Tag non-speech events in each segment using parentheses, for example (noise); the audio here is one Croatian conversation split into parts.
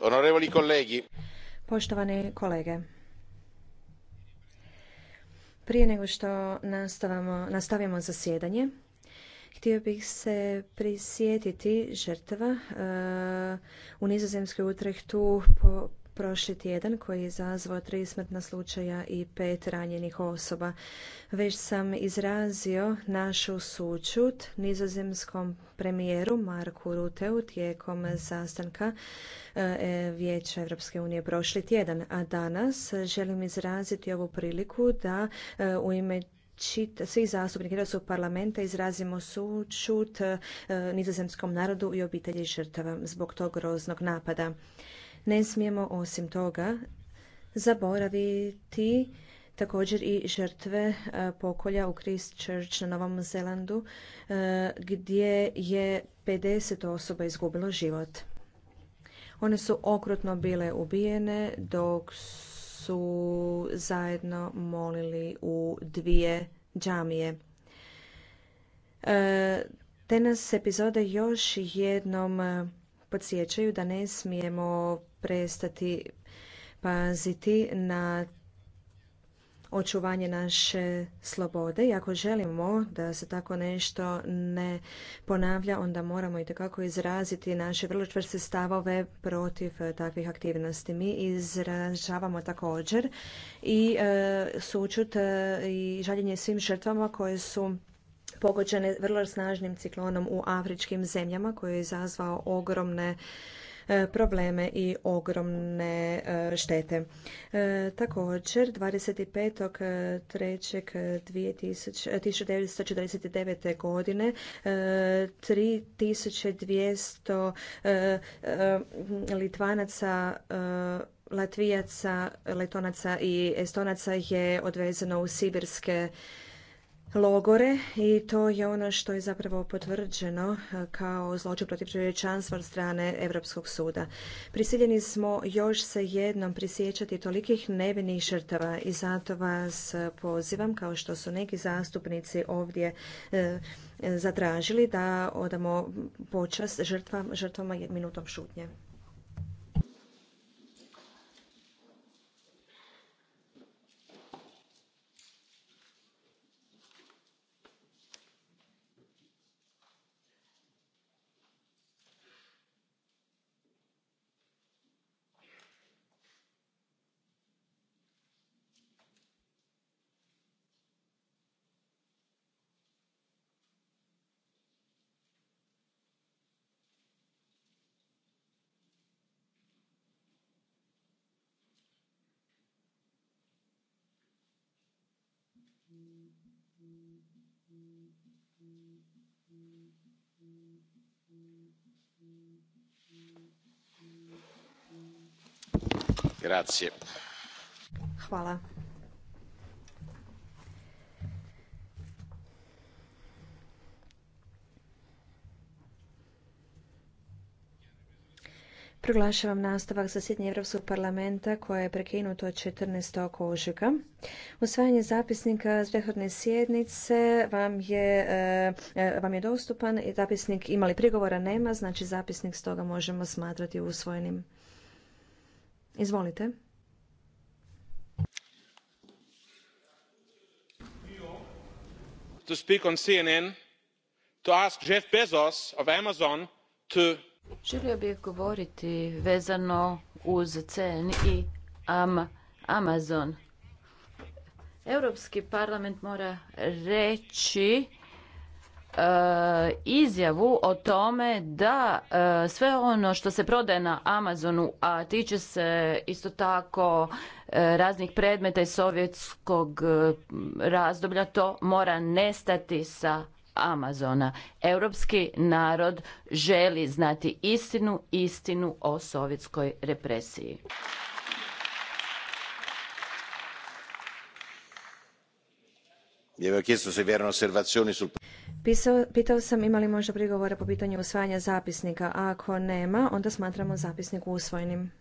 Onorevoli Poštovani kolege. Prije nego što nastavimo zasjedanje, htio bih se prisjetiti žrtava e, u nizozemskoj Utrehtu po prošli tjedan koji je izazvao tri smrtna slučaja i pet ranjenih osoba. Već sam izrazio našu sućut nizozemskom premijeru Marku Ruteu tijekom sastanka e, Vijeća Europske unije prošli tjedan, a danas želim izraziti ovu priliku da e, u ime svih zastupnika Hrvatskog parlamenta izrazimo sučut e, nizozemskom narodu i obitelji žrtava zbog tog groznog napada. Ne smijemo osim toga zaboraviti također i žrtve e, pokolja u Christchurch na Novom Zelandu e, gdje je 50 osoba izgubilo život. One su okrutno bile ubijene dok su zajedno molili u dvije džamije. E, te nas epizode još jednom podsjećaju da ne smijemo prestati paziti na očuvanje naše slobode i ako želimo da se tako nešto ne ponavlja onda moramo i itekako izraziti naše vrlo čvrste stavove protiv takvih aktivnosti. Mi izražavamo također i e, sućut e, i žaljenje svim žrtvama koje su pogođene vrlo snažnim ciklonom u afričkim zemljama koji je izazvao ogromne E, probleme i ogromne e, štete. E, također, 25.3.1949. godine 3200 Litvanaca Latvijaca, Letonaca i Estonaca je odvezeno u sibirske logore i to je ono što je zapravo potvrđeno e, kao zločin protiv čovječanstva od strane Europskog suda. Prisiljeni smo još se jednom prisjećati tolikih nevinih žrtava i zato vas pozivam, kao što su neki zastupnici ovdje e, zatražili, da odamo počast žrtvama, žrtvama minutom šutnje. Grazie. Hvala. Proglašavam nastavak sjednje Europskog parlamenta koje je prekinuto od 14. ožujka. Usvajanje zapisnika s prethodne sjednice vam je, e, e, vam je dostupan i zapisnik imali prigovora nema, znači zapisnik stoga možemo smatrati usvojenim. Izvolite. To speak on CNN, to ask Jeff Bezos of Amazon to Želio bih govoriti vezano uz CN i Amazon. Europski parlament mora reći e, izjavu o tome da e, sve ono što se prodaje na Amazonu, a tiče se isto tako e, raznih predmeta iz sovjetskog razdoblja, to mora nestati sa Amazona. Europski narod želi znati istinu, istinu o sovjetskoj represiji. pitao sam imali možda prigovora po pitanju usvajanja zapisnika, a ako nema, onda smatramo zapisnik usvojenim.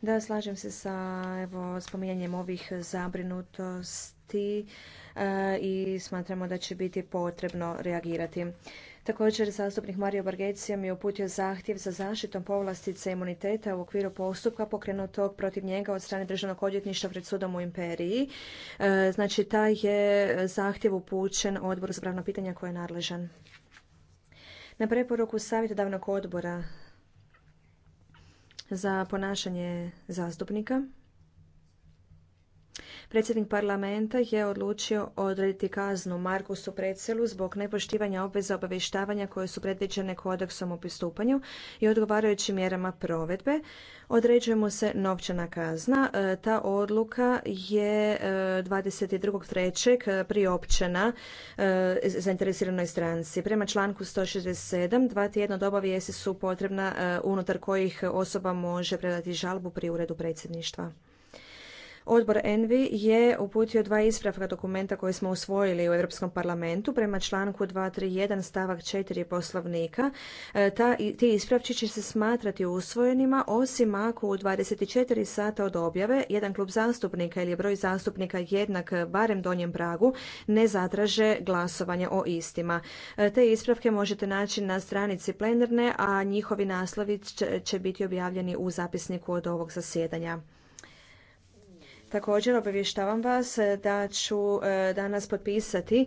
Da, slažem se sa evo, spominjanjem ovih zabrinutosti e, i smatramo da će biti potrebno reagirati. Također, zastupnik Mario Bargecija mi je uputio zahtjev za zaštitom povlastice imuniteta u okviru postupka pokrenutog protiv njega od strane državnog odvjetništva pred sudom u imperiji. E, znači, taj je zahtjev upućen odboru za pravno pitanja koji je nadležan. Na preporuku savjetodavnog odbora za ponašanje zastupnika. Predsjednik parlamenta je odlučio odrediti kaznu Markusu Precelu zbog nepoštivanja obveza obavještavanja koje su predviđene kodeksom o pristupanju i odgovarajućim mjerama provedbe. Određuje mu se novčana kazna. E, ta odluka je 22.3. E, priopćena e, zainteresiranoj stranci. Prema članku 167 dva tjedna od obavijesti su potrebna unutar kojih osoba može predati žalbu pri uredu predsjedništva. Odbor Envi je uputio dva ispravka dokumenta koje smo usvojili u Europskom parlamentu prema članku 231 stavak 4 poslovnika. E, ti ispravci će se smatrati usvojenima osim ako u 24 sata od objave jedan klub zastupnika ili broj zastupnika jednak barem donjem pragu ne zatraže glasovanje o istima. E, te ispravke možete naći na stranici plenarne, a njihovi naslovi će biti objavljeni u zapisniku od ovog zasjedanja. Također obavještavam vas e, da ću e, danas potpisati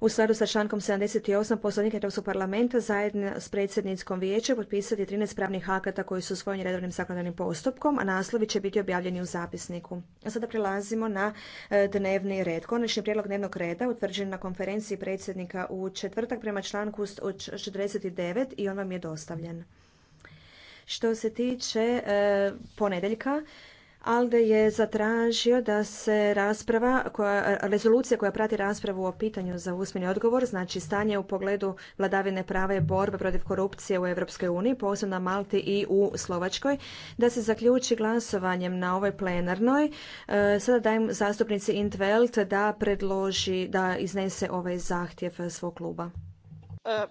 u skladu sa člankom 78 poslovnika Europskog parlamenta zajedno s predsjednickom vijeća potpisati 13 pravnih akata koji su usvojeni redovnim zakonodavnim postupkom, a naslovi će biti objavljeni u zapisniku. A sada prelazimo na e, dnevni red. Konačni prijedlog dnevnog reda utvrđen na konferenciji predsjednika u četvrtak prema članku 49 i on vam je dostavljen. Što se tiče ponedeljka, Alde je zatražio da se rasprava, koja, rezolucija koja prati raspravu o pitanju za usmeni odgovor, znači stanje u pogledu vladavine prava i borbe protiv korupcije u Europskoj uniji, posebno na Malti i u Slovačkoj, da se zaključi glasovanjem na ovoj plenarnoj. E, sada dajem zastupnici Intveld da predloži, da iznese ovaj zahtjev svog kluba. Uh,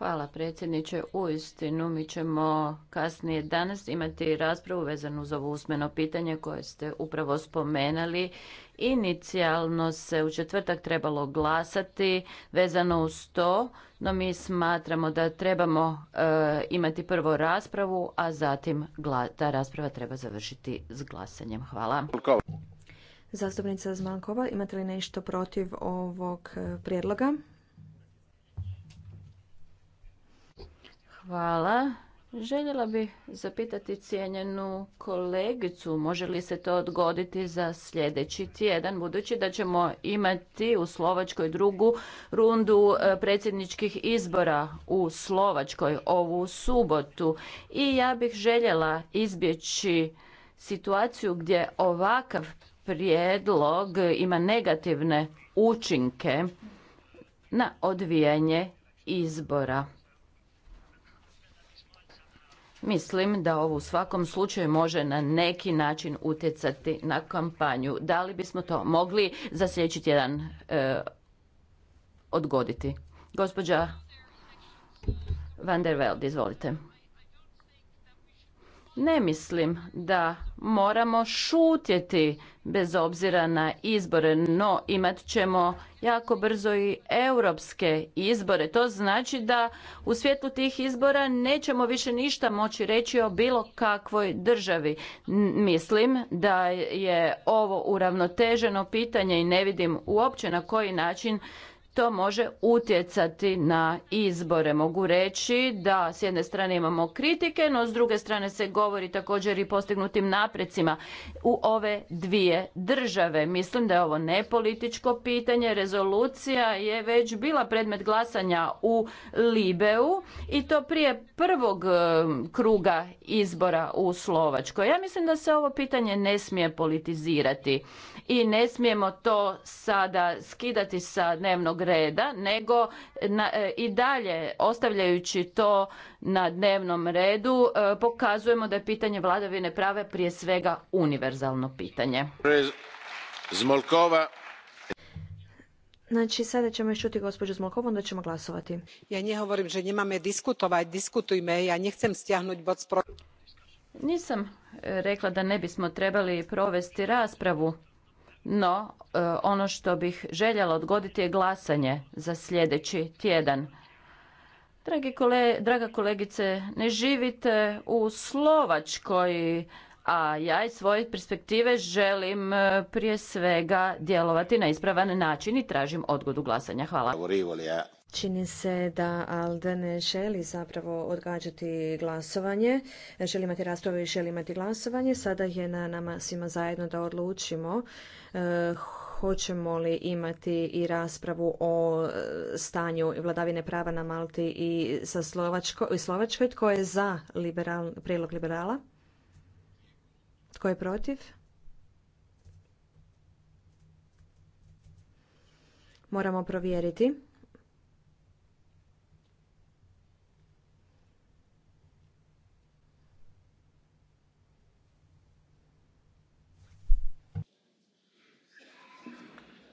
Hvala predsjedniče. Uistinu mi ćemo kasnije danas imati raspravu vezanu za ovo usmeno pitanje koje ste upravo spomenali. Inicijalno se u četvrtak trebalo glasati vezano uz to, no mi smatramo da trebamo e, imati prvo raspravu, a zatim ta rasprava treba završiti s glasanjem. Hvala. Zastupnica Zmankova, imate li nešto protiv ovog e, prijedloga? Hvala. Željela bih zapitati cijenjenu kolegicu, može li se to odgoditi za sljedeći tjedan, budući da ćemo imati u Slovačkoj drugu rundu e, predsjedničkih izbora u Slovačkoj ovu subotu. I ja bih željela izbjeći situaciju gdje ovakav prijedlog ima negativne učinke na odvijanje izbora. Mislim da ovo u svakom slučaju može na neki način utjecati na kampanju. Da li bismo to mogli za sljedeći tjedan e, odgoditi? Gospođa Van der Velde, izvolite. Ne mislim da moramo šutjeti bez obzira na izbore, no imat ćemo jako brzo i europske izbore. To znači da u svijetu tih izbora nećemo više ništa moći reći o bilo kakvoj državi. mislim da je ovo uravnoteženo pitanje i ne vidim uopće na koji način to može utjecati na izbore. Mogu reći da s jedne strane imamo kritike, no s druge strane se govori također i postignutim naprecima u ove dvije države. Mislim da je ovo nepolitičko pitanje. Rezolucija je već bila predmet glasanja u Libeu i to prije prvog e, kruga izbora u Slovačkoj. Ja mislim da se ovo pitanje ne smije politizirati i ne smijemo to sada skidati sa dnevnog reda, nego e, i dalje ostavljajući to na dnevnom redu e, pokazujemo da je pitanje vladavine prave prije svega univerzalno pitanje. Zmolkova. Znači, sada ćemo čuti gospođu Zmolkovu, onda ćemo glasovati. Ja nje govorim, že diskutovaj, diskutovati, diskutujme, ja nje chcem stjahnuti bod Nisam e, rekla da ne bismo trebali provesti raspravu no, e, ono što bih željela odgoditi je glasanje za sljedeći tjedan. Dragi kole, draga kolegice, ne živite u Slovačkoj, a ja iz svoje perspektive želim e, prije svega djelovati na ispravan način i tražim odgodu glasanja. Hvala. Čini se da Alde ne želi zapravo odgađati glasovanje, želi imati raspravu i želi imati glasovanje. Sada je na nama svima zajedno da odlučimo E, hoćemo li imati i raspravu o e, stanju vladavine prava na Malti i sa Slovačko, Slovačkoj. Tko je za liberal, prijedlog liberala? Tko je protiv? Moramo provjeriti.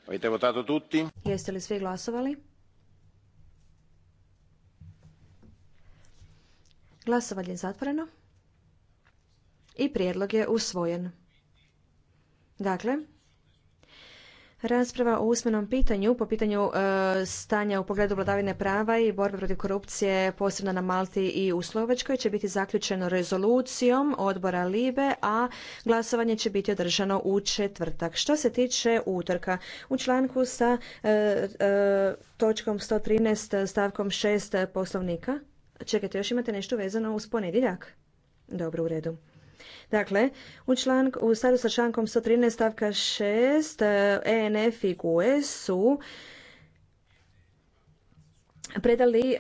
votato Jeste li svi glasovali? Glasovanje je zatvoreno i prijedlog je usvojen. Dakle, Rasprava o usmenom pitanju po pitanju e, stanja u pogledu vladavine prava i borbe protiv korupcije posebno na Malti i u Slovačkoj će biti zaključeno rezolucijom odbora Libe, a glasovanje će biti održano u četvrtak. Što se tiče utorka, u članku sa e, e, točkom 113 stavkom 6 poslovnika, čekajte, još imate nešto vezano uz ponedjeljak? Dobro, u redu. Dakle, u, člank, u sa člankom 113 stavka 6 ENF e i GUE su predali e,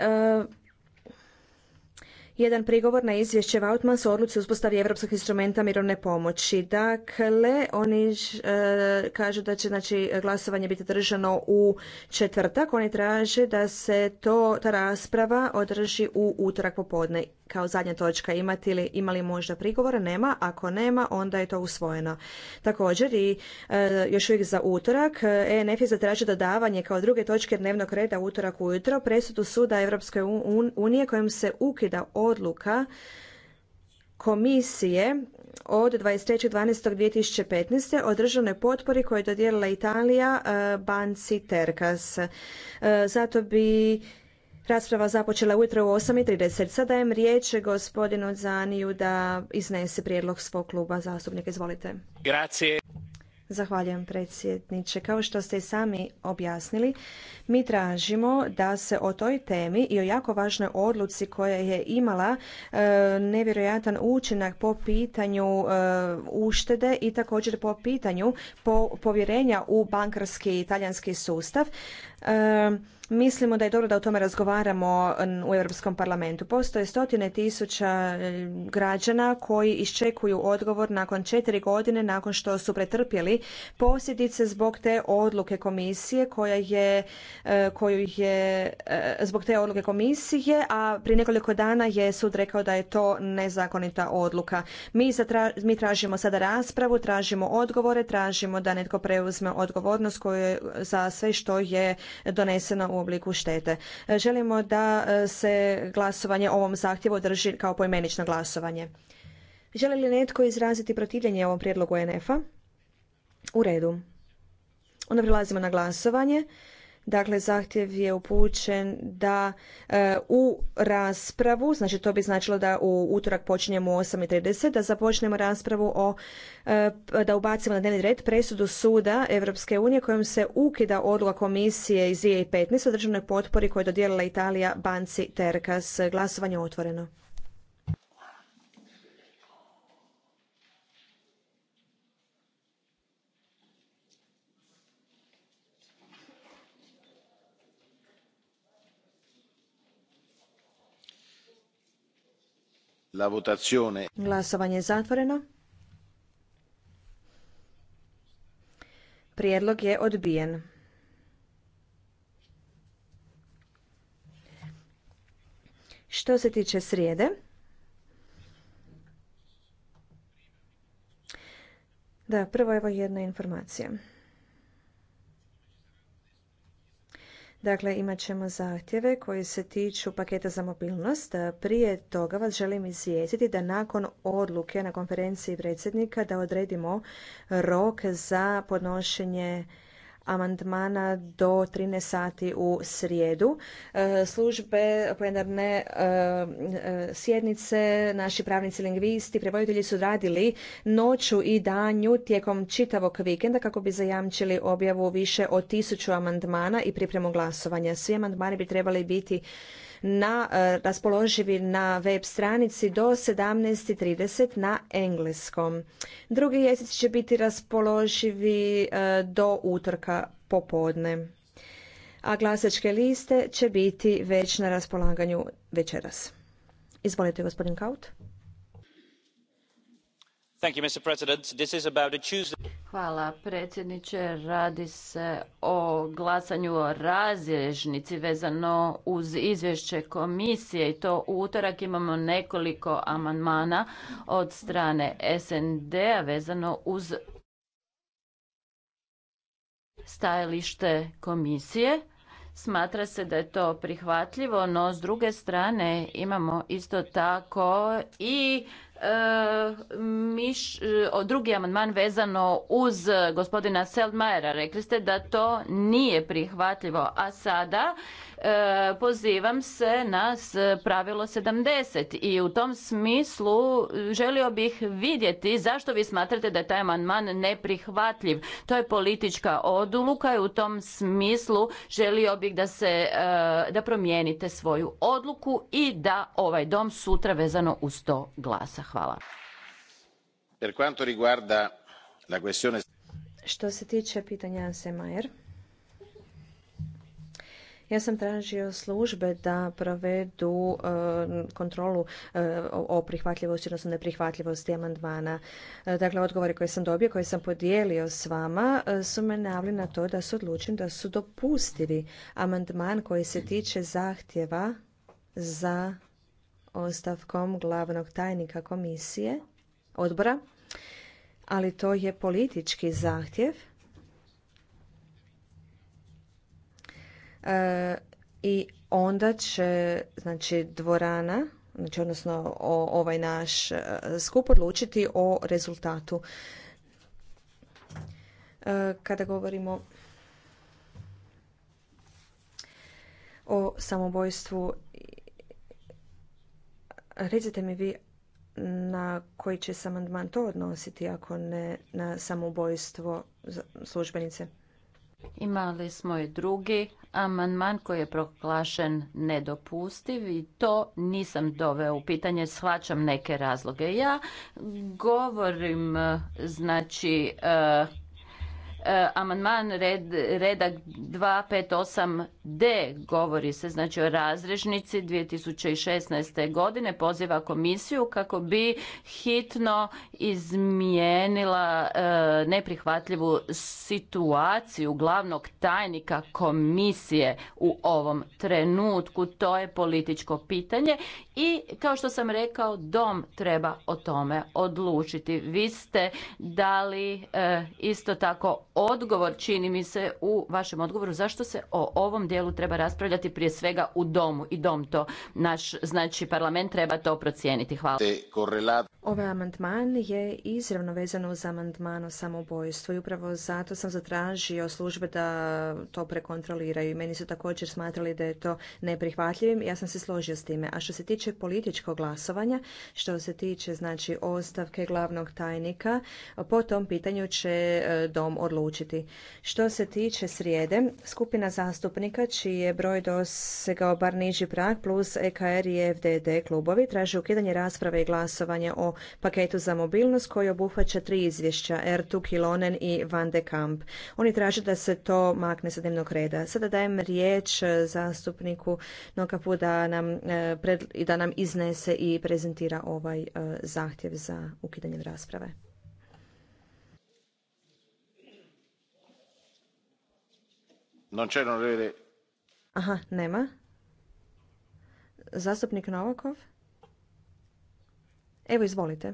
jedan prigovor na izvješće Vautmans o odluci uspostavi Europskog instrumenta mirovne pomoći. Dakle, oni e, kažu da će znači, glasovanje biti držano u četvrtak. Oni traže da se to, ta rasprava održi u utorak popodne kao zadnja točka. li, ima li možda prigovora? Nema. Ako nema, onda je to usvojeno. Također i e, još uvijek za utorak ENF e je zatražio dodavanje kao druge točke dnevnog reda utorak ujutro presudu suda Europske unije kojom se ukida odluka komisije od 23.12.2015. o državnoj potpori koju je dodijelila Italija e, banci Terkas. E, zato bi rasprava započela ujutro u 8.30. Sada dajem riječ gospodinu Zaniju da iznese prijedlog svog kluba zastupnika. Izvolite. Zahvaljujem predsjedniče. Kao što ste i sami objasnili, mi tražimo da se o toj temi i o jako važnoj odluci koja je imala e, nevjerojatan učinak po pitanju e, uštede i također po pitanju povjerenja u bankarski i talijanski sustav. E, Mislimo da je dobro da o tome razgovaramo u Europskom parlamentu. Postoje stotine tisuća e, građana koji iščekuju odgovor nakon četiri godine nakon što su pretrpjeli posljedice zbog te odluke komisije koja je, e, koju je e, zbog te odluke komisije, a prije nekoliko dana je sud rekao da je to nezakonita odluka. Mi, tražimo sada raspravu, tražimo odgovore, tražimo da netko preuzme odgovornost koju za sve što je doneseno u obliku štete. Želimo da e, se glasovanje o ovom zahtjevu održi kao poimenično glasovanje. Želi li netko izraziti protivljenje ovom prijedlogu NF-a? U redu. Onda prelazimo na glasovanje. Dakle, zahtjev je upućen da e, u raspravu, znači to bi značilo da u utorak počinjemo u 8.30, da započnemo raspravu o, e, da ubacimo na dnevni red presudu suda Europske unije kojom se ukida odluka komisije iz 2015 o državnoj potpori koju je dodijelila Italija banci Terkas. Glasovanje otvoreno. Glasovanje je zatvoreno. Prijedlog je odbijen. Što se tiče srijede, da, prvo evo jedna informacija. Dakle, imat ćemo zahtjeve koji se tiču paketa za mobilnost. Prije toga vas želim izvijestiti da nakon odluke na konferenciji predsjednika da odredimo rok za podnošenje amandmana do 13 sati u srijedu. E, službe plenarne e, e, sjednice, naši pravnici lingvisti, prevoditelji su radili noću i danju tijekom čitavog vikenda kako bi zajamčili objavu više od tisuću amandmana i pripremu glasovanja. Svi amandmani bi trebali biti na, e, raspoloživi na web stranici do 17.30 na engleskom. Drugi jezici će biti raspoloživi e, do utorka popodne. A glasačke liste će biti već na raspolaganju večeras. Izvolite gospodin Kaut. Hvala predsjedniče. Radi se o glasanju o razježnici vezano uz izvješće komisije i to u utorak imamo nekoliko amandmana od strane SND-a vezano uz stajalište komisije. Smatra se da je to prihvatljivo, no s druge strane imamo isto tako i E, e, drugi amandman vezano uz gospodina Seldmajera. Rekli ste da to nije prihvatljivo, a sada e, pozivam se na pravilo 70 i u tom smislu želio bih vidjeti zašto vi smatrate da je taj amandman neprihvatljiv. To je politička odluka i u tom smislu želio bih da se da promijenite svoju odluku i da ovaj dom sutra vezano uz to glasa. Hvala. Što se tiče pitanja Semajer, ja sam tražio službe da provedu e, kontrolu e, o prihvatljivosti, odnosno neprihvatljivosti amandmana. E, dakle, odgovori koje sam dobio, koje sam podijelio s vama, su me navli na to da su odlučili da su dopustili amandman koji se tiče zahtjeva za ostavkom glavnog tajnika komisije, odbora, ali to je politički zahtjev. E, I onda će, znači, dvorana, znači, odnosno ovaj naš e, skup odlučiti o rezultatu. E, kada govorimo o samobojstvu Recite mi vi na koji će se amandman to odnositi ako ne na samoubojstvo službenice? Imali smo i drugi amandman koji je proglašen nedopustiv i to nisam doveo u pitanje, shvaćam neke razloge. Ja govorim eh, znači eh, E, amandman red, redak 258D govori se znači o razrežnici 2016. godine poziva komisiju kako bi hitno izmijenila e, neprihvatljivu situaciju glavnog tajnika komisije u ovom trenutku. To je političko pitanje i kao što sam rekao dom treba o tome odlučiti. Vi ste dali e, isto tako odgovor čini mi se u vašem odgovoru zašto se o ovom dijelu treba raspravljati prije svega u domu i dom to naš znači parlament treba to procijeniti. Hvala. Ovaj amandman je izravno vezano uz amandman o samobojstvu i upravo zato sam zatražio službe da to prekontroliraju i meni su također smatrali da je to neprihvatljivim. Ja sam se složio s time. A što se tiče tiče političkog glasovanja, što se tiče znači ostavke glavnog tajnika, po tom pitanju će e, dom odlučiti. Što se tiče srijede, skupina zastupnika čiji je broj dosegao bar niži prag plus EKR i FDD klubovi traže ukidanje rasprave i glasovanja o paketu za mobilnost koji obuhvaća tri izvješća R2, Kilonen i Van de Kamp. Oni traže da se to makne sa dnevnog reda. Sada dajem riječ e, zastupniku Nokapu da nam e, i da nam iznese i prezentira ovaj e, zahtjev za ukidanjem rasprave. Aha, nema. Zastupnik Novakov. Evo, izvolite.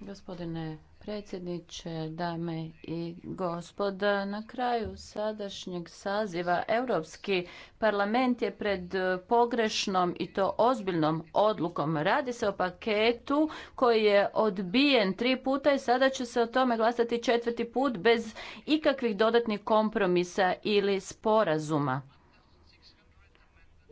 Gospodine predsjedniče, dame i gospoda. Na kraju sadašnjeg saziva Europski parlament je pred pogrešnom i to ozbiljnom odlukom. Radi se o paketu koji je odbijen tri puta i sada će se o tome glasati četvrti put bez ikakvih dodatnih kompromisa ili sporazuma.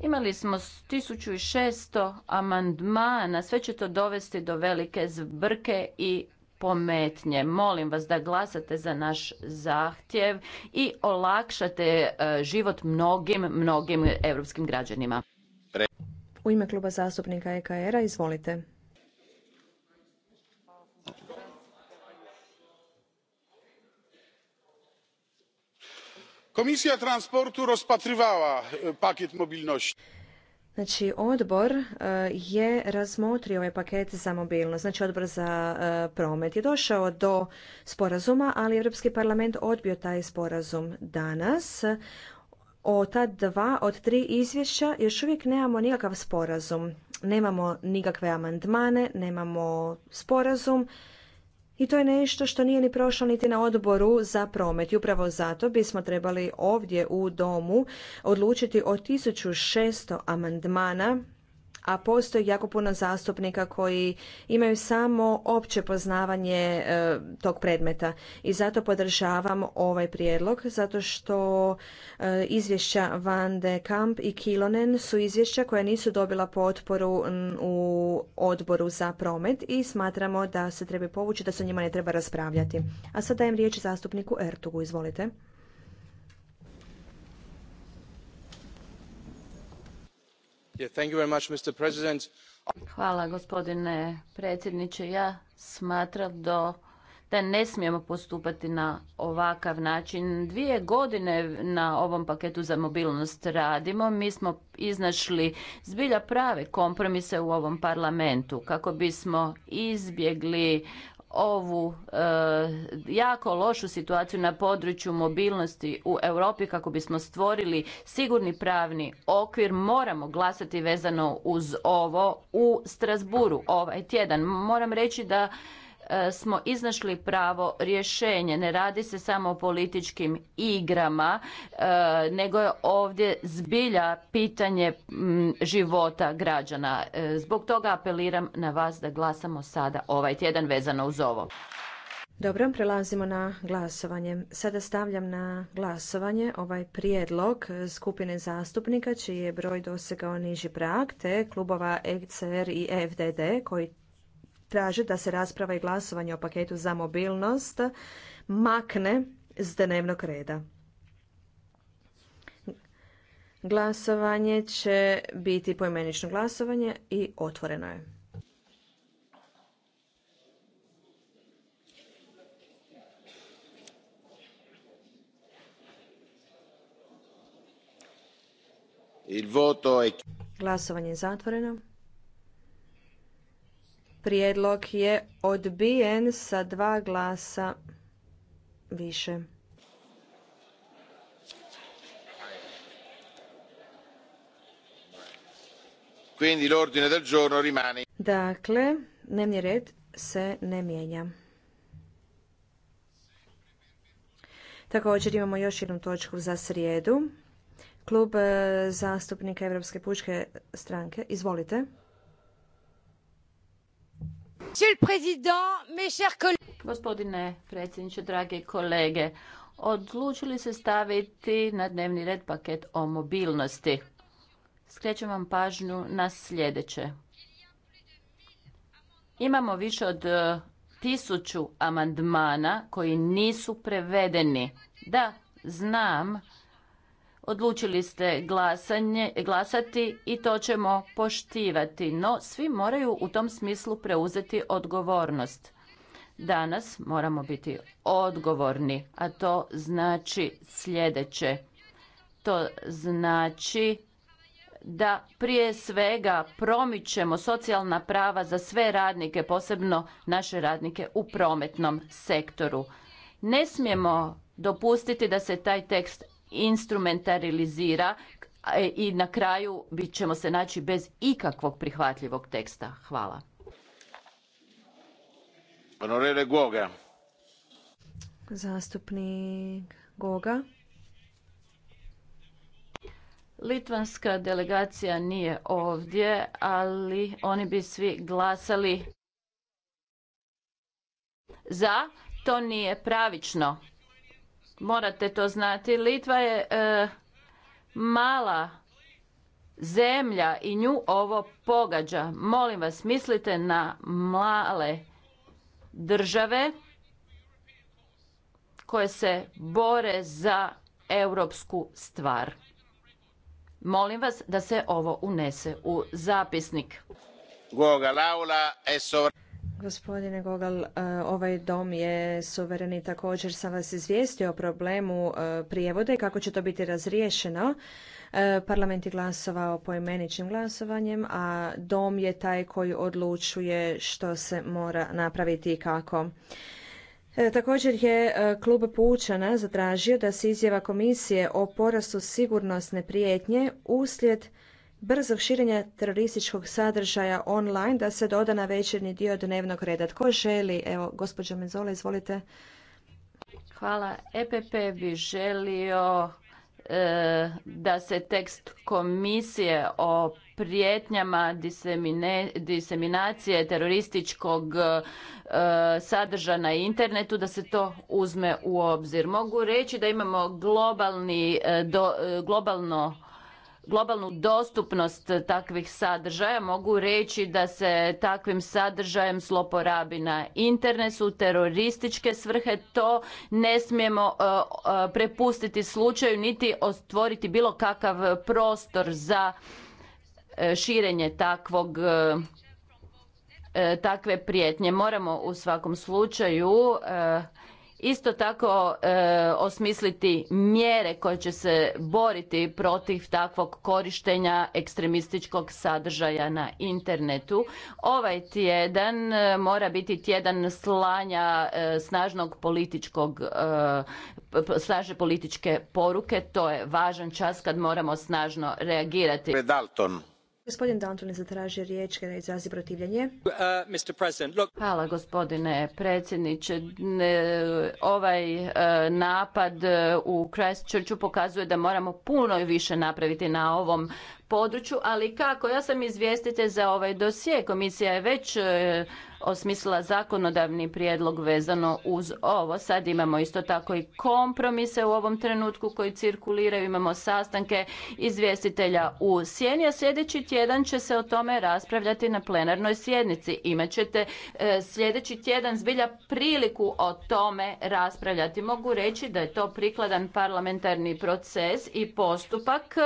Imali smo 1600 amandmana, sve će to dovesti do velike zbrke i pometnje. Molim vas da glasate za naš zahtjev i olakšate e, život mnogim, mnogim europskim građanima. U ime kluba zastupnika EKR-a izvolite. Komisija transportu rozpatrywała e, paket mobilnosti. Znači, odbor e, je razmotrio ovaj paket za mobilnost, znači odbor za e, promet je došao do sporazuma, ali Europski parlament odbio taj sporazum danas. O ta dva od tri izvješća još uvijek nemamo nikakav sporazum. Nemamo nikakve amandmane, nemamo sporazum i to je nešto što nije ni prošlo niti na odboru za promet. I upravo zato bismo trebali ovdje u domu odlučiti o 1600 amandmana a postoji jako puno zastupnika koji imaju samo opće poznavanje e, tog predmeta i zato podržavam ovaj prijedlog zato što e, izvješća Van de Kamp i Kilonen su izvješća koja nisu dobila potporu u odboru za promet i smatramo da se treba povući da se o njima ne treba raspravljati. A sada dajem riječ zastupniku Ertugu, izvolite. Hvala gospodine predsjedniče. Ja smatram da ne smijemo postupati na ovakav način. Dvije godine na ovom paketu za mobilnost radimo. Mi smo iznašli zbilja prave kompromise u ovom parlamentu kako bismo izbjegli ovu e, jako lošu situaciju na području mobilnosti u Europi kako bismo stvorili sigurni pravni okvir moramo glasati vezano uz ovo u Strasburu ovaj tjedan moram reći da E, smo iznašli pravo rješenje. Ne radi se samo o političkim igrama, e, nego je ovdje zbilja pitanje života građana. E, zbog toga apeliram na vas da glasamo sada ovaj tjedan vezano uz ovo. Dobro, prelazimo na glasovanje. Sada stavljam na glasovanje ovaj prijedlog skupine zastupnika čiji je broj dosegao niži prag, te klubova ECR i FDD koji traže da se rasprava i glasovanje o paketu za mobilnost makne s dnevnog reda. Glasovanje će biti poimenično glasovanje i otvoreno je. Glasovanje je zatvoreno. Prijedlog je odbijen sa dva glasa više. Dakle, dnevni red se ne mijenja. Također imamo još jednu točku za srijedu. Klub eh, zastupnika Europske pučke stranke. Izvolite. Gospodine predsjedniče, drage kolege, odlučili se staviti na dnevni red paket o mobilnosti. Skrećem vam pažnju na sljedeće. Imamo više od e, tisuću amandmana koji nisu prevedeni. Da, znam Odlučili ste glasanje, glasati i to ćemo poštivati, no svi moraju u tom smislu preuzeti odgovornost. Danas moramo biti odgovorni, a to znači sljedeće. To znači da prije svega promičemo socijalna prava za sve radnike, posebno naše radnike u prometnom sektoru. Ne smijemo dopustiti da se taj tekst instrumentalizira i na kraju bit ćemo se naći bez ikakvog prihvatljivog teksta. Hvala. Honorere Goga. Zastupnik Goga. Litvanska delegacija nije ovdje, ali oni bi svi glasali za. To nije pravično morate to znati. Litva je e, mala zemlja i nju ovo pogađa. Molim vas, mislite na male države koje se bore za europsku stvar. Molim vas da se ovo unese u zapisnik. Gospodine Gogal, e, ovaj dom je suvereni također sam vas izvijestio o problemu e, prijevode i kako će to biti razriješeno. E, parlament je glasovao poimeničnim glasovanjem, a dom je taj koji odlučuje što se mora napraviti i kako. Također je klub Pučana zatražio da se izjava komisije o porastu sigurnosne prijetnje uslijed brzog širenja terorističkog sadržaja online da se doda na večernji dio dnevnog reda. Tko želi? Evo, gospođa Mezola, izvolite. Hvala. EPP bi želio e, da se tekst komisije o prijetnjama diseminacije terorističkog e, sadržaja na internetu da se to uzme u obzir. Mogu reći da imamo globalni, e, globalno globalnu dostupnost takvih sadržaja mogu reći da se takvim sadržajem sloporabi na internetu terorističke svrhe to ne smijemo e, e, prepustiti slučaju niti ostvoriti bilo kakav prostor za e, širenje takvog takve prijetnje moramo u svakom slučaju isto tako e, osmisliti mjere koje će se boriti protiv takvog korištenja ekstremističkog sadržaja na internetu. Ovaj tjedan e, mora biti tjedan slanja e, snažnog političkog e, političke poruke. To je važan čas kad moramo snažno reagirati. Gospodin Danton je zatražio riječ kada izrazi protivljenje. Uh, Hvala gospodine predsjedniče. Ovaj uh, napad uh, u Christchurchu pokazuje da moramo puno više napraviti na ovom području, ali kako? Ja sam izvjestitelj za ovaj dosije. Komisija je već osmislila zakonodavni prijedlog vezano uz ovo. Sad imamo isto tako i kompromise u ovom trenutku koji cirkuliraju. Imamo sastanke izvjestitelja u sjeni, a sljedeći tjedan će se o tome raspravljati na plenarnoj sjednici. Imaćete e, sljedeći tjedan zbilja priliku o tome raspravljati. Mogu reći da je to prikladan parlamentarni proces i postupak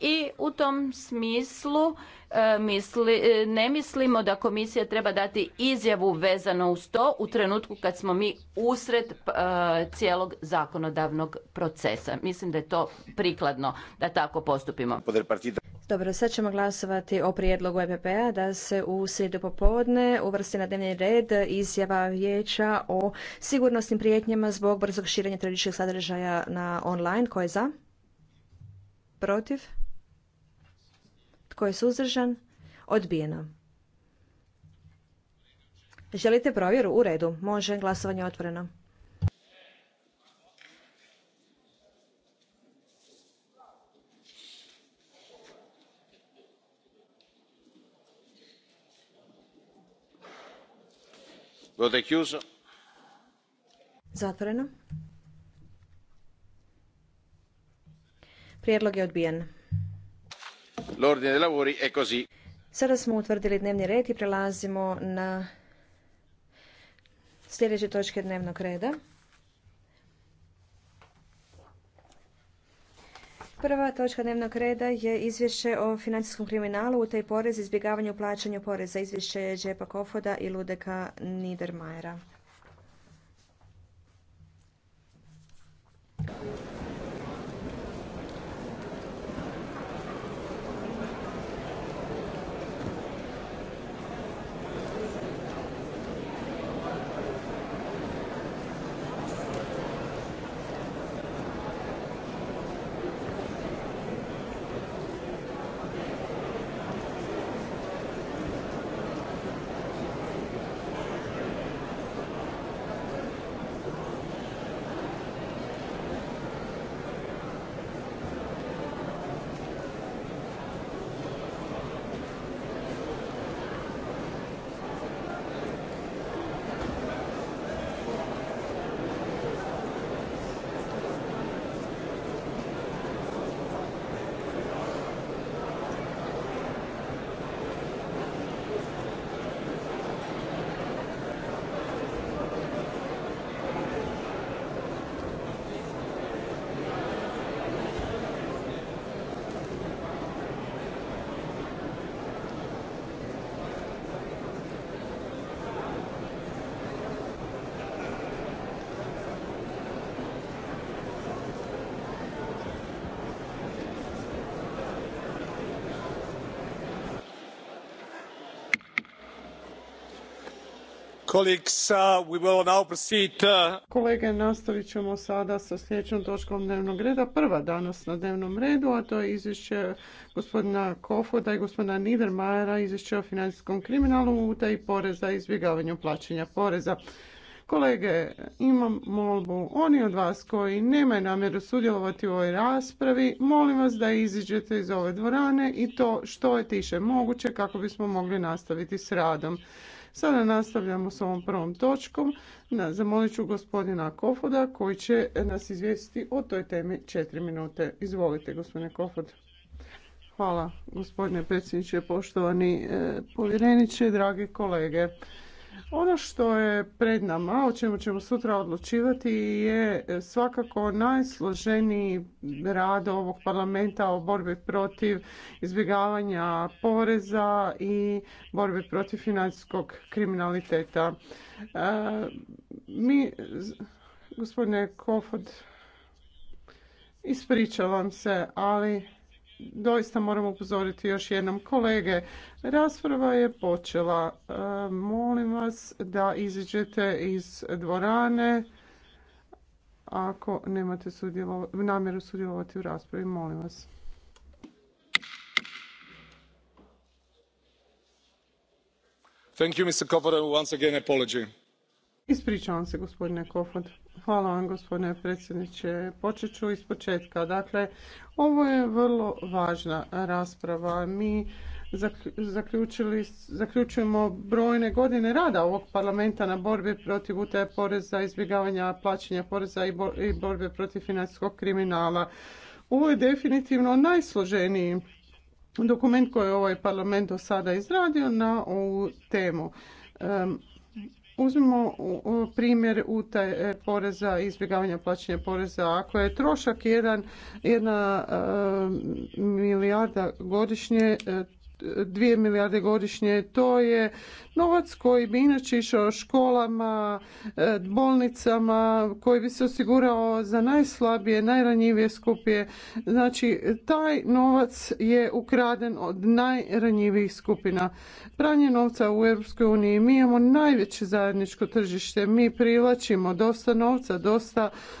i u tom smislu E, e, ne mislimo da komisija treba dati izjavu vezano uz to u trenutku kad smo mi usred e, cijelog zakonodavnog procesa. Mislim da je to prikladno da tako postupimo. Dobro, sad ćemo glasovati o prijedlogu EPP-a da se u srijedu popodne uvrsti na dnevni red izjava vijeća o sigurnosnim prijetnjama zbog brzog širenja terorističkih sadržaja na online. Ko je za? Protiv? Tko je suzdržan? Odbijeno. Želite provjeru? U redu. Može. Glasovanje je otvoreno. Zatvoreno. Prijedlog je odbijen. Sada smo utvrdili dnevni red i prelazimo na sljedeće točke dnevnog reda. Prva točka dnevnog reda je izvješće o financijskom kriminalu, utaj porez, izbjegavanju plaćanju poreza. Izvješće je Džepa Kofoda i Ludeka Niedermayera. Uh, uh, Kolege, nastavit ćemo sada sa sljedećom točkom dnevnog reda. Prva danas na dnevnom redu, a to je izvješće gospodina Kofoda i gospodina Niedermayera, izvješće o financijskom kriminalu, i poreza i izbjegavanju plaćanja poreza. Kolege, imam molbu. Oni od vas koji nemaju namjeru sudjelovati u ovoj raspravi, molim vas da iziđete iz ove dvorane i to što je tiše moguće kako bismo mogli nastaviti s radom. Sada nastavljamo s ovom prvom točkom. Zamolit ću gospodina Kofoda koji će nas izvijestiti o toj temi četiri minute. Izvolite gospodine Kofod. Hvala gospodine predsjedniče, poštovani eh, povjereniče, dragi kolege. Ono što je pred nama, o čemu ćemo sutra odlučivati, je svakako najsloženiji rad ovog parlamenta o borbi protiv izbjegavanja poreza i borbi protiv financijskog kriminaliteta. E, mi, gospodine Kofod, ispričavam se, ali doista moram upozoriti još jednom kolege. Rasprava je počela. E, molim vas da iziđete iz dvorane. Ako nemate namjeru sudjelovati u raspravi, molim vas. Thank you, Mr. Once again, apology. Ispričavam se gospodine Kofod. Hvala vam gospodine predsjedniče. Počet ću iz početka. Dakle, ovo je vrlo važna rasprava. Mi zaključujemo brojne godine rada ovog parlamenta na borbi protiv utaje poreza, izbjegavanja plaćanja poreza i borbe protiv financijskog kriminala. Ovo je definitivno najsloženiji dokument koji je ovaj parlament do sada izradio na ovu temu. Uzmimo primjer u taj e, poreza, izbjegavanja plaćanja poreza. Ako je trošak jedan, jedna e, milijarda godišnje, e, dvije milijarde godišnje, to je Novac koji bi inače išao školama, e, bolnicama, koji bi se osigurao za najslabije, najranjivije skupije. Znači, taj novac je ukraden od najranjivijih skupina. Pranje novca u EU mi imamo najveće zajedničko tržište. Mi privlačimo dosta novca, dosta e,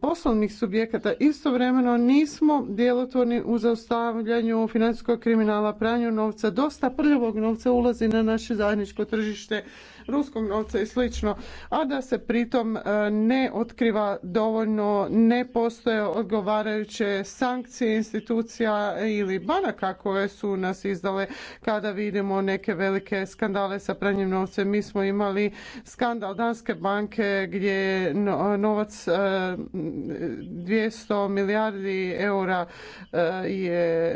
poslovnih subjekata. Istovremeno nismo djelotvorni u zaustavljanju financijskog kriminala, pranju novca. Dosta prljavog novca ulazi na naše zajedničko tržište ruskog novca i slično, a da se pritom e, ne otkriva dovoljno, ne postoje odgovarajuće sankcije institucija ili banaka koje su nas izdale kada vidimo neke velike skandale sa pranjem novca. Mi smo imali skandal Danske banke gdje je novac 200 e, milijardi eura e, je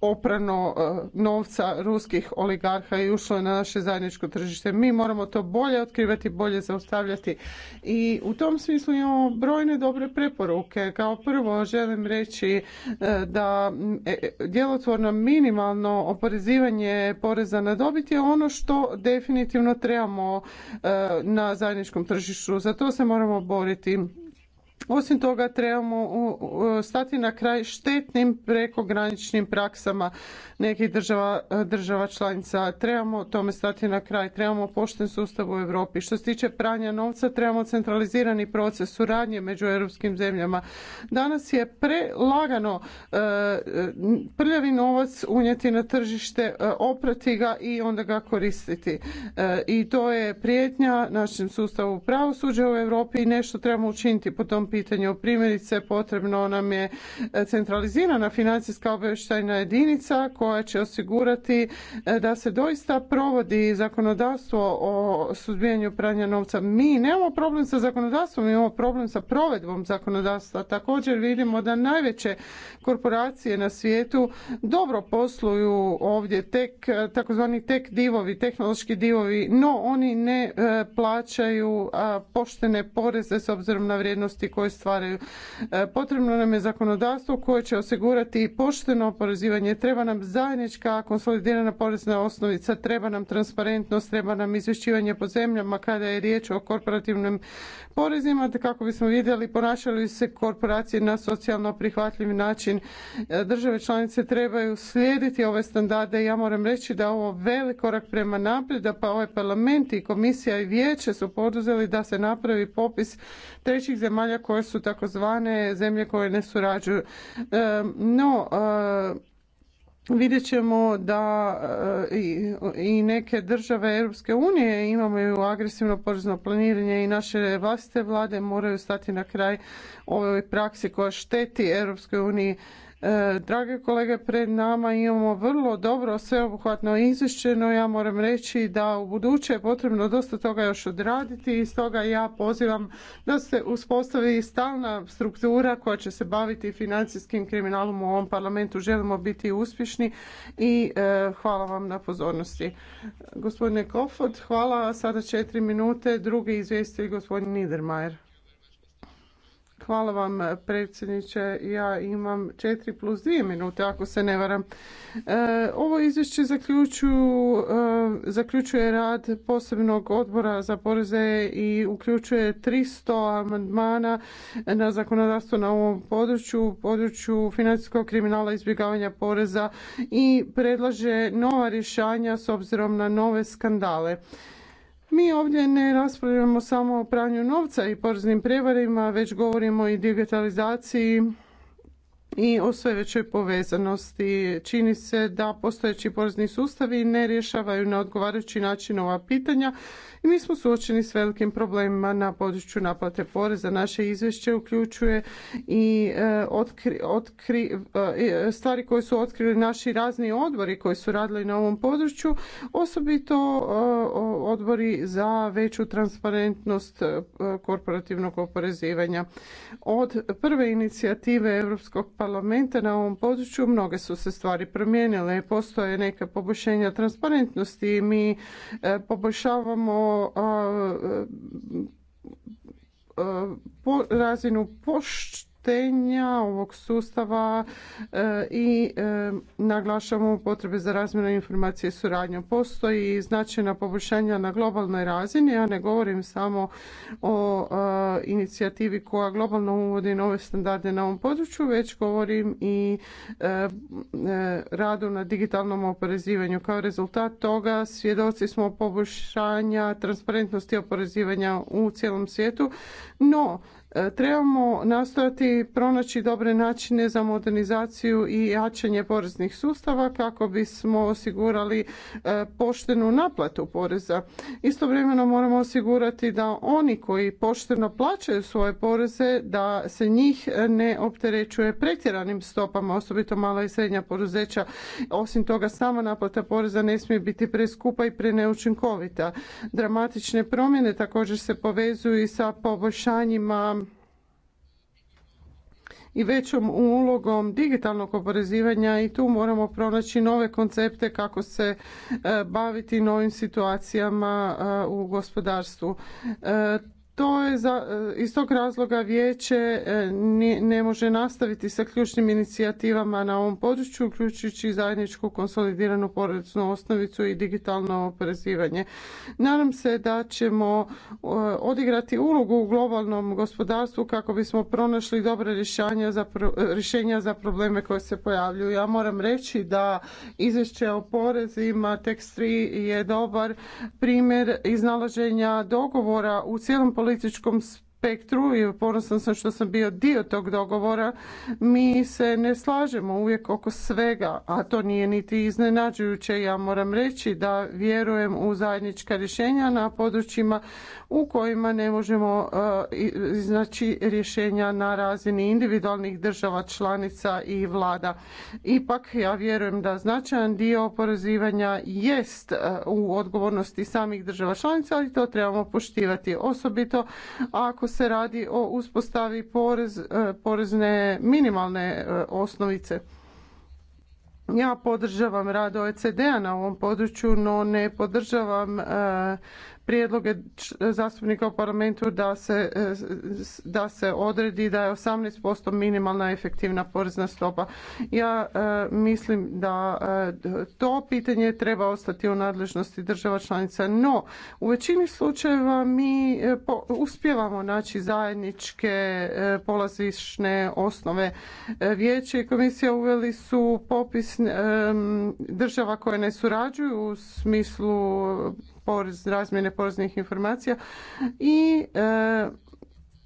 oprano e, novca ruskih oligarha i ušlo na naše zajedničko tržište. Mi moramo to bolje otkrivati, bolje zaustavljati i u tom smislu imamo brojne dobre preporuke. Kao prvo želim reći e, da e, djelotvorno minimalno oporezivanje poreza na dobit je ono što definitivno trebamo na zajedničkom tržištu. Za to se moramo boriti osim toga trebamo stati na kraj štetnim prekograničnim praksama nekih država, država članica. Trebamo tome stati na kraj, trebamo pošten sustav u Europi. Što se tiče pranja novca, trebamo centralizirani proces suradnje među europskim zemljama. Danas je prelagano e, prljavi novac unijeti na tržište, e, oprati ga i onda ga koristiti. E, I to je prijetnja našem sustavu pravosuđa u Europi i nešto trebamo učiniti po tom pitanju. Primjerice, potrebno nam je e, centralizirana financijska obavještajna jedinica koja će osigurati e, da se doista provodi zakonodavstvo o suzbijanju pranja novca. Mi nemamo problem sa zakonodavstvom, mi imamo problem sa provedbom zakonodavstva. Također vidimo da najveće korporacije na svijetu dobro posluju ovdje tek e, takozvani tek divovi, tehnološki divovi, no oni ne plaćaju poštene poreze s obzirom na vrijednosti koje stvaraju. E, potrebno nam je zakonodavstvo koje će osigurati pošteno oporezivanje. Treba nam zajednička konsolidirana porezna osnovica, treba nam transparentnost, treba nam izvješćivanje po zemljama kada je riječ o korporativnim porezima te kako bismo vidjeli ponašali se korporacije na socijalno prihvatljiv način. E, države članice trebaju slijediti ove standarde. Ja moram reći da je ovo velik korak prema naprijed, pa ovaj parlament i komisija i vijeće su poduzeli da se napravi popis trećih zemalja koje su takozvane zemlje koje ne surađuju. E, no, e, vidjet ćemo da e, i neke države Europske unije imaju agresivno porezno planiranje i naše vlastite vlade moraju stati na kraj ovoj praksi koja šteti Europskoj uniji E, drage kolege, pred nama imamo vrlo dobro sveobuhvatno izvješće, no ja moram reći da u buduće je potrebno dosta toga još odraditi i stoga ja pozivam da se uspostavi stalna struktura koja će se baviti financijskim kriminalom u ovom parlamentu. Želimo biti uspješni i e, hvala vam na pozornosti. Gospodine Kofod, hvala. Sada četiri minute. Drugi izvjestitelj, gospodin Niedermayer. Hvala vam predsjedniče. Ja imam 4 plus 2 minute ako se ne varam. E, ovo izvješće e, zaključuje rad posebnog odbora za poreze i uključuje 300 amandmana na zakonodavstvo na ovom području, području financijskog kriminala izbjegavanja poreza i predlaže nova rješanja s obzirom na nove skandale. Mi ovdje ne raspravljamo samo o pranju novca i poreznim prijevarima, već govorimo i digitalizaciji i o sve većoj povezanosti. Čini se da postojeći porezni sustavi ne rješavaju na odgovarajući način ova pitanja i mi smo suočeni s velikim problemima na području naplate poreza. Naše izvješće uključuje i e, e, stvari koje su otkrili naši razni odbori koji su radili na ovom području, osobito e, odbori za veću transparentnost korporativnog oporezivanja. Od prve inicijative Europskog parlamenta parlamenta na ovom području mnoge su se stvari promijenile. Postoje neka poboljšenja transparentnosti i mi e, poboljšavamo e, e, razinu pošt korištenja ovog sustava e, i e, naglašamo potrebe za razmjenu informacije i suradnju. Postoji značajna poboljšanja na globalnoj razini, ja ne govorim samo o e, inicijativi koja globalno uvodi nove standarde na ovom području, već govorim i radu na digitalnom oporezivanju. Kao rezultat toga svjedoci smo poboljšanja transparentnosti oporezivanja u cijelom svijetu, no E, trebamo nastojati pronaći dobre načine za modernizaciju i jačanje poreznih sustava kako bismo osigurali e, poštenu naplatu poreza. Istovremeno moramo osigurati da oni koji pošteno plaćaju svoje poreze da se njih ne opterećuje pretjeranim stopama, osobito mala i srednja poduzeća. Osim toga sama naplata poreza ne smije biti preskupa i preneučinkovita. Dramatične promjene također se povezuju i sa poboljšanjima i većom ulogom digitalnog oporezivanja i tu moramo pronaći nove koncepte kako se e, baviti novim situacijama e, u gospodarstvu. E, to je za, e, iz tog razloga vijeće e, ne može nastaviti sa ključnim inicijativama na ovom području, uključujući zajedničku konsolidiranu poreznu osnovicu i digitalno oporezivanje. Nadam se da ćemo e, odigrati ulogu u globalnom gospodarstvu kako bismo pronašli dobre rješenja za, rješenja za probleme koje se pojavljuju. Ja moram reći da izvješće o porezima, tekst 3 je dobar primjer iznalaženja dogovora u cijelom političkom spektru i ponosan sam što sam bio dio tog dogovora, mi se ne slažemo uvijek oko svega, a to nije niti iznenađujuće. Ja moram reći da vjerujem u zajednička rješenja na područjima u kojima ne možemo e, iznaći rješenja na razini individualnih država članica i vlada. Ipak ja vjerujem da značajan dio oporezivanja jest e, u odgovornosti samih država članica, ali to trebamo poštivati. Osobito ako se radi o uspostavi e, porezne minimalne osnovice. Ja podržavam rad OECD-a na ovom području, no ne podržavam prijedloge zastupnika u parlamentu da se, e, odredi da je 18% minimalna efektivna porezna stopa. Ja e, mislim da e, to pitanje treba ostati u nadležnosti država članica, no u većini slučajeva mi uspjevamo naći zajedničke polazišne osnove. Vijeće i komisija uveli su popis država koje ne surađuju u smislu porez, razmjene poreznih informacija i e,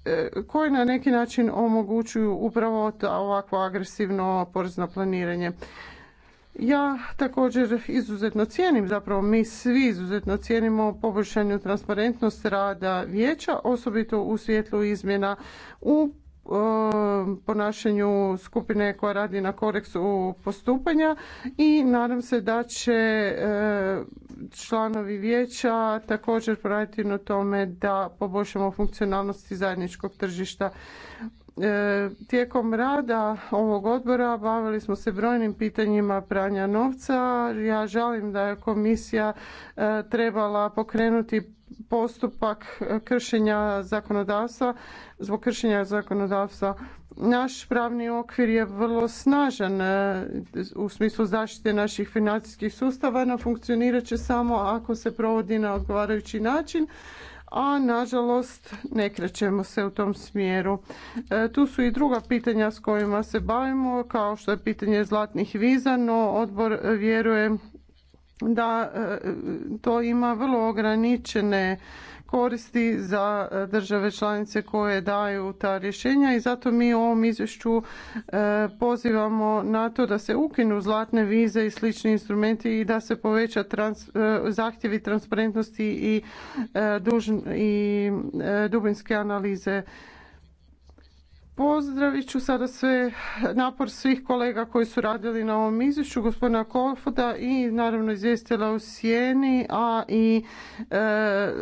e, koji na neki način omogućuju upravo ovakvo agresivno porezno planiranje. Ja također izuzetno cijenim, zapravo mi svi izuzetno cijenimo poboljšanju transparentnost rada vijeća, osobito u svjetlu izmjena u ponašanju skupine koja radi na koreksu postupanja i nadam se da će e, članovi vijeća također poraditi na tome da poboljšamo funkcionalnosti zajedničkog tržišta. E, tijekom rada ovog odbora bavili smo se brojnim pitanjima pranja novca. Ja žalim da je komisija e, trebala pokrenuti postupak kršenja zakonodavstva, zbog kršenja zakonodavstva. Naš pravni okvir je vrlo snažan e, u smislu zaštite naših financijskih sustava, no funkcionirat će samo ako se provodi na odgovarajući način a nažalost ne krećemo se u tom smjeru. E, tu su i druga pitanja s kojima se bavimo, kao što je pitanje zlatnih viza, no odbor vjeruje da e, to ima vrlo ograničene koristi za e, države članice koje daju ta rješenja i zato mi u ovom izvješću e, pozivamo na to da se ukinu zlatne vize i slični instrumenti i da se poveća e, zahtjevi transparentnosti i, i dubinske analize Pozdravit ću sada sve napor svih kolega koji su radili na ovom izvješću, gospodina Kolfoda i naravno izvjestila u Sjeni, a i e,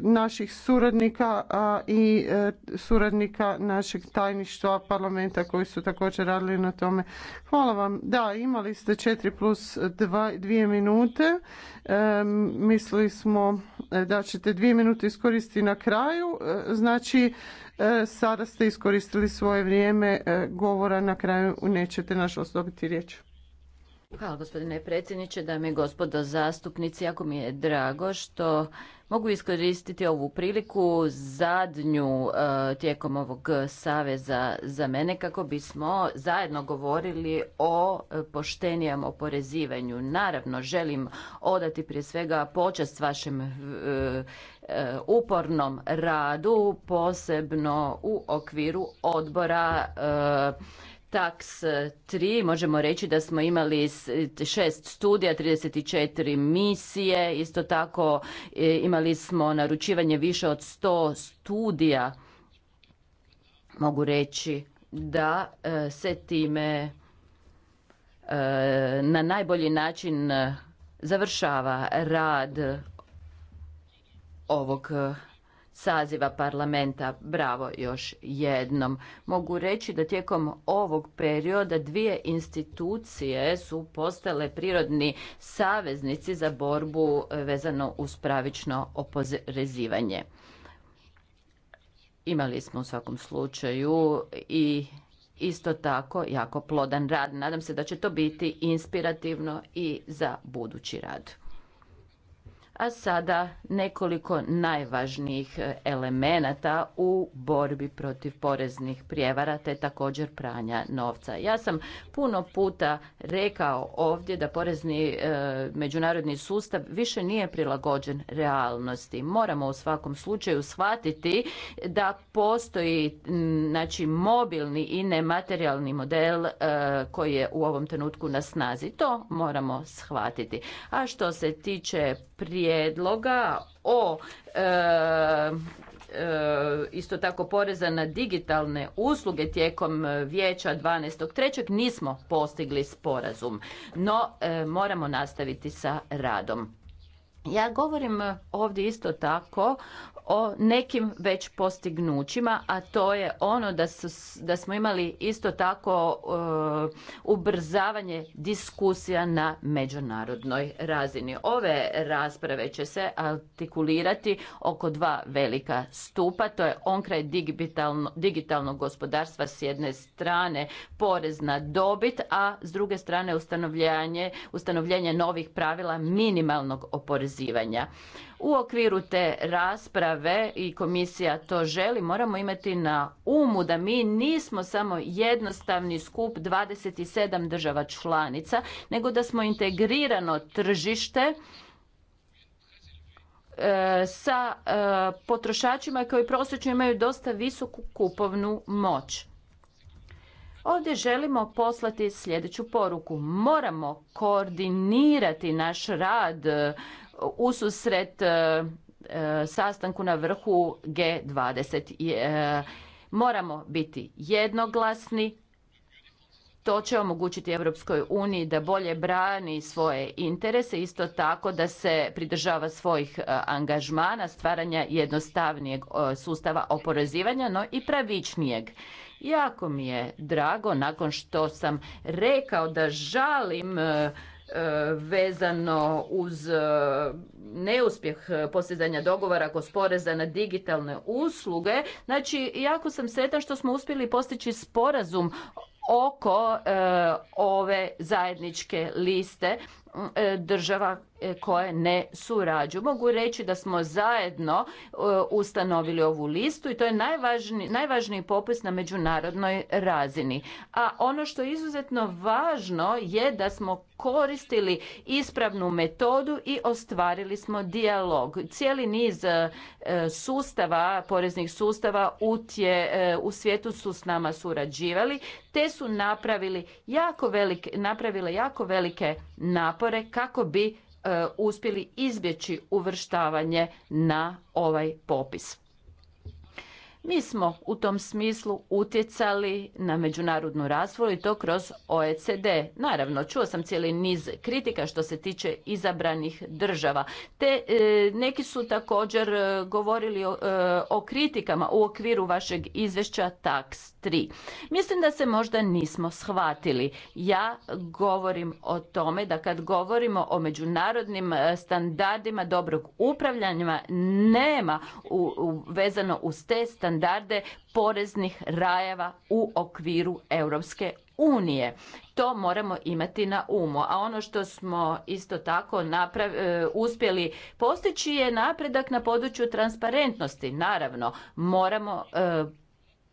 naših suradnika, a i e, suradnika našeg tajništva parlamenta koji su također radili na tome. Hvala vam. Da, imali ste 4 plus 2, minute. E, mislili smo e, da ćete dvije minute iskoristiti na kraju. Znači, E, sada ste iskoristili svoje vrijeme e, govora, na kraju nećete nažalost dobiti riječ. Hvala gospodine predsjedniče, dame i gospodo zastupnici. Jako mi je drago što mogu iskoristiti ovu priliku zadnju e, tijekom ovog saveza za mene kako bismo zajedno govorili o poštenijem oporezivanju. Naravno, želim odati prije svega počast vašem E, upornom radu, posebno u okviru odbora e, TAX 3. Možemo reći da smo imali šest studija, 34 misije, isto tako e, imali smo naručivanje više od 100 studija. Mogu reći da se time na najbolji način završava rad ovog e, saziva parlamenta. Bravo još jednom. Mogu reći da tijekom ovog perioda dvije institucije su postale prirodni saveznici za borbu e, vezano uz pravično oporezivanje. Imali smo u svakom slučaju i isto tako jako plodan rad. Nadam se da će to biti inspirativno i za budući rad. A sada nekoliko najvažnijih e, elemenata u borbi protiv poreznih prijevara te također pranja novca. Ja sam puno puta rekao ovdje da porezni e, međunarodni sustav više nije prilagođen realnosti. Moramo u svakom slučaju shvatiti da postoji znači mobilni i nematerijalni model e, koji je u ovom trenutku na snazi. To moramo shvatiti. A što se tiče prije prijedloga o e, e, isto tako poreza na digitalne usluge tijekom e, vijeća 12.3. nismo postigli sporazum, no moramo nastaviti sa radom. Ja govorim ovdje isto tako o nekim već postignućima, a to je ono da, da smo imali isto tako uh, ubrzavanje diskusija na međunarodnoj razini. Ove rasprave će se artikulirati oko dva velika stupa, to je onkraj digitalno, digitalnog gospodarstva s jedne strane porez na dobit, a s druge strane ustanovljanje, ustanovljenje novih pravila minimalnog oporezivanja u okviru te rasprave i komisija to želi, moramo imati na umu da mi nismo samo jednostavni skup 27 država članica, nego da smo integrirano tržište e, sa e, potrošačima koji prosječno imaju dosta visoku kupovnu moć. Ovdje želimo poslati sljedeću poruku. Moramo koordinirati naš rad ususret e, e, sastanku na vrhu G20. E, moramo biti jednoglasni, to će omogućiti Europskoj uniji da bolje brani svoje interese, isto tako da se pridržava svojih angažmana, stvaranja jednostavnijeg sustava oporezivanja, no i pravičnijeg. Jako mi je drago nakon što sam rekao da žalim E, vezano uz e, neuspjeh postizanja dogovora kod poreza na digitalne usluge. Znači, jako sam sretan što smo uspjeli postići sporazum oko e, ove zajedničke liste država E, koje ne surađuju. Mogu reći da smo zajedno e, ustanovili ovu listu i to je najvažniji, najvažniji popis na međunarodnoj razini. A ono što je izuzetno važno je da smo koristili ispravnu metodu i ostvarili smo dijalog. Cijeli niz e, sustava, poreznih sustava utje, u svijetu su s nama surađivali, te su napravili jako velike, napravile jako velike napore kako bi uspjeli izbjeći uvrštavanje na ovaj popis. Mi smo u tom smislu utjecali na međunarodnu razvoju i to kroz OECD. Naravno, čuo sam cijeli niz kritika što se tiče izabranih država. Te e, neki su također e, govorili e, o, kritikama u okviru vašeg izvješća Tax 3. Mislim da se možda nismo shvatili. Ja govorim o tome da kad govorimo o međunarodnim standardima dobrog upravljanja nema vezano uz te standarde standarde poreznih rajeva u okviru Europske unije. To moramo imati na umu. A ono što smo isto tako e, uspjeli postići je napredak na području transparentnosti. Naravno, moramo e,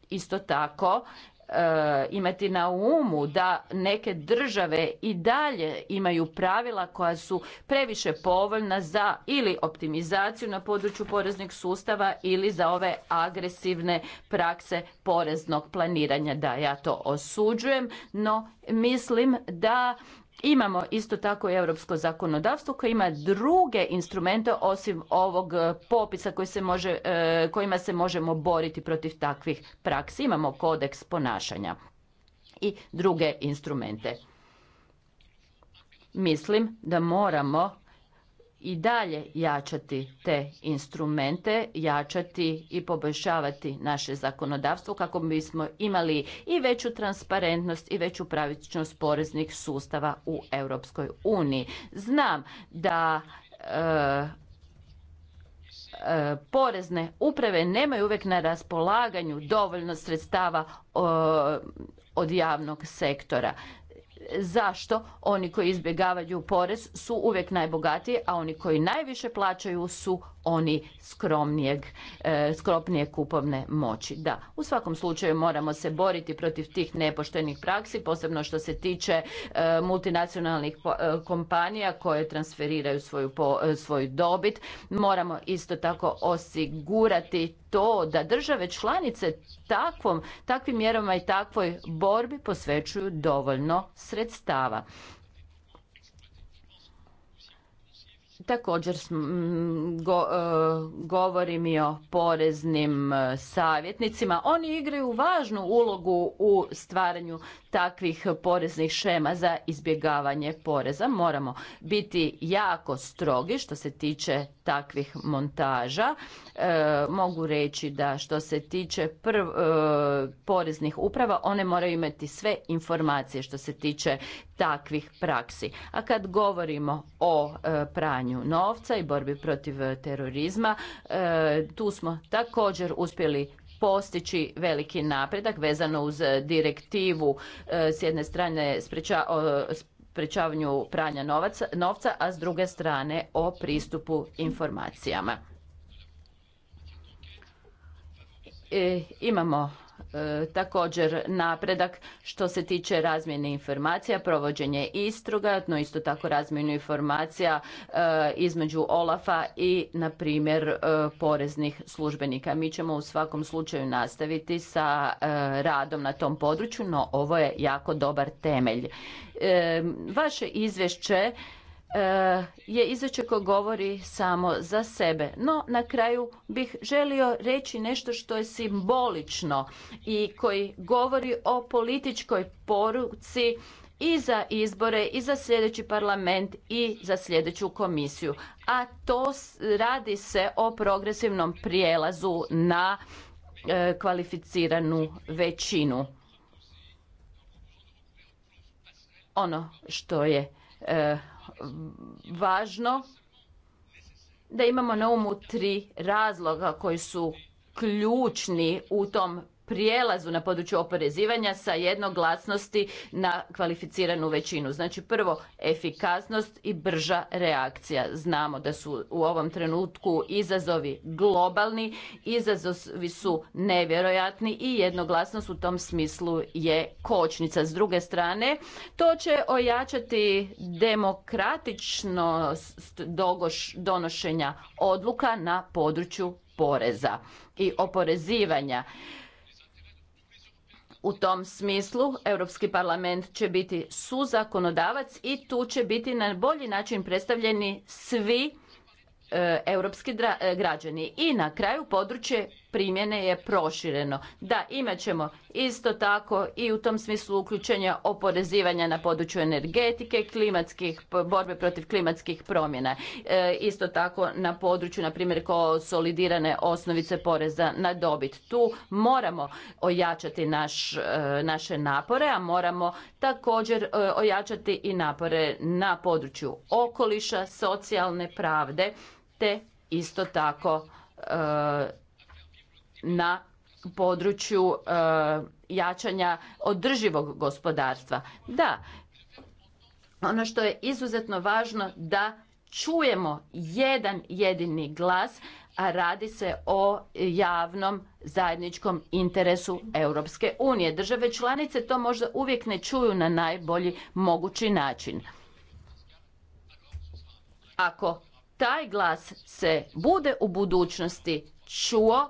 isto tako Eh, imati na umu da neke države i dalje imaju pravila koja su previše povoljna za ili optimizaciju na području poreznih sustava ili za ove agresivne prakse poreznog planiranja da ja to osuđujem no mislim da Imamo isto tako i europsko zakonodavstvo koje ima druge instrumente osim ovog e, popisa koji se može, e, kojima se možemo boriti protiv takvih praksi. Imamo kodeks ponašanja i druge instrumente. Mislim da moramo i dalje jačati te instrumente, jačati i poboljšavati naše zakonodavstvo kako bismo imali i veću transparentnost i veću pravičnost poreznih sustava u Europskoj uniji. Znam da e, e porezne uprave nemaju uvijek na raspolaganju dovoljno sredstava od javnog sektora zašto oni koji izbjegavaju porez su uvijek najbogatiji, a oni koji najviše plaćaju su oni skromnijeg, e, skromnije kupovne moći. Da, u svakom slučaju moramo se boriti protiv tih nepoštenih praksi, posebno što se tiče e, multinacionalnih e, kompanija koje transferiraju svoju, svoju dobit. Moramo isto tako osigurati to da države članice takvom, takvim mjerama i takvoj borbi posvećuju dovoljno sredstava. Također go, e, govorim i o poreznim e, savjetnicima. Oni igraju važnu ulogu u stvaranju takvih poreznih šema za izbjegavanje poreza. Moramo biti jako strogi što se tiče takvih montaža. E, mogu reći da što se tiče e, poreznih uprava, one moraju imati sve informacije što se tiče takvih praksi. A kad govorimo o e, pranju novca i borbi protiv terorizma, tu smo također uspjeli postići veliki napredak vezano uz e, direktivu e, s jedne strane spreča, sprečavanju pranja novaca, novca, a s druge strane o pristupu informacijama. E, imamo E, također napredak što se tiče razmjene informacija, provođenje istruga, no isto tako razmjenu informacija e, između Olafa i na primjer e, poreznih službenika. Mi ćemo u svakom slučaju nastaviti sa radom na tom području, no ovo je jako dobar temelj. Vaše izvješće je izvješće koje govori samo za sebe. No, na kraju bih želio reći nešto što je simbolično i koji govori o političkoj poruci i za izbore i za sljedeći parlament i za sljedeću komisiju. A to radi se o progresivnom prijelazu na e, kvalificiranu većinu. Ono što je e, važno da imamo na umu tri razloga koji su ključni u tom prijelazu na području oporezivanja sa jednoglasnosti na kvalificiranu većinu. Znači prvo efikasnost i brža reakcija. Znamo da su u ovom trenutku izazovi globalni, izazovi su nevjerojatni i jednoglasnost u tom smislu je kočnica. S druge strane, to će ojačati demokratičnost donošenja odluka na području poreza i oporezivanja. U tom smislu Europski parlament će biti suzakonodavac i tu će biti na bolji način predstavljeni svi e, europski e, građani. I na kraju područje primjene je prošireno. Da, imat ćemo isto tako i u tom smislu uključenja oporezivanja na području energetike, klimatskih, borbe protiv klimatskih promjena. E, isto tako na području, na primjer, konsolidirane osnovice poreza na dobit. Tu moramo ojačati naš, e, naše napore, a moramo također e, ojačati i napore na području okoliša, socijalne pravde, te isto tako na području e, jačanja održivog gospodarstva. Da, ono što je izuzetno važno da čujemo jedan jedini glas, a radi se o javnom zajedničkom interesu Europske unije. Države članice to možda uvijek ne čuju na najbolji mogući način. Ako taj glas se bude u budućnosti čuo,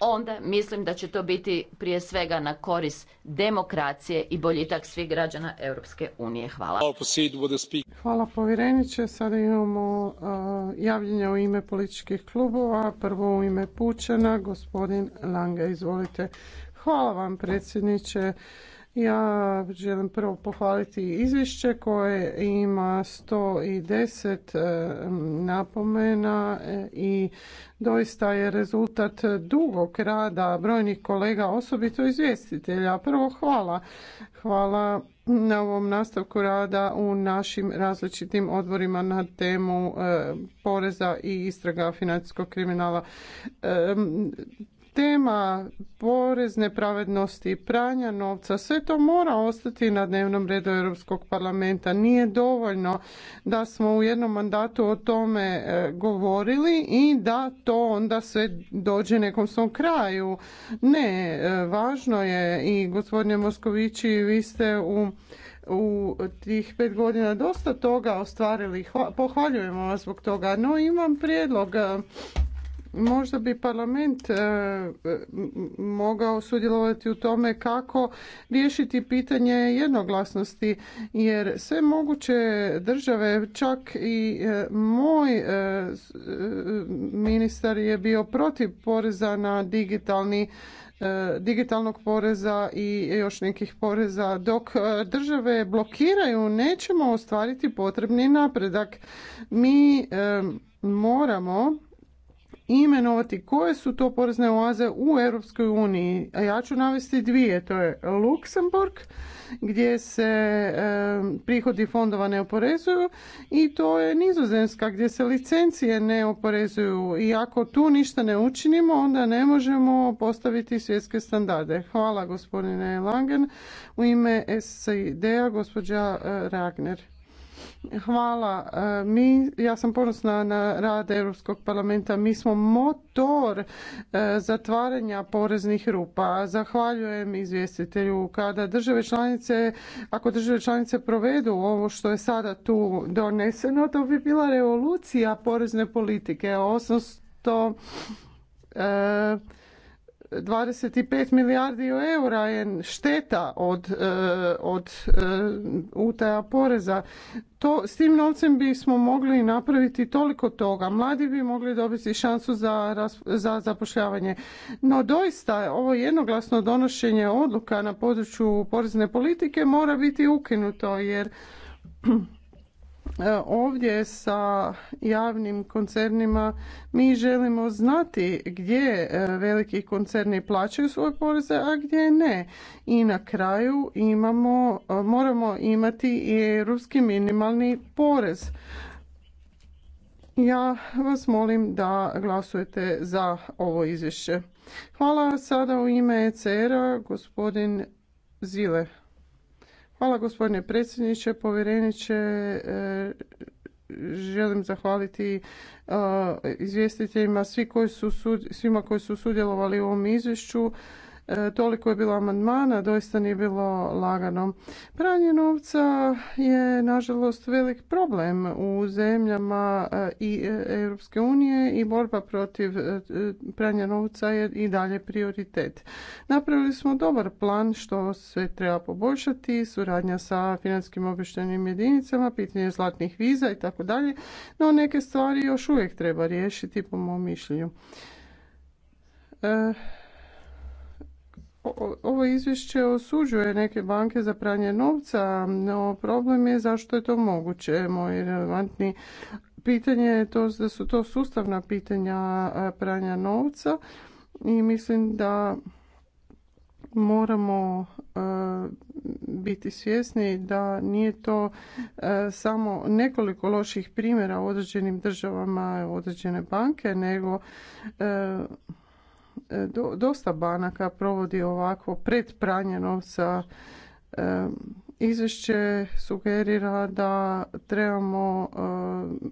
onda mislim da će to biti prije svega na koris demokracije i boljitak svih građana Europske unije. Hvala. Hvala povjereniče. Sada imamo javljenje u ime političkih klubova. Prvo u ime Pučana, gospodin Lange. Izvolite. Hvala vam predsjedniče. Ja želim prvo pohvaliti izvješće koje ima 110 e, napomena e, i doista je rezultat dugog rada brojnih kolega, osobito izvjestitelja. Prvo hvala. Hvala na ovom nastavku rada u našim različitim odborima na temu e, poreza i istraga financijskog kriminala tema porezne pravednosti i pranja novca, sve to mora ostati na dnevnom redu Europskog parlamenta. Nije dovoljno da smo u jednom mandatu o tome e, govorili i da to onda sve dođe nekom svom kraju. Ne, e, važno je i gospodine Moskovići, vi ste u u tih pet godina dosta toga ostvarili. Pohvaljujemo vas zbog toga. No imam prijedlog e, Možda bi parlament e, mogao sudjelovati u tome kako riješiti pitanje jednoglasnosti jer sve moguće države, čak i e, moj e, ministar je bio protiv poreza na digitalni digitalnog poreza i još nekih poreza. Dok države blokiraju, nećemo ostvariti potrebni napredak. Mi moramo imenovati koje su to porezne oaze u Europskoj uniji. A ja ću navesti dvije, to je Luksemburg gdje se prihodi fondova ne oporezuju i to je Nizozemska gdje se licencije ne oporezuju i ako tu ništa ne učinimo onda ne možemo postaviti svjetske standarde. Hvala gospodine Langen. U ime SID-a gospođa eh, Ragner. Hvala. E, mi, ja sam ponosna na rad Europskog parlamenta. Mi smo motor e, zatvaranja poreznih rupa. Zahvaljujem izvjestitelju kada države članice, ako države članice provedu ovo što je sada tu doneseno, to bi bila revolucija porezne politike. 800 25 milijardi eura je šteta od, e, od e, utaja poreza. To, s tim novcem bismo mogli napraviti toliko toga. Mladi bi mogli dobiti šansu za, za zapošljavanje. No doista ovo jednoglasno donošenje odluka na području porezne politike mora biti ukinuto jer E, ovdje sa javnim koncernima mi želimo znati gdje e, veliki koncerni plaćaju svoje poreze, a gdje ne. I na kraju imamo, e, moramo imati i ruski minimalni porez. Ja vas molim da glasujete za ovo izvješće. Hvala sada u ime ECR-a gospodin Zile. Hvala gospodine predsjedniče, povjereniče. E, želim zahvaliti e, izvjestiteljima koji svima koji su sudjelovali u ovom izvješću. E, toliko je bilo amandmana, doista nije bilo lagano. Pranje novca je nažalost velik problem u zemljama e, i Europske unije i borba protiv e, pranja novca je i dalje prioritet. Napravili smo dobar plan što se treba poboljšati, suradnja sa financijskim obještenim jedinicama, pitanje zlatnih viza i tako dalje, no neke stvari još uvijek treba riješiti po mom mišljenju ovo izvješće osuđuje neke banke za pranje novca, no problem je zašto je to moguće. Moj relevantni pitanje je to da su to sustavna pitanja pranja novca i mislim da moramo biti svjesni da nije to samo nekoliko loših primjera u određenim državama, određene banke, nego E, dosta banaka provodi ovako predpranje novca e, izvješće sugerira da trebamo e,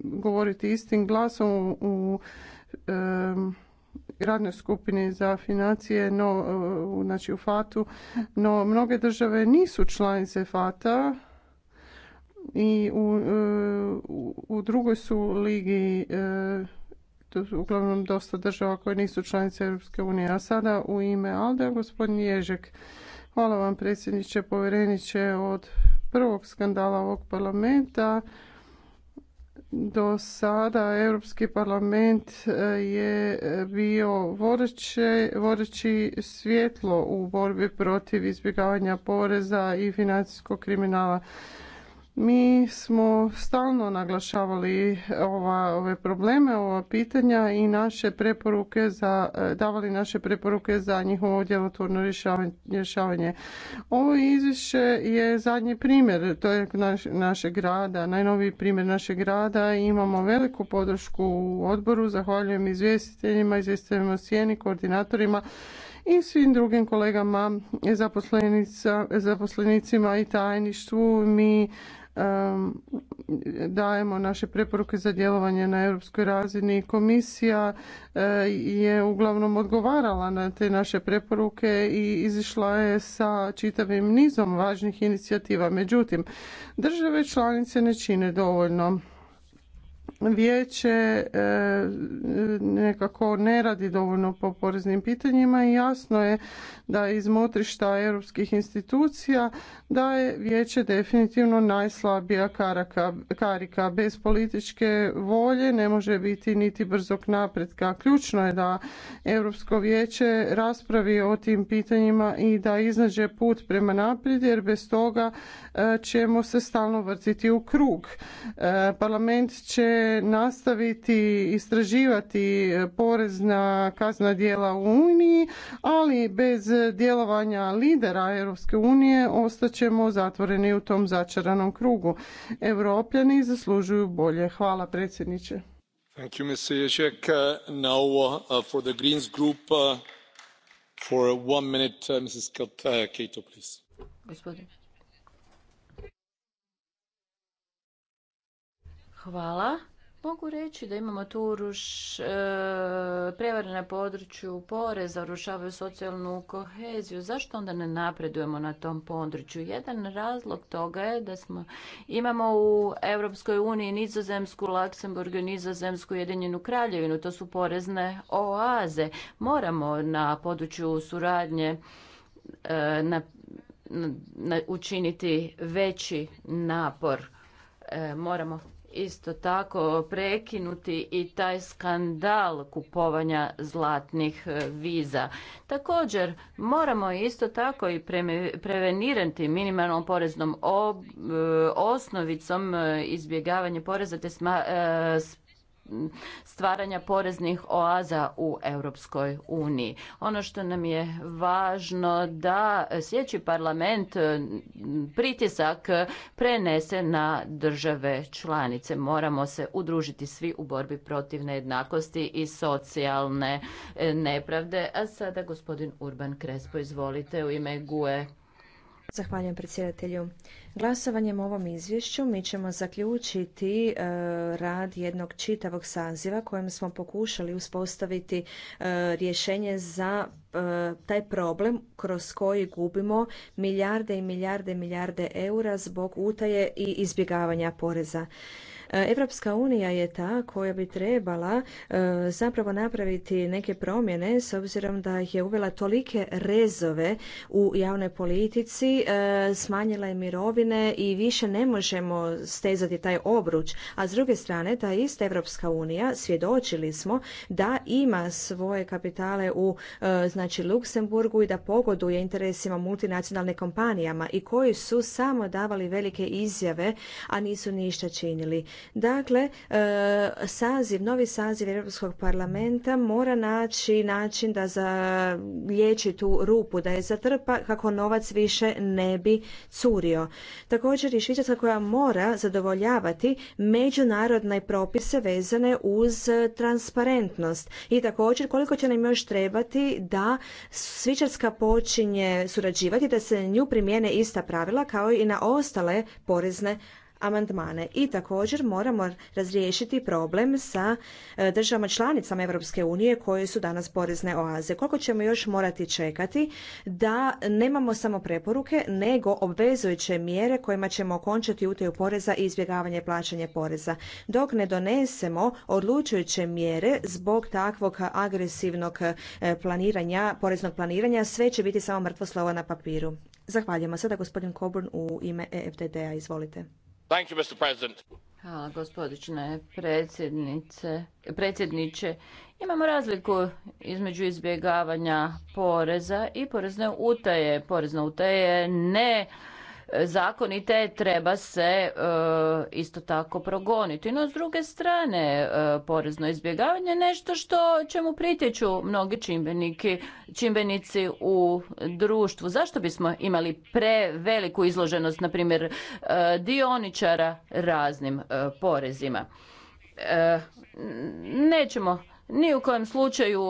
govoriti istim glasom u radnoj skupini za financije, no, znači u FATU, no mnoge države nisu članice FATA i u, u drugoj su ligi uglavnom dosta država koje nisu članice Europske unije. A sada u ime Alda gospodin Ježek. Hvala vam predsjedniče, povjereniče od prvog skandala ovog parlamenta do sada Europski parlament eh, je bio vodeći svjetlo u borbi protiv izbjegavanja poreza i financijskog kriminala. Mi smo stalno naglašavali ova, ove probleme, ova pitanja i naše preporuke za, davali naše preporuke za njihovo djelotvorno rješavanje. Ovo izvješće je zadnji primjer, to je naš, našeg grada najnoviji primjer našeg grada. i imamo veliku podršku u odboru. Zahvaljujem izvjestiteljima, izvjestiteljima sjeni, koordinatorima i svim drugim kolegama zaposlenicima i tajništvu. Mi dajemo naše preporuke za djelovanje na europskoj razini. Komisija e, je uglavnom odgovarala na te naše preporuke i izišla je sa čitavim nizom važnih inicijativa. Međutim, države članice ne čine dovoljno vijeće e, nekako ne radi dovoljno po poreznim pitanjima i jasno je da iz motrišta europskih institucija da je vijeće definitivno najslabija karika. Bez političke volje ne može biti niti brzog napretka. Ključno je da Europsko vijeće raspravi o tim pitanjima i da iznađe put prema naprijed jer bez toga e, ćemo se stalno vrtiti u krug. E, parlament će nastaviti istraživati porezna kazna djela u Uniji, ali bez djelovanja lidera Europske unije ostaćemo zatvoreni u tom začaranom krugu. Europljani zaslužuju bolje. Hvala predsjedniče. Thank you, uh, Now uh, uh, for the Hvala. Mogu reći da imamo tu ruš, e, prevare na području poreza, rušavaju socijalnu koheziju. Zašto onda ne napredujemo na tom području? Jedan razlog toga je da smo, imamo u Europskoj uniji Nizozemsku, Laksemburgu, Nizozemsku, Jedinjenu Kraljevinu. To su porezne oaze. Moramo na području suradnje e, na, učiniti veći napor. E, moramo isto tako prekinuti i taj skandal kupovanja zlatnih e, viza. Također, moramo isto tako i prevenirati minimalnom poreznom e, osnovicom e, izbjegavanje poreza te sma, stvaranja poreznih oaza u Europskoj uniji. Ono što nam je važno da sljedeći parlament pritisak prenese na države članice. Moramo se udružiti svi u borbi protiv nejednakosti i socijalne nepravde. A sada gospodin Urban Krespo, izvolite u ime GUE. Zahvaljujem predsjedatelju. Glasovanjem o ovom izvješću mi ćemo zaključiti e, rad jednog čitavog saziva kojem smo pokušali uspostaviti e, rješenje za e, taj problem kroz koji gubimo milijarde i milijarde i milijarde eura zbog utaje i izbjegavanja poreza. E, Evropska unija je ta koja bi trebala e, zapravo napraviti neke promjene s obzirom da je uvela tolike rezove u javnoj politici, e, smanjila je mirovine i više ne možemo stezati taj obruč. A s druge strane, ta ista Evropska unija, svjedočili smo da ima svoje kapitale u znači Luksemburgu i da pogoduje interesima multinacionalne kompanijama i koji su samo davali velike izjave, a nisu ništa činili. Dakle, e, saziv, novi saziv Europskog parlamenta mora naći način da liječi tu rupu, da je zatrpa kako novac više ne bi curio. Također i Švicarska koja mora zadovoljavati međunarodne propise vezane uz transparentnost i također koliko će nam još trebati da Švicarska počinje surađivati da se nju primijene ista pravila kao i na ostale porezne amandmane. I također moramo razriješiti problem sa e, državama članicama Europske unije koje su danas porezne oaze. Koliko ćemo još morati čekati da nemamo samo preporuke nego obvezujuće mjere kojima ćemo okončati utaju poreza i izbjegavanje plaćanja poreza. Dok ne donesemo odlučujuće mjere zbog takvog agresivnog e, planiranja, poreznog planiranja, sve će biti samo mrtvo slovo na papiru. Zahvaljujemo sada gospodin Coburn u ime eftd Izvolite. Hvala gospodine predsjedniče. Imamo razliku između izbjegavanja poreza i porezne utaje. Porezna utaje ne zakonite treba se e, isto tako progoniti. No, s druge strane, e, porezno izbjegavanje je nešto što čemu pritječu mnogi čimbenici u društvu. Zašto bismo imali preveliku izloženost, na primjer, e, dioničara raznim porezima? nećemo ni u kojem slučaju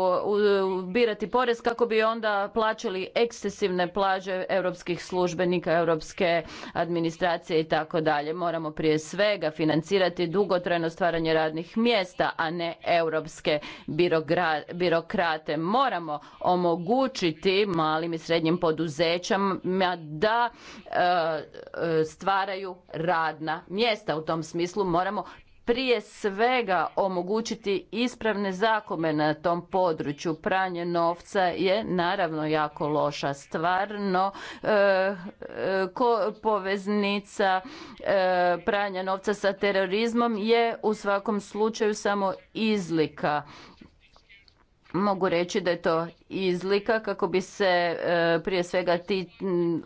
birati porez kako bi onda plaćali ekscesivne plaće europskih službenika, europske administracije i tako dalje. Moramo prije svega financirati dugotrajno stvaranje radnih mjesta, a ne europske birokrate. Moramo omogućiti malim i srednjim poduzećama da e, e, stvaraju radna mjesta. U tom smislu moramo prije svega omogućiti ispravne zakome na tom području. Pranje novca je naravno jako loša stvar, no eh, eh, ko, poveznica eh, pranja novca sa terorizmom je u svakom slučaju samo izlika mogu reći da je to izlika kako bi se prije svega ti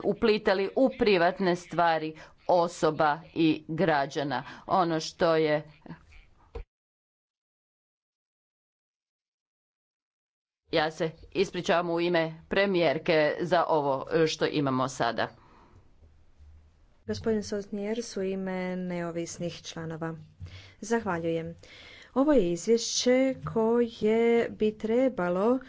uplitali u privatne stvari osoba i građana. Ono što je Ja se ispričavam u ime premijerke za ovo što imamo sada. Gospodin Sosnijer su ime neovisnih članova. Zahvaljujem. Ovo je izvješće koje bi trebalo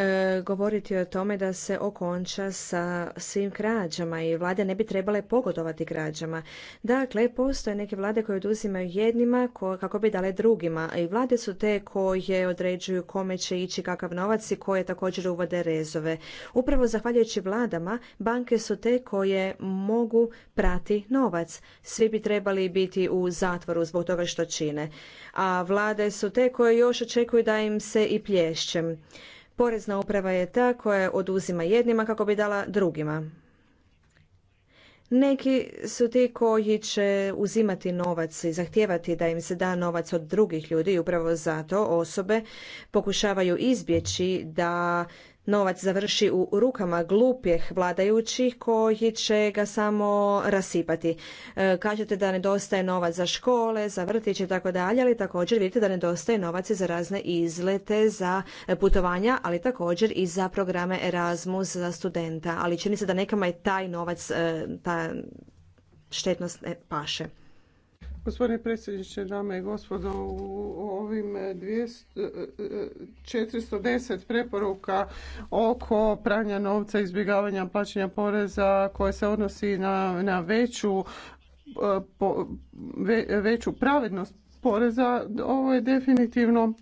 E, govoriti o tome da se okonča sa svim krađama i vlade ne bi trebale pogodovati krađama. Dakle, postoje neke vlade koje oduzimaju jednima kako bi dale drugima, a i vlade su te koje određuju kome će ići kakav novac i koje također uvode rezove. Upravo zahvaljujući vladama, banke su te koje mogu prati novac. Svi bi trebali biti u zatvoru zbog toga što čine. A vlade su te koje još očekuju da im se i plješćem. Porezna uprava je ta koja oduzima jednima kako bi dala drugima. Neki su ti koji će uzimati novac i zahtijevati da im se da novac od drugih ljudi i upravo zato osobe pokušavaju izbjeći da novac završi u rukama glupih vladajućih koji će ga samo rasipati. E, kažete da nedostaje novac za škole, za vrtiće i tako dalje, ali također vidite da nedostaje novac i za razne izlete, za putovanja, ali također i za programe Erasmus za studenta. Ali čini se da nekama je taj novac, e, ta štetnost e, paše. Gospodine predsjedniče, dame i gospodo, u ovim 200, 410 preporuka oko pranja novca, izbjegavanja plaćanja poreza koje se odnosi na, na veću eh, veću pravednost poreza, ovo je definitivno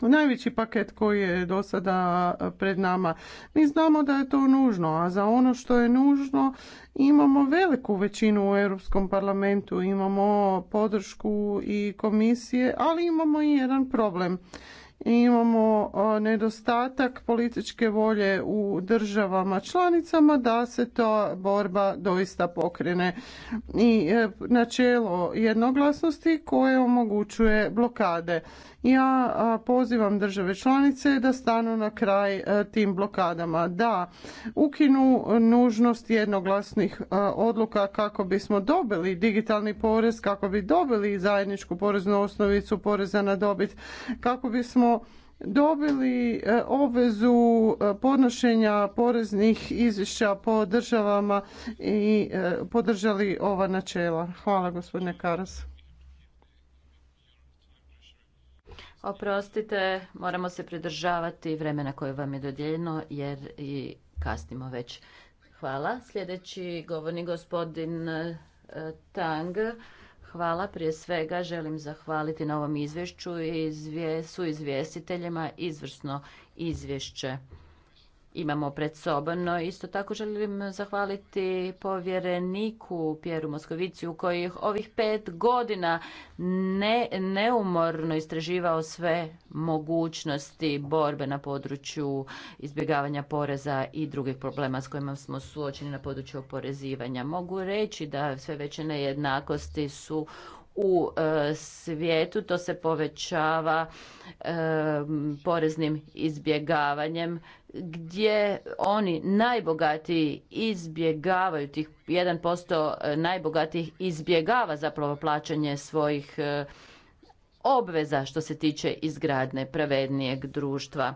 najveći paket koji je do sada eh, pred nama. Mi znamo da je to nužno, a za ono što je nužno imamo veliku većinu u Europskom parlamentu, imamo podršku i komisije, ali imamo i jedan problem imamo nedostatak političke volje u državama članicama da se ta borba doista pokrene. I e, načelo jednoglasnosti koje omogućuje blokade. Ja pozivam države članice da stanu na kraj e, tim blokadama, da ukinu nužnost jednoglasnih e, odluka kako bismo dobili digitalni porez, kako bi dobili zajedničku poreznu osnovicu poreza na dobit, kako bismo smo dobili e, obvezu e, podnošenja poreznih izvješća po državama i e, podržali ova načela. Hvala gospodine Karas. Oprostite, moramo se pridržavati vremena koje vam je dodijeljeno jer i kasnimo već. Hvala. Sljedeći govorni gospodin Tang. Hvala. Prije svega želim zahvaliti na ovom izvješću i su izvjestiteljima izvrsno izvješće imamo pred sobom. No isto tako želim zahvaliti povjereniku Pjeru Moskovici koji je ovih pet godina ne, neumorno istraživao sve mogućnosti borbe na području izbjegavanja poreza i drugih problema s kojima smo suočeni na području oporezivanja. Mogu reći da sve veće nejednakosti su u e, svijetu to se povećava e, poreznim izbjegavanjem gdje oni najbogatiji izbjegavaju tih 1% e, najbogatijih izbjegava zapravo plaćanje svojih e, obveza što se tiče izgradne pravednijeg društva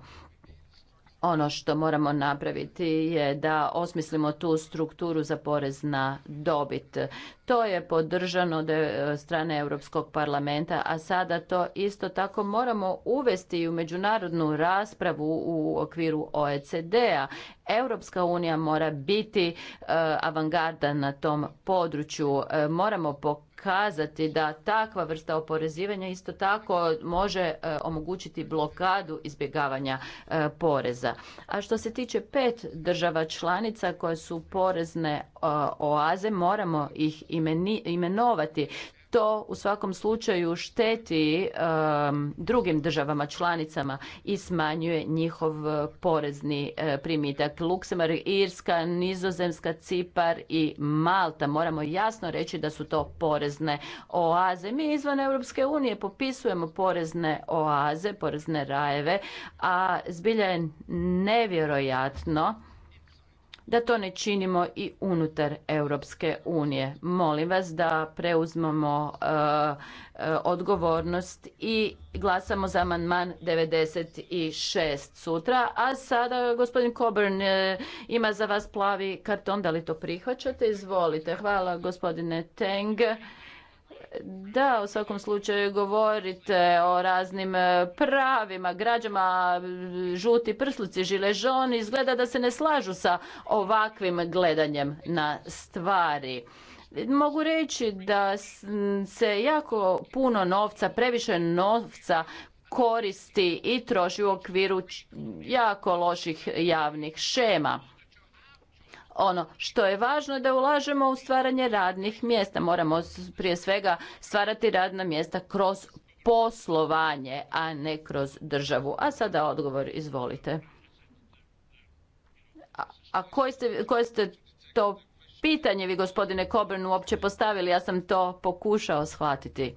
ono što moramo napraviti je da osmislimo tu strukturu za porez na dobit. To je podržano od e, strane Europskog parlamenta, a sada to isto tako moramo uvesti u međunarodnu raspravu u okviru OECD-a. Europska unija mora biti e, avangarda na tom području. E, moramo pokazati da takva vrsta oporezivanja isto tako može e, omogućiti blokadu izbjegavanja poreza. A što se tiče pet država članica koje su porezne oaze, moramo ih imenovati. To u svakom slučaju šteti um, drugim državama članicama i smanjuje njihov uh, porezni uh, primitak. Luksemburg, Irska, Nizozemska, Cipar i Malta. Moramo jasno reći da su to porezne oaze. Mi izvan Europske unije popisujemo porezne oaze, porezne rajeve, a zbilja je nevjerojatno da to ne činimo i unutar Europske unije. Molim vas da preuzmemo e, e, odgovornost i glasamo za amandman 96 sutra. A sada gospodin Coburn e, ima za vas plavi karton, da li to prihvaćate? Izvolite. Hvala gospodine Teng. Da, u svakom slučaju govorite o raznim e, pravima, građama, žuti prsluci, žiležoni, izgleda da se ne slažu sa ovakvim gledanjem na stvari. Mogu reći da se jako puno novca, previše novca koristi i troši u okviru jako loših javnih šema ono što je važno je da ulažemo u stvaranje radnih mjesta. Moramo prije svega stvarati radna mjesta kroz poslovanje, a ne kroz državu. A sada odgovor, izvolite. A, a koje, ste, koje ste to pitanje vi, gospodine Coburn, uopće postavili? Ja sam to pokušao shvatiti.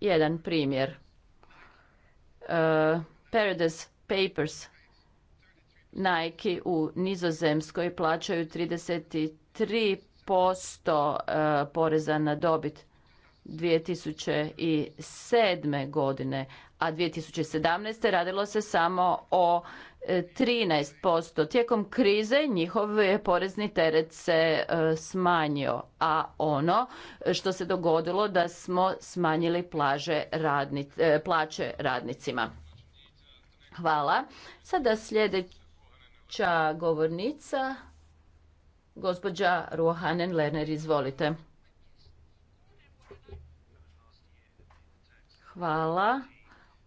Jedan primjer. E, Paradise Papers Nike u Nizozemskoj plaćaju 33% e, poreza na dobit 2007. godine, a 2017. radilo se samo o 13%. E, Tijekom krize njihov je porezni teret se e, smanjio, a ono što se dogodilo da smo smanjili plaže plaće radnicima. Hvala. Sada sljedeća govornica, gospođa Ruohanen Lerner, izvolite. Hvala.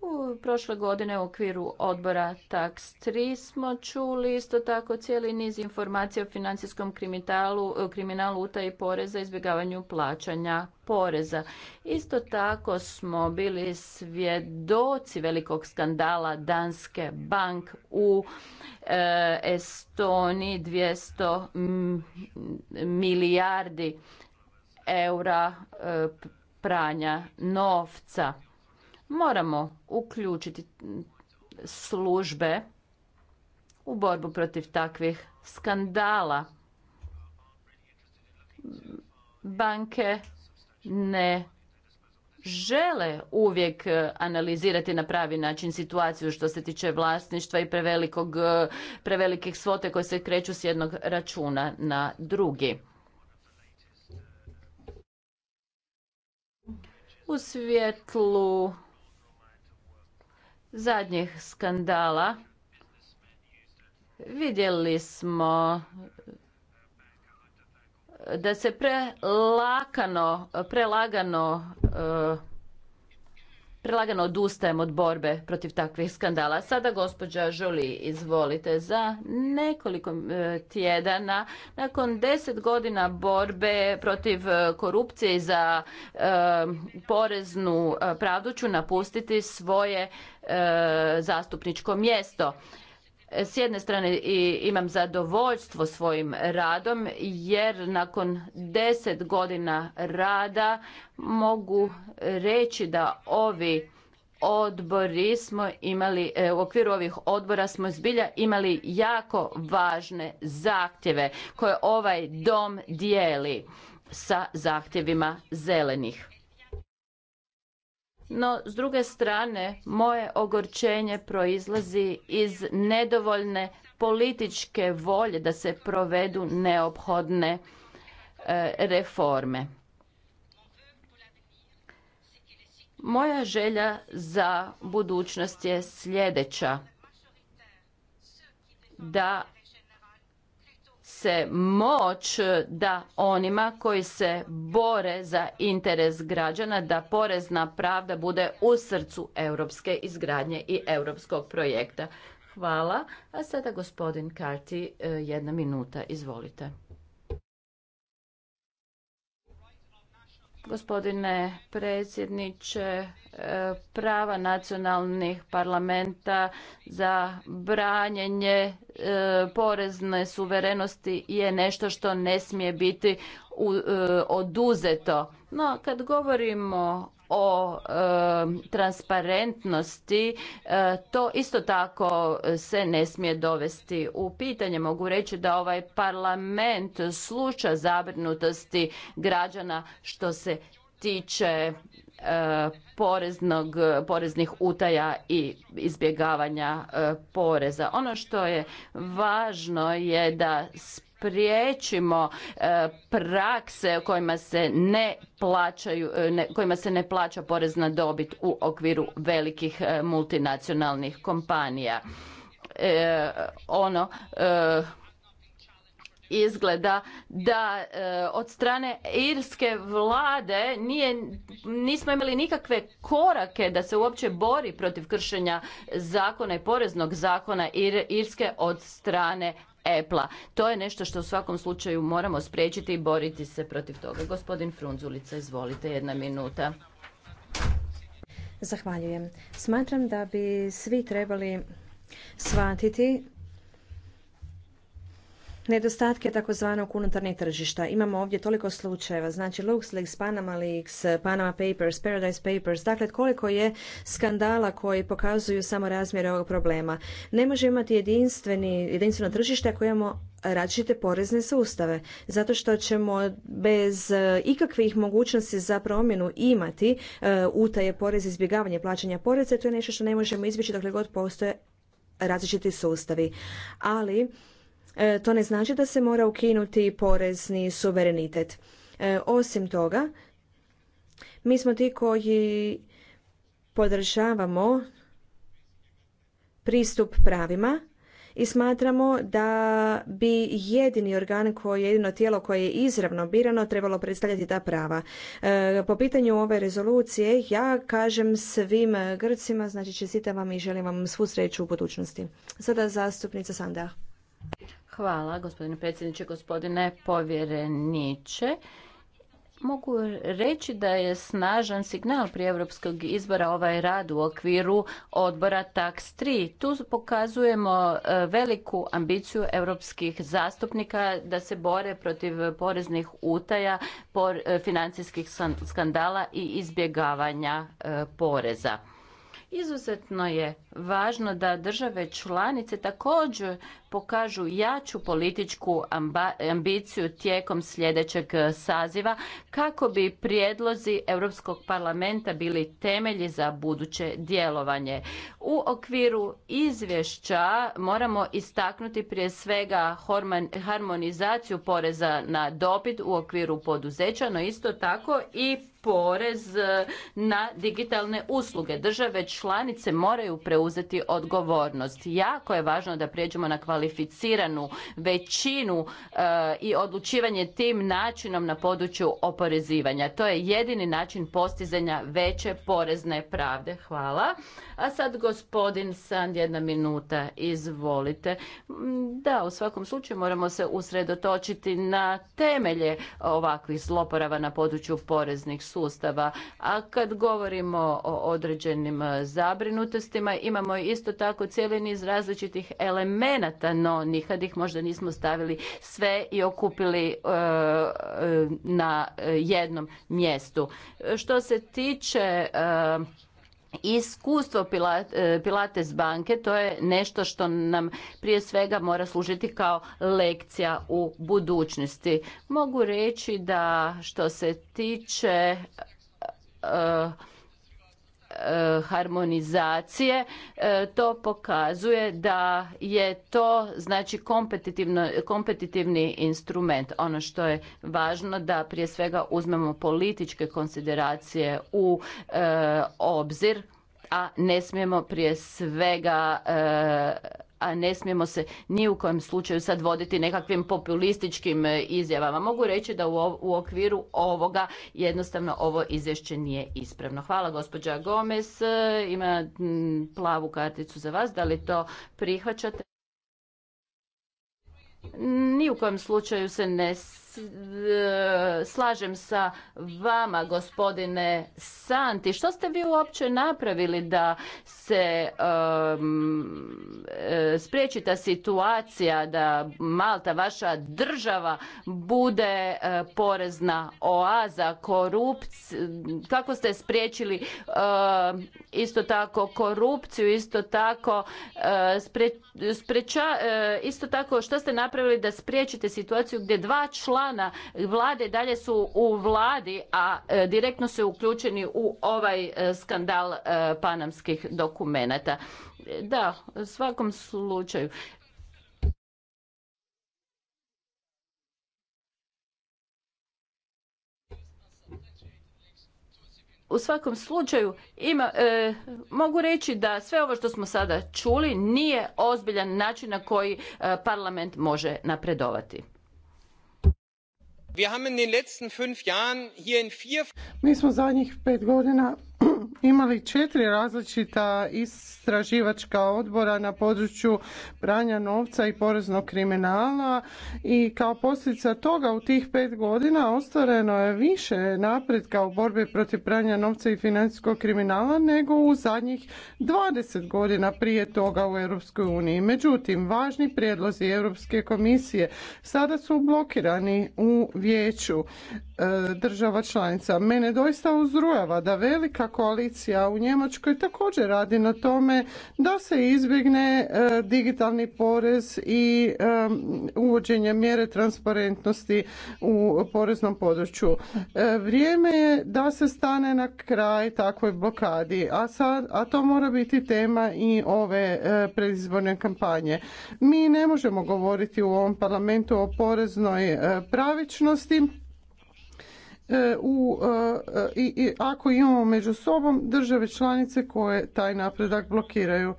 U prošle godine u okviru odbora TAX 3 smo čuli isto tako cijeli niz informacija o financijskom kriminalu, e, kriminalu poreza i izbjegavanju plaćanja poreza. Isto tako smo bili svjedoci velikog skandala Danske bank u e, Estoniji 200 milijardi eura e, pranja novca moramo uključiti službe u borbu protiv takvih skandala. Banke ne žele uvijek e, analizirati na pravi način situaciju što se tiče vlasništva i prevelikog, e, prevelikih svote koje se kreću s jednog računa na drugi. U svjetlu zadnjih skandala vidjeli smo da se prelakano, prelagano e, prelagano odustajem od borbe protiv takvih skandala. Sada gospođa Žoli, izvolite, za nekoliko e, tjedana, nakon deset godina borbe protiv e, korupcije i za e, poreznu pravdu ću napustiti svoje zastupničko mjesto. S jedne strane imam zadovoljstvo svojim radom jer nakon deset godina rada mogu reći da ovi odbori smo imali, e, u okviru ovih odbora smo zbilja imali jako važne zahtjeve koje ovaj dom dijeli sa zahtjevima zelenih. No, s druge strane, moje ogorčenje proizlazi iz nedovoljne političke volje da se provedu neophodne e, reforme. Moja želja za budućnost je sljedeća. Da se moć da onima koji se bore za interes građana da porezna pravda bude u srcu europske izgradnje i europskog projekta. Hvala. A sada gospodin Karti, e, jedna minuta, izvolite. Gospodine predsjedniče, e, prava nacionalnih parlamenta za branjenje e, porezne suverenosti je nešto što ne smije biti e, oduzeto. No, kad govorimo o transparentnosti e, to isto tako se ne smije dovesti u pitanje mogu reći da ovaj parlament sluča zabrinutosti građana što se tiče e, poreznog, poreznih utaja i izbjegavanja e, poreza ono što je važno je da spriječimo e, prakse kojima se ne plaćaju, e, kojima se ne plaća porez na dobit u okviru velikih e, multinacionalnih kompanija. Ono izgleda da od strane irske vlade nije, nismo imali nikakve korake da se uopće bori protiv kršenja zakona i poreznog zakona irske od strane Apple-a. To je nešto što u svakom slučaju moramo spriječiti i boriti se protiv toga. Gospodin Frunzulica, izvolite, jedna minuta. Zahvaljujem. Smatram da bi svi trebali shvatiti nedostatke takozvanog unutarnjeg tržišta. Imamo ovdje toliko slučajeva, znači LuxLeaks, Panama Leaks, Panama Papers, Paradise Papers, dakle koliko je skandala koji pokazuju samo razmjere ovog problema. Ne može imati jedinstveni, jedinstveno tržište ako imamo različite porezne sustave, zato što ćemo bez e, ikakvih mogućnosti za promjenu imati e, utaje porez, izbjegavanje plaćanja poreza, to je nešto što ne možemo izbjeći dokle god postoje različiti sustavi. Ali E, to ne znači da se mora ukinuti porezni suverenitet. E, osim toga, mi smo ti koji podržavamo pristup pravima i smatramo da bi jedini organ koji jedino tijelo koje je izravno birano trebalo predstavljati ta prava. E, po pitanju ove rezolucije ja kažem svim Grcima, znači čestitam vam i želim vam svu sreću u budućnosti. Sada zastupnica Sanda. Hvala, gospodine predsjedniče, gospodine povjereniče. Mogu reći da je snažan signal prije europskog izbora ovaj rad u okviru odbora TAX 3. Tu pokazujemo e, veliku ambiciju europskih zastupnika da se bore protiv poreznih utaja, e, financijskih skandala i izbjegavanja e, poreza. Izuzetno je važno da države članice također pokažu jaču političku ambiciju tijekom sljedećeg e, saziva kako bi prijedlozi Europskog parlamenta bili temelji za buduće djelovanje. U okviru izvješća moramo istaknuti prije svega harmonizaciju poreza na dobit u okviru poduzeća, no isto tako i porez e, na digitalne usluge. Države članice moraju preuzeti odgovornost. Jako je važno da prijeđemo na kvalificiranu većinu e, i odlučivanje tim načinom na području oporezivanja. To je jedini način postizanja veće porezne pravde. Hvala. A sad gospodin Sand, jedna minuta, izvolite. Da, u svakom slučaju moramo se usredotočiti na temelje ovakvih zloporava na području poreznih sustava. A kad govorimo o određenim zabrinutostima, imamo isto tako cijeli niz različitih elemenata no nikad ih možda nismo stavili sve i okupili e, e, na jednom mjestu. Što se tiče e, Iskustvo Pilates banke to je nešto što nam prije svega mora služiti kao lekcija u budućnosti. Mogu reći da što se tiče Eh, harmonizacije eh, to pokazuje da je to znači kompetitivni instrument ono što je važno da prije svega uzmemo političke konsideracije u eh, obzir a ne smijemo prije svega a ne smijemo se ni u kojem slučaju sad voditi nekakvim populističkim e, izjavama. Mogu reći da u okviru ovoga jednostavno ovo izvješće nije ispravno. Hvala gospođa Gomez, e, ima plavu karticu za vas, da li to prihvaćate? Ni u kojem slučaju se ne E, slažem sa vama gospodine Santi. Što ste vi uopće napravili da se e, spriječi ta situacija da Malta, vaša država, bude e, porezna oaza, korupcija? Kako ste spriječili isto tako korupciju, isto tako isto tako što ste napravili da spriječite situaciju gdje dva člana plana vlade dalje su u vladi, a e, direktno su uključeni u ovaj e, skandal e, panamskih dokumenata. Da, u svakom slučaju. u svakom slučaju ima, mogu reći da sve ovo što smo sada čuli nije ozbiljan način na koji parlament može napredovati. Mi smo zadnjih pet godina (clears throat) imali četiri različita istraživačka odbora na području pranja novca i poreznog kriminala i kao posljedica toga u tih pet godina ostvareno je više napretka u borbi protiv pranja novca i financijskog kriminala nego u zadnjih 20 godina prije toga u Europskoj uniji. Međutim, važni prijedlozi Europske komisije sada su blokirani u vijeću e, država članica. Mene doista uzrujava da velika koalicija u Njemačkoj također radi na tome da se izbjegne e, digitalni porez i e, uvođenje mjere transparentnosti u poreznom području. E, vrijeme je da se stane na kraj takvoj blokadi, a, sad, a to mora biti tema i ove predizborne kampanje. Mi ne možemo govoriti u ovom parlamentu o poreznoj pravičnosti E, u, e, i, i ako imamo među sobom države članice koje taj napredak blokiraju.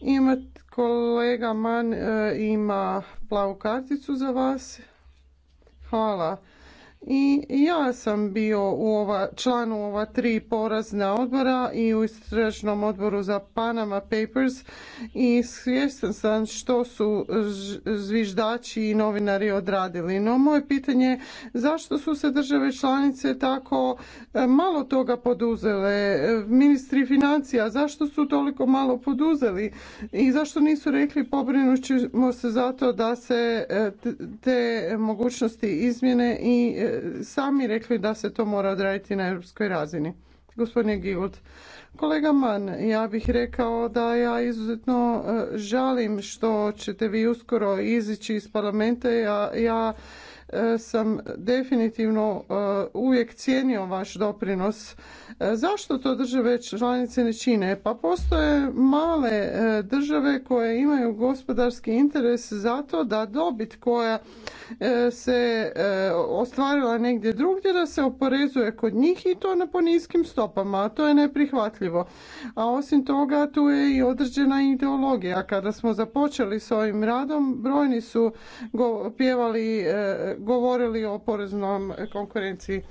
Ima kolega Man e, ima plavu karticu za vas. Hvala. I ja sam bio u ova, članu ova tri porazna odbora i u istražnom odboru za Panama Papers i svjestan sam što su zviždači i novinari odradili. No moje pitanje je zašto su se države članice tako e, malo toga poduzele? Ministri financija zašto su toliko malo poduzeli i zašto nisu rekli pobrinući se zato da se e, te mogućnosti izmjene i e, sami rekli da se to mora odraditi na europskoj razini. Gospodine Gigold, kolega Man, ja bih rekao da ja izuzetno e, žalim što ćete vi uskoro izići iz parlamenta. ja E, sam definitivno e, uvijek cijenio vaš doprinos. E, zašto to države članice ne čine? Pa postoje male države koje imaju gospodarski interes zato da dobit koja se ostvarila negdje drugdje da se oporezuje kod njih i to na po niskim stopama, a to je neprihvatljivo. A osim toga tu je i određena ideologija. Kada smo započeli s ovim radom, brojni su pjevali govorili o poreznom konkurenciji.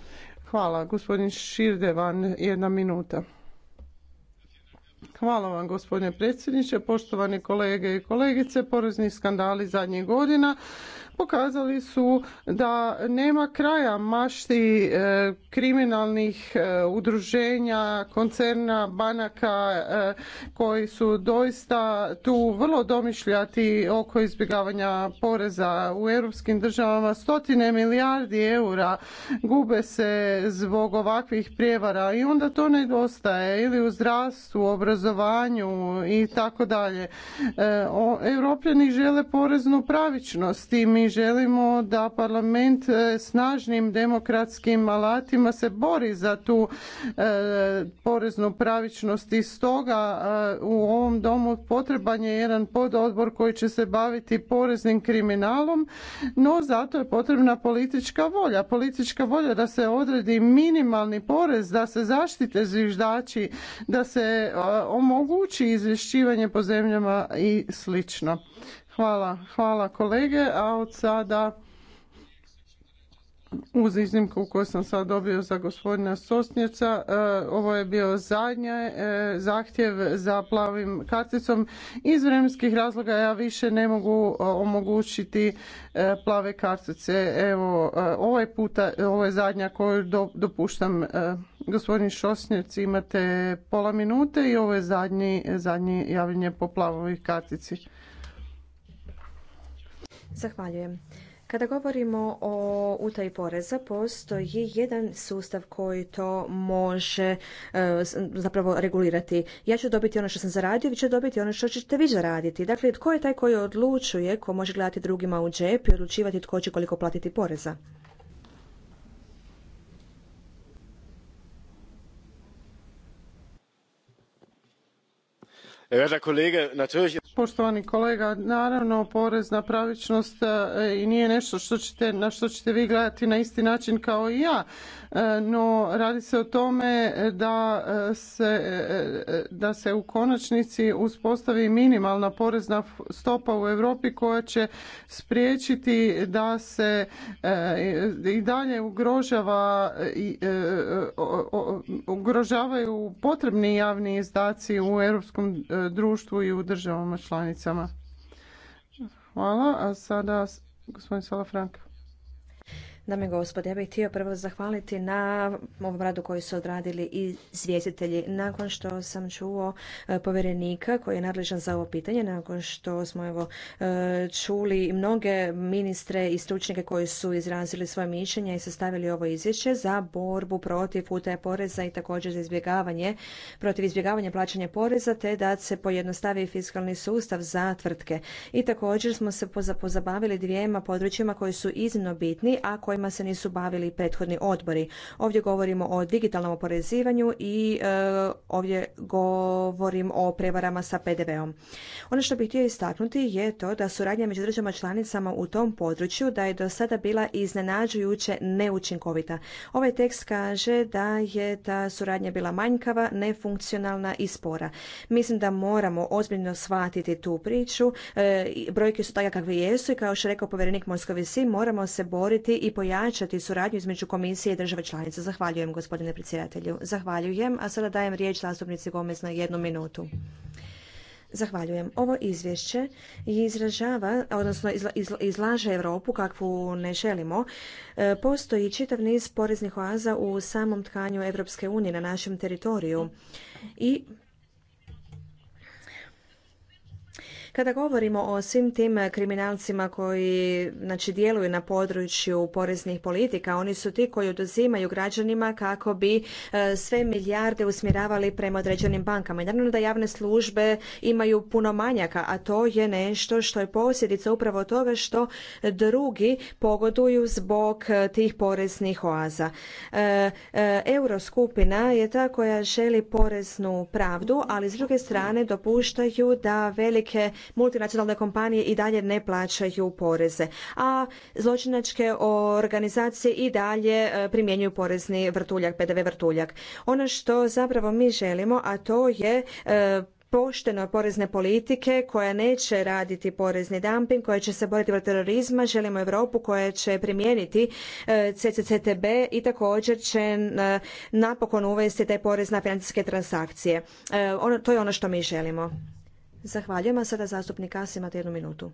Hvala. Gospodin Širdevan, jedna minuta. Hvala vam gospodine predsjedniče, poštovani kolege i kolegice. Porezni skandali zadnjih godina pokazali su da nema kraja mašti e, kriminalnih e, udruženja, koncerna, banaka e, koji su doista tu vrlo domišljati oko izbjegavanja poreza u europskim državama. Stotine milijardi eura gube se zbog ovakvih prijevara i onda to nedostaje ili u zdravstvu, obrazovanju i tako dalje. Europljani žele poreznu pravičnost i mi želimo da parlament e, snažnim demokratskim alatima se bori za tu e, poreznu pravičnost i stoga e, u ovom domu potreban je jedan pododbor koji će se baviti poreznim kriminalom, no zato je potrebna politička volja. Politička volja da se odredi minimalni porez, da se zaštite zviždači, da se omogući izvješćivanje po zemljama i slično. Hvala, hvala kolege, a od sada uz iznimku koju sam sad dobio za gospodina Sosnjeca, e, ovo je bio zadnji e, zahtjev za plavim karticom. Iz vremenskih razloga ja više ne mogu e, omogućiti plave kartice. Evo, ovaj puta, ovo je zadnja koju dopuštam. Gospodin Šosnjec, imate pola minute i ovo je zadnji, zadnji javljanje po plavoj kartici. Zahvaljujem. Kada govorimo o utaji poreza, postoji jedan sustav koji to može e, zapravo regulirati. Ja ću dobiti ono što sam zaradio, vi ću dobiti ono što ćete vi zaraditi. Dakle, tko je taj koji odlučuje, ko može gledati drugima u džep i odlučivati tko će koliko platiti poreza? Poštovani kolega, naravno porezna pravičnost e, i nije nešto što ćete, na što ćete vi gledati na isti način kao i ja, e, no radi se o tome da e, se, da se u konačnici uspostavi minimalna porezna stopa u Europi koja će spriječiti da se i dalje ugrožava, ugrožavaju potrebni javni izdaci u europskom društvu i u državama članicama. Hvala, a sada gospodin Salafranka. Dame i gospode, ja bih htio prvo zahvaliti na ovom radu koji su odradili i izvjestitelji. Nakon što sam čuo e, povjerenika koji je nadležan za ovo pitanje, nakon što smo evo e, čuli mnoge ministre i stručnjake koji su izrazili svoje mišljenja i sastavili ovo izvješće za borbu protiv utaje poreza i također za izbjegavanje, protiv izbjegavanja plaćanja poreza te da se pojednostavi fiskalni sustav za tvrtke. I također smo se pozabavili dvijema područjima koji su iznimno bitni, a koji kojima se nisu bavili prethodni odbori. Ovdje govorimo o digitalnom oporezivanju i e, ovdje govorim o prevarama sa PDV-om. Ono što bih htio istaknuti je to da suradnja među državama članicama u tom području da je do sada bila iznenađujuće neučinkovita. Ovaj tekst kaže da je ta suradnja bila manjkava, nefunkcionalna i spora. Mislim da moramo ozbiljno shvatiti tu priču. E, brojke su takve kakve jesu i kao što je rekao povjerenik si, moramo se boriti i pojaviti jačati suradnju između komisije i države članice. Zahvaljujem gospodine predsjedatelju. Zahvaljujem, a sada dajem riječ zastupnici Gomez na jednu minutu. Zahvaljujem. Ovo izvješće izražava, odnosno izlaže Europu kakvu ne želimo. E, postoji čitav niz poreznih oaza u samom tkanju Europske unije na našem teritoriju i Kada govorimo o svim tim kriminalcima koji znači, djeluju na području poreznih politika, oni su ti koji oduzimaju građanima kako bi e, sve milijarde usmjeravali prema određenim bankama. I naravno da javne službe imaju puno manjaka, a to je nešto što je posljedica upravo toga što drugi pogoduju zbog e, tih poreznih oaza. E, Euroskupina je ta koja želi poreznu pravdu, ali s druge strane dopuštaju da velike multinacionalne kompanije i dalje ne plaćaju poreze, a zločinačke organizacije i dalje e, primjenjuju porezni vrtuljak, PDV vrtuljak. Ono što zapravo mi želimo, a to je e, pošteno porezne politike koja neće raditi porezni dumping, koja će se boriti protiv terorizma. Želimo Europu koja će primijeniti e, CCCTB i također će napokon uvesti taj porez na financijske transakcije. Ono, to je ono što mi želimo. Zahvaljujem, se sada zastupnik As imate jednu minutu.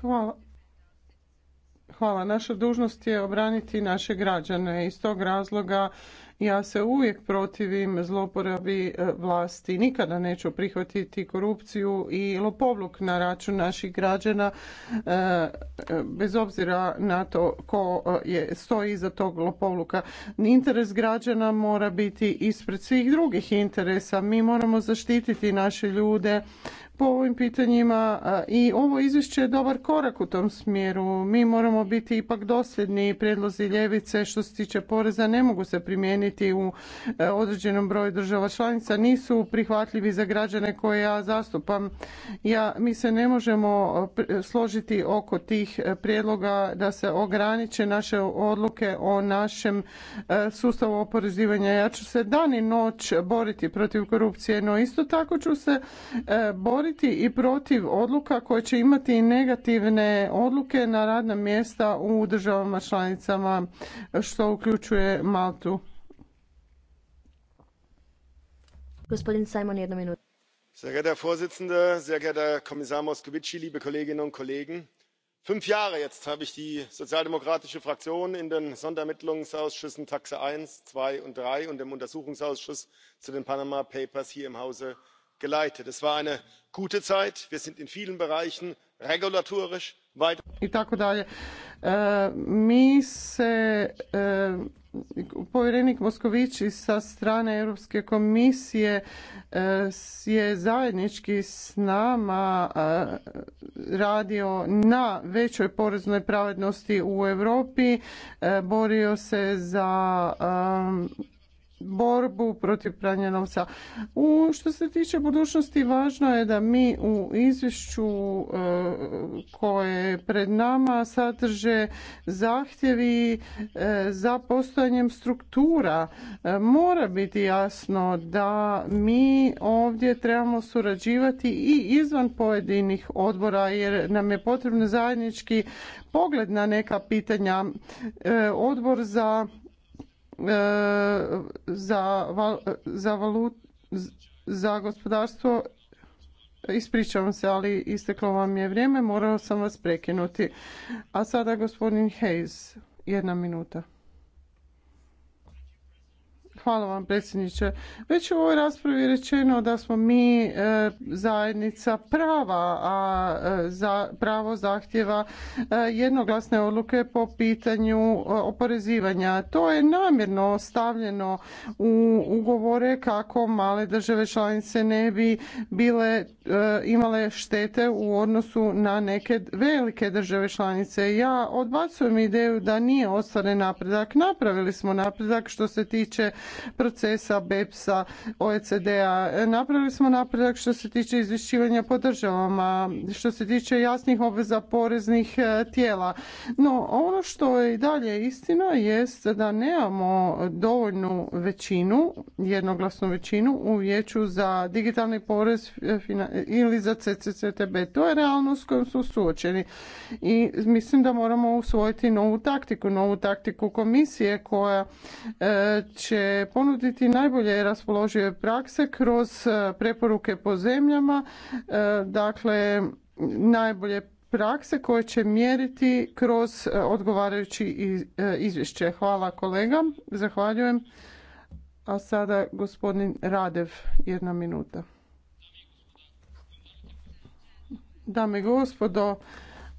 Hvala. Hvala. Naša dužnost je obraniti naše građane. Iz tog razloga ja se uvijek protivim zloporabi e, vlasti. Nikada neću prihvatiti korupciju i lopovluk na račun naših građana e, e, bez obzira na to ko je, stoji iza tog lopovluka. Interes građana mora biti ispred svih drugih interesa. Mi moramo zaštititi naše ljude po ovim pitanjima i ovo izvješće je dobar korak u tom smjeru. Mi moramo biti ipak dosljedni. Prijedlozi ljevice što se tiče poreza ne mogu se primijeniti u e, određenom broju država članica. Nisu prihvatljivi za građane koje ja zastupam. Ja, mi se ne možemo e, složiti oko tih e, prijedloga da se ograniče naše odluke o našem sustavu oporezivanja. Ja ću se dan i noć boriti protiv korupcije, no isto tako ću se boriti boriti i protiv odluka koje će imati negativne odluke na radna mjesta u državama članicama što uključuje Maltu. Gospodin Simon, jedna minuta. Sehr geehrter Vorsitzender, sehr geehrter Kommissar Moscovici, liebe Kolleginnen und Kollegen. Fünf Jahre jetzt habe ich die sozialdemokratische Fraktion in den Sondermittlungsausschüssen Taxe 1, 2 und 3 und im Untersuchungsausschuss zu den Panama Papers hier im Hause geleitet. es war eine gute zeit wir sind in vielen bereichen regulatorisch i tako dalje. E, mi se e, povjerenik Moskovići sa strane Europske komisije e, je zajednički s nama radio na većoj poreznoj pravednosti u Europi, borio se za borbu protiv pranja novca. U, što se tiče budućnosti, važno je da mi u izvješću e, koje je pred nama sadrže zahtjevi e, za postojanjem struktura. E, mora biti jasno da mi ovdje trebamo surađivati i izvan pojedinih odbora jer nam je potrebno zajednički pogled na neka pitanja. Odbor za E, za, za, valut, za gospodarstvo Ispričavam se, ali isteklo vam je vrijeme, morao sam vas prekinuti. A sada gospodin Hayes, jedna minuta. Hvala vam predsjedniče. Već u ovoj raspravi je rečeno da smo mi e, zajednica prava, a e, za pravo zahtjeva e, jednoglasne odluke po pitanju oporezivanja. To je namjerno stavljeno u ugovore kako male države članice ne bi bile imale štete u odnosu na neke velike države članice. Ja odbacujem ideju da nije ostvaren napredak. Napravili smo napredak što se tiče procesa BEPS-a, OECD-a. Napravili smo napredak što se tiče izvješćivanja po državama, što se tiče jasnih obveza poreznih e, tijela. No, ono što je i dalje istina jest da nemamo dovoljnu većinu, jednoglasnu većinu u vijeću za digitalni porez e, ili za CCCTB. To je realnost s kojom su suočeni i mislim da moramo usvojiti novu taktiku, novu taktiku komisije koja e, će ponuditi najbolje raspoložive prakse kroz e, preporuke po zemljama, e, dakle najbolje prakse koje će mjeriti kroz e, odgovarajući izvješće. Hvala kolega, zahvaljujem. A sada gospodin Radev, jedna minuta. Dame i gospodo,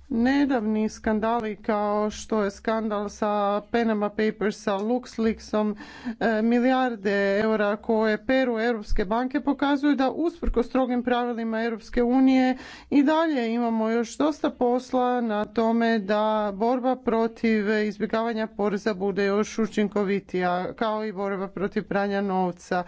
Nedavni skandali kao što je skandal sa Panama sa LuxLeaksom, e, milijarde eura koje peru Europske banke pokazuju da usprko strogim pravilima Europske unije i dalje imamo još dosta posla na tome da borba protiv izbjegavanja poreza bude još učinkovitija, kao i borba protiv pranja novca.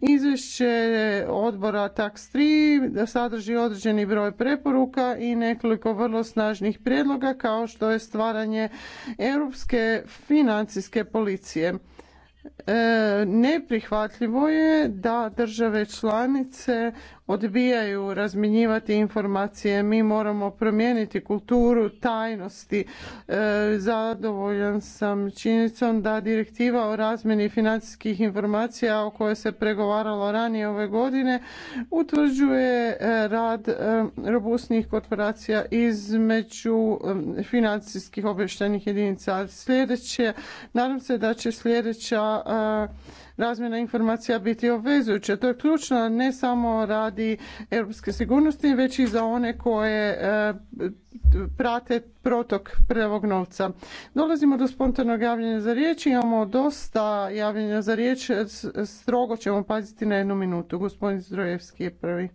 Izvješće odbora Tax 3 sadrži određeni broj preporuka i nekoliko vrlo snažnih važnih prijedloga kao što je stvaranje europske financijske policije. E, neprihvatljivo je da države članice odbijaju razminjivati informacije. Mi moramo promijeniti kulturu tajnosti. E, zadovoljan sam činjenicom da direktiva o razmjeni financijskih informacija o kojoj se pregovaralo ranije ove godine utvrđuje e, rad e, robustnih korporacija između financijskih obještenih jedinica. Sljedeće, nadam se da će sljedeća razmjena informacija biti obvezujuća. To je ključno ne samo radi europske sigurnosti, već i za one koje e, prate protok prvog novca. Dolazimo do spontanog javljanja za riječ. Imamo dosta javljanja za riječ. Strogo ćemo paziti na jednu minutu. Gospodin Zdrojevski je prvi.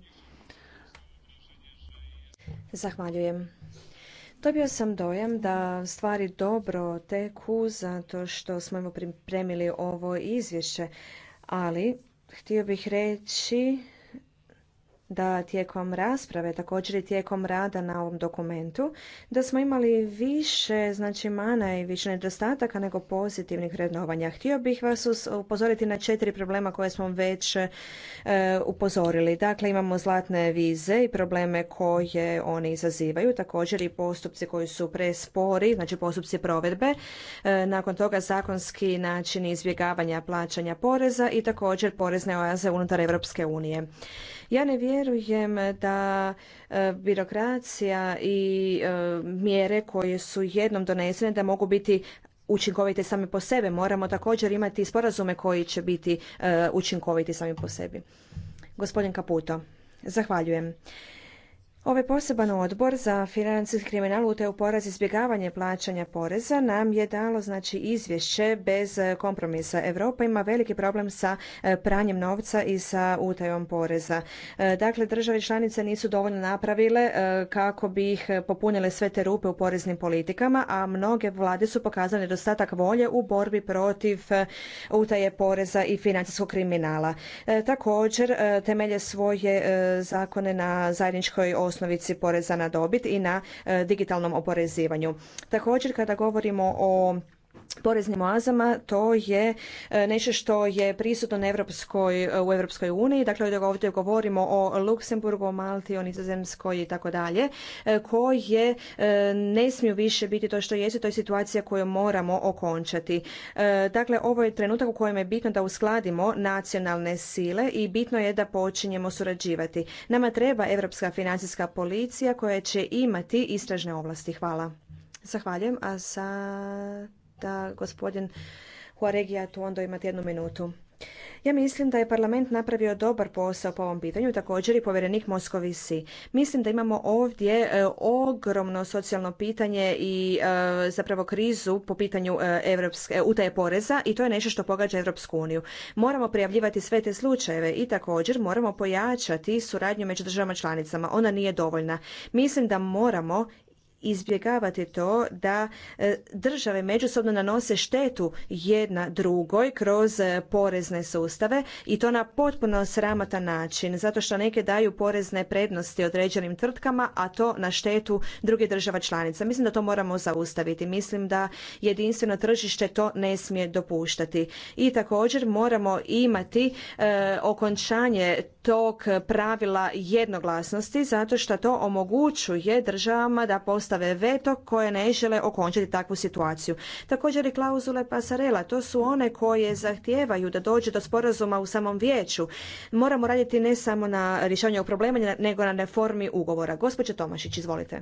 Zahvaljujem. Dobio sam dojam da stvari dobro teku zato što smo pripremili ovo izvješće, ali htio bih reći da tijekom rasprave, također i tijekom rada na ovom dokumentu, da smo imali više znači, mana i više nedostataka nego pozitivnih vrednovanja. Htio bih vas upozoriti na četiri problema koje smo već e, upozorili. Dakle, imamo zlatne vize i probleme koje oni izazivaju, također i postupci koji su prespori, znači postupci provedbe, e, nakon toga zakonski način izbjegavanja plaćanja poreza i također porezne oaze unutar Europske unije. Ja ne vjerujem da e, birokracija i e, mjere koje su jednom donesene da mogu biti učinkovite same po sebi. Moramo također imati sporazume koji će biti e, učinkoviti sami po sebi. Gospodin Kaputo, zahvaljujem. Ovaj poseban odbor za financijski kriminal u te izbjegavanje plaćanja poreza nam je dalo znači izvješće bez e, kompromisa. Europa ima veliki problem sa e, pranjem novca i sa utajom poreza. E, dakle, države članice nisu dovoljno napravile kako bi ih popunile sve te rupe u poreznim politikama, a mnoge vlade su pokazale nedostatak volje u borbi protiv utaje poreza i financijskog kriminala. Također, temelje svoje zakone na zajedničkoj osnovici poreza na dobit i na e, digitalnom oporezivanju. Također kada govorimo o poreznim oazama, to je e, nešto što je prisutno na Evropskoj, u Europskoj uniji, dakle ovdje govorimo o Luksemburgu, o Malti, o Nizozemskoj i tako dalje, e, koje e, ne smiju više biti to što jesu, to je situacija koju moramo okončati. Dakle, ovo je trenutak u kojem je bitno da uskladimo nacionalne sile i bitno je da počinjemo surađivati. Nama treba Europska financijska policija koja će imati istražne ovlasti. Hvala. Zahvaljujem, a sa da gospodin Huaregija tu onda imate jednu minutu. Ja mislim da je parlament napravio dobar posao po ovom pitanju, također i povjerenik Moskovisi. Mislim da imamo ovdje e, ogromno socijalno pitanje i e, zapravo krizu po pitanju e, utaje poreza i to je nešto što pogađa Europsku uniju. Moramo prijavljivati sve te slučajeve i također moramo pojačati suradnju među državama članicama. Ona nije dovoljna. Mislim da moramo izbjegavati to da e, države međusobno nanose štetu jedna drugoj kroz e, porezne sustave i to na potpuno sramotan način zato što neke daju porezne prednosti određenim tvrtkama, a to na štetu drugih država članica. Mislim da to moramo zaustaviti. Mislim da jedinstveno tržište to ne smije dopuštati. I također moramo imati e, okončanje tog pravila jednoglasnosti zato što to omogućuje državama da post postave veto koje ne žele okončati takvu situaciju. Također i klauzule pasarela, to su one koje zahtijevaju da dođe do sporazuma u samom vijeću. Moramo raditi ne samo na rješavanju problema, nego na reformi ugovora. Gospođo Tomašić, izvolite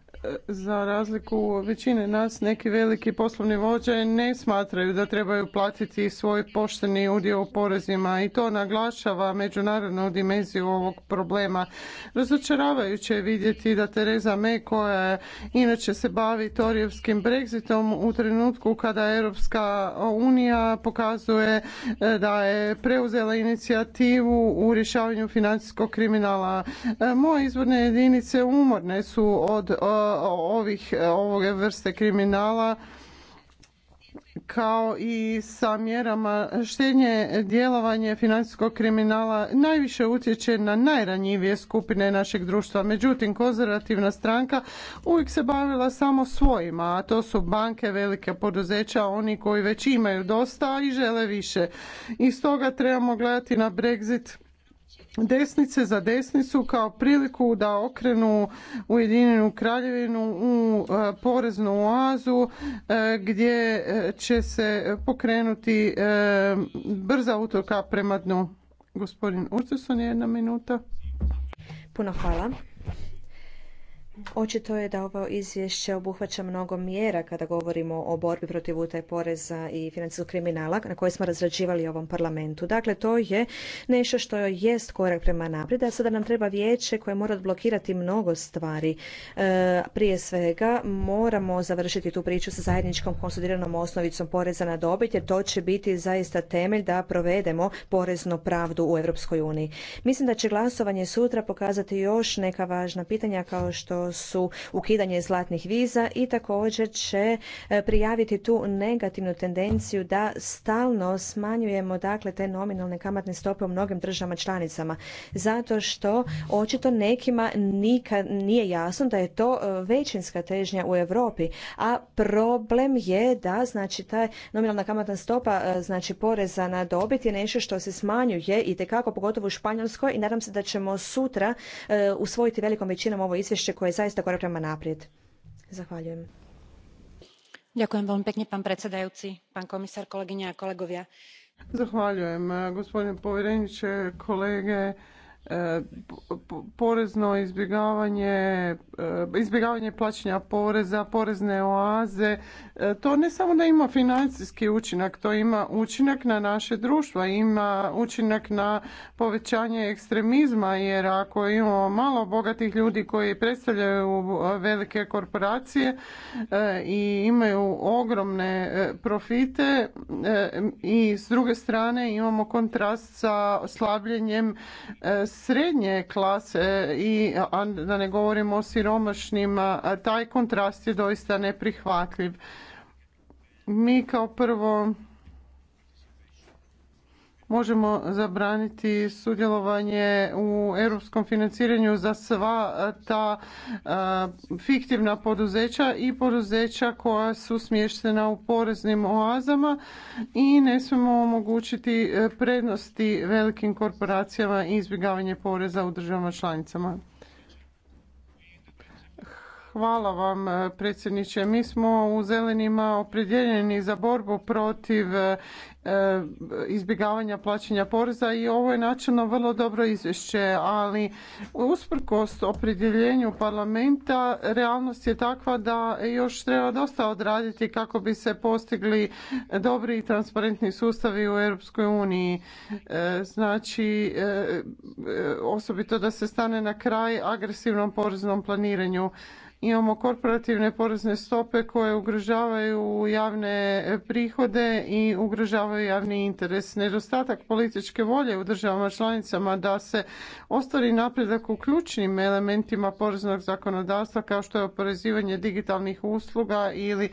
za razliku većine nas neki veliki poslovni vođe ne smatraju da trebaju platiti svoj pošteni udio u porezima i to naglašava međunarodnu dimenziju ovog problema. Razočaravajuće je vidjeti da Tereza May koja inače se bavi torijevskim Brexitom u trenutku kada Europska unija pokazuje e, da je preuzela inicijativu u rješavanju financijskog kriminala. E, moje izvorne jedinice umorne su od e, ovih, e, ovog vrste kriminala kao i sa mjerama štednje djelovanje financijskog kriminala najviše utječe na najranjivije skupine našeg društva. Međutim, konzervativna stranka uvijek se bavila samo svojima, a to su banke, velike poduzeća, oni koji već imaju dosta i žele više. I stoga trebamo gledati na Brexit desnice za desnicu kao priliku da okrenu Ujedinjenu kraljevinu u e, poreznu oazu e, gdje e, će se pokrenuti brza utoka prema dnu. Gospodin je jedna minuta. Puno hvala. Očito je da ovo izvješće obuhvaća mnogo mjera kada govorimo o borbi protiv utaje poreza i financijskog kriminala na koje smo razrađivali u ovom parlamentu. Dakle, to je nešto što jest korak prema naprijed, a sada nam treba vijeće koje mora odblokirati mnogo stvari. E, prije svega moramo završiti tu priču sa zajedničkom konsolidiranom osnovicom poreza na dobit jer to će biti zaista temelj da provedemo poreznu pravdu u Europskoj uniji. Mislim da će glasovanje sutra pokazati još neka važna pitanja kao što su ukidanje zlatnih viza i također će e, prijaviti tu negativnu tendenciju da stalno smanjujemo dakle te nominalne kamatne stope u mnogim državama članicama zato što očito nekima nikad nije jasno da je to e, većinska težnja u Europi, a problem je da znači ta nominalna kamatna stopa e, znači poreza na dobit je nešto što se smanjuje i tekako pogotovo u Španjolskoj i nadam se da ćemo sutra usvojiti velikom većinom ovo izvješće koje je zaista korak prema naprijed. Zahvaljujem. Ďakujem veľmi pekne, pan predsedajúci, pan komisár, kolegyne a kolegovia. Zahvaljujem, eh, gospodine povjereniče, kolege E, porezno izbjegavanje, e, izbjegavanje plaćanja poreza, porezne oaze. E, to ne samo da ima financijski učinak, to ima učinak na naše društva, ima učinak na povećanje ekstremizma, jer ako imamo malo bogatih ljudi koji predstavljaju velike korporacije i imaju ogromne profite i s druge strane imamo kontrast sa slabljenjem srednje klase i da ne govorimo o siromašnima, taj kontrast je doista neprihvatljiv. Mi kao prvo možemo zabraniti sudjelovanje u europskom financiranju za sva ta fiktivna poduzeća i poduzeća koja su smještena u poreznim oazama i ne smijemo omogućiti e, prednosti velikim korporacijama i izbjegavanje poreza u državama članicama. Hvala vam e, predsjedniče. Mi smo u zelenima opredjeljeni za borbu protiv e, e, izbjegavanja plaćanja poreza i ovo je načelno vrlo dobro izvješće, ali usprkos opredjeljenju parlamenta realnost je takva da još treba dosta odraditi kako bi se postigli dobri i transparentni sustavi u Europskoj uniji. Znači, osobito da se stane na kraj agresivnom poreznom planiranju imamo korporativne porezne stope koje ugrožavaju javne prihode i ugrožavaju javni interes. Nedostatak političke volje u državama članicama da se ostvari napredak u ključnim elementima poreznog zakonodavstva kao što je oporezivanje digitalnih usluga ili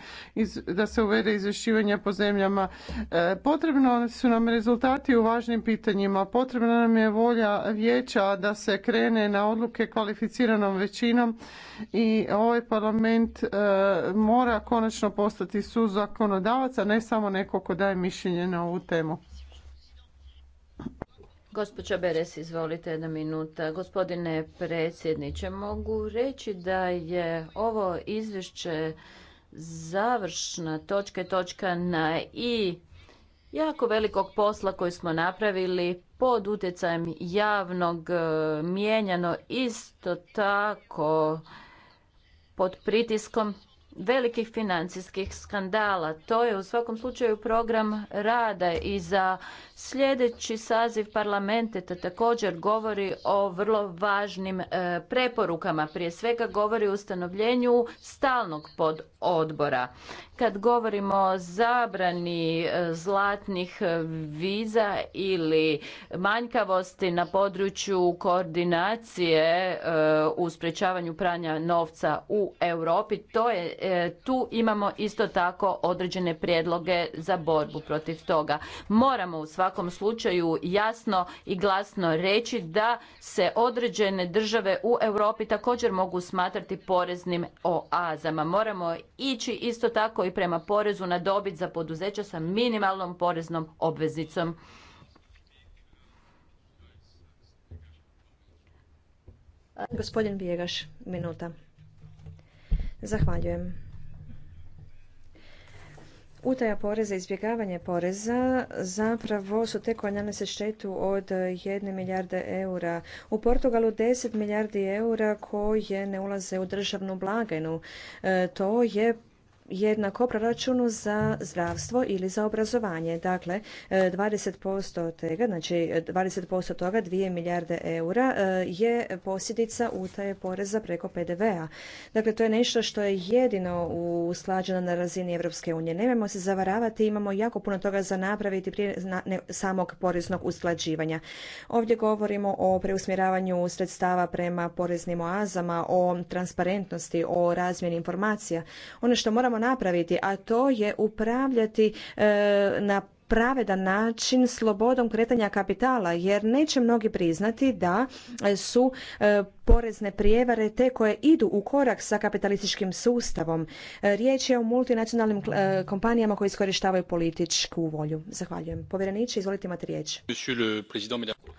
da se uvede izvješćivanje po zemljama. E, potrebno su nam rezultati u važnim pitanjima. Potrebna nam je volja vijeća da se krene na odluke kvalificiranom većinom i ovaj parlament e, mora konačno postati suzakonodavac, a ne samo neko ko daje mišljenje na ovu temu. Gospođa Beres, izvolite jedna minuta. Gospodine predsjedniče, mogu reći da je ovo izvješće završna točka točka na i jako velikog posla koji smo napravili pod utjecajem javnog e, mijenjano isto tako pod pritiskom velikih financijskih skandala. To je u svakom slučaju program rada i za sljedeći saziv parlamente te također govori o vrlo važnim e, preporukama. Prije svega govori o ustanovljenju stalnog pododbora. Kad govorimo o zabrani e, zlatnih viza ili manjkavosti na području koordinacije e, u sprečavanju pranja novca u Europi, to je E, tu imamo isto tako određene prijedloge za borbu protiv toga. Moramo u svakom slučaju jasno i glasno reći da se određene države u Europi također mogu smatrati poreznim oazama. Moramo ići isto tako i prema porezu na dobit za poduzeća sa minimalnom poreznom obveznicom. Gospodin Bijegaš, minuta. Zahvaljujem. Utaja poreza, izbjegavanje poreza zapravo su te koje nanose štetu od 1 milijarde eura. U Portugalu deset milijardi eura koje ne ulaze u državnu blagajnu. E, to je jednako proračunu za zdravstvo ili za obrazovanje. Dakle, 20% e, tega, znači 20% e, toga, 2 milijarde eura e, je posljedica utaje poreza preko PDV-a. Dakle, to je nešto što je jedino usklađeno na razini Europske unije. Nemojmo se zavaravati, imamo jako puno toga za napraviti prije samog poreznog usklađivanja. Ovdje govorimo o preusmjeravanju sredstava prema poreznim oazama, o transparentnosti, o razmjeni informacija. Ono što moramo napraviti, a to je upravljati e, na pravedan način slobodom kretanja kapitala jer neće mnogi priznati da su e, porezne prijevare te koje idu u korak sa kapitalističkim sustavom. E, riječ je o multinacionalnim kompanijama koje iskorištavaju političku volju. Zahvaljujem. Povjereniče, izvolite imate riječ.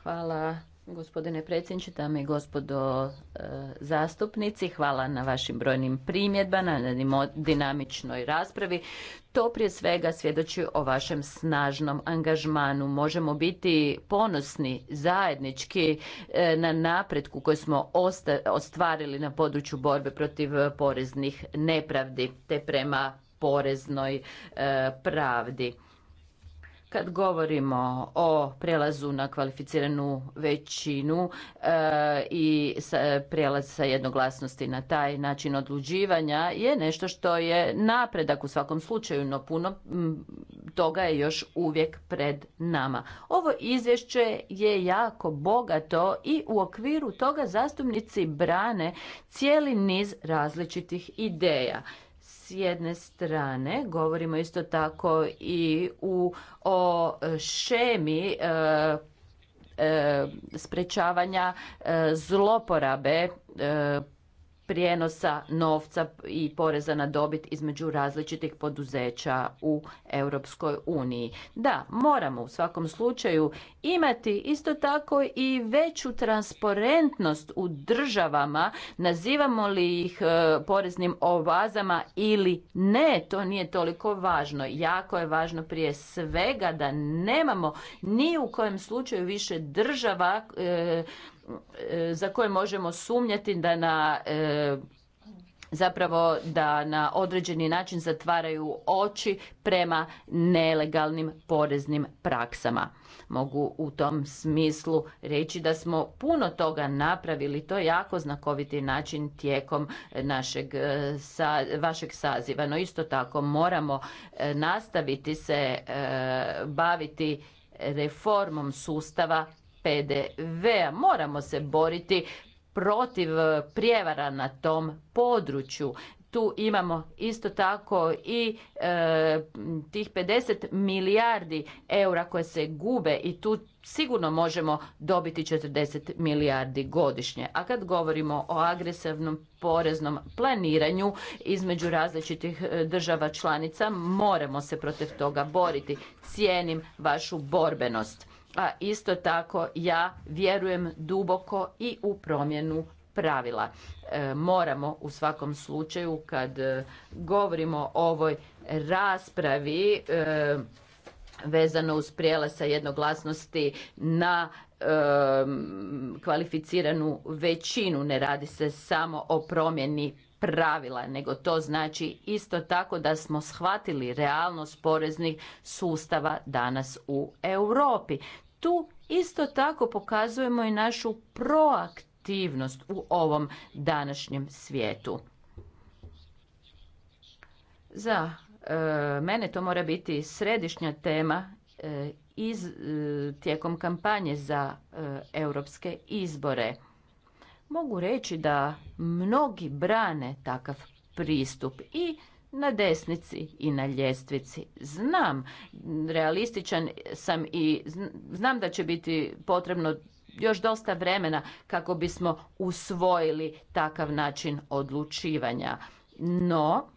Hvala Gospodine predsjedniče, dame i gospodo e, zastupnici, hvala na vašim brojnim primjedbama, na dinamičnoj raspravi. To prije svega svjedoči o vašem snažnom angažmanu. Možemo biti ponosni zajednički e, na napretku koji smo ostvarili na području borbe protiv poreznih nepravdi te prema poreznoj e, pravdi. Kad govorimo o prelazu na kvalificiranu većinu e, i prijelaz sa jednoglasnosti na taj način odluđivanja je nešto što je napredak u svakom slučaju, no puno toga je još uvijek pred nama. Ovo izvješće je jako bogato i u okviru toga zastupnici brane cijeli niz različitih ideja jedne strane govorimo isto tako i u, o šemi e, e sprečavanja e, zloporabe e, prijenosa novca i poreza na dobit između različitih poduzeća u Europskoj uniji. Da, moramo u svakom slučaju imati isto tako i veću transparentnost u državama, nazivamo li ih e, poreznim ovazama ili ne, to nije toliko važno. Jako je važno prije svega da nemamo ni u kojem slučaju više država e, za koje možemo sumnjati da na e, zapravo da na određeni način zatvaraju oči prema nelegalnim poreznim praksama. Mogu u tom smislu reći da smo puno toga napravili, to je jako znakoviti način tijekom našeg, e, sa, vašeg saziva. No isto tako moramo e, nastaviti se baviti reformom sustava pdv Moramo se boriti protiv e, prijevara na tom području. Tu imamo isto tako i e, tih 50 milijardi eura koje se gube i tu sigurno možemo dobiti 40 milijardi godišnje. A kad govorimo o agresivnom poreznom planiranju između različitih e, država članica, moramo se protiv toga boriti. Cijenim vašu borbenost a isto tako ja vjerujem duboko i u promjenu pravila. E, moramo u svakom slučaju kad e, govorimo o ovoj raspravi e, vezano uz prijelasa jednoglasnosti na kvalificiranu većinu. Ne radi se samo o promjeni pravila, nego to znači isto tako da smo shvatili realnost poreznih sustava danas u Europi tu isto tako pokazujemo i našu proaktivnost u ovom današnjem svijetu. Za e, mene to mora biti središnja tema e, iz e, tijekom kampanje za europske izbore. Mogu reći da mnogi brane takav pristup i na desnici i na ljestvici. Znam, realističan sam i znam da će biti potrebno još dosta vremena kako bismo usvojili takav način odlučivanja. No,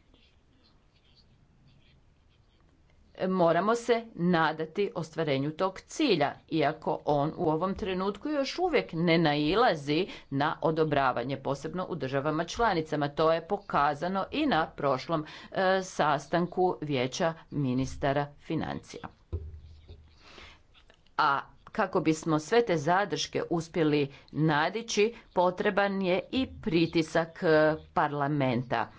moramo se nadati ostvarenju tog cilja, iako on u ovom trenutku još uvijek ne nailazi na odobravanje, posebno u državama članicama. To je pokazano i na prošlom e, sastanku vijeća ministara financija. A kako bismo sve te zadrške uspjeli nadići, potreban je i pritisak e, parlamenta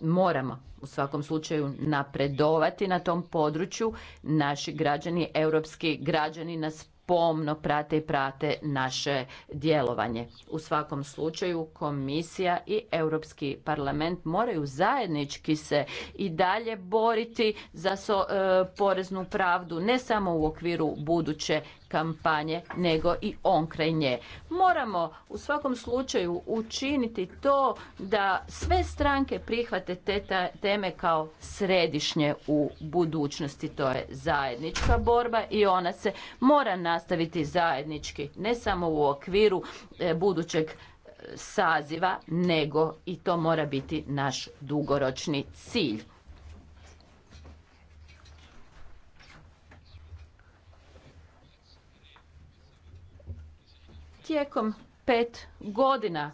moramo u svakom slučaju napredovati na tom području. Naši građani, europski građani nas pomno prate i prate naše djelovanje. U svakom slučaju komisija i Europski parlament moraju zajednički se i dalje boriti za e, poreznu pravdu ne samo u okviru buduće kampanje nego i kraj nje. Moramo u svakom slučaju učiniti to da sve stranke prihvate te teme kao središnje u budućnosti. To je zajednička borba i ona se mora nastaviti zajednički, ne samo u okviru e, budućeg e, saziva, nego i to mora biti naš dugoročni cilj. Tijekom pet godina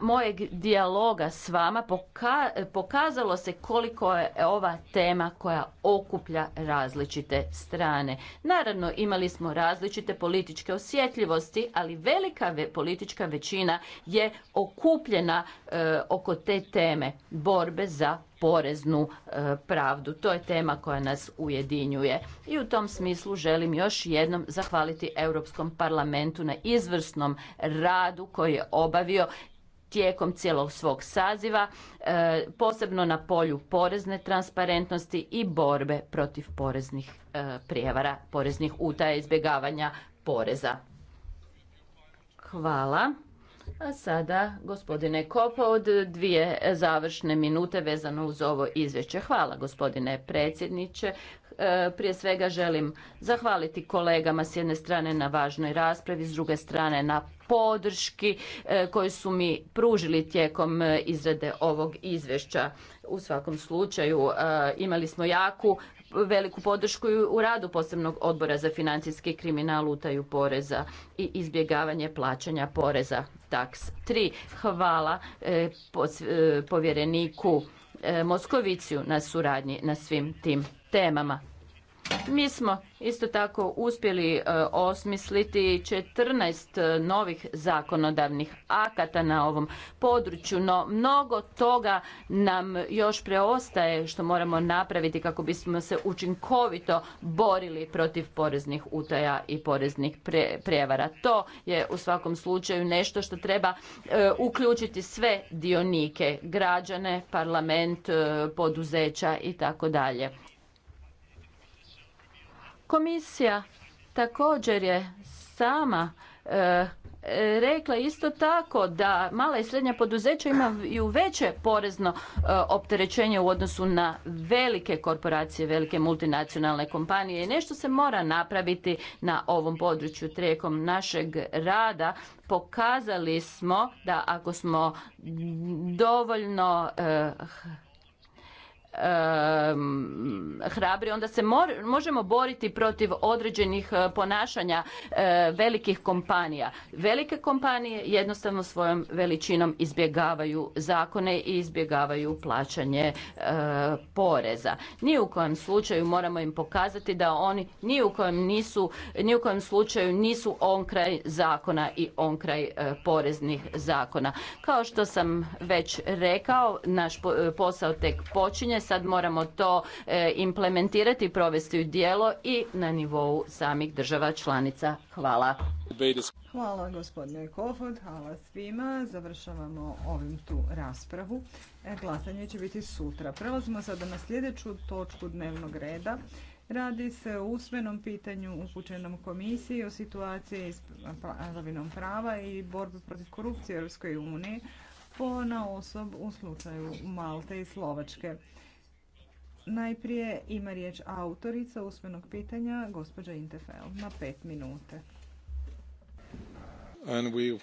mojeg dijaloga s vama pokazalo se koliko je ova tema koja okuplja različite strane. Naravno, imali smo različite političke osjetljivosti, ali velika politička većina je okupljena e, oko te teme borbe za poreznu e, pravdu. To je tema koja nas ujedinjuje. I u tom smislu želim još jednom zahvaliti Europskom parlamentu na izvrsnom radu koji je obavio tijekom cijelog svog saziva, e, posebno na polju porezne transparentnosti i borbe protiv poreznih e, prijevara, poreznih utaja izbjegavanja poreza. Hvala. A sada, gospodine Kopa, od dvije završne minute vezano uz ovo izvješće. Hvala, gospodine predsjedniče. E, prije svega želim zahvaliti kolegama s jedne strane na važnoj raspravi, s druge strane na podrški e, koju su mi pružili tijekom e, izrade ovog izvješća. U svakom slučaju imali smo jaku veliku podršku u radu posebnog odbora za financijski kriminal, utaju poreza i izbjegavanje plaćanja poreza. Taks 3. Hvala e, e, povjereniku e, Moskoviciju na suradnji na svim tim temama. Mi smo isto tako uspjeli e, osmisliti 14 e, novih zakonodavnih akata na ovom području, no mnogo toga nam još preostaje što moramo napraviti kako bismo se učinkovito borili protiv poreznih utaja i poreznih prijevara. To je u svakom slučaju nešto što treba e, uključiti sve dionike, građane, parlament, poduzeća i tako dalje. Komisija također je sama e, rekla isto tako da mala i srednja poduzeća imaju veće porezno e, opterećenje u odnosu na velike korporacije, velike multinacionalne kompanije i nešto se mora napraviti na ovom području tijekom našeg rada. Pokazali smo da ako smo dovoljno e, hrabri onda se možemo boriti protiv određenih e, ponašanja e, velikih kompanija velike kompanije jednostavno svojom veličinom izbjegavaju zakone i izbjegavaju plaćanje e, poreza ni u kojem slučaju moramo im pokazati da oni ni u kojem nisu ni u kojem slučaju nisu on kraj zakona i on kraj poreznih zakona kao što sam već rekao naš posao tek počinje sad moramo to e, implementirati, i provesti u dijelo i na nivou samih država članica. Hvala. Hvala gospodine Kofod, hvala svima. Završavamo ovim tu raspravu. E, glasanje će biti sutra. Prelazimo sada na sljedeću točku dnevnog reda. Radi se o usmenom pitanju upućenom komisiji o situaciji s vladavinom prava i borbi protiv korupcije u Europskoj uniji po na osob u slučaju Malte i Slovačke. Najprije ima riječ autorica usmenog pitanja, gospođa Intefel, na pet minute. And we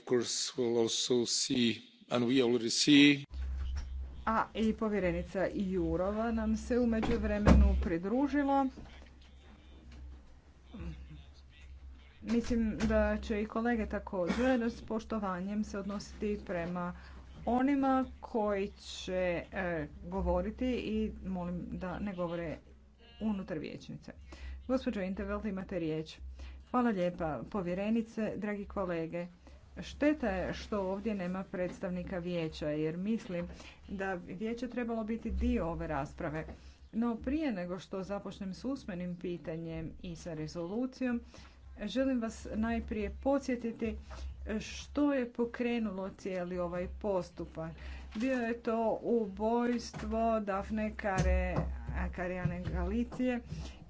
A i povjerenica Jurova nam se u međuvremenu pridružila. Mislim da će i kolege također s poštovanjem se odnositi prema onima koji će e, govoriti i molim da ne govore unutar vijećnice. Gospođo Intervelt, imate riječ. Hvala lijepa, povjerenice, dragi kolege. Šteta je što ovdje nema predstavnika vijeća, jer mislim da vijeće trebalo biti dio ove rasprave. No prije nego što započnem s usmenim pitanjem i sa rezolucijom, želim vas najprije podsjetiti što je pokrenulo cijeli ovaj postupak. Bio je to ubojstvo Dafne Kare, Karijane Galicije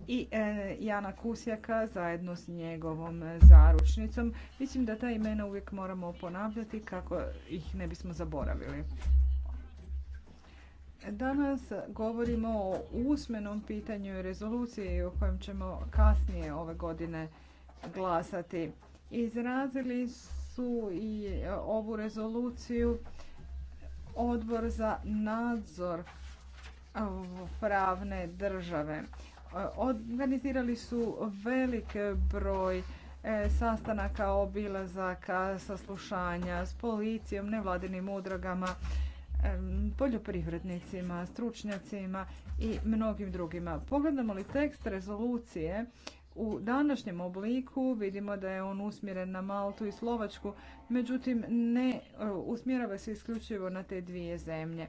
i e, Jana Kusjaka zajedno s njegovom zaručnicom. Mislim da ta imena uvijek moramo ponavljati kako ih ne bismo zaboravili. Danas govorimo o usmenom pitanju i rezoluciji o kojem ćemo kasnije ove godine glasati. Izrazili su su i e, ovu rezoluciju odbor za nadzor e, pravne države. E, organizirali su velik broj sastanaka, obilazaka, saslušanja s policijom, nevladinim udrogama, poljoprivrednicima, stručnjacima i mnogim drugima. Pogledamo li tekst rezolucije, u današnjem obliku vidimo da je on usmjeren na Maltu i Slovačku, međutim ne e, usmjerava se isključivo na te dvije zemlje.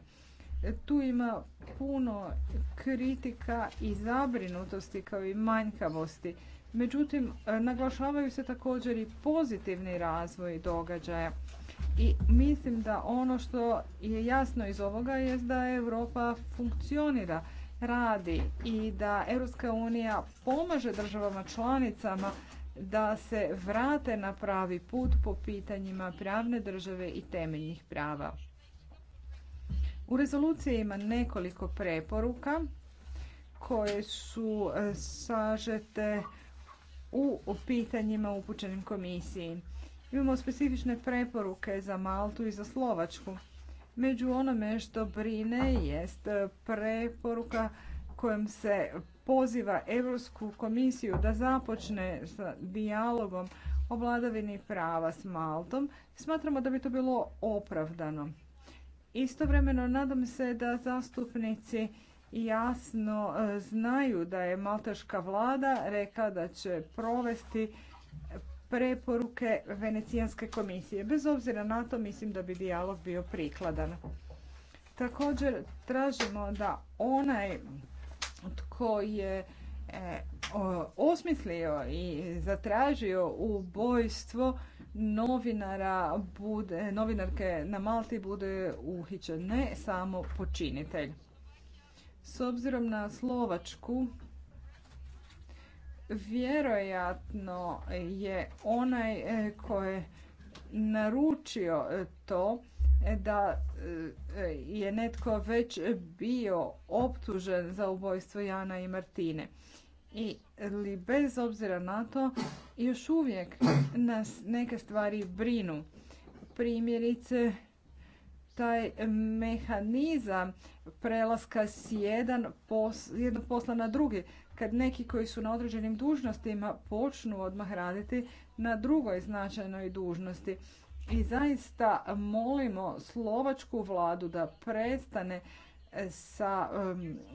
E, tu ima puno kritika i zabrinutosti kao i manjkavosti. Međutim, e, naglašavaju se također i pozitivni razvoj događaja. I mislim da ono što je jasno iz ovoga je da Europa funkcionira radi i da Europska unija pomaže državama članicama da se vrate na pravi put po pitanjima pravne države i temeljnih prava. U rezoluciji ima nekoliko preporuka koje su e, sažete u pitanjima upućenim komisiji. Imamo specifične preporuke za Maltu i za Slovačku Među onome što brine jest preporuka kojom se poziva Europsku komisiju da započne sa dijalogom o vladavini prava s Maltom. Smatramo da bi to bilo opravdano. Istovremeno nadam se da zastupnici jasno e, znaju da je maltaška vlada rekla da će provesti preporuke Venecijanske komisije. Bez obzira na to mislim da bi dijalog bio prikladan. Također tražimo da onaj tko je e, osmislio i zatražio ubojstvo novinara novinarke na Malti bude uhićen, ne samo počinitelj. S obzirom na Slovačku, vjerojatno je onaj e, koji je naručio e, to e, da je netko već bio optužen za ubojstvo Jana i Martine. I li bez obzira na to, još uvijek nas neke stvari brinu. Primjerice, taj mehanizam prelaska s jedan jednog posla na drugi kad neki koji su na određenim dužnostima počnu odmah raditi na drugoj značajnoj dužnosti. I zaista molimo slovačku vladu da prestane sa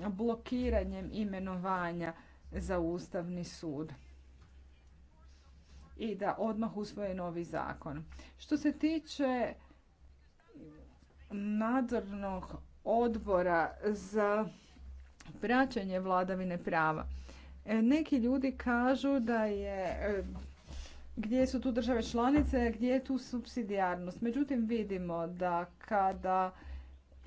blokiranjem imenovanja za Ustavni sud i da odmah usvoje novi zakon. Što se tiče nadzornog odbora za praćenje vladavine prava. E, neki ljudi kažu da je e, gdje su tu države članice, gdje je tu subsidijarnost. Međutim, vidimo da kada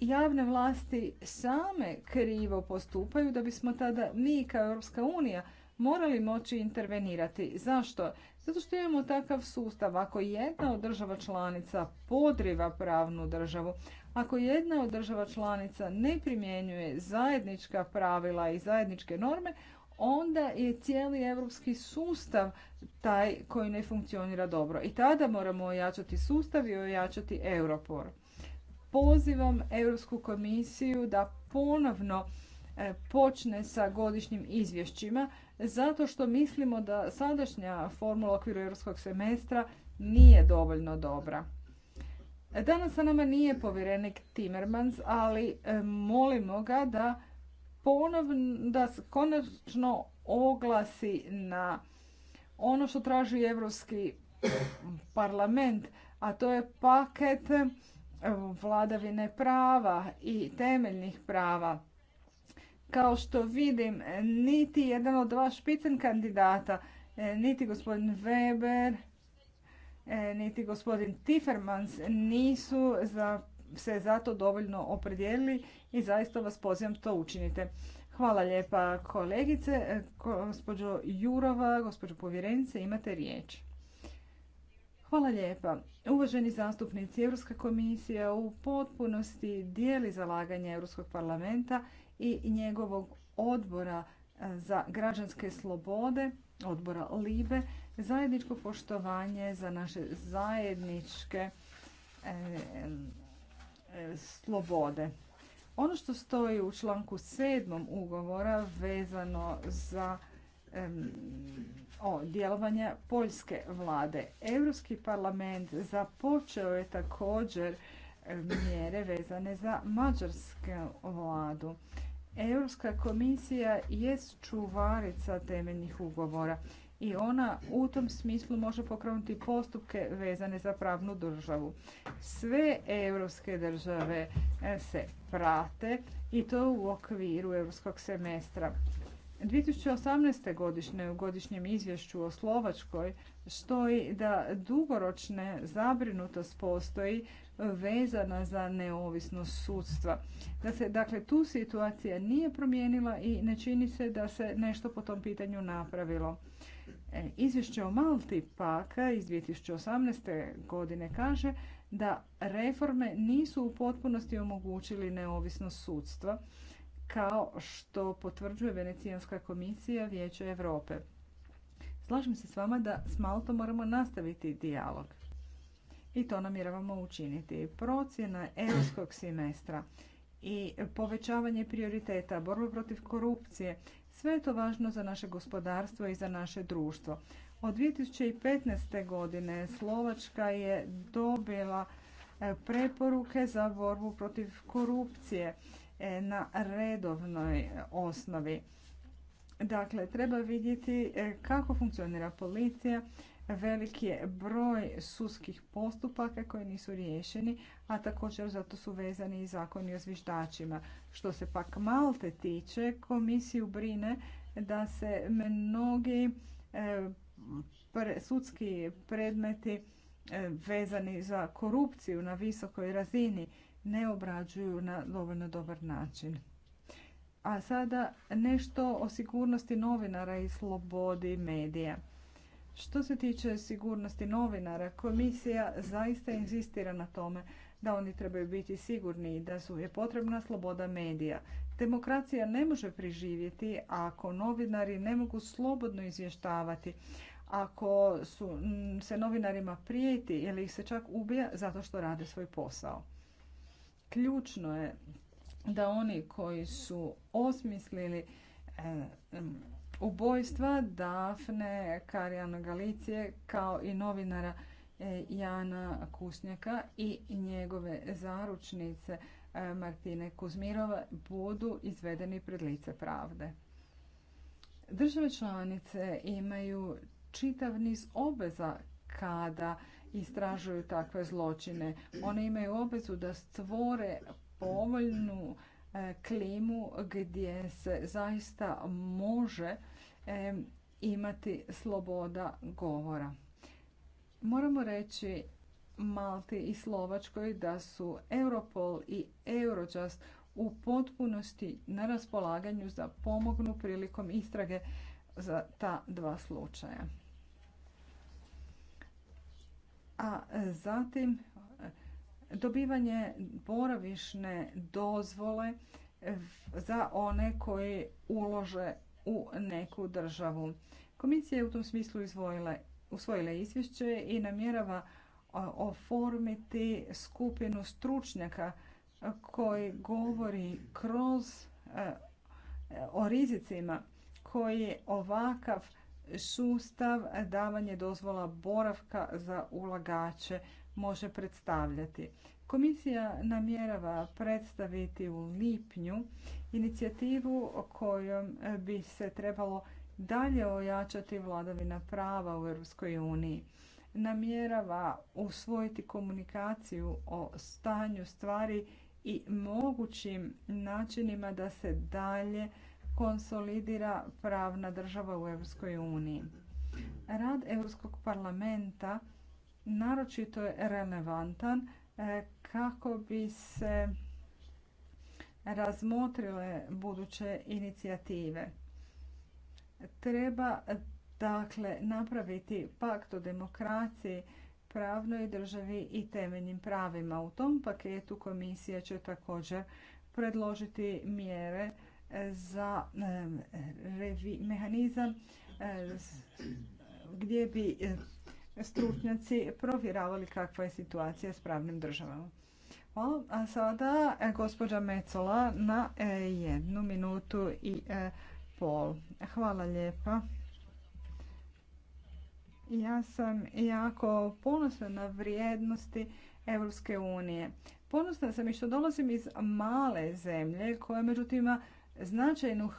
javne vlasti same krivo postupaju, da bismo tada mi kao Europska unija morali moći intervenirati. Zašto? Zato što imamo takav sustav. Ako jedna od država članica podriva pravnu državu, ako jedna od država članica ne primjenjuje zajednička pravila i zajedničke norme, onda je cijeli europski sustav taj koji ne funkcionira dobro. I tada moramo ojačati sustav i ojačati Europor. Pozivam Europsku komisiju da ponovno e, počne sa godišnjim izvješćima zato što mislimo da sadašnja formula u okviru europskog semestra nije dovoljno dobra. Danas sa nama nije povjerenik Timmermans, ali e, molimo ga da ponovno, da konačno oglasi na ono što traži Europski parlament, a to je paket e, vladavine prava i temeljnih prava. Kao što vidim, niti jedan od dva pitan kandidata, e, niti gospodin Weber, E, niti gospodin Tifermans nisu za, se zato dovoljno opredijelili i zaista vas pozivam to učinite. Hvala lijepa kolegice. E, gospođo Jurova, gospođo povjerenice, imate riječ. Hvala lijepa. Uvaženi zastupnici, Europska komisija u potpunosti dijeli zalaganje Europskog parlamenta i njegovog odbora za građanske slobode, odbora LIBE, zajedničko poštovanje za naše zajedničke e, slobode. Ono što stoji u članku 7. ugovora vezano za djelovanje poljske vlade. Europski parlament započeo je također mjere vezane za mađarsku vladu. Europska komisija je čuvarica temeljnih ugovora i ona u tom smislu može pokrenuti postupke vezane za pravnu državu. Sve europske države e, se prate i to u okviru europskog semestra. 2018. godišnje u godišnjem izvješću o Slovačkoj stoji da dugoročne zabrinutost postoji vezana za neovisnost sudstva. Da se, dakle, tu situacija nije promijenila i ne čini se da se nešto po tom pitanju napravilo. E, izvješće o Malti pak iz 2018. godine kaže da reforme nisu u potpunosti omogućili neovisnost sudstva, kao što potvrđuje Venecijanska komisija Vijeća Europe. Slažem se s vama da s Maltom moramo nastaviti dijalog. I to namjeravamo učiniti. Procjena europskog semestra i povećavanje prioriteta, borbe protiv korupcije, sve je to važno za naše gospodarstvo i za naše društvo. Od 2015. godine Slovačka je dobila e, preporuke za borbu protiv korupcije e, na redovnoj osnovi. Dakle, treba vidjeti e, kako funkcionira policija Velik je broj sudskih postupaka koji nisu riješeni, a također zato su vezani i zakoni o zviždačima. Što se pak Malte tiče, komisiju brine da se mnogi e, sudski predmeti e, vezani za korupciju na visokoj razini ne obrađuju na dovoljno dobar način. A sada nešto o sigurnosti novinara i slobodi medija. Što se tiče sigurnosti novinara, komisija zaista inzistira na tome da oni trebaju biti sigurni i da su je potrebna sloboda medija. Demokracija ne može preživjeti ako novinari ne mogu slobodno izvještavati, ako su, se novinarima prijeti ili ih se čak ubija zato što rade svoj posao. Ključno je da oni koji su osmislili e, ubojstva Dafne Karijana Galicije kao i novinara e, Jana Kusnjaka i njegove zaručnice e, Martine Kuzmirova budu izvedeni pred lice pravde. Države članice imaju čitav niz obveza kada istražuju takve zločine. One imaju obvezu da stvore povoljnu E, klimu gdje se zaista može e, imati sloboda govora. Moramo reći Malti i Slovačkoj da su Europol i Eurojust u potpunosti na raspolaganju za pomognu prilikom istrage za ta dva slučaja. A zatim dobivanje boravišne dozvole za one koji ulože u neku državu. Komisija je u tom smislu usvojila izvješće i namjerava oformiti skupinu stručnjaka koji govori kroz o rizicima koji ovakav sustav davanje dozvola boravka za ulagače može predstavljati. Komisija namjerava predstaviti u lipnju inicijativu o kojom bi se trebalo dalje ojačati vladavina prava u EU. Namjerava usvojiti komunikaciju o stanju stvari i mogućim načinima da se dalje konsolidira pravna država u EU. Rad Europskog parlamenta naročito je relevantan e, kako bi se razmotrile buduće inicijative. Treba dakle napraviti pakt o demokraciji, pravnoj državi i temeljnim pravima. U tom paketu komisija će također predložiti mjere e, za e, mehanizam gdje bi stručnjaci provjeravali kakva je situacija s pravnim državama. Hvala. A sada e, gospođa Mecola na e, jednu minutu i e, pol. Hvala lijepa. Ja sam jako ponosna na vrijednosti Evropske unije. Ponosna sam i što dolazim iz male zemlje koja međutim ima značajnu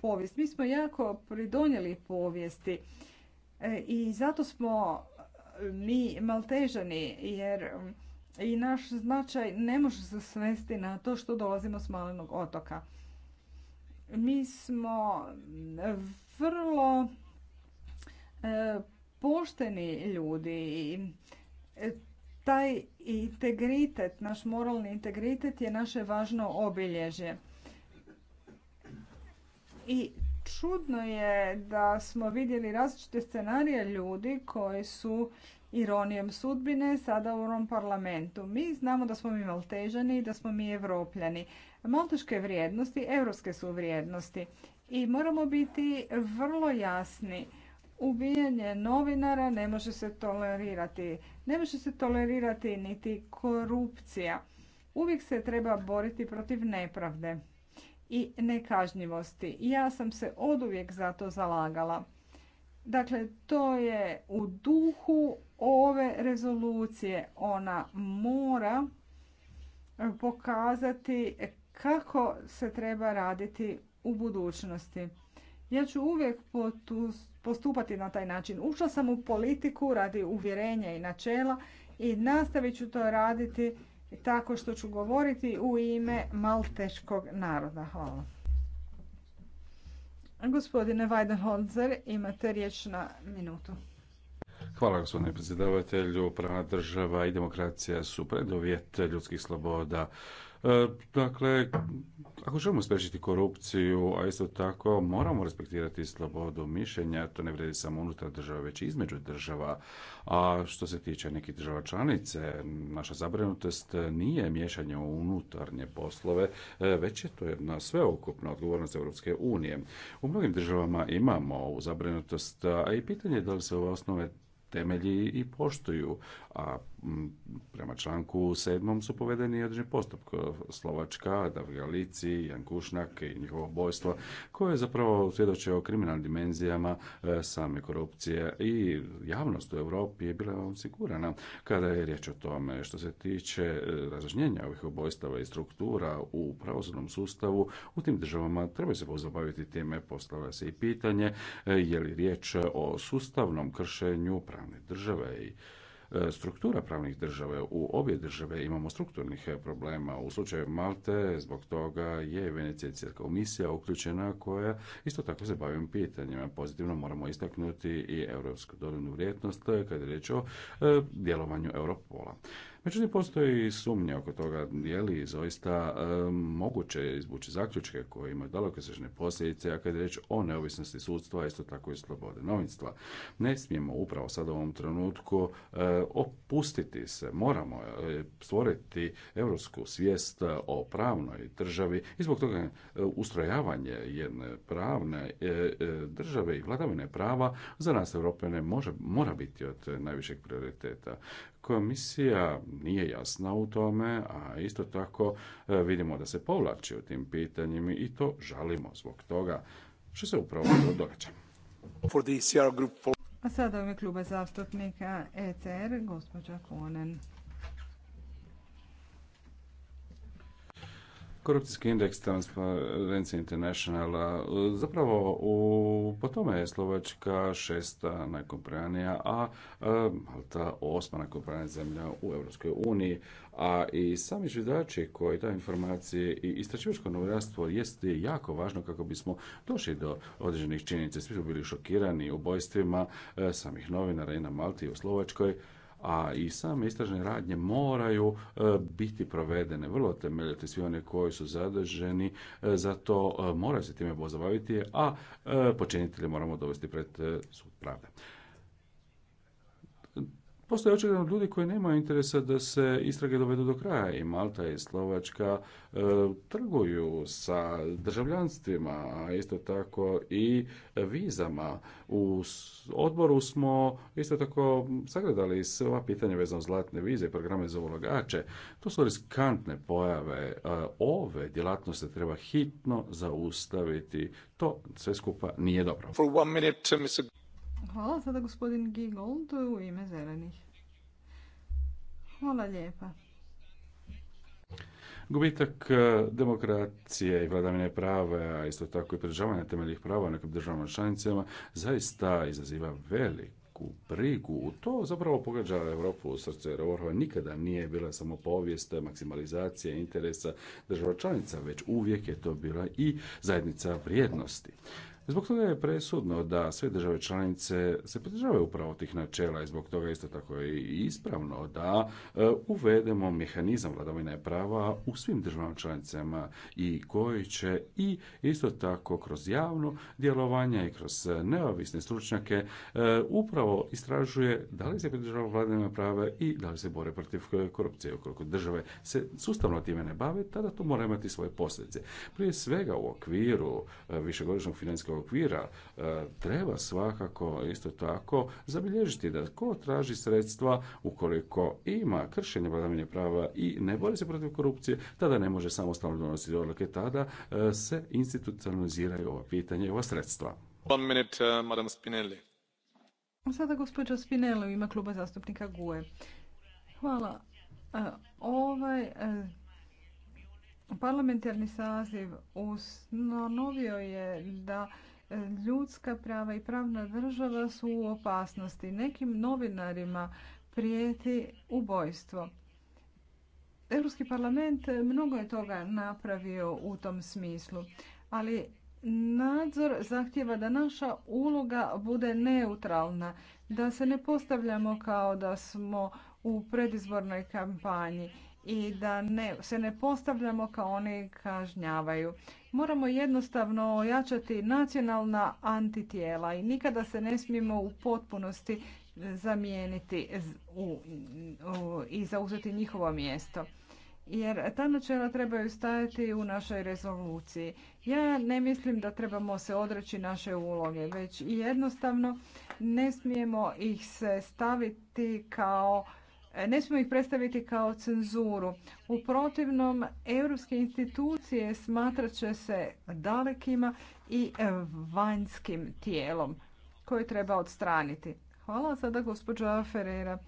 povijest. Mi smo jako pridonijeli povijesti E, I zato smo e, mi maltežani, jer i naš značaj ne može se svesti na to što dolazimo s malenog otoka. Mi smo vrlo e, pošteni ljudi i taj integritet, naš moralni integritet je naše važno obilježje. I čudno je da smo vidjeli različite scenarije ljudi koji su ironijom sudbine sada u ovom parlamentu. Mi znamo da smo mi maltežani i da smo mi evropljani. Malteške vrijednosti, evropske su vrijednosti. I moramo biti vrlo jasni. Ubijanje novinara ne može se tolerirati. Ne može se tolerirati niti korupcija. Uvijek se treba boriti protiv nepravde i nekažnjivosti. Ja sam se oduvijek za to zalagala. Dakle, to je u duhu ove rezolucije. Ona mora pokazati kako se treba raditi u budućnosti. Ja ću uvijek postupati na taj način. Ušla sam u politiku radi uvjerenja i načela i nastavit ću to raditi tako što ću govoriti u ime malteškog naroda. Hvala. Gospodine Weidenholzer, imate riječ na minutu. Hvala gospodine predsjedavatelju. Pravna država i demokracija su preduvjet ljudskih sloboda. E, dakle, ako želimo spriječiti korupciju, a isto tako moramo respektirati slobodu mišljenja, to ne vredi samo unutar države, već i između država. A što se tiče nekih država članice, naša zabrinutost nije miješanje u unutarnje poslove, e, već je to jedna sveokupna odgovornost Europske unije. U mnogim državama imamo ovu a i pitanje je da li se ove osnove temelji i poštuju, a prema članku sedmom su povedeni određeni postupak Slovačka, Davgalici, Jankušnak i njihovo bojstvo koje je zapravo svjedoče o kriminalnim dimenzijama e, same korupcije i javnost u Europi je bila osigurana kada je riječ o tome što se tiče e, razražnjenja ovih obojstava i struktura u pravosudnom sustavu u tim državama treba se pozabaviti time postavlja se i pitanje e, je li riječ o sustavnom kršenju pravne države i E, struktura pravnih države. U obje države imamo strukturnih e, problema. U slučaju Malte zbog toga je Venecijanska komisija uključena koja isto tako se bavim pitanjima. Pozitivno moramo istaknuti i europsku dodanu vrijednost e, kada je riječ o djelovanju Europola. Međutim, postoji sumnja oko toga je li zaista moguće izvući zaključke koje imaju dalekosežne posljedice, a kad je reč o neovisnosti sudstva, isto tako i slobode novinstva. Ne smijemo upravo sad u ovom trenutku e, opustiti se, moramo e, stvoriti europsku svijest e, o pravnoj državi i zbog toga ustrojavanje jedne pravne države i vladavine prava za nas može, mora biti od najvišeg prioriteta komisija nije jasna u tome, a isto tako e, vidimo da se povlači u tim pitanjima i to žalimo zbog toga što se upravo događa. A sada u ime zastupnika ECR, er, gospođa Konen. Korupcijski indeks Transparency Internationala, zapravo u, po tome je Slovačka šesta najkompranija, a e, Malta osma najkompranija zemlja u Europskoj uniji. A i sami zviždači koji daju informacije i istračivačko novinarstvo jest jako važno kako bismo došli do određenih činjenica. Svi smo bili šokirani ubojstvima e, samih novinara i na Malti i u Slovačkoj a i same istražne radnje moraju e, biti provedene vrlo temeljite. Svi oni koji su zadrženi e, za to e, moraju se time pozabaviti, a počinitelje moramo dovesti pred sud pravde. Postoje očigledno ljudi koji nemaju interesa da se istrage dovedu do kraja i Malta i Slovačka e, trguju sa državljanstvima, a isto tako i vizama. U odboru smo isto tako sagledali sva pitanja vezano zlatne vize, i programe za ulagače. To su riskantne pojave. E, ove djelatnosti treba hitno zaustaviti. To sve skupa nije dobro. Hvala. Sada gospodin Gigold u ime zelenih. Hvala lijepa. Gubitak e, demokracije i vladavine prava, a isto tako i pridržavanje temeljnih prava u nekim državama članicama, zaista izaziva veliku brigu. To zapravo pogađa Europu u srce. Europa nikada nije bila samo povijest, maksimalizacija interesa država članica, već uvijek je to bila i zajednica vrijednosti. Zbog toga je presudno da sve države članice se pridržavaju upravo tih načela i zbog toga isto tako i ispravno da e, uvedemo mehanizam vladavine prava u svim državama članicama i koji će i isto tako kroz javno djelovanje i kroz neovisne stručnjake e, upravo istražuje da li se pridržava vladavine prava i da li se bore protiv korupcije. Ukoliko države se sustavno time ne bave, tada to mora imati svoje posljedice. Prije svega u okviru e, višegodišnjeg financijskog okvira e, treba svakako isto tako zabilježiti da ko traži sredstva ukoliko ima kršenje vladavine prava i ne bori se protiv korupcije, tada ne može samostalno donositi odluke, tada e, se institucionaliziraju ova pitanja i ova sredstva. minute, e, Madam Spinelli. Sada gospođa Spinelli u ime kluba zastupnika GUE. Hvala. ovaj Parlamentarni saziv usnovio je da ljudska prava i pravna država su u opasnosti. Nekim novinarima prijeti ubojstvo. Europski parlament mnogo je toga napravio u tom smislu, ali nadzor zahtjeva da naša uloga bude neutralna, da se ne postavljamo kao da smo u predizbornoj kampanji i da ne, se ne postavljamo kao oni kažnjavaju. Moramo jednostavno ojačati nacionalna antitijela i nikada se ne smijemo u potpunosti zamijeniti u, i zauzeti njihovo mjesto. Jer ta načela trebaju stajati u našoj rezoluciji. Ja ne mislim da trebamo se odreći naše uloge, već jednostavno ne smijemo ih se staviti kao ne smijemo ih predstaviti kao cenzuru. U protivnom, europske institucije smatrat će se dalekima i vanjskim tijelom koje treba odstraniti. Hvala sada gospođa Ferreira.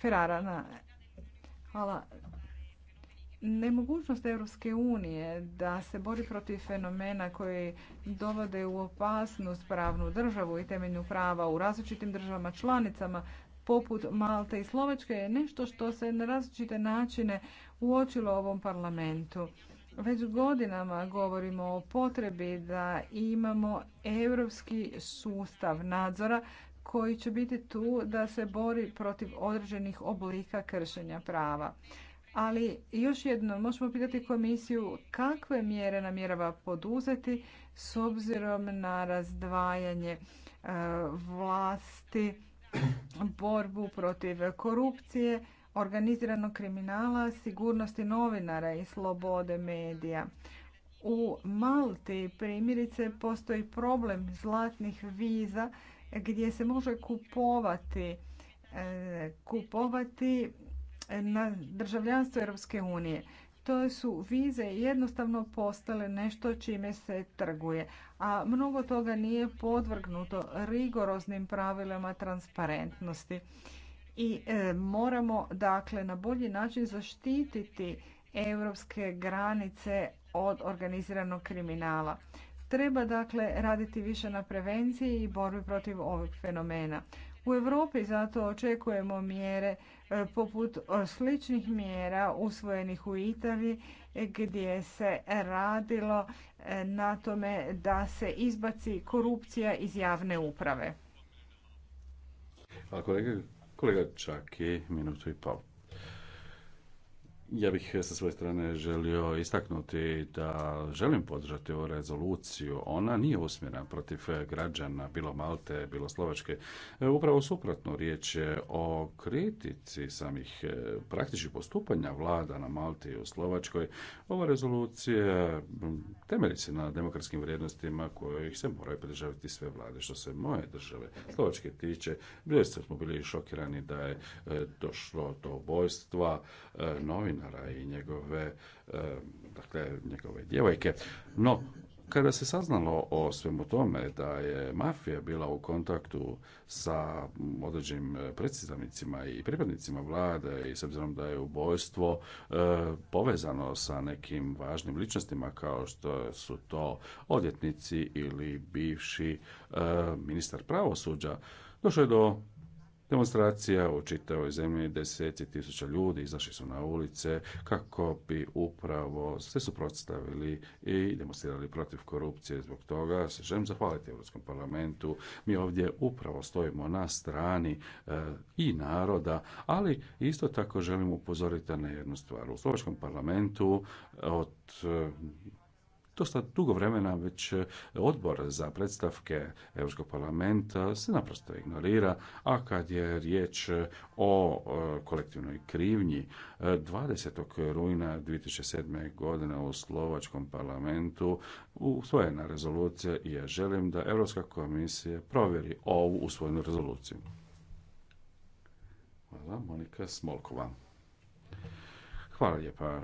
Ferrara. Hvala. Nemogućnost Europske unije da se bori protiv fenomena koji dovode u opasnost pravnu državu i temeljnu prava u različitim državama članicama poput Malte i Slovačke je nešto što se na različite načine uočilo ovom parlamentu. Već godinama govorimo o potrebi da imamo europski sustav nadzora koji će biti tu da se bori protiv određenih oblika kršenja prava. Ali još jedno, možemo pitati komisiju kakve mjere namjerava poduzeti s obzirom na razdvajanje e, vlasti (clears throat) borbu protiv korupcije, organiziranog kriminala, sigurnosti novinara i slobode medija. U Malti primjerice postoji problem zlatnih viza gdje se može kupovati e, kupovati na državljanstvo Europske unije to su vize jednostavno postale nešto čime se trguje, a mnogo toga nije podvrgnuto rigoroznim pravilima transparentnosti. I e, moramo dakle na bolji način zaštititi europske granice od organiziranog kriminala. Treba dakle raditi više na prevenciji i borbi protiv ovog fenomena. U Europi zato očekujemo mjere e, poput e, sličnih mjera usvojenih u Italiji gdje se radilo e, na tome da se izbaci korupcija iz javne uprave. kolega, Čaki, minutu i pol. Ja bih eh, sa svoje strane želio istaknuti da želim podržati ovu rezoluciju. Ona nije usmjerena protiv eh, građana, bilo Malte, bilo Slovačke. Eh, upravo suprotno, riječ je o kritici samih praktičnih postupanja vlada na Malti i u Slovačkoj. Ova rezolucija mm, temelji se na demokratskim vrijednostima kojih se moraju pridržavati sve vlade. Što se moje države Slovačke tiče, bili smo bili šokirani da je došlo do ubojstva novina novinara i njegove, e, dakle, njegove djevojke. No, kada se saznalo o svemu tome da je mafija bila u kontaktu sa određenim e, predstavnicima i pripadnicima vlade i s obzirom da je ubojstvo e, povezano sa nekim važnim ličnostima kao što su to odjetnici ili bivši ministar pravosuđa, došlo je do demonstracija u čitavoj zemlji. Deseci tisuća ljudi izašli su na ulice kako bi upravo se suprotstavili i demonstrirali protiv korupcije. Zbog toga se želim zahvaliti Europskom parlamentu. Mi ovdje upravo stojimo na strani e, i naroda, ali isto tako želim upozoriti na jednu stvar. U Slovačkom parlamentu od dosta dugo vremena već e, odbor za predstavke Europskog parlamenta se naprosto ignorira, a kad je riječ e, o e, kolektivnoj krivnji, 20. rujna 2007. godine u Slovačkom parlamentu usvojena rezolucija i ja želim da Europska komisija provjeri ovu usvojenu rezoluciju. Hvala, Monika Smolkova. Hvala lijepa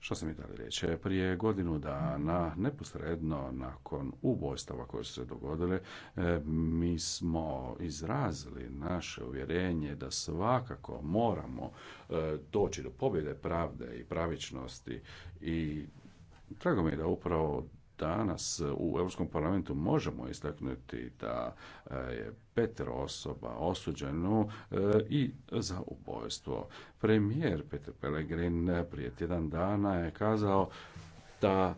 što sam mi dali reći, prije godinu dana, neposredno nakon ubojstava koje su se dogodile, e, mi smo izrazili naše uvjerenje da svakako moramo e, doći do pobjede pravde i pravičnosti i Drago mi je da upravo danas u Europskom parlamentu možemo istaknuti da e, je petero osoba osuđeno e, i za ubojstvo. Premijer Peter Pellegrin prije tjedan dana je kazao da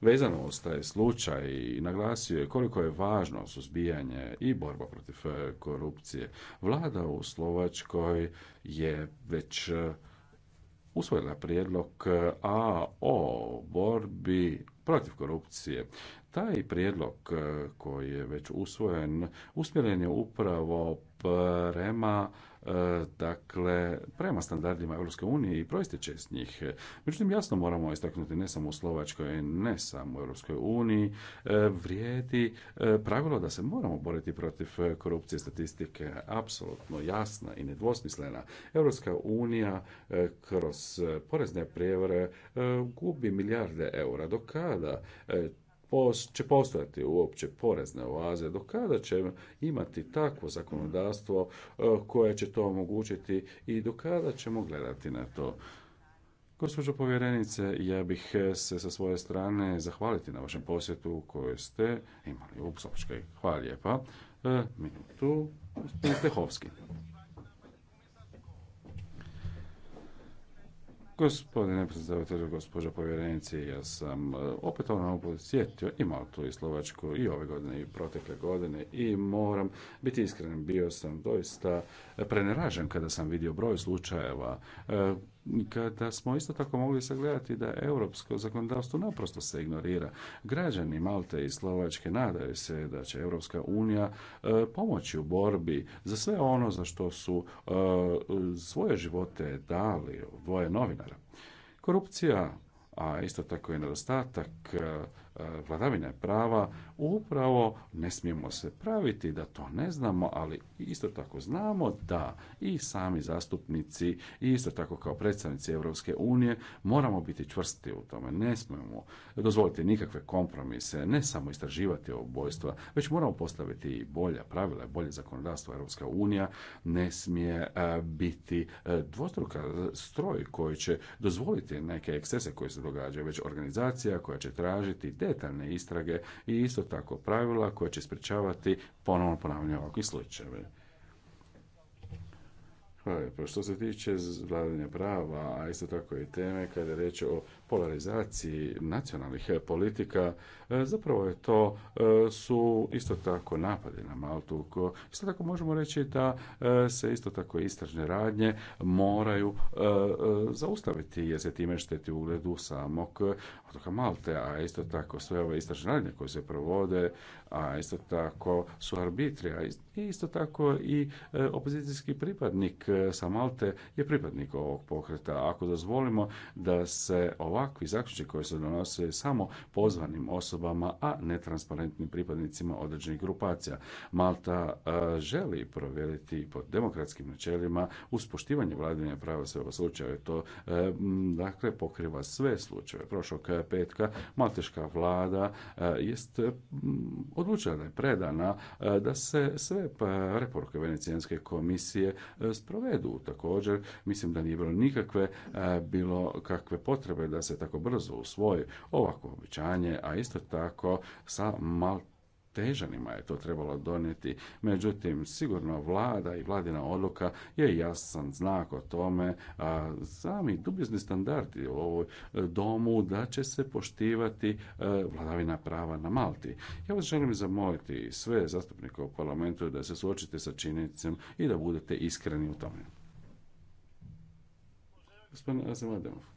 Vezano uz taj slučaj i naglasio je koliko je važno suzbijanje i borba protiv e, korupcije. Vlada u Slovačkoj je već usvojila prijedlog a o borbi protiv korupcije. Taj prijedlog e, koji je već usvojen usmjeren je upravo prema dakle, prema standardima Europske unije i proističe iz njih. Međutim, jasno moramo istaknuti ne samo u Slovačkoj, ne samo u Europskoj uniji, vrijedi e, pravilo da se moramo boriti protiv e, korupcije statistike apsolutno jasna i nedvosmislena. Europska unija e, kroz porezne prijevare gubi milijarde eura. Do kada će postojati uopće porezne oaze, do kada ćemo imati takvo zakonodavstvo e, koje će to omogućiti i do kada ćemo gledati na to. Gospođo povjerenice, ja bih e, se sa svoje strane zahvaliti na vašem posjetu koju ste imali u Hvala lijepa. E, minutu, Gospodine predsjedavatelju, gospođo povjerenici, ja sam e, opet ono posjetio i tu i Slovačku i ove godine i protekle godine i moram biti iskren, bio sam doista preneražen kada sam vidio broj slučajeva e, kada smo isto tako mogli sagledati da europsko zakonodavstvo naprosto se ignorira. Građani Malte i Slovačke nadaju se da će Europska unija e, pomoći u borbi za sve ono za što su e, svoje živote dali dvoje novinara. Korupcija, a isto tako i nedostatak e, vladavine prava upravo ne smijemo se praviti da to ne znamo, ali isto tako znamo da i sami zastupnici i isto tako kao predstavnici Europske unije moramo biti čvrsti u tome. Ne smijemo dozvoliti nikakve kompromise, ne samo istraživati obojstva, već moramo postaviti i bolja pravila, bolje zakonodavstvo Europska unija ne smije e, biti e, dvostruka stroj koji će dozvoliti neke ekscese koji se događaju, već organizacija koja će tražiti detaljne istrage i isto tako pravila koja će sprečavati ponovno ponavljanje ovakvih slučajeva. Hvala Što se tiče vladanja prava, a isto tako i teme kada je reč o polarizaciji nacionalnih e, politika, e, zapravo je to e, su isto tako napadi na Maltu. Isto tako možemo reći da se isto tako istražne radnje moraju zaustaviti jer se time šteti ugledu samog otoka Malte, a isto tako sve ove istražne radnje koje se provode, a isto tako su arbitri, a isto tako i opozicijski pripadnik sa Malte je pripadnik ovog pokreta. Ako dozvolimo da se ova ovakvi zaključci koji se donose samo pozvanim osobama, a netransparentnim pripadnicima određenih grupacija. Malta e, želi provjeriti pod demokratskim načelima uz poštivanje prava sve slučaje. To e, dakle pokriva sve slučajeve. Prošlog petka malteška vlada e, jest odlučila da je predana da se sve preporuke Venecijanske komisije sprovedu. Također, mislim da nije bilo nikakve bilo kakve potrebe da se tako brzo usvoji ovako obećanje, a isto tako sa maltežanima težanima je to trebalo donijeti. Međutim, sigurno vlada i vladina odluka je jasan znak o tome, a sami dubizni standardi u ovoj e, domu da će se poštivati e, vladavina prava na Malti. Ja vas želim zamoliti sve zastupnike u parlamentu da se suočite sa činjenicom i da budete iskreni u tome. Gospodin Ademov.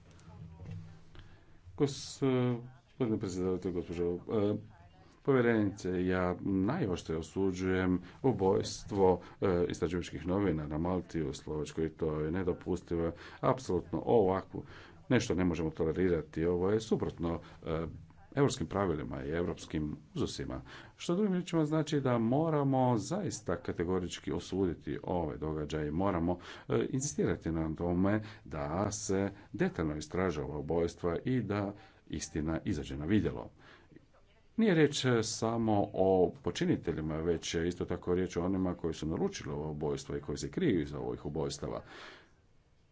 E, gospodine predsjedavite, gospođo e, povjerenice, ja najoštrije osuđujem ubojstvo e, istraživačkih novina na Malti u Slovačkoj. To je nedopustivo. Apsolutno ovakvu nešto ne možemo tolerirati. Ovo je suprotno e, europskim pravilima i europskim uzusima. Što drugim riječima znači da moramo zaista kategorički osuditi ove događaje, moramo e, insistirati na tome da se detaljno istraže ova ubojstva i da istina izađe na vidjelo. Nije riječ e, samo o počiniteljima, već isto tako riječ o onima koji su naručili ovo ubojstvo i koji se kriju iza ovih ubojstava.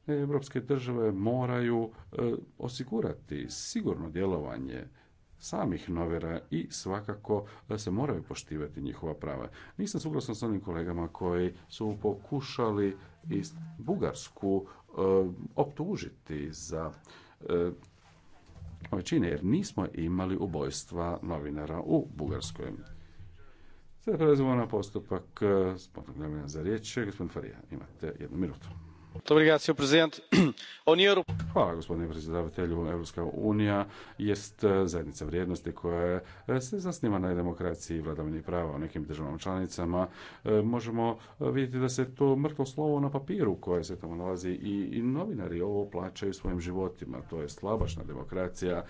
Europske države moraju e, osigurati sigurno djelovanje samih novera i svakako da se moraju poštivati njihova prava. Nisam suglasan s onim kolegama koji su pokušali iz Bugarsku e, optužiti za e, većine, jer nismo imali ubojstva novinara u Bugarskoj. Sada prelazimo na postupak e, spontog za riječ. Gospodin Farija, imate jednu minutu. (clears throat) Hvala gospodine predsjedavatelju. Europska unija jest eh, zajednica vrijednosti koja eh, se zasniva na demokraciji i vladavini prava u nekim državama članicama. Eh, možemo vidjeti da se to mrtvo slovo na papiru koje se tamo nalazi i novinari ovo plaćaju svojim životima. To je slabašna demokracija.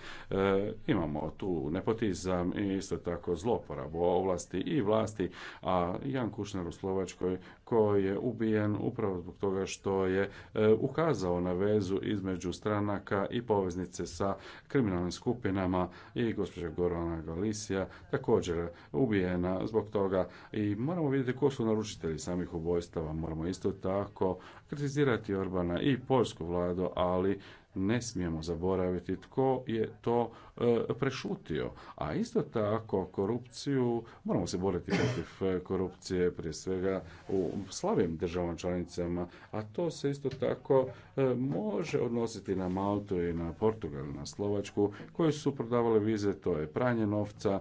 Imamo tu nepotizam i isto tako zloporabu ovlasti i vlasti. A Jan Kušner u Slovačkoj koji je ubijen upravo zbog toga što je e, ukazao na vezu između stranaka i poveznice sa kriminalnim skupinama i gospođa Gorana Galicija također ubijena zbog toga i moramo vidjeti ko su naručitelji samih ubojstava. Moramo isto tako kritizirati Orbana i poljsku vladu, ali ne smijemo zaboraviti tko je to e, prešutio. A isto tako korupciju, moramo se boriti protiv e, korupcije prije svega u slavim državama članicama, a to se isto tako e, može odnositi na Maltu i na Portugal, na Slovačku, koji su prodavale vize, to je pranje novca,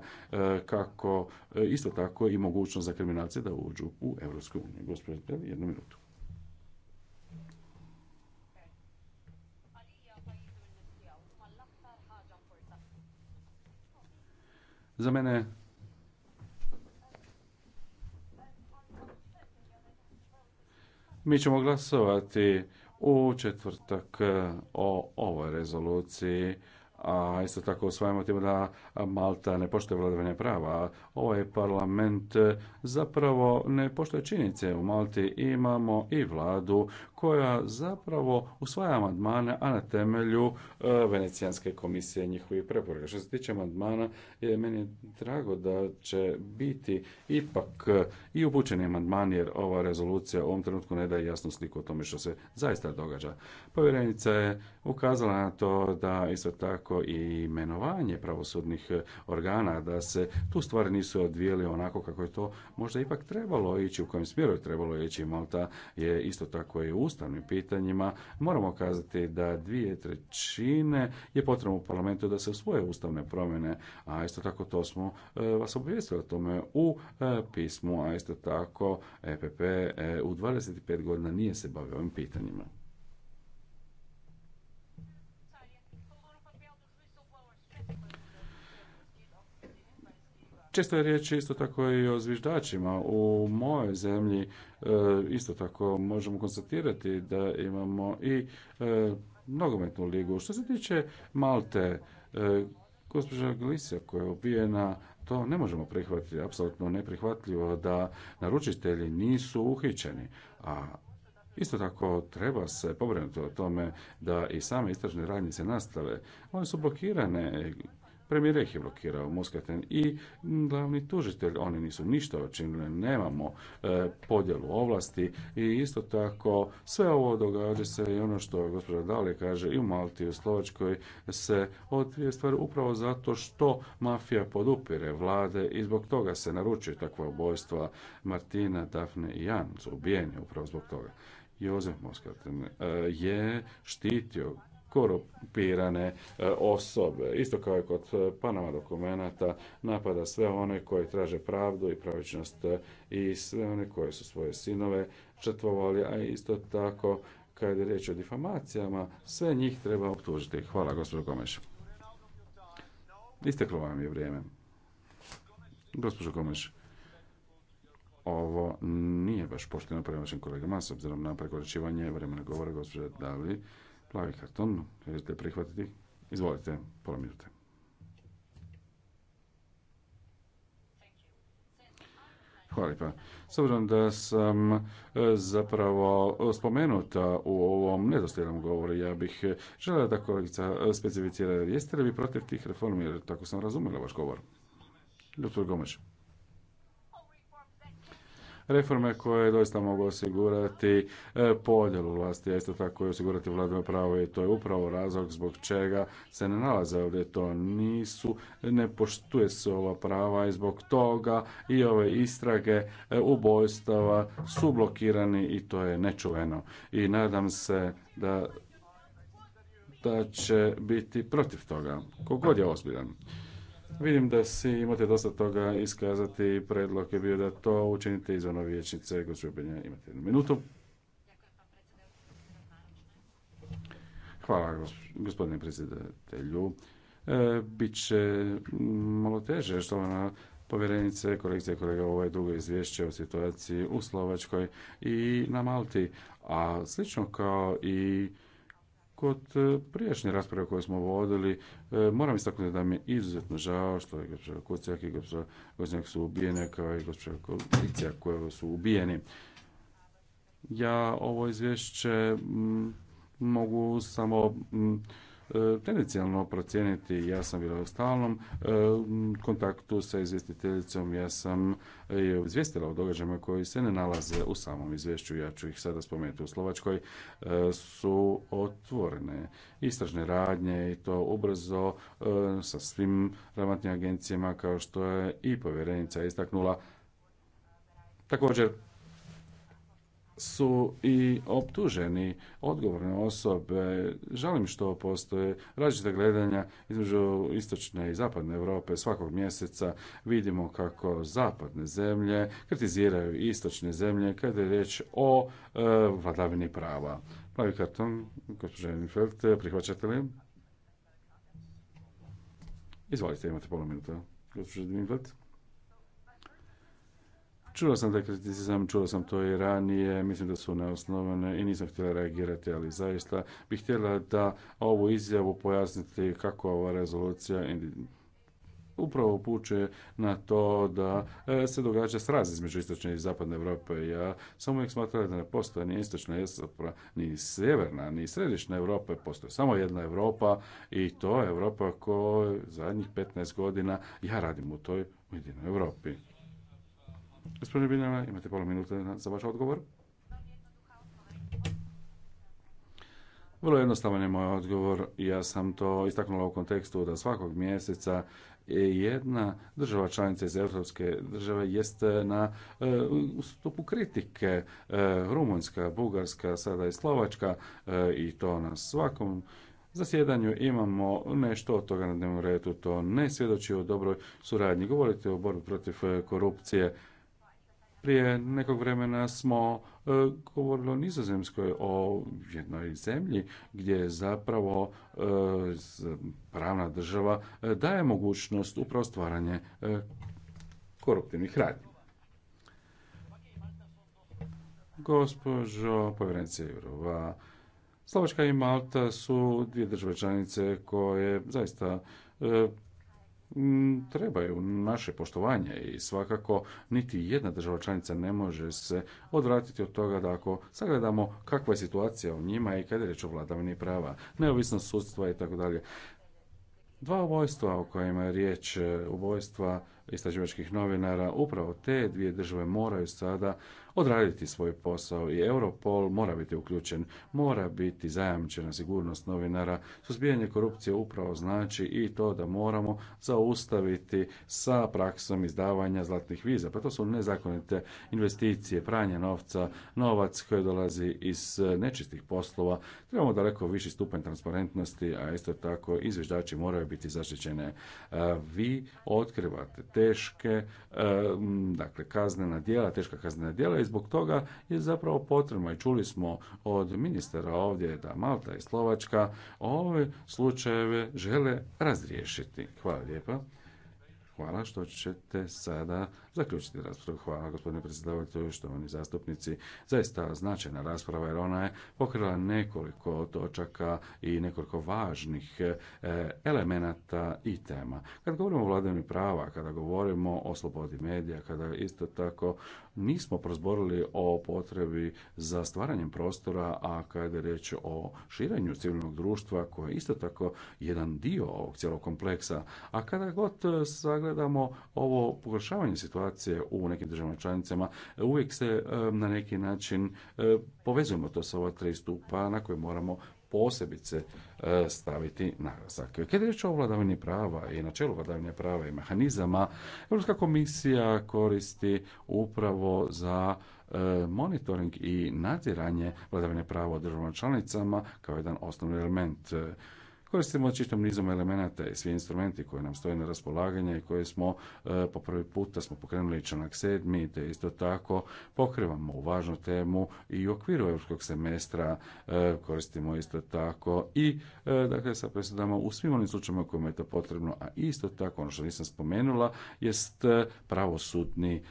kako isto tako i mogućnost za kriminalce da uđu u EU. Gospodin, jednu minutu. Za mene mi ćemo glasovati u četvrtak e, o ovoj rezoluciji a isto tako usvajamo tim da Malta ne poštuje vladavine prava. Ovaj parlament e, zapravo ne poštuje činjenice. U Malti imamo i vladu koja zapravo usvaja amandmane, a na temelju e, Venecijanske komisije njihovi njihovih preporuka. Što se tiče amandmana, meni je drago da će biti ipak e, i upućeni amandman, jer ova rezolucija u ovom trenutku ne daje jasnu sliku o tome što se zaista događa. Povjerenica je ukazala na to da isto tako i imenovanje pravosudnih e, organa, da se tu stvari nisu odvijeli onako kako je to možda ipak trebalo ići, u kojem smjeru je trebalo ići. Malta je isto tako i uz ustavnim pitanjima, moramo kazati da dvije trećine je potrebno u parlamentu da se usvoje ustavne promjene, a isto tako to smo e, vas obvijestili o tome u e, pismu, a isto tako EPP e, u 25 godina nije se bavio ovim pitanjima. Često je riječ isto tako i o zviždačima. U mojoj zemlji e, isto tako možemo konstatirati da imamo i e, nogometnu ligu. Što se tiče Malte, e, gospođa Glisja koja je ubijena to ne možemo prihvatiti, apsolutno neprihvatljivo da naručitelji nisu uhićeni, a Isto tako treba se pobrinuti o tome da i same istražne radnice se nastave. One su blokirane, Premijer je blokirao Muskaten i glavni tužitelj. Oni nisu ništa učinili, nemamo e, podjelu ovlasti i isto tako sve ovo događa se i ono što gospođa Dali kaže i u Malti i u Slovačkoj se odvije stvari upravo zato što mafija podupire vlade i zbog toga se naručuje takva ubojstva. Martina, Dafne i Jan su ubijeni upravo zbog toga. Jozef Moskaten e, je štitio korupirane e, osobe. Isto kao i kod e, Panama dokumenata napada sve one koji traže pravdu i pravičnost e, i sve one koji su svoje sinove četvovali, a isto tako kad je riječ o difamacijama, sve njih treba optužiti. Hvala, gospođo Gomeš. Isteklo vam je vrijeme. Gospođo Gomeš, ovo nije baš pošteno prema vašim kolegama, s obzirom na prekoračivanje vremena govora gospođa Davli. Plavi karton, želite prihvatiti? Izvolite, pola minute. Hvala lijepa. S obzirom da sam e, zapravo spomenuta u ovom nedostajnom govoru, ja bih želela da kolegica specificira, jeste li vi protiv tih reformi, jer tako sam razumjela vaš govor. Doktor Gomeš reforme koje doista mogu osigurati e, podjelu vlasti, a isto tako i osigurati vladno pravo i to je upravo razlog zbog čega se ne nalaze ovdje. To nisu, ne poštuje se ova prava i zbog toga i ove istrage e, ubojstava su blokirani i to je nečuveno. I nadam se da da će biti protiv toga, kogod je ozbiljan. Vidim da si imate dosta toga iskazati. Predlog je bio da to učinite izvan vijećnice. Gospodinja, imate jednu minutu. Hvala gospodine predsjedatelju. E, Biće malo teže što ona povjerenice, kolegice i kolega, ovo je drugo izvješće o situaciji u Slovačkoj i na Malti. A slično kao i Kod e, prijašnje rasprave koje smo vodili, e, moram istaknuti da mi je izuzetno žao što je gospođa Kucijak i gospođa su ubijene, kao i gospođa Koalicija koje su ubijeni. Ja ovo izvješće mogu samo E, tendencijalno procijeniti. Ja sam bila u stalnom e, kontaktu sa izvjestiteljicom, ja sam je izvijestila o događajima koji se ne nalaze u samom izvješću, ja ću ih sada spomenuti u Slovačkoj, e, su otvorene istražne radnje i to ubrzo sa svim relevantnim agencijama kao što je i povjerenica istaknula. Također, su i optuženi odgovorne osobe. Žalim što postoje različite gledanja između istočne i zapadne Europe svakog mjeseca. Vidimo kako zapadne zemlje kritiziraju istočne zemlje kada je riječ o e, vladavini prava. Plavi karton, gospođa Enfeld, prihvaćate li? Izvolite, imate pola minuta. Gospođa Čuo sam da kritizam, čuo sam to i ranije, mislim da su neosnovane i nisam htjela reagirati, ali zaista bih htjela da ovu izjavu pojasniti kako ova rezolucija upravo upućuje na to da e, se događa sraz između istočne i zapadne Europe. Ja samo uvijek smatrala da ne postoje ni istočna ni sjeverna, ni središnja Europa. Postoji samo jedna Europa i to je Europa koja zadnjih 15 godina ja radim u toj jedinoj Europi. Gospodine Biljana, imate pola minute za vaš odgovor. Vrlo jednostavan je moj odgovor. Ja sam to istaknula u kontekstu da svakog mjeseca jedna država članica iz europske države jest e, na e, ustupu kritike e, Rumunjska, Bugarska, sada i Slovačka i to na svakom zasjedanju imamo nešto od toga na dnevnom redu. To ne svjedoči o dobroj suradnji. Govorite o borbi protiv korupcije prije nekog vremena smo e, govorili o Nizozemskoj, o jednoj zemlji gdje zapravo e, pravna država e, daje mogućnost upravo stvaranje koruptivnih radnji. Gospođo povjerenice Jurova, Slovačka i Malta su dvije države članice koje zaista Mm, trebaju naše poštovanje i svakako niti jedna država članica ne može se odvratiti od toga da ako sagledamo kakva je situacija u njima i kada je riječ o vladavini prava, neovisnost sudstva i tako dalje. Dva ubojstva o kojima je riječ, e, ubojstva istraživačkih novinara, upravo te dvije države moraju sada odraditi svoj posao i Europol mora biti uključen, mora biti zajamčena sigurnost novinara. Suzbijanje korupcije upravo znači i to da moramo zaustaviti sa praksom izdavanja zlatnih viza. Pa to su nezakonite investicije, pranje novca, novac koji dolazi iz nečistih poslova. Trebamo daleko viši stupanj transparentnosti, a isto tako izveždači moraju biti zaštićene. Vi otkrivate teške dakle, kaznena djela, teška kaznena djela zbog toga je zapravo potrebno i čuli smo od ministara ovdje da Malta i Slovačka ove slučajeve žele razriješiti. Hvala lijepa. Hvala što ćete sada zaključiti raspravu. Hvala gospodine predsjedavatelju, oni zastupnici. Zaista značajna rasprava jer ona je pokrila nekoliko točaka i nekoliko važnih e, elemenata i tema. Kad govorimo o vladavini prava, kada govorimo o slobodi medija, kada isto tako nismo prozborili o potrebi za stvaranjem prostora, a kada je riječ o širenju civilnog društva, koje je isto tako jedan dio ovog cijelog kompleksa, a kada god sagledamo gledamo ovo pogoršavanje situacije u nekim državama članicama, uvijek se e, na neki način e, povezujemo to sa ova tri stupa na koje moramo posebice e, staviti naglasak. Kada je riječ o vladavini prava i načelu vladavine prava i mehanizama, Europska komisija koristi upravo za monitoring i nadziranje vladavine prava u državama članicama kao jedan osnovni element koristimo čitom nizom elemenata i svi instrumenti koji nam stoje na raspolaganje i koje smo e, po prvi puta smo pokrenuli članak sedmi, te isto tako pokrivamo u važnu temu i u okviru europskog semestra e, koristimo isto tako i e, dakle sa presudama u svim onim slučajevima kojima je to potrebno, a isto tako ono što nisam spomenula jest pravosudni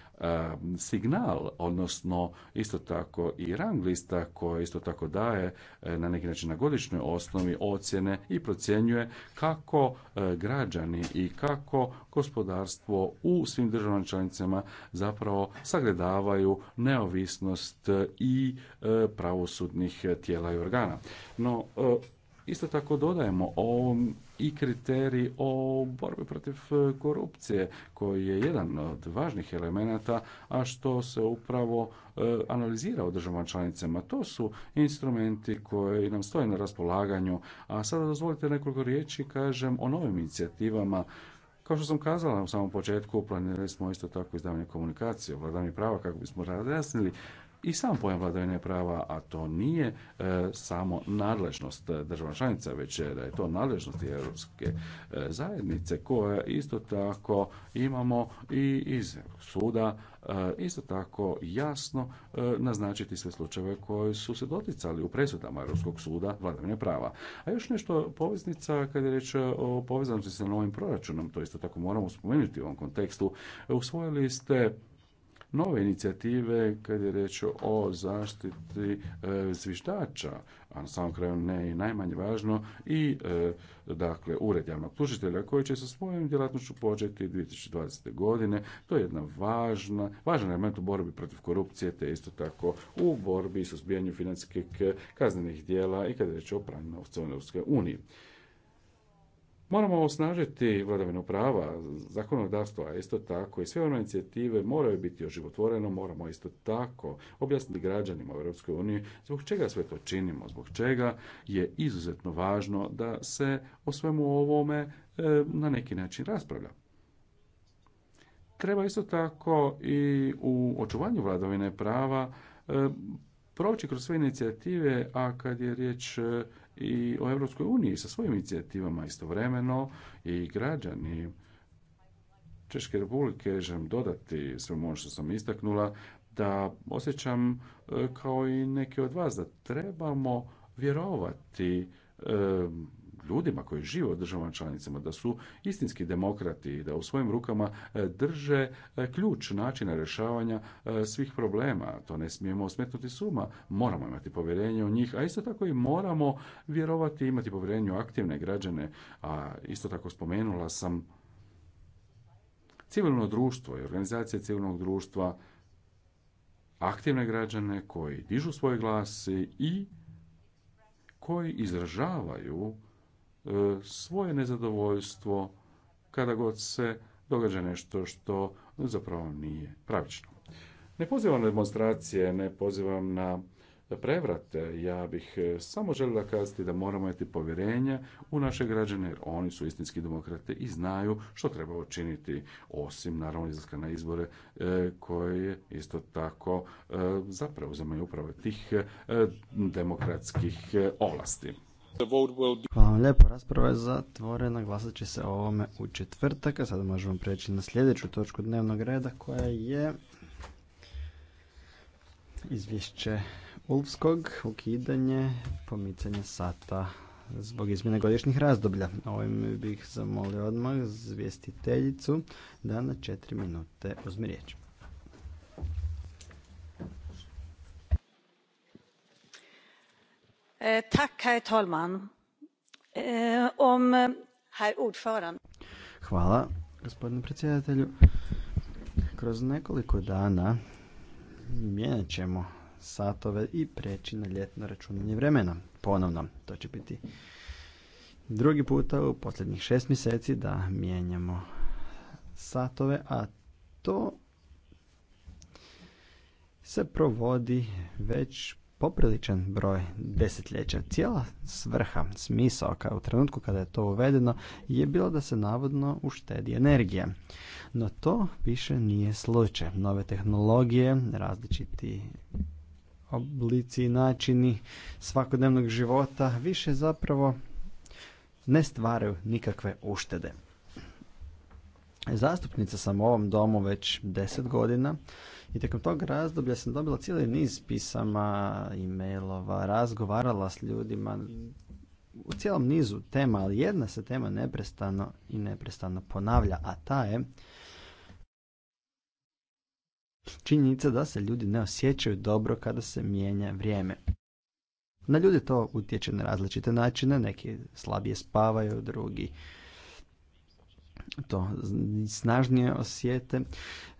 signal, odnosno isto tako i rang lista koja isto tako daje na neki način na godišnjoj osnovi ocjene i ocjenjuje kako e, građani i kako gospodarstvo u svim državama članicama zapravo sagledavaju neovisnost e, i e, pravosudnih tijela i organa. No, Isto tako dodajemo ovom i kriterij o borbi protiv e, korupcije koji je jedan od važnih elemenata, a što se upravo e, analizira u državama članicama. To su instrumenti koji nam stoje na raspolaganju. A sada dozvolite nekoliko riječi, kažem, o novim inicijativama kao što sam kazala u samom početku, planirali smo isto tako izdavanje komunikacije o vladavini prava kako bismo razjasnili i sam pojam vladavine prava, a to nije e, samo nadležnost država članica, već da je to nadležnost Europske e, zajednice koja isto tako imamo i iz suda e, isto tako jasno naznačiti sve slučajeve koji su se doticali u presudama Europskog suda vladavine prava. A još nešto poveznica kada je riječ o povezanosti sa novim proračunom, to isto tako moramo spomenuti u ovom kontekstu. Usvojili ste nove inicijative kad je reč o zaštiti e, zviždača, a na samom kraju ne i najmanje važno i e, dakle ured javnog tužitelja koji će sa svojom djelatnošću početi 2020. godine. To je jedna važna, važan element u borbi protiv korupcije te isto tako u borbi i suzbijanju financijskih kaznenih dijela i kada je reč o pravima u Europske unije. Moramo osnažiti vladavinu prava, zakonodavstvo, a isto tako i sve one inicijative moraju biti oživotvoreno, moramo isto tako objasniti građanima u Europskoj zbog čega sve to činimo, zbog čega je izuzetno važno da se o svemu ovome e, na neki način raspravlja. Treba isto tako i u očuvanju vladavine prava e, proći kroz sve inicijative, a kad je riječ e, i o Europskoj uniji sa svojim inicijativama istovremeno i građani Češke republike želim dodati sve ono što sam istaknula da osjećam e, kao i neki od vas da trebamo vjerovati e, ljudima koji žive u državama članicama, da su istinski demokrati i da u svojim rukama e, drže e, ključ načina rješavanja e, svih problema. To ne smijemo smetnuti suma. Moramo imati povjerenje u njih, a isto tako i moramo vjerovati imati povjerenje u aktivne građane. A isto tako spomenula sam civilno društvo i organizacije civilnog društva aktivne građane koji dižu svoje glas i koji izražavaju svoje nezadovoljstvo kada god se događa nešto što zapravo nije pravično. Ne pozivam na demonstracije, ne pozivam na prevrate. Ja bih e, samo želila kazati da moramo imati povjerenja u naše građane, jer oni su istinski demokrate i znaju što treba učiniti, osim naravno izlaska na izbore e, koje isto tako e, zapravo preuzimanje upravo tih demokratskih ovlasti. Hvala vam lijepo, rasprava je zatvorena, glasat će se o ovome u četvrtak, a sada možemo preći na sljedeću točku dnevnog reda koja je izvješće Ulfskog, ukidanje, pomicanje sata zbog izmjene godišnjih razdoblja. Ovim bih zamolio odmah zvjestiteljicu da na četiri minute uzmi riječ. Eh, eh, eh, Hvala, gospodine predsjedatelju. Kroz nekoliko dana mijenjat ćemo satove i preći na ljetno računanje vremena. Ponovno, to će biti drugi puta u posljednjih šest mjeseci da mijenjamo satove, a to se provodi već popriličan broj desetljeća. Cijela svrha, smisao kao u trenutku kada je to uvedeno je bilo da se navodno uštedi energija. No to više nije slučaj. Nove tehnologije, različiti oblici i načini svakodnevnog života više zapravo ne stvaraju nikakve uštede. Zastupnica sam u ovom domu već deset godina i tijekom tog razdoblja sam dobila cijeli niz pisama, e-mailova, razgovarala s ljudima u cijelom nizu tema, ali jedna se tema neprestano i neprestano ponavlja, a ta je činjenica da se ljudi ne osjećaju dobro kada se mijenja vrijeme. Na ljude to utječe na različite načine, neki slabije spavaju, drugi to snažnije osjete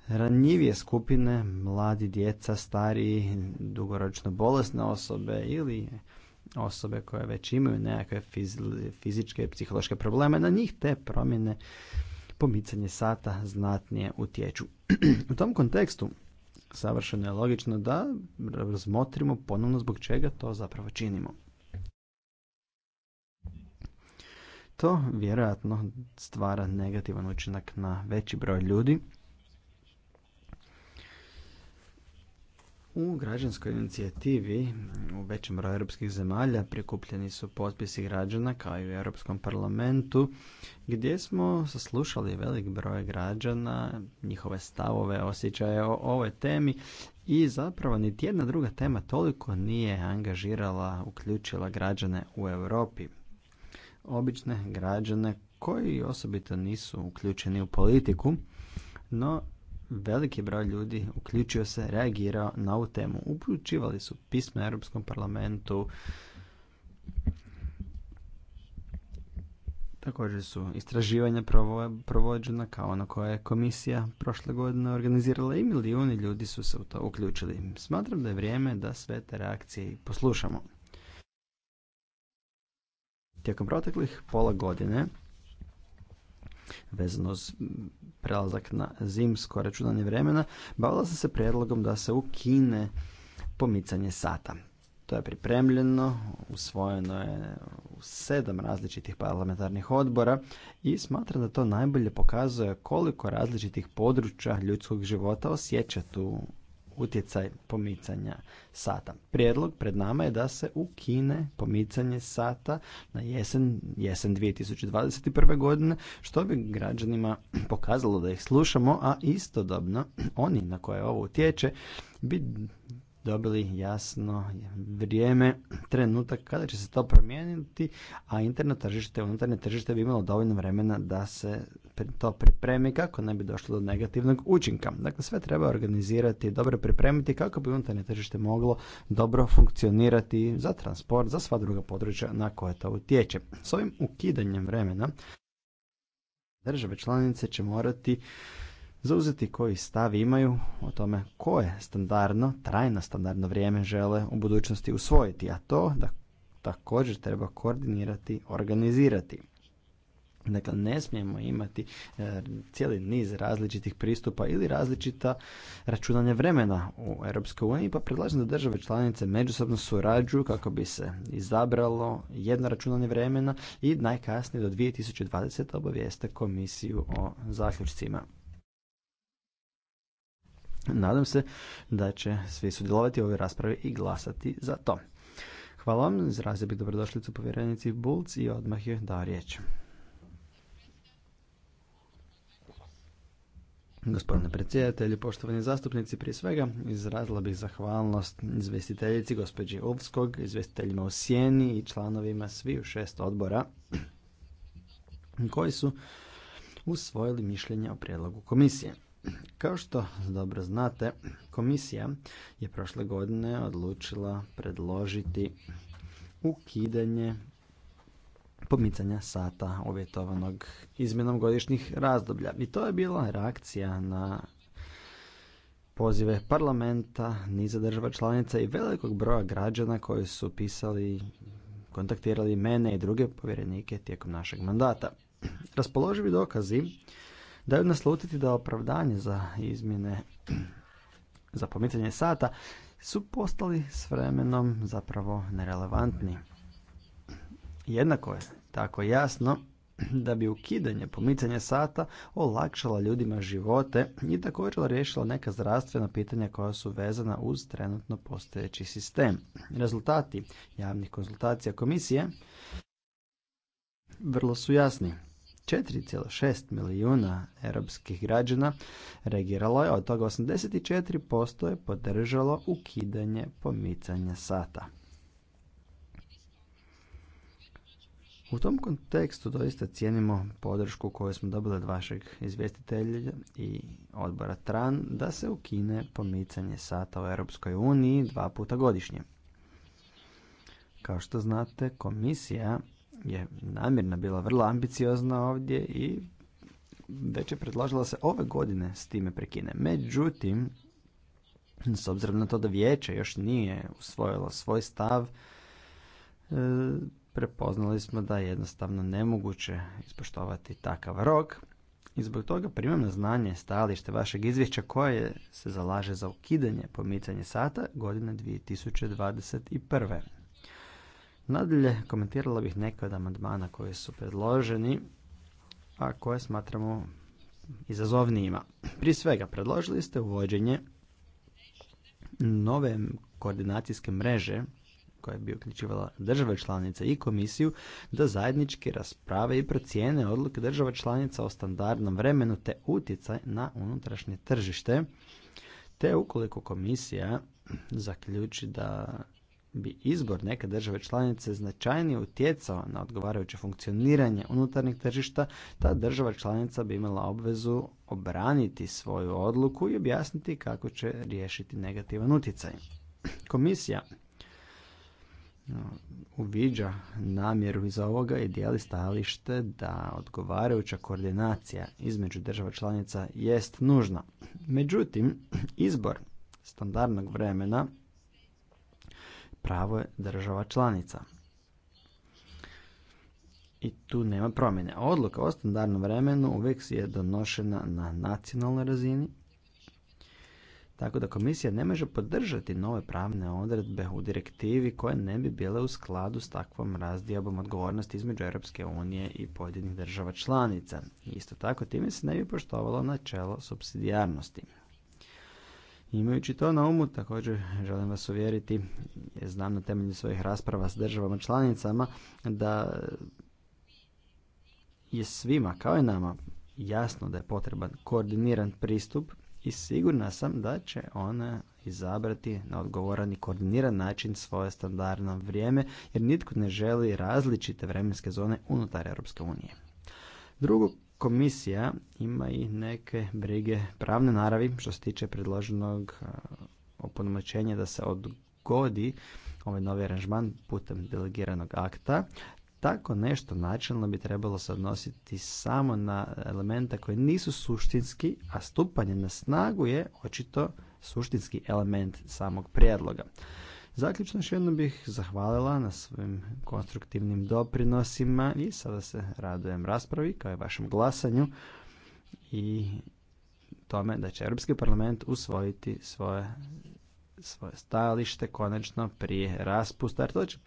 ranjivije skupine, mladi, djeca, stari, dugoročno bolesne osobe ili osobe koje već imaju nekakve fizičke i psihološke probleme, na njih te promjene pomicanje sata znatnije utječu. (clears throat) U tom kontekstu savršeno je logično da razmotrimo ponovno zbog čega to zapravo činimo. To vjerojatno stvara negativan učinak na veći broj ljudi, U građanskoj inicijativi u većem broju europskih zemalja prikupljeni su potpisi građana kao i u Europskom parlamentu gdje smo saslušali velik broj građana, njihove stavove, osjećaje o ovoj temi i zapravo niti jedna druga tema toliko nije angažirala, uključila građane u Europi. Obične građane koji osobito nisu uključeni u politiku, no veliki broj ljudi uključio se, reagirao na ovu temu. Uključivali su pisma Europskom parlamentu, Također su istraživanja provođena kao ono koje je komisija prošle godine organizirala i milijuni ljudi su se u to uključili. Smatram da je vrijeme da sve te reakcije poslušamo. Tijekom proteklih pola godine vezano s prelazak na zimsko računanje vremena, bavila sam se predlogom da se ukine pomicanje sata. To je pripremljeno, usvojeno je u sedam različitih parlamentarnih odbora i smatram da to najbolje pokazuje koliko različitih područja ljudskog života osjeća tu utjecaj pomicanja sata. Prijedlog pred nama je da se ukine pomicanje sata na jesen, jesen 2021. godine, što bi građanima (clears throat) pokazalo da ih slušamo, a istodobno oni na koje ovo utječe bi dobili jasno vrijeme, trenutak kada će se to promijeniti, a interno tržište, unutarnje tržište bi imalo dovoljno vremena da se to pripremi kako ne bi došlo do negativnog učinka. Dakle, sve treba organizirati, dobro pripremiti kako bi unutarnje tržište moglo dobro funkcionirati za transport, za sva druga područja na koje to utječe. S ovim ukidanjem vremena države članice će morati zauzeti koji stav imaju o tome koje standardno, trajno standardno vrijeme žele u budućnosti usvojiti, a to da također treba koordinirati, organizirati. Dakle, ne smijemo imati e, cijeli niz različitih pristupa ili različita računanja vremena u EU, pa predlažem da države članice međusobno surađuju kako bi se izabralo jedno računanje vremena i najkasnije do 2020. obavijeste komisiju o zaključcima. Nadam se da će svi sudjelovati u ovoj raspravi i glasati za to. Hvala vam, izrazio bih dobrodošlicu povjerenici Bulc i odmah je dao riječ. Gospodine predsjedatelju, poštovani zastupnici, prije svega izrazila bih zahvalnost izvestiteljici gospođi Ovskog, izvestiteljima u Sjeni i članovima u šest odbora koji su usvojili mišljenje o prijedlogu komisije. Kao što dobro znate, komisija je prošle godine odlučila predložiti ukidanje pomicanja sata uvjetovanog izmjenom godišnjih razdoblja. I to je bila reakcija na pozive parlamenta, niza država članica i velikog broja građana koji su pisali, kontaktirali mene i druge povjerenike tijekom našeg mandata. Raspoloživi dokazi daju naslutiti da opravdanje za izmjene (clears throat) za pomicanje sata su postali s vremenom zapravo nerelevantni. Jednako je tako jasno (clears throat) da bi ukidanje pomicanja sata olakšala ljudima živote i također riješila neka zdravstvena pitanja koja su vezana uz trenutno postojeći sistem. Rezultati javnih konzultacija komisije vrlo su jasni. 4,6 milijuna europskih građana reagiralo je, od toga 84% je podržalo ukidanje pomicanja sata. U tom kontekstu doista cijenimo podršku koju smo dobili od vašeg izvjestitelja i odbora TRAN da se ukine pomicanje sata u Europskoj uniji dva puta godišnje. Kao što znate, komisija je namjerna bila vrlo ambiciozna ovdje i već je predložila se ove godine s time prekine. Međutim, s obzirom na to da vijeće još nije usvojilo svoj stav, e, prepoznali smo da je jednostavno nemoguće ispoštovati takav rok i zbog toga primam na znanje stajalište vašeg izvješća koje se zalaže za ukidanje pomicanje sata godine 2021. Nadalje, komentirala bih neke od amandmana koji su predloženi, a koje smatramo izazovnijima. Prije svega, predložili ste uvođenje nove koordinacijske mreže koja bi uključivala države članice i komisiju da zajednički rasprave i procijene odluke država članica o standardnom vremenu te utjecaj na unutrašnje tržište, te ukoliko komisija zaključi da bi izbor neke države članice značajnije utjecao na odgovarajuće funkcioniranje unutarnjeg tržišta, ta država članica bi imala obvezu obraniti svoju odluku i objasniti kako će riješiti negativan utjecaj. Komisija uviđa namjeru iz ovoga i dijeli stajalište da odgovarajuća koordinacija između država članica jest nužna. Međutim, izbor standardnog vremena pravo je država članica. I tu nema promjene. Odluka o standardnom vremenu uvijek je donošena na nacionalnoj razini, tako da komisija ne može podržati nove pravne odredbe u direktivi koje ne bi bile u skladu s takvom razdijabom odgovornosti između Europske unije i pojedinih država članica. Isto tako time se ne bi poštovalo načelo subsidijarnosti. Imajući to na umu, također želim vas uvjeriti, znam na temelju svojih rasprava s državama članicama, da je svima, kao i nama, jasno da je potreban koordiniran pristup i sigurna sam da će ona izabrati na odgovoran i koordiniran način svoje standardno vrijeme, jer nitko ne želi različite vremenske zone unutar Europske unije. Drugo, komisija ima i neke brige pravne naravi što se tiče predloženog opunomoćenja da se odgodi ovaj novi aranžman putem delegiranog akta. Tako nešto načelno bi trebalo se odnositi samo na elementa koji nisu suštinski, a stupanje na snagu je očito suštinski element samog prijedloga. Zaključno još jednom bih zahvalila na svojim konstruktivnim doprinosima i sada se radujem raspravi kao i vašem glasanju i tome da će Europski parlament usvojiti svoje svoje stajalište konačno prije raspusta, jer to će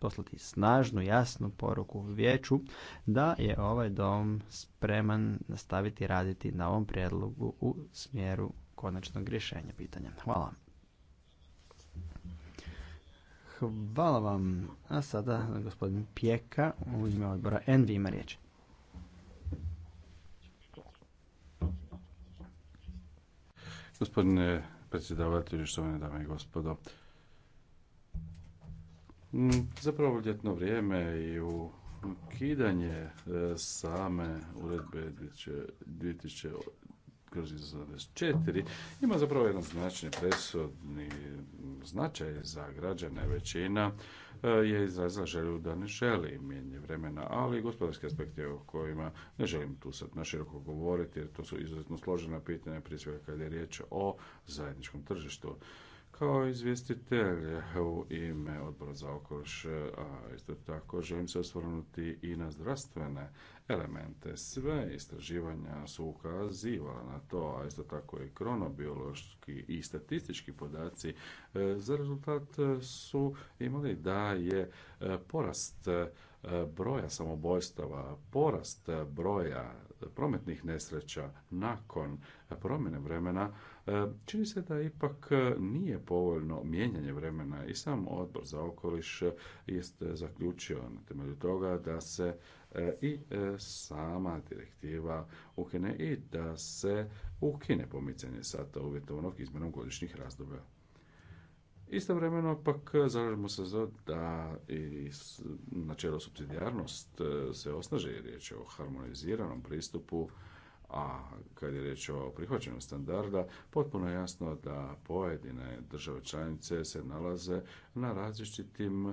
poslati snažnu, jasnu poruku vijeću da je ovaj dom spreman nastaviti raditi na ovom prijedlogu u smjeru konačnog rješenja pitanja. Hvala. Hvala vam. A sada gospodin Pjeka u ime odbora Envi ima riječ. Gospodine predsjedavatelju, štovane dame i gospodo, mm, zapravo ljetno vrijeme i u ukidanje e, same uredbe 2008 četiri ima zapravo jedan značajni presudni značaj za građane. Većina e, je izrazila želju da ne želi mijenje vremena, ali i gospodarske aspekte o kojima ne želim tu sad naširoko govoriti, jer to su izuzetno složena pitanja, prije svega kad je riječ o zajedničkom tržištu. Kao izvjestitelj u ime odbora za okoliš, a isto tako želim se osvrnuti i na zdravstvene elemente. Sve istraživanja su ukazivala na to, a isto tako i kronobiološki i statistički podaci e, za rezultat su imali da je e, porast e, broja samobojstava, porast broja prometnih nesreća nakon promjene vremena E, čini se da ipak e, nije povoljno mijenjanje vremena i sam odbor za okoliš e, jest zaključio na temelju toga da se i sama direktiva ukine i da se ukine pomicanje sata uvjetovanog izmjenom godišnjih razdoblja. Istovremeno pak zalažemo se za da i načelo subsidijarnost se osnaže riječ je o harmoniziranom pristupu a kad je riječ o prihvaćanju standarda, potpuno je jasno da pojedine države članice se nalaze na različitim e,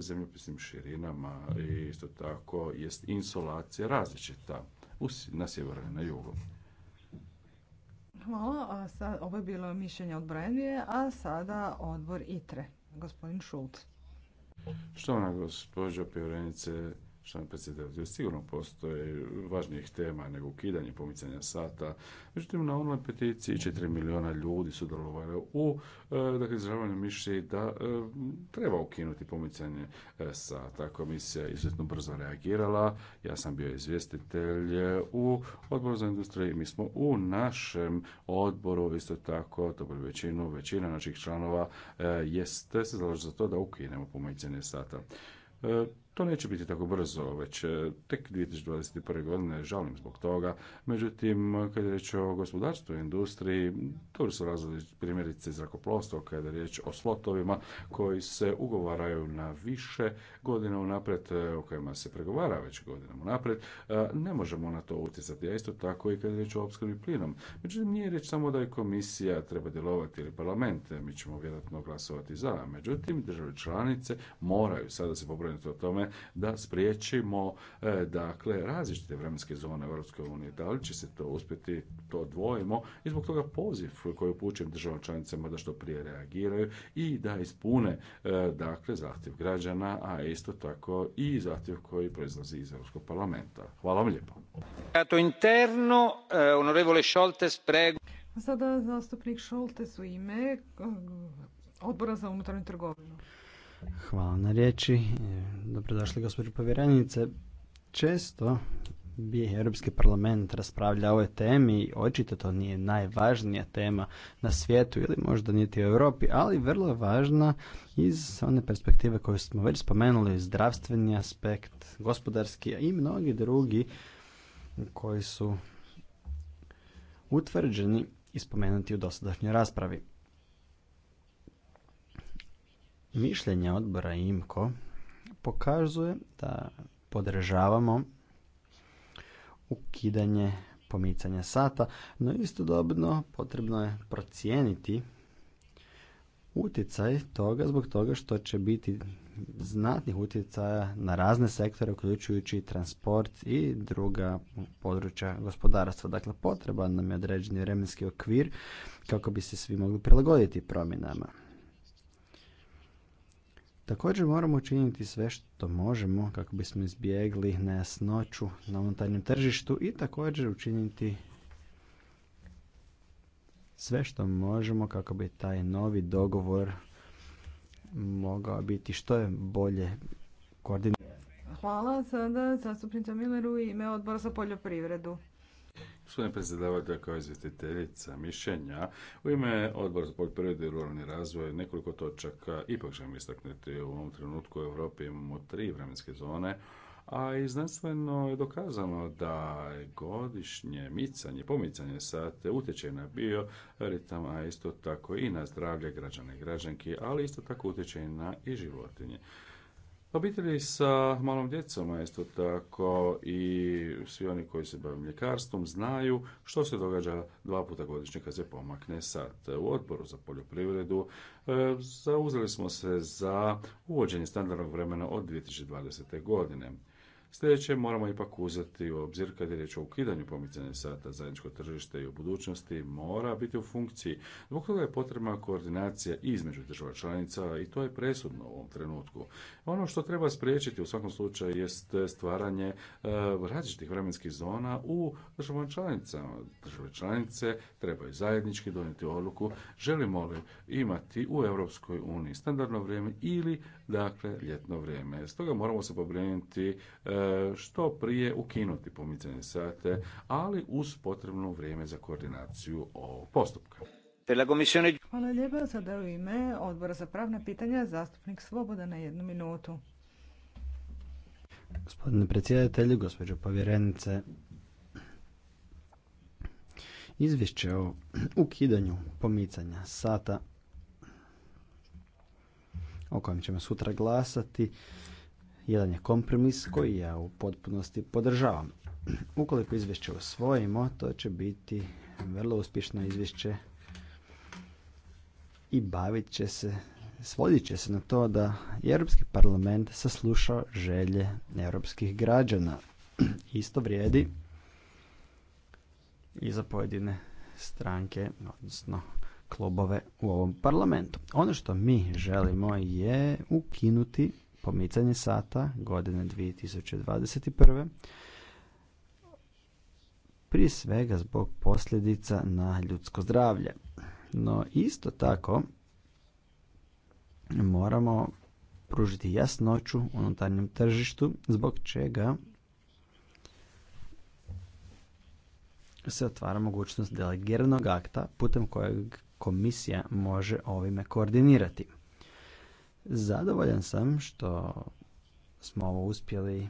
zemljopisnim širinama i isto tako jest insolacija različita na sjeveru i na jugu. Hvala, a sad, ovo je bilo mišljenje od a sada odbor ITRE, gospodin Šult. Štovana gospođo povjerenice, član Sigurno postoje važnijih tema nego ukidanje pomicanja sata. Međutim, na online peticiji četiri milijuna ljudi su sudjelovalo u e, dakle, izražavanju mišlji da e, treba ukinuti pomicanje e, sata. Komisija je izuzetno brzo reagirala. Ja sam bio izvjestitelj u odboru za industriju. Mi smo u našem odboru isto tako dobili većinu, većina naših članova jeste se zalaže za to da ukinemo pomicanje sata. To neće biti tako brzo, već e, tek 2021. godine, žalim zbog toga. Međutim, kad je riječ o gospodarstvu i industriji, tu su razlozi primjerice zrakoplovstvo, kada je riječ o slotovima koji se ugovaraju na više godina unaprijed, e, o kojima se pregovara već godinama unaprijed, e, ne možemo na to utjecati, a isto tako i kad je riječ o opskrbi plinom. Međutim, nije riječ samo da je komisija treba djelovati ili parlament, mi ćemo vjerojatno glasovati za. Međutim, države članice moraju sada se pobrinuti o tome da spriječimo e, dakle različite vremenske zone u Europskoj Da li će se to uspjeti, to dvojimo i zbog toga poziv koji upućujem državama članicama da što prije reagiraju i da ispune e, dakle zahtjev građana, a isto tako i zahtjev koji proizlazi iz Europskog parlamenta. Hvala vam lijepo. Interno, e, onorevole Šoltes, Sada zastupnik Šoltes u ime Odbora za unutarnju trgovinu. Hvala na riječi. E, dobrodošli gospođo povjerenice. Često bi Europski parlament raspravlja o ovoj temi i očito to nije najvažnija tema na svijetu ili možda niti u Europi, ali vrlo je važna iz one perspektive koju smo već spomenuli, zdravstveni aspekt, gospodarski i mnogi drugi koji su utvrđeni i spomenuti u dosadašnjoj raspravi. Mišljenje odbora IMKO pokazuje da podržavamo ukidanje pomicanja sata, no istodobno potrebno je procijeniti utjecaj toga zbog toga što će biti znatnih utjecaja na razne sektore uključujući transport i druga područja gospodarstva. Dakle, potreban nam je određeni vremenski okvir kako bi se svi mogli prilagoditi promjenama. Također moramo učiniti sve što možemo kako bismo izbjegli nejasnoću na unutarnjem tržištu i također učiniti sve što možemo kako bi taj novi dogovor mogao biti što je bolje koordiniran. Hvala sada zastupnica Milleru i ime odbora za poljoprivredu. Gospodine predsjedavatelj, kao izvjetiteljica mišljenja, u ime Odbora za poljoprivredu i ruralni razvoj nekoliko točaka ipak želim istaknuti u ovom trenutku u Europi imamo tri vremenske zone, a i znanstveno je dokazano da je godišnje micanje, pomicanje sate utječe na bio ritam, a isto tako i na zdravlje građana i građanki, ali isto tako utječe i na i životinje. Obitelji sa malom djecom, a isto tako i svi oni koji se bave mljekarstvom, znaju što se događa dva puta godišnje kad se pomakne sat. U odboru za poljoprivredu e, zauzeli smo se za uvođenje standardnog vremena od 2020. godine. Sljedeće moramo ipak uzeti u obzir kad je riječ o ukidanju pomicanja sata zajedničko tržište i u budućnosti mora biti u funkciji. Zbog toga je potrebna koordinacija između država članica i to je presudno u ovom trenutku. Ono što treba spriječiti u svakom slučaju jest stvaranje e, različitih vremenskih zona u državama članicama. Države članice trebaju zajednički donijeti odluku želimo li imati u Europskoj uniji standardno vrijeme ili dakle ljetno vrijeme. Stoga moramo se pobrinuti e, što prije ukinuti pomicanje sate, ali uz potrebno vrijeme za koordinaciju ovog postupka. Hvala lijepa. Sada u ime odbora za pravna pitanja zastupnik Svoboda na jednu minutu. Gospodine predsjedatelju, gospođo povjerenice, izvješće o ukidanju pomicanja sata o kojem ćemo sutra glasati jedan je kompromis koji ja u potpunosti podržavam. Ukoliko izvješće usvojimo, to će biti vrlo uspješno izvješće i bavit će se, svodit će se na to da Europski parlament sasluša želje europskih građana. Isto vrijedi i za pojedine stranke, odnosno klubove u ovom parlamentu. Ono što mi želimo je ukinuti pomicanje sata godine 2021. Prije svega zbog posljedica na ljudsko zdravlje. No isto tako moramo pružiti jasnoću u unutarnjem tržištu zbog čega se otvara mogućnost delegiranog akta putem kojeg komisija može ovime koordinirati. Zadovoljan sam što smo ovo uspjeli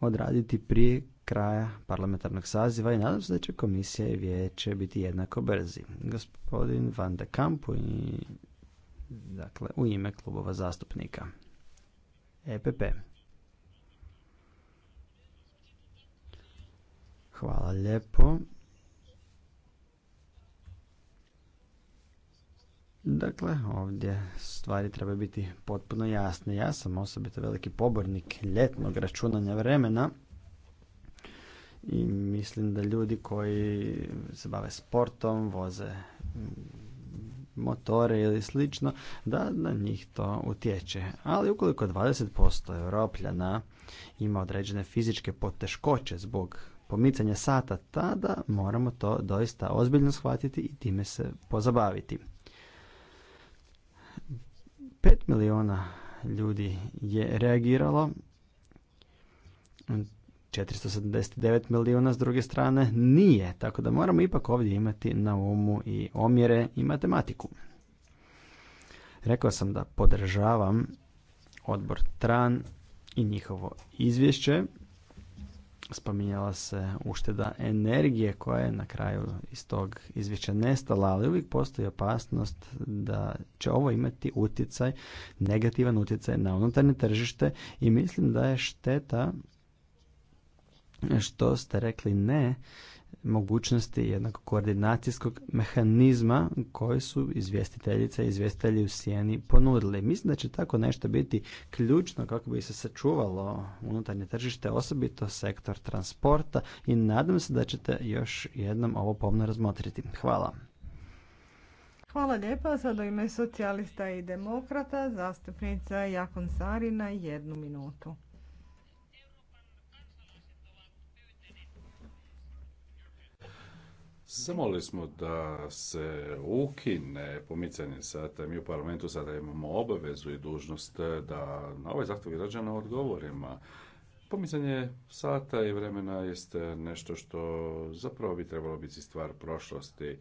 odraditi prije kraja parlamentarnog saziva i nadam se da će komisija i vijeće biti jednako brzi. Gospodin Van de Kampu i dakle, u ime klubova zastupnika. EPP. Hvala lijepo. Dakle, ovdje stvari treba biti potpuno jasne. Ja sam osobito veliki pobornik ljetnog računanja vremena i mislim da ljudi koji se bave sportom, voze motore ili slično, da na njih to utječe. Ali ukoliko 20% europljana ima određene fizičke poteškoće zbog pomicanja sata, tada moramo to doista ozbiljno shvatiti i time se pozabaviti. 5 milijuna ljudi je reagiralo, 479 milijuna s druge strane nije, tako da moramo ipak ovdje imati na umu i omjere i matematiku. Rekao sam da podržavam odbor TRAN i njihovo izvješće spominjala se ušteda energije koja je na kraju iz tog izvješća nestala, ali uvijek postoji opasnost da će ovo imati utjecaj, negativan utjecaj na unutarnje tržište i mislim da je šteta što ste rekli ne mogućnosti jednog koordinacijskog mehanizma koji su izvjestiteljica i izvjestitelji u sjeni ponudili. Mislim da će tako nešto biti ključno kako bi se sačuvalo unutarnje tržište, osobito sektor transporta i nadam se da ćete još jednom ovo pomno razmotriti. Hvala. Hvala lijepa. Sada ime socijalista i demokrata, zastupnica Jakon Sarina, jednu minutu. Zamolili smo da se ukine pomicanje sata. Mi u parlamentu sada imamo obavezu i dužnost da na ovaj zahtjev građana odgovorimo. Pomicanje sata i vremena jest e, nešto što zapravo bi trebalo biti stvar prošlosti. E,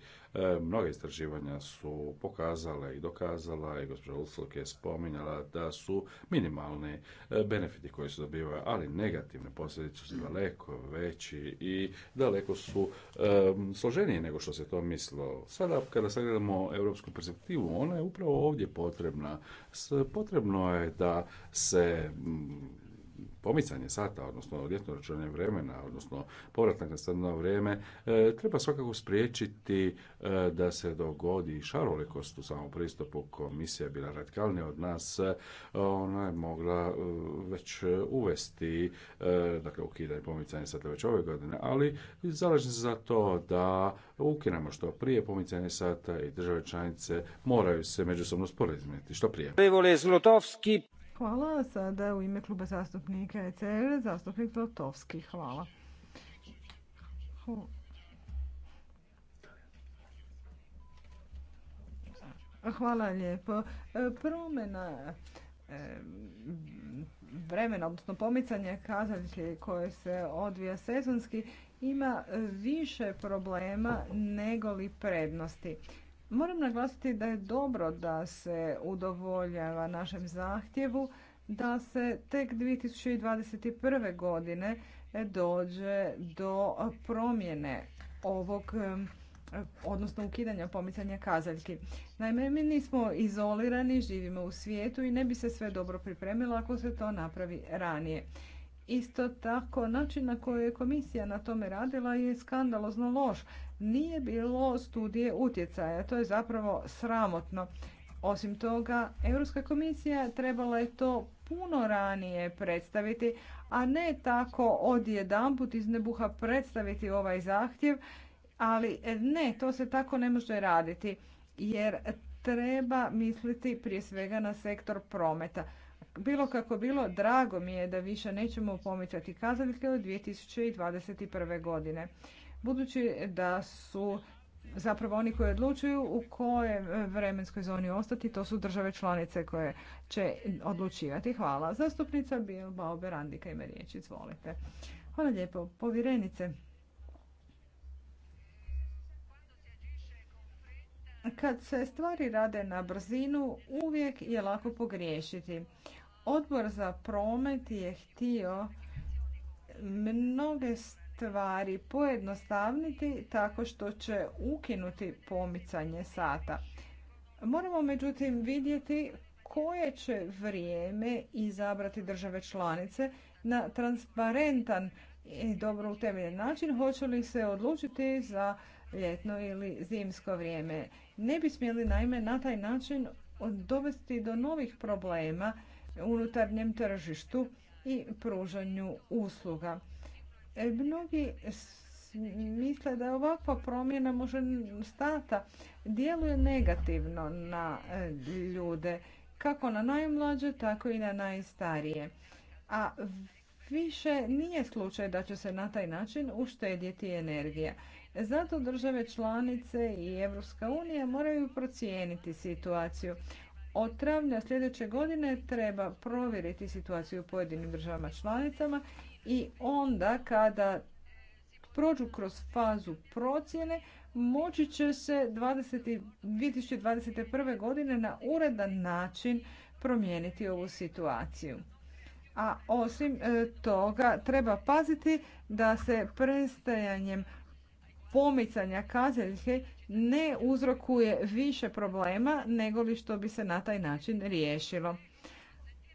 mnoga istraživanja su pokazala i dokazala i gospođa Uslok je spominjala da su minimalni e, benefiti koji se dobivaju, ali negativne posljedice su daleko veći i daleko su e, složenije nego što se to mislilo. Sada kada sagledamo europsku perspektivu, ona je upravo ovdje potrebna. S, potrebno je da se pomicanje sata, odnosno ljetno računanje vremena, odnosno povratak na stano vrijeme, e, treba svakako spriječiti e, da se dogodi šarolikost u samom pristupu. Komisija je bila radikalnija od nas, e, ona je mogla već uvesti, dakle ukidanje pomicanje sata već ove godine, ali zalažem se za to da ukinemo što prije pomicanje sata i države članice moraju se međusobno sporazumjeti što prije. Zlotovski Hvala. Sada u ime kluba zastupnika ECR, zastupnik Platovski. Hvala. Hvala lijepo. Promjena vremena, odnosno pomicanje kazaljke koje se odvija sezonski, ima više problema nego li prednosti. Moram naglasiti da je dobro da se udovoljava našem zahtjevu da se tek 2021. godine dođe do promjene ovog odnosno ukidanja pomicanja kazaljki. Naime, mi nismo izolirani, živimo u svijetu i ne bi se sve dobro pripremilo ako se to napravi ranije. Isto tako, način na koji je komisija na tome radila je skandalozno loš nije bilo studije utjecaja. To je zapravo sramotno. Osim toga, Europska komisija trebala je to puno ranije predstaviti, a ne tako odjedanput iz nebuha predstaviti ovaj zahtjev, ali ne, to se tako ne može raditi jer treba misliti prije svega na sektor prometa. Bilo kako bilo, drago mi je da više nećemo pomicati kazalište od 2021. godine budući da su zapravo oni koji odlučuju u kojoj vremenskoj zoni ostati, to su države članice koje će odlučivati. Hvala. Zastupnica Bilbao Berandika ima riječ, izvolite. Hvala lijepo. Povjerenice, kad se stvari rade na brzinu, uvijek je lako pogriješiti. Odbor za promet je htio mnoge stvari stvari pojednostavniti tako što će ukinuti pomicanje sata. Moramo međutim vidjeti koje će vrijeme izabrati države članice na transparentan i dobro utemeljen način hoće li se odlučiti za ljetno ili zimsko vrijeme. Ne bi smjeli naime na taj način dovesti do novih problema unutarnjem tržištu i pružanju usluga. E, mnogi misle da ovakva promjena može stata djeluje negativno na e, ljude, kako na najmlađe, tako i na najstarije. A više nije slučaj da će se na taj način uštedjeti energija. Zato države članice i Europska unija moraju procijeniti situaciju. Od travnja sljedeće godine treba provjeriti situaciju u pojedinim državama članicama i onda kada prođu kroz fazu procjene moći će se 2021. godine na uredan način promijeniti ovu situaciju. A osim e, toga treba paziti da se prestajanjem pomicanja kazaljke ne uzrokuje više problema nego li što bi se na taj način riješilo.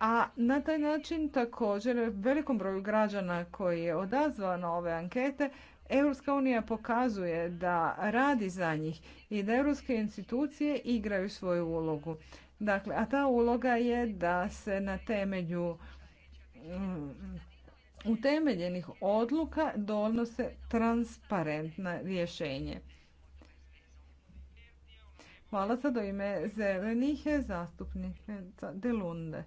A na taj način također velikom broju građana koji je odazvao na ove ankete, Europska unija pokazuje da radi za njih i da europske institucije igraju svoju ulogu. Dakle, a ta uloga je da se na temelju mm, utemeljenih odluka donose transparentna rješenje. Hvala sad u ime zelenih zastupnika Delunde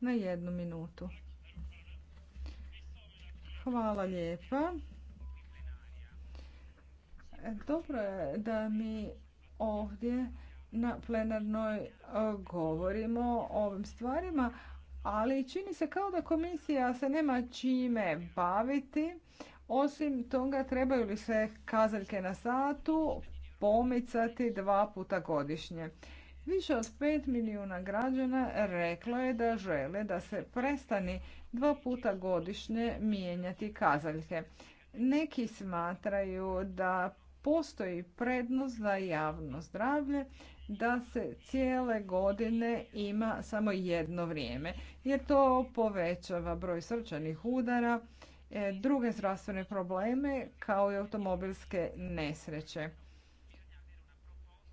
na jednu minutu. Hvala lijepa. Dobro je da mi ovdje na plenarnoj e, govorimo o ovim stvarima, ali čini se kao da komisija se nema čime baviti. Osim toga, trebaju li se kazaljke na satu pomicati dva puta godišnje. Više od 5 milijuna građana reklo je da žele da se prestani dva puta godišnje mijenjati kazaljke. Neki smatraju da postoji prednost za javno zdravlje da se cijele godine ima samo jedno vrijeme, jer to povećava broj srčanih udara, e, druge zdravstvene probleme kao i automobilske nesreće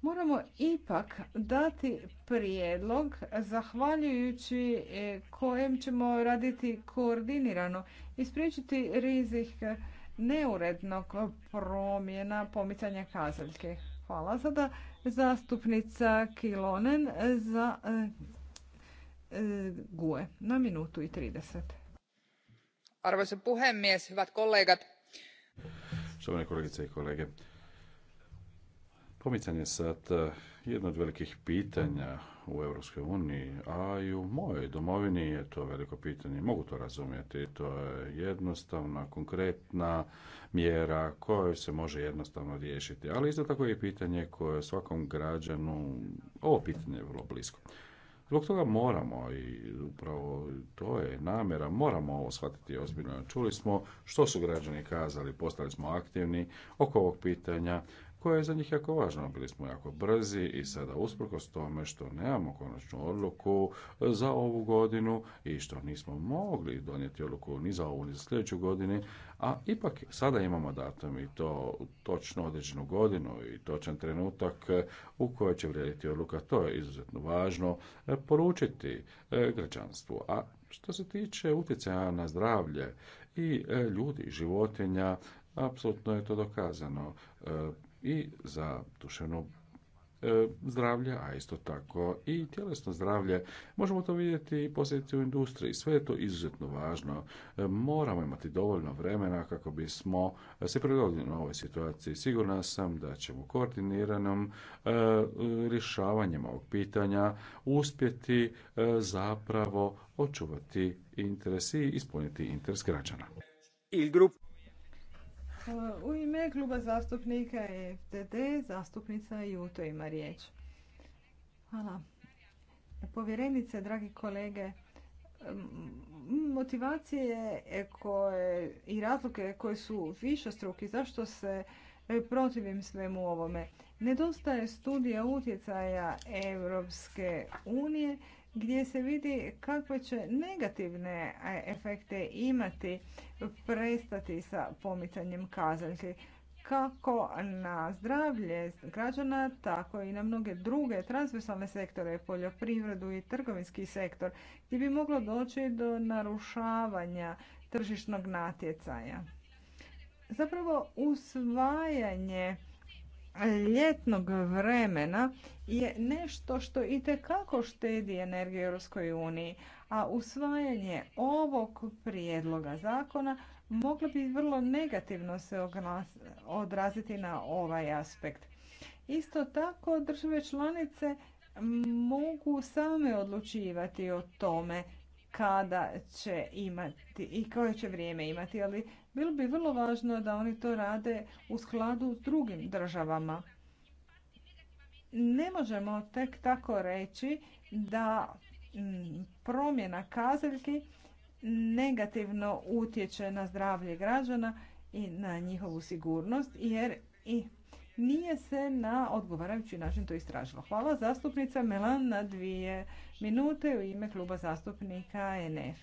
moramo ipak dati prijedlog zahvaljujući e, kojem ćemo raditi koordinirano i spriječiti rizik neurednog promjena pomicanja kazaljke. Hvala. Sada zastupnica Kilonen za e, e, GUE na minutu i 30. Arvoisa puhemies, hyvät kollegat. Štovane kolegice i kolege, Pomicanje sad e, jedno od velikih pitanja u Europskoj uniji, a i u mojoj domovini je to veliko pitanje. Mogu to razumjeti. To je jednostavna, konkretna mjera koja se može jednostavno riješiti. Ali isto tako je pitanje koje svakom građanu, ovo pitanje je vrlo blisko. Zbog toga moramo i upravo to je namjera, moramo ovo shvatiti ozbiljno. Čuli smo što su građani kazali, postali smo aktivni oko ovog pitanja, koje je za njih jako važno. Bili smo jako brzi i sada usprkos tome što nemamo konačnu odluku za ovu godinu i što nismo mogli donijeti odluku ni za ovu ni za sljedeću godinu, a ipak sada imamo datum i to točno određenu godinu i točan trenutak u kojoj će vrijediti odluka. To je izuzetno važno poručiti e, građanstvu. A što se tiče utjecaja na zdravlje i e, ljudi, životinja, apsolutno je to dokazano e, i za duševno e, zdravlje, a isto tako i tjelesno zdravlje. Možemo to vidjeti i posjetiti u industriji. Sve je to izuzetno važno. E, moramo imati dovoljno vremena kako bismo se prilagodili na ovoj situaciji. Sigurna sam da ćemo koordiniranom e, rješavanjem ovog pitanja uspjeti zapravo očuvati interes i ispuniti interes građana. Il u ime kluba zastupnika FTD, zastupnica Juto ima riječ. Hvala. Povjerenice, dragi kolege, motivacije i razloge koje su više struki, zašto se protivim svemu ovome? Nedostaje studija utjecaja Europske unije gdje se vidi kakve će negativne e, efekte imati prestati sa pomicanjem kazaljke kako na zdravlje građana, tako i na mnoge druge transversalne sektore, poljoprivredu i trgovinski sektor, gdje bi moglo doći do narušavanja tržišnog natjecaja. Zapravo usvajanje ljetnog vremena je nešto što i tekako štedi energiju Europskoj uniji, a usvajanje ovog prijedloga zakona moglo bi vrlo negativno se odraziti na ovaj aspekt. Isto tako države članice mogu same odlučivati o tome kada će imati i koje će vrijeme imati, ali bilo bi vrlo važno da oni to rade u skladu s drugim državama. Ne možemo tek tako reći da mm, promjena kazaljki negativno utječe na zdravlje građana i na njihovu sigurnost jer i nije se na odgovarajući način to istražilo. Hvala zastupnica Melana dvije minute u ime kluba zastupnika NF.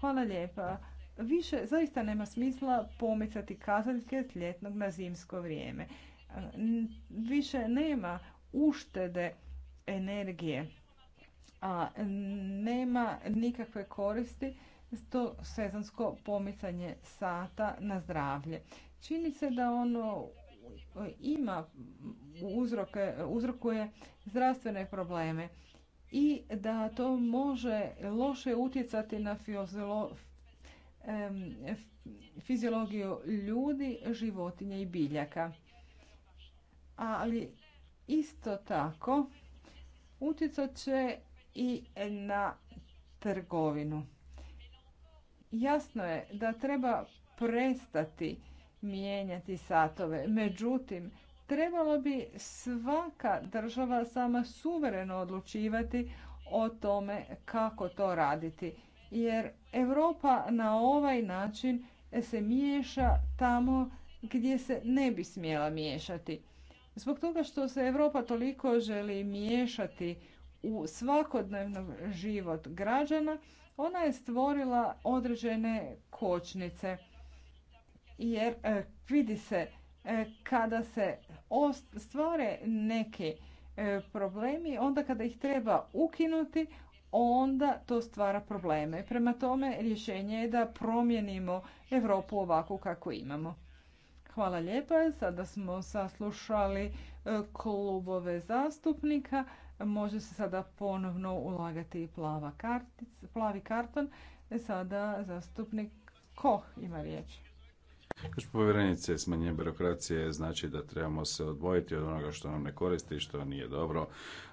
Hvala lijepa. Više zaista nema smisla pomicati kazaljke s ljetnog na zimsko vrijeme. Više nema uštede energije, a nema nikakve koristi to sezonsko pomicanje sata na zdravlje. Čini se da ono ima uzrokuje zdravstvene probleme i da to može loše utjecati na fiziologiju ljudi, životinja i biljaka. Ali isto tako utjecat će i na trgovinu. Jasno je da treba prestati mijenjati satove. Međutim, Trebalo bi svaka država sama suvereno odlučivati o tome kako to raditi. Jer Europa na ovaj način se miješa tamo gdje se ne bi smjela miješati. Zbog toga što se Europa toliko želi miješati u svakodnevno život građana, ona je stvorila određene kočnice. Jer eh, vidi se E, kada se stvore neki e, problemi, onda kada ih treba ukinuti, onda to stvara probleme. Prema tome, rješenje je da promijenimo Europu ovakvu kako imamo. Hvala lijepa. Sada smo saslušali e, klubove zastupnika. Može se sada ponovno ulagati plava plavi karton. Sada zastupnik Koh ima riječ. Još povjerenice, smanjenje birokracije znači da trebamo se odvojiti od onoga što nam ne koristi, što nije dobro.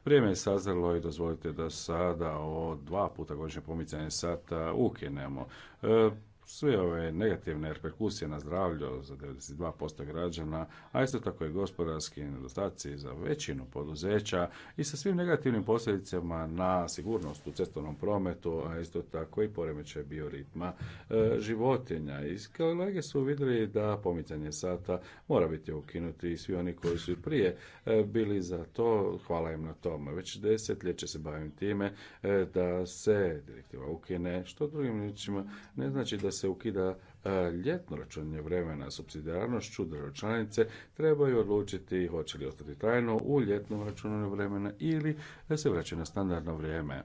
Vrijeme je sazrelo i dozvolite da sada o dva puta godišnje pomicanje sata ukinemo. E, sve ove negativne reperkusije na zdravlje za 92% građana, a isto tako i gospodarski nedostaci za većinu poduzeća i sa svim negativnim posljedicama na sigurnost u cestovnom prometu, a isto tako i poremećaj bioritma e, životinja. I kolege su vidjeli da pomicanje sata mora biti ukinuti i svi oni koji su i prije e, bili za to, hvala im na tome. Već desetljeće se bavim time e, da se direktiva ukine, što drugim ličima ne znači da se se ukida e, ljetno računanje vremena subsidijarnošću države članice trebaju odlučiti hoće li ostati trajno u ljetnom računanju vremena ili se vraćaju na standardno vrijeme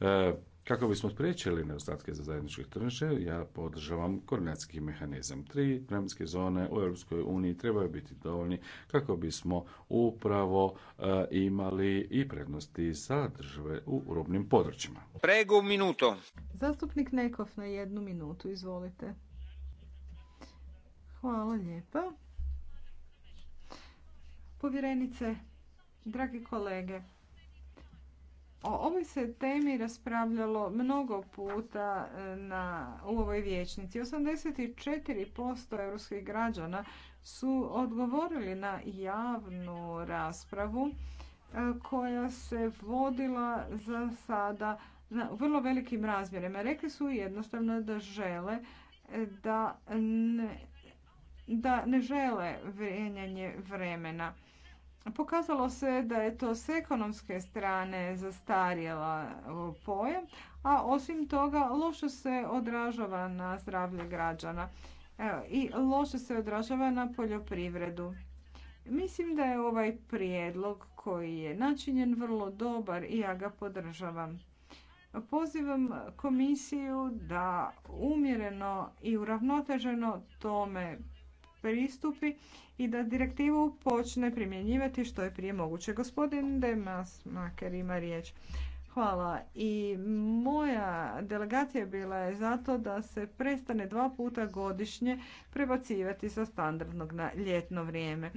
e, kako bismo spriječili nedostatke za zajedničke tržište, ja podržavam koordinacijski mehanizam. Tri vremenske zone u Europskoj uniji trebaju biti dovoljni kako bismo upravo e, imali i prednosti za države u rubnim područjima. minuto. Zastupnik Nekov na jednu minutu, izvolite. Hvala lijepa. Povjerenice, dragi kolege, o ovoj se temi raspravljalo mnogo puta e, na, u ovoj vječnici. 84% europskih građana su odgovorili na javnu raspravu e, koja se vodila za sada na vrlo velikim razmjerima. Rekli su jednostavno da žele e, da ne, da ne žele vrenjanje vremena. Pokazalo se da je to s ekonomske strane zastarjela e, pojam, a osim toga loše se odražava na zdravlje građana e, i loše se odražava na poljoprivredu. Mislim da je ovaj prijedlog koji je načinjen vrlo dobar i ja ga podržavam. Pozivam komisiju da umjereno i uravnoteženo tome pristupi i da direktivu počne primjenjivati što je prije moguće. Gospodin Demas Maker ima riječ. Hvala. I moja delegacija bila je zato da se prestane dva puta godišnje prebacivati sa standardnog na ljetno vrijeme.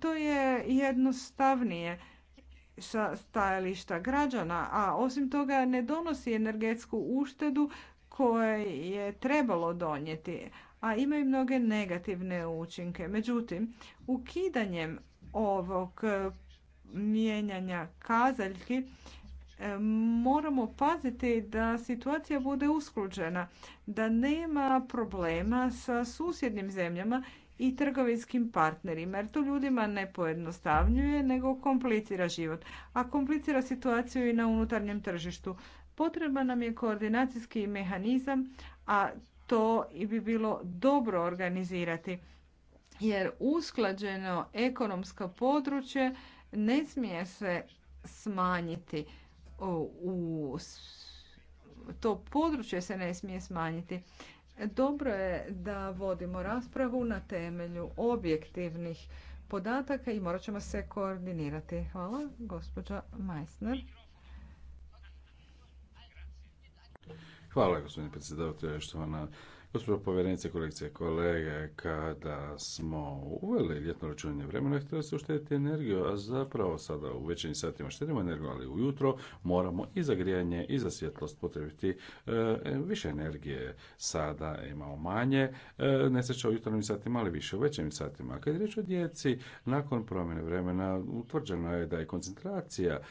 To je jednostavnije sa stajališta građana, a osim toga ne donosi energetsku uštedu koje je trebalo donijeti, a imaju mnoge negativne učinke. Međutim, ukidanjem ovog e, mijenjanja kazaljki e, moramo paziti da situacija bude uskluđena, da nema problema sa susjednim zemljama i trgovinskim partnerima, jer to ljudima ne pojednostavljuje, nego komplicira život, a komplicira situaciju i na unutarnjem tržištu. Potreban nam je koordinacijski mehanizam, a to i bi bilo dobro organizirati jer usklađeno ekonomsko područje ne smije se smanjiti u to područje se ne smije smanjiti. Dobro je da vodimo raspravu na temelju objektivnih podataka i morat ćemo se koordinirati. Hvala, gospođa Majsner. Hvala, gospodine predsjedavatelju, štovana Gospođo povjerenice, kolegice kolege, kada smo uveli ljetno računanje vremena, htjeli se uštediti energiju, a zapravo sada u večernjim satima štedimo energiju, ali ujutro moramo i za grijanje i za svjetlost potrebiti e, više energije. Sada imamo manje e, nesreća u jutarnjim satima, ali više u večernjim satima. kad je riječ o djeci, nakon promjene vremena utvrđeno je da je koncentracija e,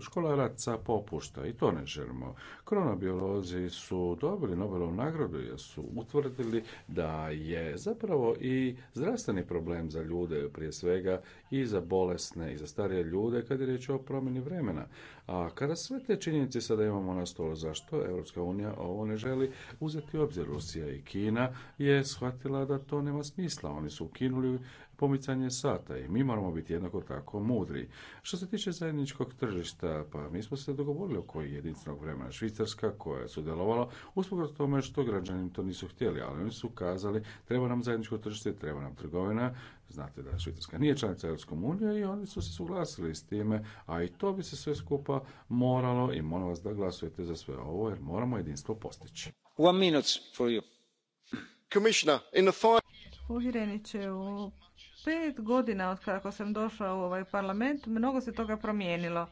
škola školaraca popušta i to ne želimo. Kronobiolozi su dobili Nobelovu nagradu jer su utvrdili da je zapravo i zdravstveni problem za ljude prije svega i za bolesne i za starije ljude kad je riječ o promjeni vremena. A kada sve te činjenice sada imamo na stolu, zašto Europska unija ovo ne želi uzeti u obzir? Rusija i Kina je shvatila da to nema smisla. Oni su ukinuli pomicanje sata i mi moramo biti jednako tako mudri. Što se tiče zajedničkog tržišta, pa mi smo se dogovorili oko jedinstvenog vremena. Švicarska koja je sudjelovala usprkos tome što građani to nisu htjeli, ali oni su kazali treba nam zajedničko tržište, treba nam trgovina. Znate da Švicarska nije članica europskom unije i oni su se suglasili s time, a i to bi se sve skupa moralo i molim vas da glasujete za sve ovo jer moramo jedinstvo postići. One minute for you. u pet godina od kako sam došla u ovaj parlament, mnogo se toga promijenilo.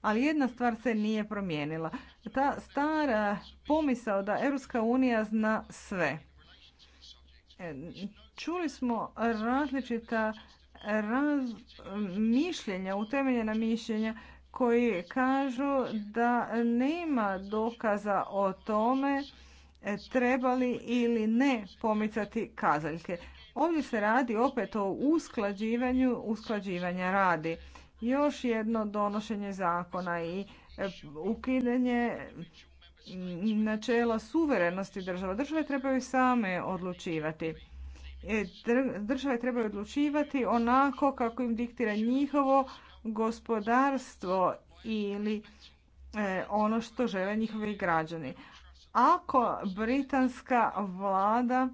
Ali jedna stvar se nije promijenila. Ta stara pomisao da Europska unija zna sve. E, čuli smo različita raz, mišljenja, utemeljena mišljenja koji kažu da nema dokaza o tome trebali ili ne pomicati kazaljke. Ovdje se radi opet o usklađivanju, usklađivanja radi. Još jedno donošenje zakona i e, ukidanje načela suverenosti država. Države trebaju same odlučivati. E, države trebaju odlučivati onako kako im diktira njihovo gospodarstvo ili e, ono što žele njihovi građani. Ako britanska vlada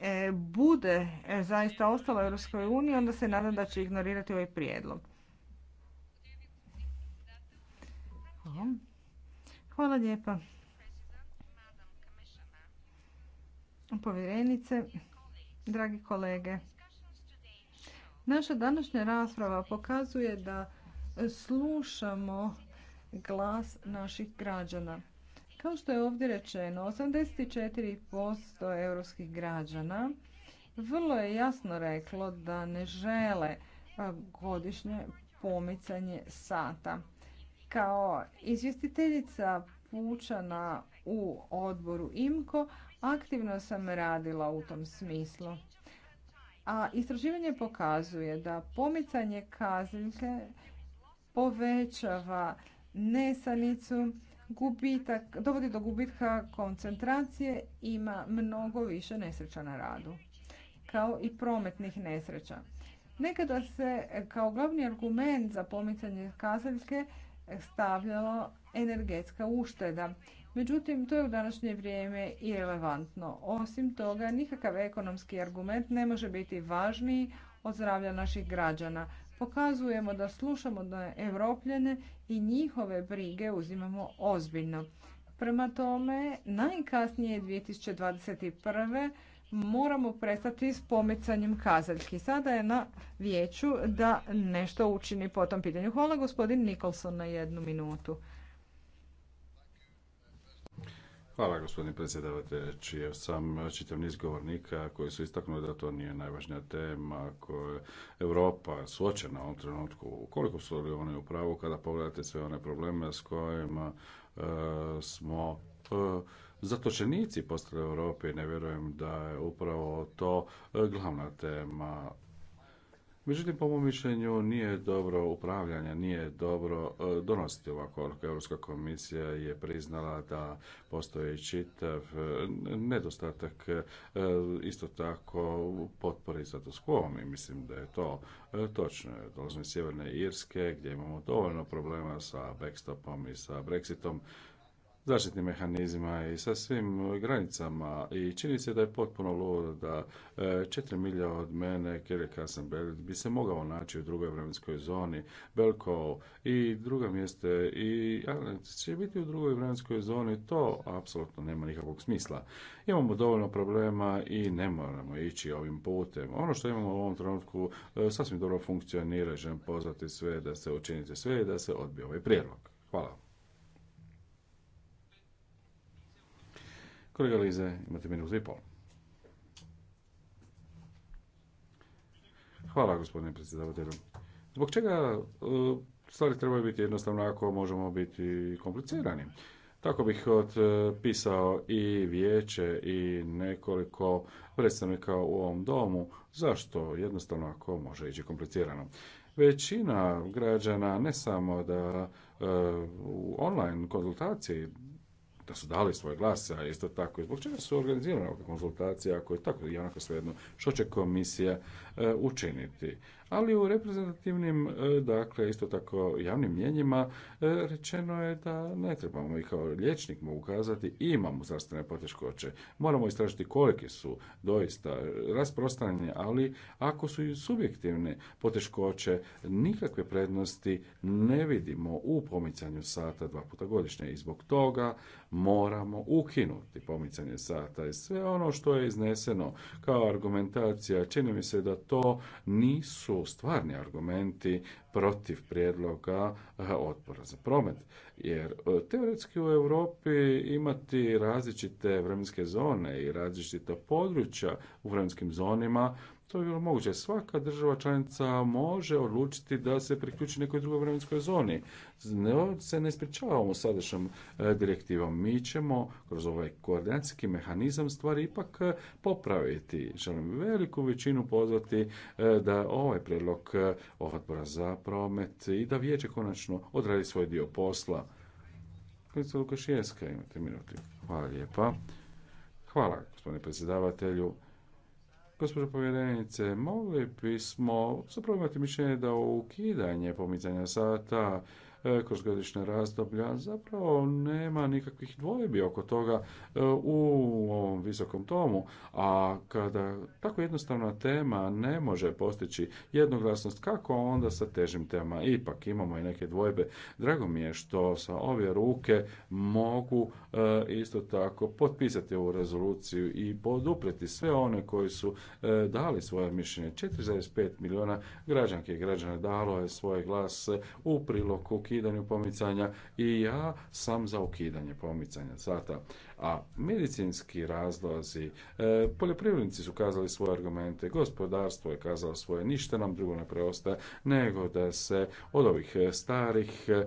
E, bude e, zaista ostala u Europskoj uniji, onda se nadam da će ignorirati ovaj prijedlog. Hvala, Hvala lijepa. Povjerenice, dragi kolege, naša današnja rasprava pokazuje da slušamo glas naših građana. Kao što je ovdje rečeno, 84% europskih građana vrlo je jasno reklo da ne žele godišnje pomicanje sata. Kao izvjestiteljica pučana u odboru IMKO aktivno sam radila u tom smislu. A istraživanje pokazuje da pomicanje kazinke povećava nesanicu, gubitak, dovodi do gubitka koncentracije, ima mnogo više nesreća na radu, kao i prometnih nesreća. Nekada se kao glavni argument za pomicanje kazaljke stavljalo energetska ušteda. Međutim, to je u današnje vrijeme irelevantno. Osim toga, nikakav ekonomski argument ne može biti važniji od zdravlja naših građana pokazujemo da slušamo da Evropljene i njihove brige uzimamo ozbiljno. Prema tome, najkasnije 2021. moramo prestati s pomicanjem kazaljki. Sada je na vijeću da nešto učini po tom pitanju. Hvala gospodin Nikolson na jednu minutu. Hvala gospodine predsjedavatelj. Ja sam e, čitav niz govornika koji su istaknuli da to nije najvažnija tema koja je Europa suočena u ovom trenutku. koliko su oni u pravu kada pogledate sve one probleme s kojima e, smo e, zatočenici postale Europe, ne vjerujem da je upravo to glavna tema Međutim, po mom mišljenju nije dobro upravljanje, nije dobro e, donositi ovako Europska komisija je priznala da postoji čitav e, nedostatak e, isto tako potpori za skvom i mislim da je to točno. Dolazim iz Sjeverne Irske gdje imamo dovoljno problema sa backstopom i sa brexitom zaštitnih mehanizma i sa svim granicama i čini se da je potpuno ludo da e, četiri milja od mene Kere bi se mogao naći u drugoj vremenskoj zoni Belko i druga mjeste. i će biti u drugoj vremenskoj zoni to apsolutno nema nikakvog smisla imamo dovoljno problema i ne moramo ići ovim putem ono što imamo u ovom trenutku e, sasvim dobro funkcionira želim pozvati sve da se učinite sve i da se odbije ovaj prijedlog hvala Kolega imate minutu i pol. Hvala, gospodine predsjedavatelju. Zbog čega e, stvari trebaju biti jednostavno ako možemo biti komplicirani? Tako bih pisao i vijeće i nekoliko predstavnika u ovom domu. Zašto? Jednostavno ako može ići komplicirano. Većina građana ne samo da e, u online konzultaciji da su dali svoj glas, a isto tako i zbog čega su organizirane ovakve konzultacije, ako je tako onako svejedno što će komisija e, učiniti ali u reprezentativnim, e, dakle, isto tako javnim mjenjima e, rečeno je da ne trebamo i kao liječnik mogu ukazati imamo zdravstvene poteškoće. Moramo istražiti kolike su doista rasprostranjene, ali ako su i subjektivne poteškoće, nikakve prednosti ne vidimo u pomicanju sata dva puta godišnje i zbog toga moramo ukinuti pomicanje sata i sve ono što je izneseno kao argumentacija, čini mi se da to nisu stvarni argumenti protiv prijedloga eh, otpora za promet. Jer eh, teoretski u Europi imati različite vremenske zone i različita područja u vremenskim zonima to je bilo moguće. Svaka država članica može odlučiti da se priključi nekoj drugoj vremenskoj zoni. Ne, se ne ispričavamo sadašnjom e, direktivom. Mi ćemo kroz ovaj koordinacijski mehanizam stvari ipak e, popraviti. Želim veliku većinu pozvati e, da ovaj predlog odbora za promet i da vijeće konačno odradi svoj dio posla. Hvala Lukašijeska, imate minuti. Hvala lijepa. Hvala, gospodine predsjedavatelju. Gospođo povjerenice, mogli bismo zapravo imati mišljenje da ukidanje pomicanja sata kroz godišnja razdoblja, zapravo nema nikakvih dvojbi oko toga e, u ovom visokom tomu, a kada tako jednostavna tema ne može postići jednoglasnost, kako onda sa težim temama? Ipak imamo i neke dvojbe. Drago mi je što sa ove ruke mogu e, isto tako potpisati ovu rezoluciju i podupreti sve one koji su e, dali svoje mišljenje. 4,5 milijuna građanke i građana dalo je svoje glas u priloku ukidanju pomicanja i ja sam za ukidanje pomicanja sata. A medicinski razlozi, e, poljoprivrednici su kazali svoje argumente, gospodarstvo je kazalo svoje, ništa nam drugo ne preostaje nego da se od ovih e, starih, e,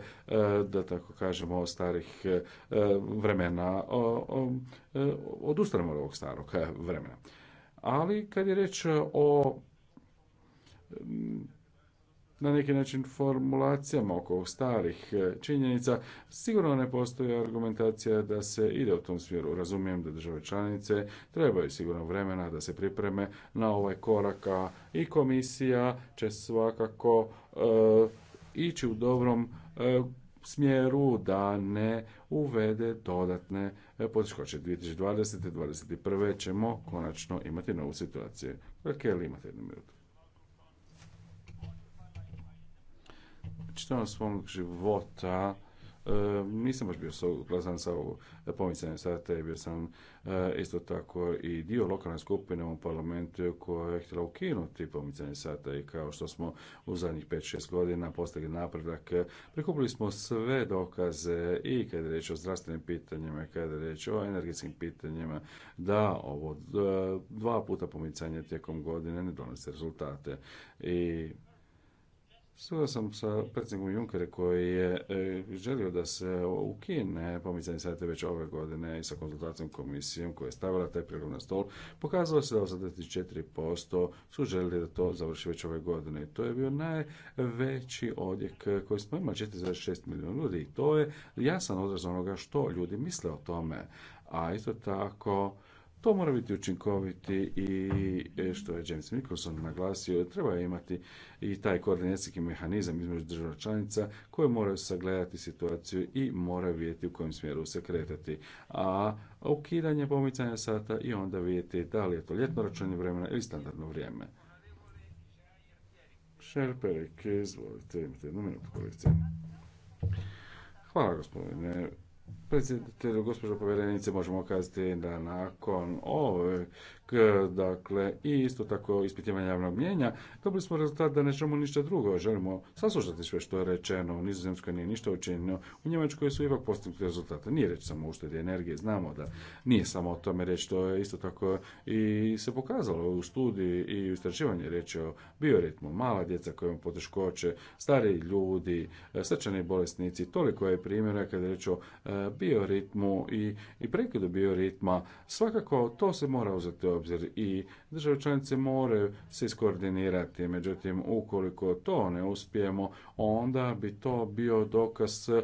da tako kažemo, starih vremena odustanemo od ovog starog vremena. Ali kad je reč o na neki način formulacijama oko starih e, činjenica. Sigurno ne postoji argumentacija da se ide u tom smjeru. Razumijem da države članice trebaju sigurno vremena da se pripreme na ovaj korak i komisija će svakako e, ići u dobrom e, smjeru da ne uvede dodatne poteškoće. 2020. i 2021. ćemo konačno imati novu situaciju. Dakle, imate jednu minutu. čitavom svog života e, nisam baš bio suglasan sa pomicanjem sata i bio sam e, isto tako i dio lokalne skupine u parlamentu koja je htjela ukinuti pomicanje sata i kao što smo u zadnjih 5-6 godina postigli napredak, e, prikupili smo sve dokaze i kada je reč o zdravstvenim pitanjima, kada je reč o energetskim pitanjima, da ovo dva puta pomicanje tijekom godine ne donose rezultate. I Stoga sam sa predsjednikom Junkere koji je e, želio da se ukine pomicanje sajte već ove godine i sa konzultacijom komisijom koja je stavila taj prijedlog na stol, pokazalo se da 84% su željeli da to završi već ove godine. To je bio najveći odjek koji smo imali 4,6 milijuna ljudi i to je jasan odraz onoga što ljudi misle o tome. A isto tako to mora biti učinkoviti i e, što je James Mikkelson naglasio, treba imati i taj koordinacijski mehanizam između država članica koje moraju sagledati situaciju i moraju vidjeti u kojem smjeru se kretati. A ukidanje pomicanja sata i onda vidjeti da li je to ljetno računje vremena ili standardno vrijeme. Hvala gospodine Predsjedatelju, gospođo povjerenice, možemo kazati da nakon ove E, dakle, i isto tako ispitivanje javnog mjenja, dobili smo rezultat da nećemo ništa drugo, želimo saslušati sve što je rečeno, u Nizozemskoj nije ništa učinjeno, u Njemačkoj su ipak postignuti rezultate. Nije reč samo uštedi energije, znamo da nije samo o tome reč, to je isto tako i se pokazalo u studiji i u istraživanju reći o bioritmu, mala djeca koja imaju poteškoće, stari ljudi, srčani bolesnici, toliko je primjera kada je reč o e, bioritmu i, i prekidu bioritma, svakako to se mora uzeti obzir i države članice moraju se iskoordinirati. Međutim, ukoliko to ne uspijemo, onda bi to bio dokaz e,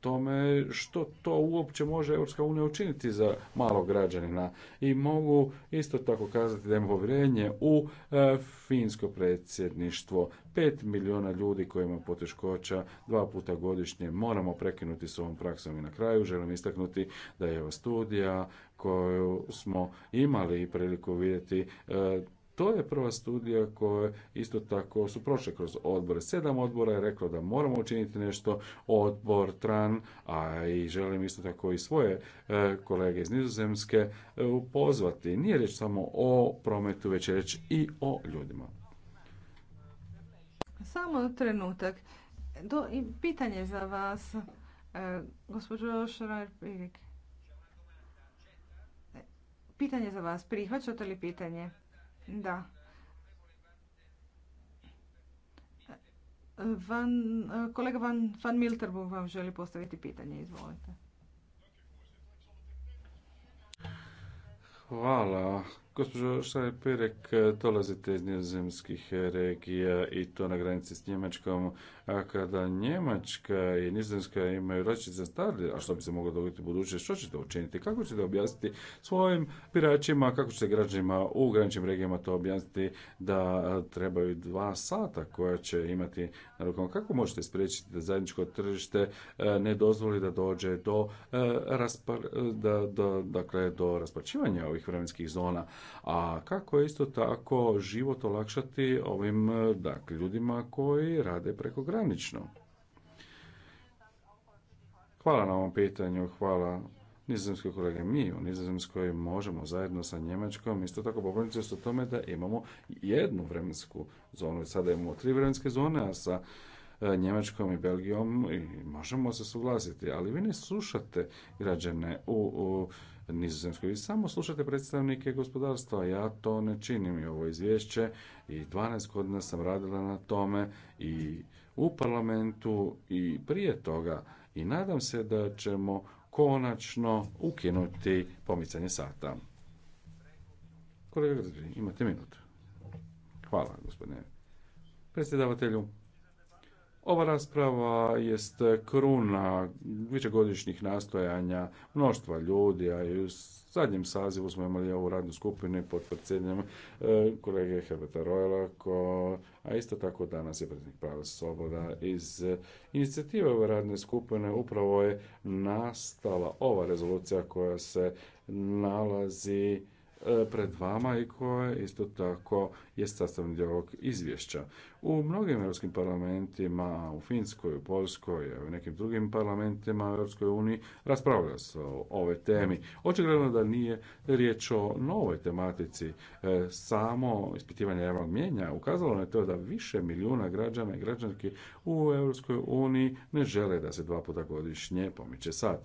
tome što to uopće može Europska unija učiniti za malog građanina. I mogu isto tako kazati da imamo povjerenje u e, finsko predsjedništvo, 5 milijuna ljudi koji ima poteškoća, dva puta godišnje moramo prekinuti s ovom praksom i na kraju želim istaknuti da je ova studija koju smo imali priliku vidjeti e, to je prva studija koja isto tako su prošle kroz odbore. Sedam odbora je reklo da moramo učiniti nešto, odbor TRAN, a i želim isto tako i svoje e, kolege iz Nizozemske upozvati. E, Nije riječ samo o prometu, već je i o ljudima. Samo trenutak. i pitanje za vas, e, gospođo Pitanje za vas. Prihvaćate li pitanje? Da. Van, kolega Van, Van Milterbu vam želi postaviti pitanje. Izvolite. Hvala Gospođo šaraj dolazite iz nizozemskih regija i to na granici s Njemačkom, a kada Njemačka i Nizozemska imaju različite standarde, a što bi se moglo dogoditi u budućnosti, što ćete učiniti, kako ćete objasniti svojim biračima, kako ćete građanima u graničnim regijama to objasniti da trebaju dva sata koja će imati na rukom, kako možete spriječiti da zajedničko tržište e, ne dozvoli da dođe do, e, do, dakle, do raspačivanja ovih vremenskih zona, a kako isto tako život olakšati ovim e, dakle, ljudima koji rade prekogranično. Hvala na ovom pitanju, hvala nizozemskoj kolege. Mi u nizozemskoj možemo zajedno sa Njemačkom isto tako pobrinuti se o tome da imamo jednu vremensku zonu. Sada imamo tri vremenske zone, a sa e, Njemačkom i Belgijom i možemo se suglasiti, ali vi ne slušate građane u, u Nizozemskoj. Vi samo slušate predstavnike gospodarstva, ja to ne činim i ovo izvješće i 12 godina sam radila na tome i u parlamentu i prije toga i nadam se da ćemo konačno ukinuti pomicanje sata. Kolega imate minutu. Hvala, gospodine predsjedavatelju. Ova rasprava jest kruna višegodišnjih nastojanja mnoštva ljudi, a i u zadnjem sazivu smo imali ovu radnu skupinu pod predsjedanjem e, kolege Herberta Rojla, a isto tako danas je predsjednik Pavel Soboda iz inicijative ove radne skupine upravo je nastala ova rezolucija koja se nalazi pred vama i koje isto tako je sastavni dio ovog izvješća. U mnogim europskim parlamentima, u Finskoj, u Poljskoj, u nekim drugim parlamentima u Europskoj uniji se o ovoj temi. Očigledno da nije riječ o novoj tematici. E, samo ispitivanje javnog mjenja ukazalo je to da više milijuna građana i građanki u Europskoj uniji ne žele da se dva puta godišnje pomiče sat.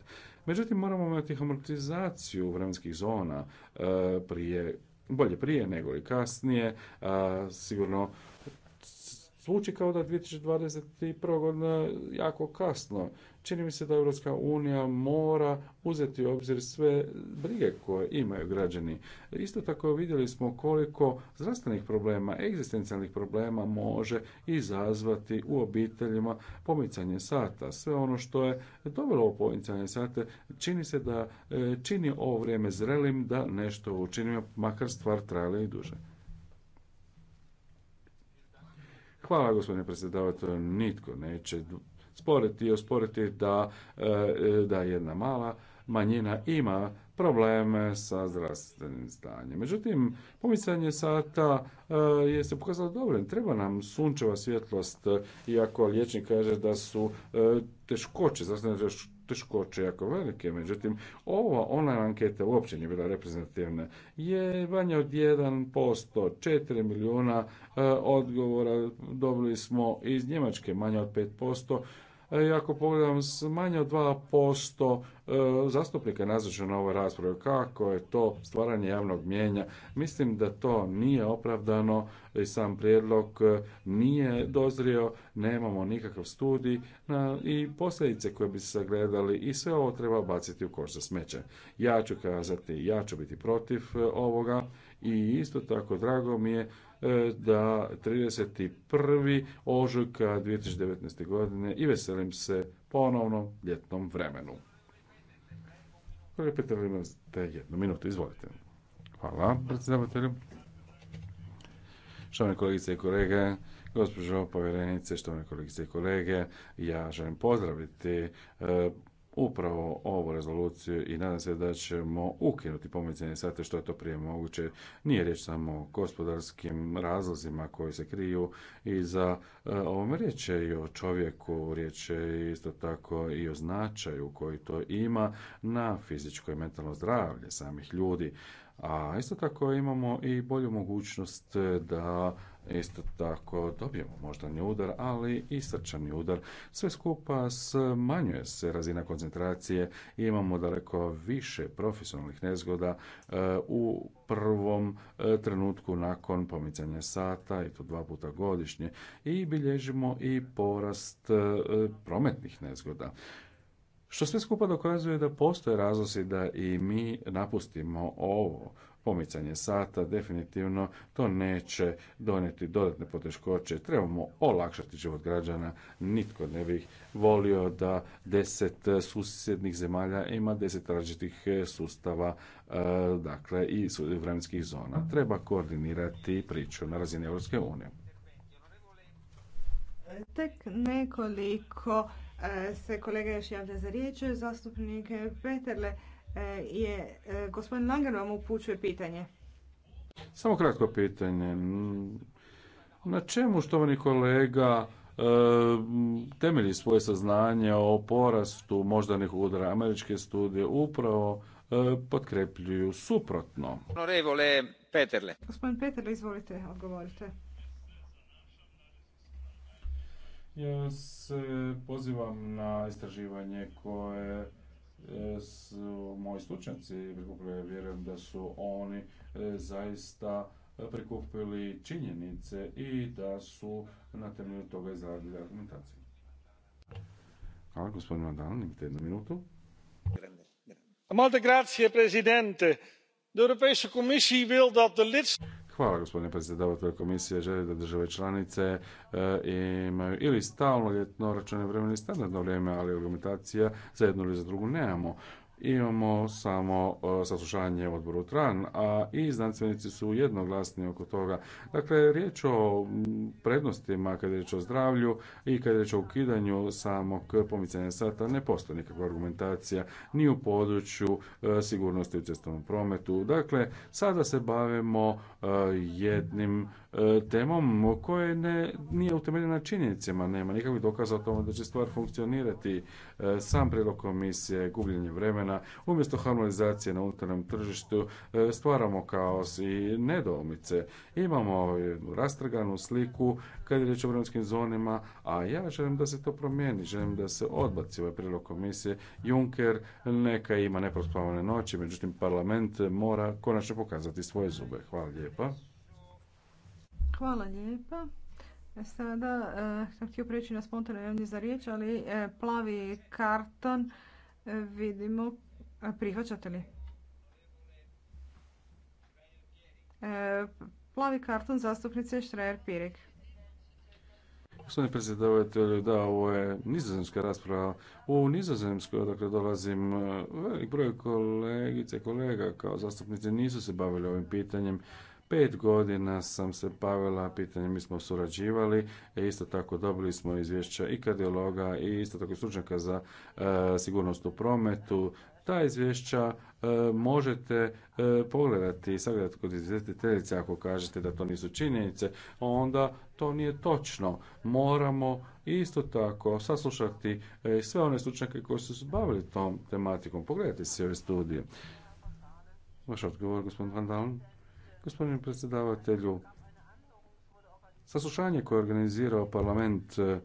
Međutim, moramo imati amortizaciju vremenskih zona e, prije bolje prije nego i kasnije. sigurno zvuči kao da 2021. godina jako kasno. Čini mi se da Europska unija mora uzeti u obzir sve brige koje imaju građani. Isto tako vidjeli smo koliko zdravstvenih problema, egzistencijalnih problema može izazvati u obiteljima pomicanje sata. Sve ono što je dovelo u pomicanje sata čini se da e, čini ovo vrijeme zrelim da nešto učinimo, makar stvar trajala i duže. Hvala gospodine predsjedavatelju, nitko neće sporiti i osporiti da, e, da jedna mala manjina ima probleme sa zdravstvenim stanjem. Međutim, pomicanje sata e, je se pokazalo dobro. Treba nam sunčeva svjetlost, iako liječnik kaže da su e, teškoće, zdravstvene teškoće, teškoće jako velike. Međutim, ova ona anketa uopće nije bila reprezentativna. Je manje od 1%, 4 milijuna e, odgovora dobili smo iz Njemačke, manje od 5%, E, I ako pogledam manje od 2% e, zastupnika nazočan na ovoj raspravi, kako je to stvaranje javnog mijenja, mislim da to nije opravdano i sam prijedlog e, nije dozrio, nemamo nikakav studij i posljedice koje bi se sagledali i sve ovo treba baciti u koš za smeće. Ja ću kazati, ja ću biti protiv ovoga i isto tako drago mi je E, da 31. ožujka 2019. godine i veselim se ponovnom ljetnom vremenu. Kolega Petar, imate jednu minutu, izvolite. Hvala, predsjedavatelju. Štovane kolegice i kolege, gospođo povjerenice, štovane kolegice i kolege, ja želim pozdraviti e, upravo ovu rezoluciju i nadam se da ćemo ukinuti pomicanje sate što je to prije moguće. Nije riječ samo o gospodarskim razlozima koji se kriju i za e, ovom riječ je i o čovjeku, riječ je isto tako i o značaju koji to ima na fizičko i mentalno zdravlje samih ljudi. A isto tako imamo i bolju mogućnost e, da isto tako dobijemo moždani udar, ali i srčani udar. Sve skupa smanjuje se razina koncentracije i imamo daleko više profesionalnih nezgoda e, u prvom e, trenutku nakon pomicanja sata i to dva puta godišnje i bilježimo i porast prometnih nezgoda. Što sve skupa dokazuje da postoje razlozi da i mi napustimo ovo pomicanje sata definitivno to neće donijeti dodatne poteškoće. Trebamo olakšati život građana. Nitko ne bih volio da deset susjednih zemalja ima deset različitih sustava e, dakle, i vremenskih zona. Treba koordinirati priču na razini Europske unije. Tek nekoliko se kolega još javlja za riječ. Zastupnik Peterle e, je, e, gospodin Langer vam upućuje pitanje. Samo kratko pitanje. Na čemu, štovani kolega, e, temelji svoje saznanje o porastu moždanih udara američke studije upravo potkrepljuju suprotno. Gospodin Peterle, izvolite, odgovorite. Ja se pozivam na istraživanje koje e, su moji stručnjaci prikupili. Vjerujem da su oni e, zaista prikupili činjenice i da su na temelju toga izradili argumentaciju. Hvala, gospodin Madan, imate jednu minutu. Malte grazie, prezidente. De Europese Commissie wil dat de lidstaten Hvala gospodine predsjedavatelju komisije. Želi da države članice e, imaju ili stalno ljetno računje vremena ili standardno vrijeme, ali argumentacija za jednu ili za drugu nemamo. Imamo samo e, saslušanje u odboru TRAN, a i znanstvenici su jednoglasni oko toga. Dakle, riječ o prednostima kada je riječ o zdravlju i kada je riječ o ukidanju samog pomicanja sata ne postoji nikakva argumentacija ni u području e, sigurnosti u cestovnom prometu. Dakle, sada se bavimo e, jednim temom koje ne, nije utemeljena činjenicama, nema nikakvih dokaza o tome da će stvar funkcionirati. Sam prilog komisije gubljenje vremena umjesto harmonizacije na unutarnjem tržištu e, stvaramo kaos i nedoumice. Imamo ovaj rastrganu sliku kad je riječ o vremenskim zonima, a ja želim da se to promijeni, želim da se odbaci ovaj prilog komisije Juncker, neka ima neprospavane noći, međutim parlament mora konačno pokazati svoje zube. Hvala lijepa. Hvala lijepa. E, sada e, htio prijeći na spontano javni za riječ, ali plavi karton Vidimo, prihvaćate li? E, plavi karton zastupnice Štrajer Pirik. Gospodine predsjedavatelju, da, ovo je nizozemska rasprava. U Nizozemskoj, odakle dolazim, e, velik broj kolegice i kolega kao zastupnice nisu se bavili ovim pitanjem. Pet godina sam se bavila pitanjem, mi smo surađivali, isto tako dobili smo izvješća i kardiologa i isto tako stručnjaka za e, sigurnost u prometu. Ta izvješća e, možete e, pogledati i sagledati kod izvjestiteljice ako kažete da to nisu činjenice, onda to nije točno. Moramo isto tako saslušati sve one stručnjake koji su se bavili tom tematikom. Pogledajte se ove studije. Vaš odgovor, gospodin Van Dalen? Gospodin predsjedavatelju, saslušanje koje je organizirao parlament e,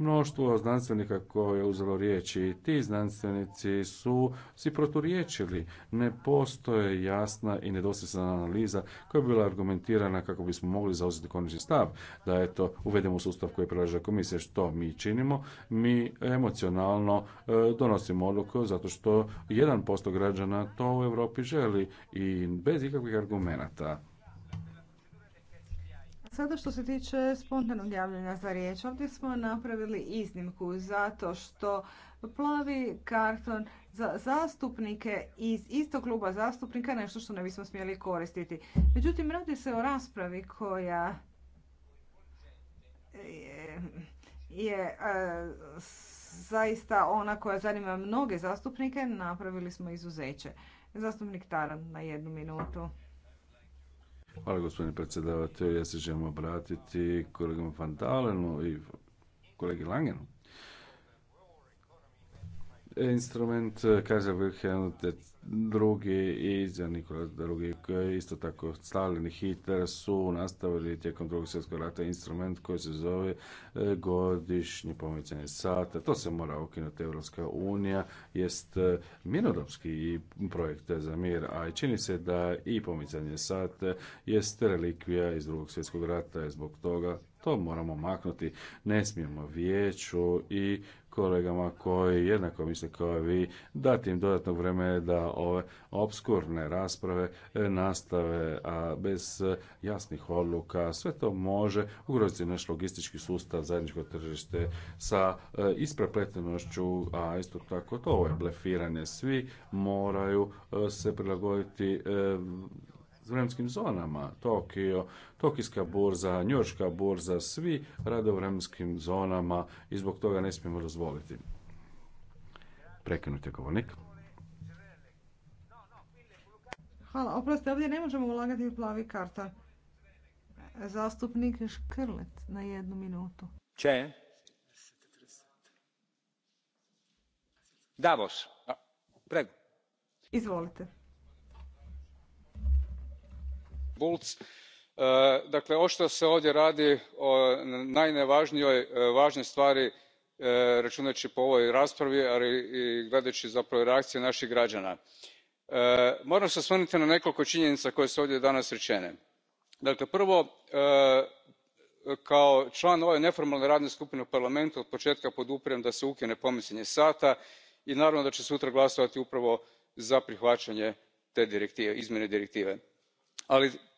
mnoštvo znanstvenika koje je uzelo riječi, i ti znanstvenici su si proturiječili. Ne postoje jasna i nedosljedna analiza koja bi bila argumentirana kako bismo mogli zauzeti konačni stav da eto uvedemo sustav koji predlaže komisije što mi činimo. Mi emocionalno e, donosimo odluku zato što 1% građana to u Europi želi i bez ikakvih argumenata. Sada što se tiče spontanog javljanja za riječ, ovdje smo napravili iznimku zato što plavi karton za zastupnike iz istog kluba zastupnika nešto što ne bismo smjeli koristiti. Međutim, radi se o raspravi koja je, je e, zaista ona koja zanima mnoge zastupnike. Napravili smo izuzeće. Zastupnik Taran na jednu minutu. Hvala gospodine predsjedavatelju. Ja se želim obratiti kolegom Van i kolegi Langenu. Instrument e, kaže Wilhelm drugi i za Nikola drugi e, isto tako stavljeni hiter su nastavili tijekom drugog svjetskog rata instrument koji se zove e, godišnje pomicanje sata. To se mora ukinuti Europska unija jest minoropski projekt za mir, a čini se da i pomicanje sata jest relikvija iz drugog svjetskog rata zbog toga to moramo maknuti. Ne smijemo vijeću i kolegama koji jednako misle kao vi, dati im dodatno vreme da ove obskurne rasprave e, nastave, a bez e, jasnih odluka sve to može ugroziti naš logistički sustav, zajedničko tržište sa e, isprepletenošću, a isto tako to ovo je blefiranje. Svi moraju se prilagoditi vremenskim zonama. Tokio, Tokijska burza, Njorska burza, svi rade u vremenskim zonama i zbog toga ne smijemo dozvoliti. Prekinute govornik. Hvala, oprosti, ovdje ne možemo ulagati u plavi karta. Zastupnik Škrlet na jednu minutu. Če? Davos. Izvolite bulc e, dakle što se ovdje radi o najnevažnijoj e, stvari e, računajući po ovoj raspravi ali i gledajući zapravo reakcije naših građana. moram se osvrnuti na nekoliko činjenica koje su ovdje danas rečene. dakle prvo kao član ove neformalne radne skupine u parlamentu od pod podupirem da se ukine pomicanje sata i naravno da će sutra glasovati upravo za prihvaćanje te direktive, izmjene direktive. ali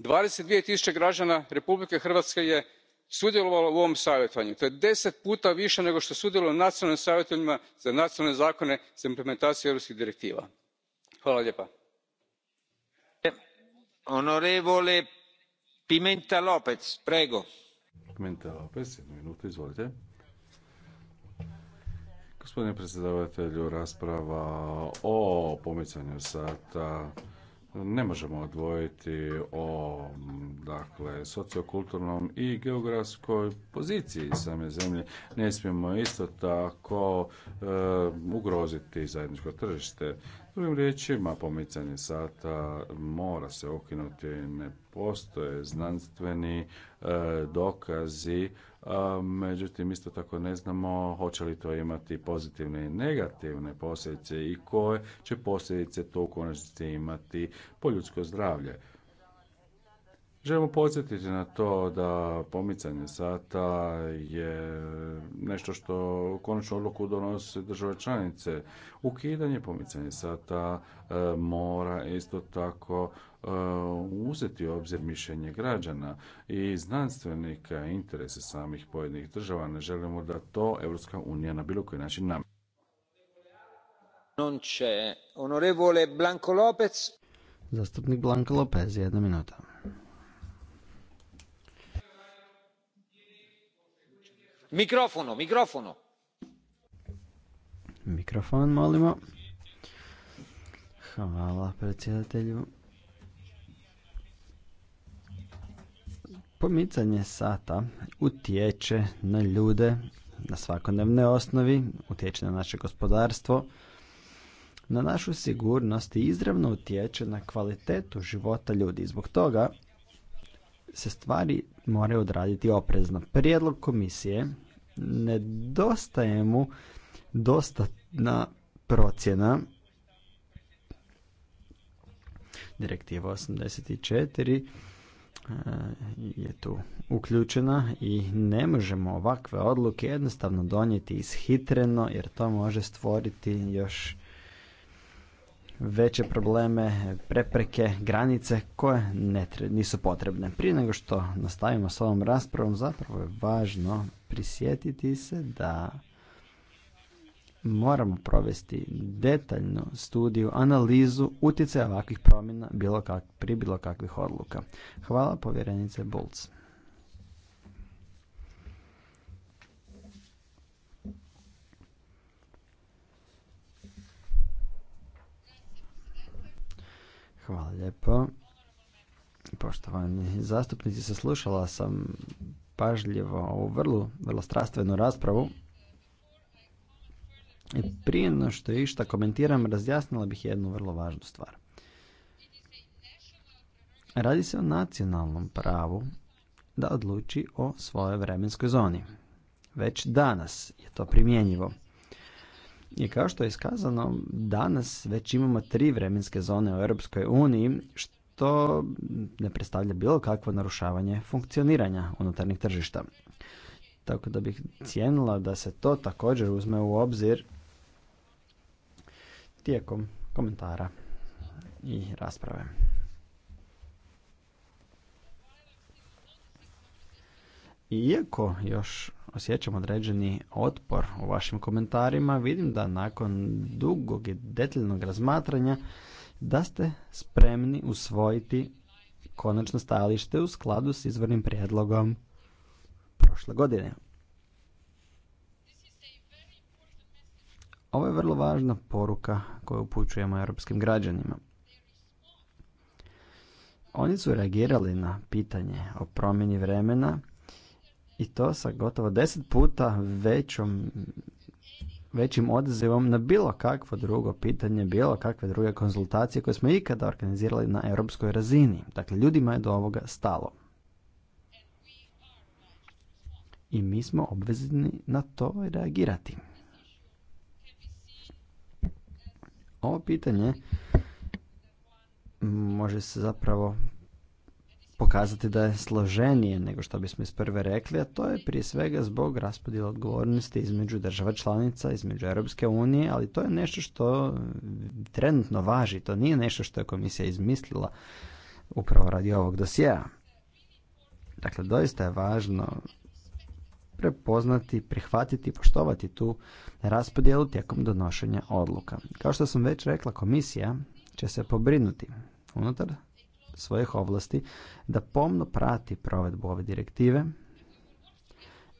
twenty dva zero graana republike hrvatske je sudjelovalo u ovom savjetovanju to je deset puta vie nego to sudjeluje u nacionalnim savjetovanjima za nacionalne zakone za implementaciju europskih direktiva. Hvala gospodine predsjedavatelju rasprava o pomicanju sata ne možemo odvojiti o dakle, sociokulturnom i geografskoj poziciji same zemlje. Ne smijemo isto tako e, ugroziti zajedničko tržište. Drugim riječima, pomicanje sata mora se okinuti, ne postoje znanstveni e, dokazi međutim isto tako ne znamo hoće li to imati pozitivne i negativne posljedice i koje će posljedice to u konačnici imati po ljudsko zdravlje. Želimo podsjetiti na to da pomicanje sata je nešto što konačnu odluku donose države članice. Ukidanje pomicanje sata e, mora isto tako E, uzeti u obzir mišljenje građana i znanstvenika, interese samih pojedinih država. Ne želimo da to Europska unija na bilo koji način nam. Non c'è. Onorevole Blanco Lopez. Zastupnik Blanco Lopez, jedna minuta. Mikrofono, mikrofono. Mikrofon molimo. Hvala predsjedatelju. Pomicanje sata utječe na ljude na svakodnevnoj osnovi, utječe na naše gospodarstvo, na našu sigurnost i izravno utječe na kvalitetu života ljudi. Zbog toga se stvari moraju odraditi oprezno. Prijedlog komisije nedostaje mu dostatna procjena Direktiva 84 je tu uključena i ne možemo ovakve odluke jednostavno donijeti ishitreno jer to može stvoriti još veće probleme, prepreke, granice koje ne nisu potrebne. Prije nego što nastavimo s ovom raspravom zapravo je važno prisjetiti se da moramo provesti detaljnu studiju, analizu utjecaja ovakvih promjena bilo kak, pri bilo kakvih odluka. Hvala povjerenice Bulc. Hvala lijepo. Poštovani zastupnici, saslušala sam pažljivo ovu vrlo, vrlo strastvenu raspravu prije no što išta komentiram, razjasnila bih jednu vrlo važnu stvar. Radi se o nacionalnom pravu da odluči o svojoj vremenskoj zoni. Već danas je to primjenjivo. I kao što je iskazano, danas već imamo tri vremenske zone u Europskoj uniji, što ne predstavlja bilo kakvo narušavanje funkcioniranja unutarnjih tržišta. Tako da bih cijenila da se to također uzme u obzir tijekom komentara i rasprave. Iako još osjećam određeni otpor u vašim komentarima, vidim da nakon dugog i detaljnog razmatranja da ste spremni usvojiti konačno stajalište u skladu s izvornim prijedlogom prošle godine. Ovo je vrlo važna poruka koju upućujemo europskim građanima. Oni su reagirali na pitanje o promjeni vremena i to sa gotovo deset puta većom, većim odazivom na bilo kakvo drugo pitanje, bilo kakve druge konzultacije koje smo ikada organizirali na europskoj razini. Dakle, ljudima je do ovoga stalo. I mi smo obvezni na to reagirati. Ovo pitanje može se zapravo pokazati da je složenije nego što bismo iz prve rekli, a to je prije svega zbog raspodjela odgovornosti između država članica, između Europske unije, ali to je nešto što trenutno važi, to nije nešto što je komisija izmislila upravo radi ovog dosjea. Dakle, doista je važno prepoznati, prihvatiti i poštovati tu raspodjelu tijekom donošenja odluka. Kao što sam već rekla, komisija će se pobrinuti unutar svojih ovlasti da pomno prati provedbu ove direktive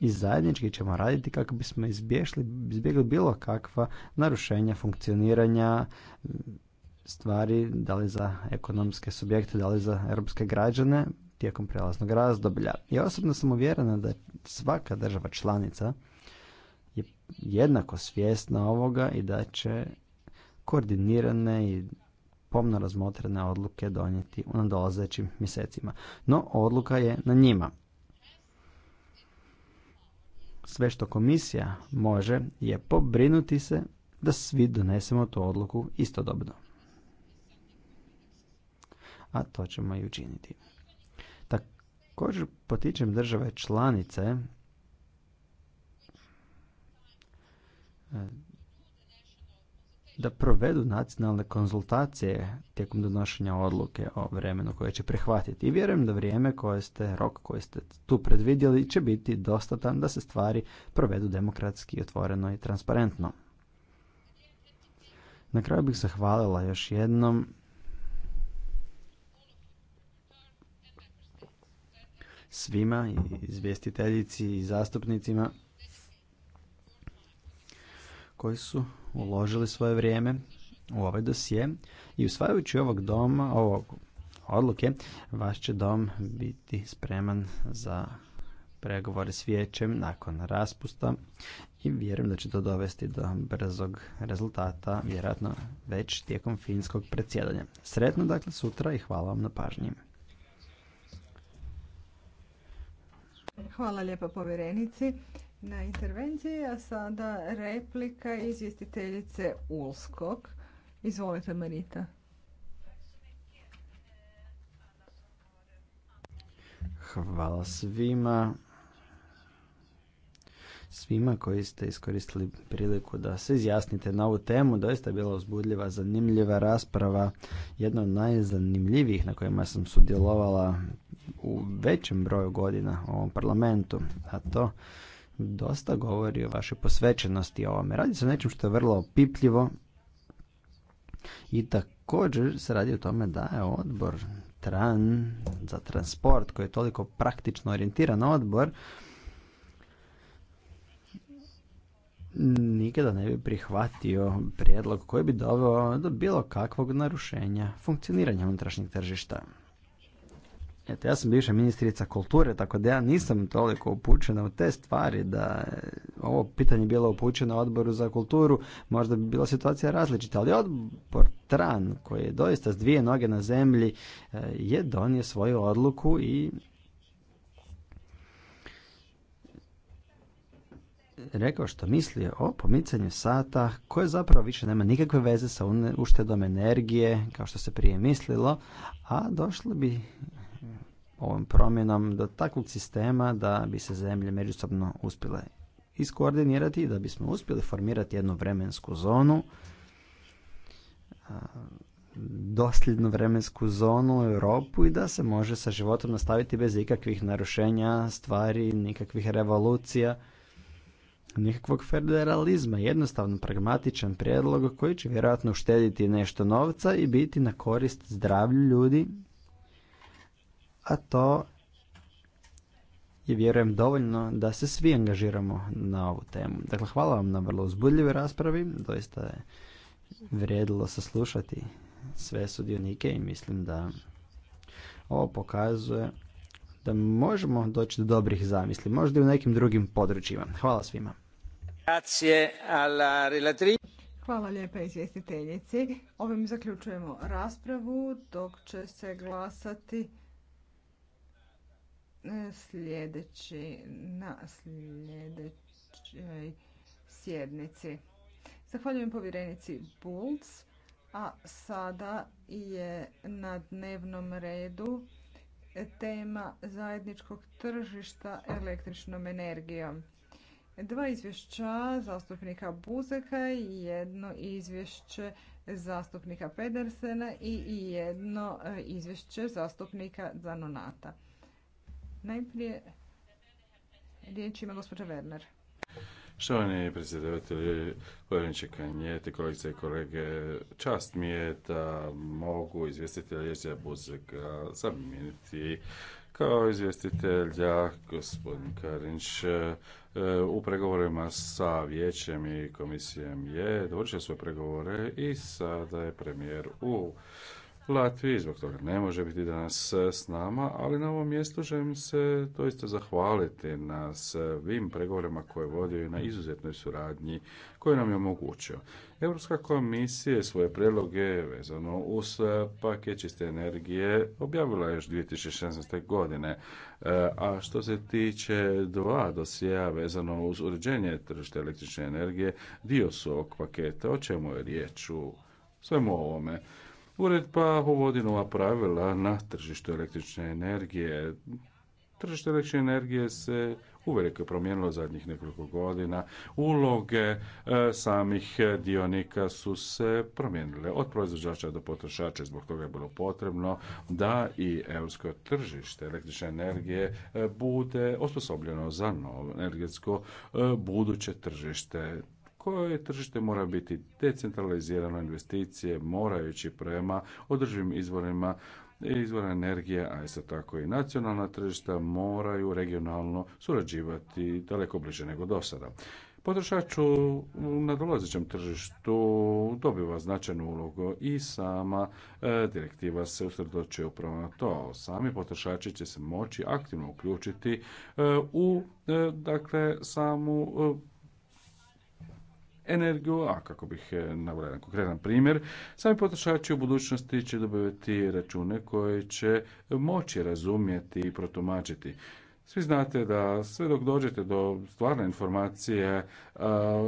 i zajednički ćemo raditi kako bismo izbjegli, izbjegli bilo kakva narušenja funkcioniranja stvari, da li za ekonomske subjekte, da li za europske građane, tijekom prelaznog razdoblja. Ja osobno sam uvjerena da svaka država članica je jednako svjesna ovoga i da će koordinirane i pomno razmotrene odluke donijeti u nadolazećim mjesecima. No, odluka je na njima. Sve što komisija može je pobrinuti se da svi donesemo tu odluku istodobno. A to ćemo i učiniti. Također potičem države članice e, da provedu nacionalne konzultacije tijekom donošenja odluke o vremenu koje će prihvatiti. I vjerujem da vrijeme koje ste, rok koji ste tu predvidjeli će biti dostatan da se stvari provedu demokratski, otvoreno i transparentno. Na kraju bih zahvalila još jednom svima, izvjestiteljici i zastupnicima koji su uložili svoje vrijeme u ovaj dosje. i usvajajući ovog doma, ovog odluke, vaš će dom biti spreman za pregovore s vijećem nakon raspusta i vjerujem da će to dovesti do brzog rezultata, vjerojatno već tijekom finskog predsjedanja. Sretno dakle sutra i hvala vam na pažnji. Hvala lijepa povjerenici na intervenciji, a sada replika izvjestiteljice Ulskog. Izvolite Marita. Hvala svima. Svima koji ste iskoristili priliku da se izjasnite na ovu temu, doista je bila uzbudljiva, zanimljiva rasprava, jedna od najzanimljivijih na kojima sam sudjelovala u većem broju godina u ovom parlamentu, a to dosta govori o vašoj posvećenosti ovome. Radi se o nečem što je vrlo opipljivo i također se radi o tome da je odbor tran za transport koji je toliko praktično orijentiran odbor nikada ne bi prihvatio prijedlog koji bi doveo do bilo kakvog narušenja funkcioniranja unutrašnjeg tržišta. Eto, ja sam bivša ministrica kulture, tako da ja nisam toliko upućena u te stvari da ovo pitanje bilo upućeno odboru za kulturu, možda bi bila situacija različita, ali odbor Tran, koji je doista s dvije noge na zemlji, e, je donio svoju odluku i rekao što misli o pomicanju sata koje zapravo više nema nikakve veze sa uštedom energije kao što se prije mislilo, a došlo bi ovom promjenom do takvog sistema da bi se zemlje međusobno uspjele iskoordinirati i da bismo uspjeli formirati jednu vremensku zonu, dosljednu vremensku zonu u Europu i da se može sa životom nastaviti bez ikakvih narušenja stvari, nikakvih revolucija, nikakvog federalizma, jednostavno pragmatičan prijedlog koji će vjerojatno uštediti nešto novca i biti na korist zdravlju ljudi a to je vjerujem dovoljno da se svi angažiramo na ovu temu. Dakle, hvala vam na vrlo uzbudljivoj raspravi, doista je vrijedilo saslušati sve sudionike i mislim da ovo pokazuje da možemo doći do dobrih zamisli, možda i u nekim drugim područjima. Hvala svima. Hvala lijepa izvjestiteljici. Ovim zaključujemo raspravu dok će se glasati sljedeći, na sljedećoj sjednici. Zahvaljujem povjerenici Bulc, a sada je na dnevnom redu tema zajedničkog tržišta električnom energijom. Dva izvješća zastupnika Buzeka i jedno izvješće zastupnika Pedersena i jedno e, izvješće zastupnika Zanonata. Najprije riječ ima gospođa Werner. Štovani predsjedavatelji, čekanje kolegice i kolege, čast mi je da mogu izvjestitelja jezija Buzega zamijeniti kao izvjestitelja gospodin Karinč e, u pregovorima sa vijećem i komisijem je dovršio svoje pregovore i sada je premijer u Latviji, zbog toga ne može biti danas e, s nama, ali na ovom mjestu želim se doista zahvaliti na svim pregovorima koje vodio i na izuzetnoj suradnji koju nam je omogućio. Europska komisija je svoje prijedloge vezano uz e, paket čiste energije objavila još 2016. godine, e, a što se tiče dva dosija vezano uz uređenje tržišta električne energije, dio su ovog paketa, o čemu je riječ u svemu ovome. Uredba uvodi nova pravila na tržištu električne energije. Tržište električne energije se uvelike promijenilo zadnjih nekoliko godina. Uloge e, samih dionika su se promijenile od proizvođača do potrošača. Zbog toga je bilo potrebno da i europsko tržište električne energije e, bude osposobljeno za novo energetsko e, buduće tržište koje tržište mora biti decentralizirano, investicije moraju ići prema održivim izvorima izvora energije, a isto tako i nacionalna tržišta moraju regionalno surađivati daleko bliže nego do sada. Potrošač u nadolazećem tržištu dobiva značajnu ulogu i sama e, direktiva se usredočuje upravo na to. Sami potrošači će se moći aktivno uključiti e, u e, dakle samu energiju, a kako bih e, nabrao konkretan primjer, sami potrošači u budućnosti će dobivati račune koje će moći razumjeti i protumačiti. Svi znate da sve dok dođete do stvarne informacije e,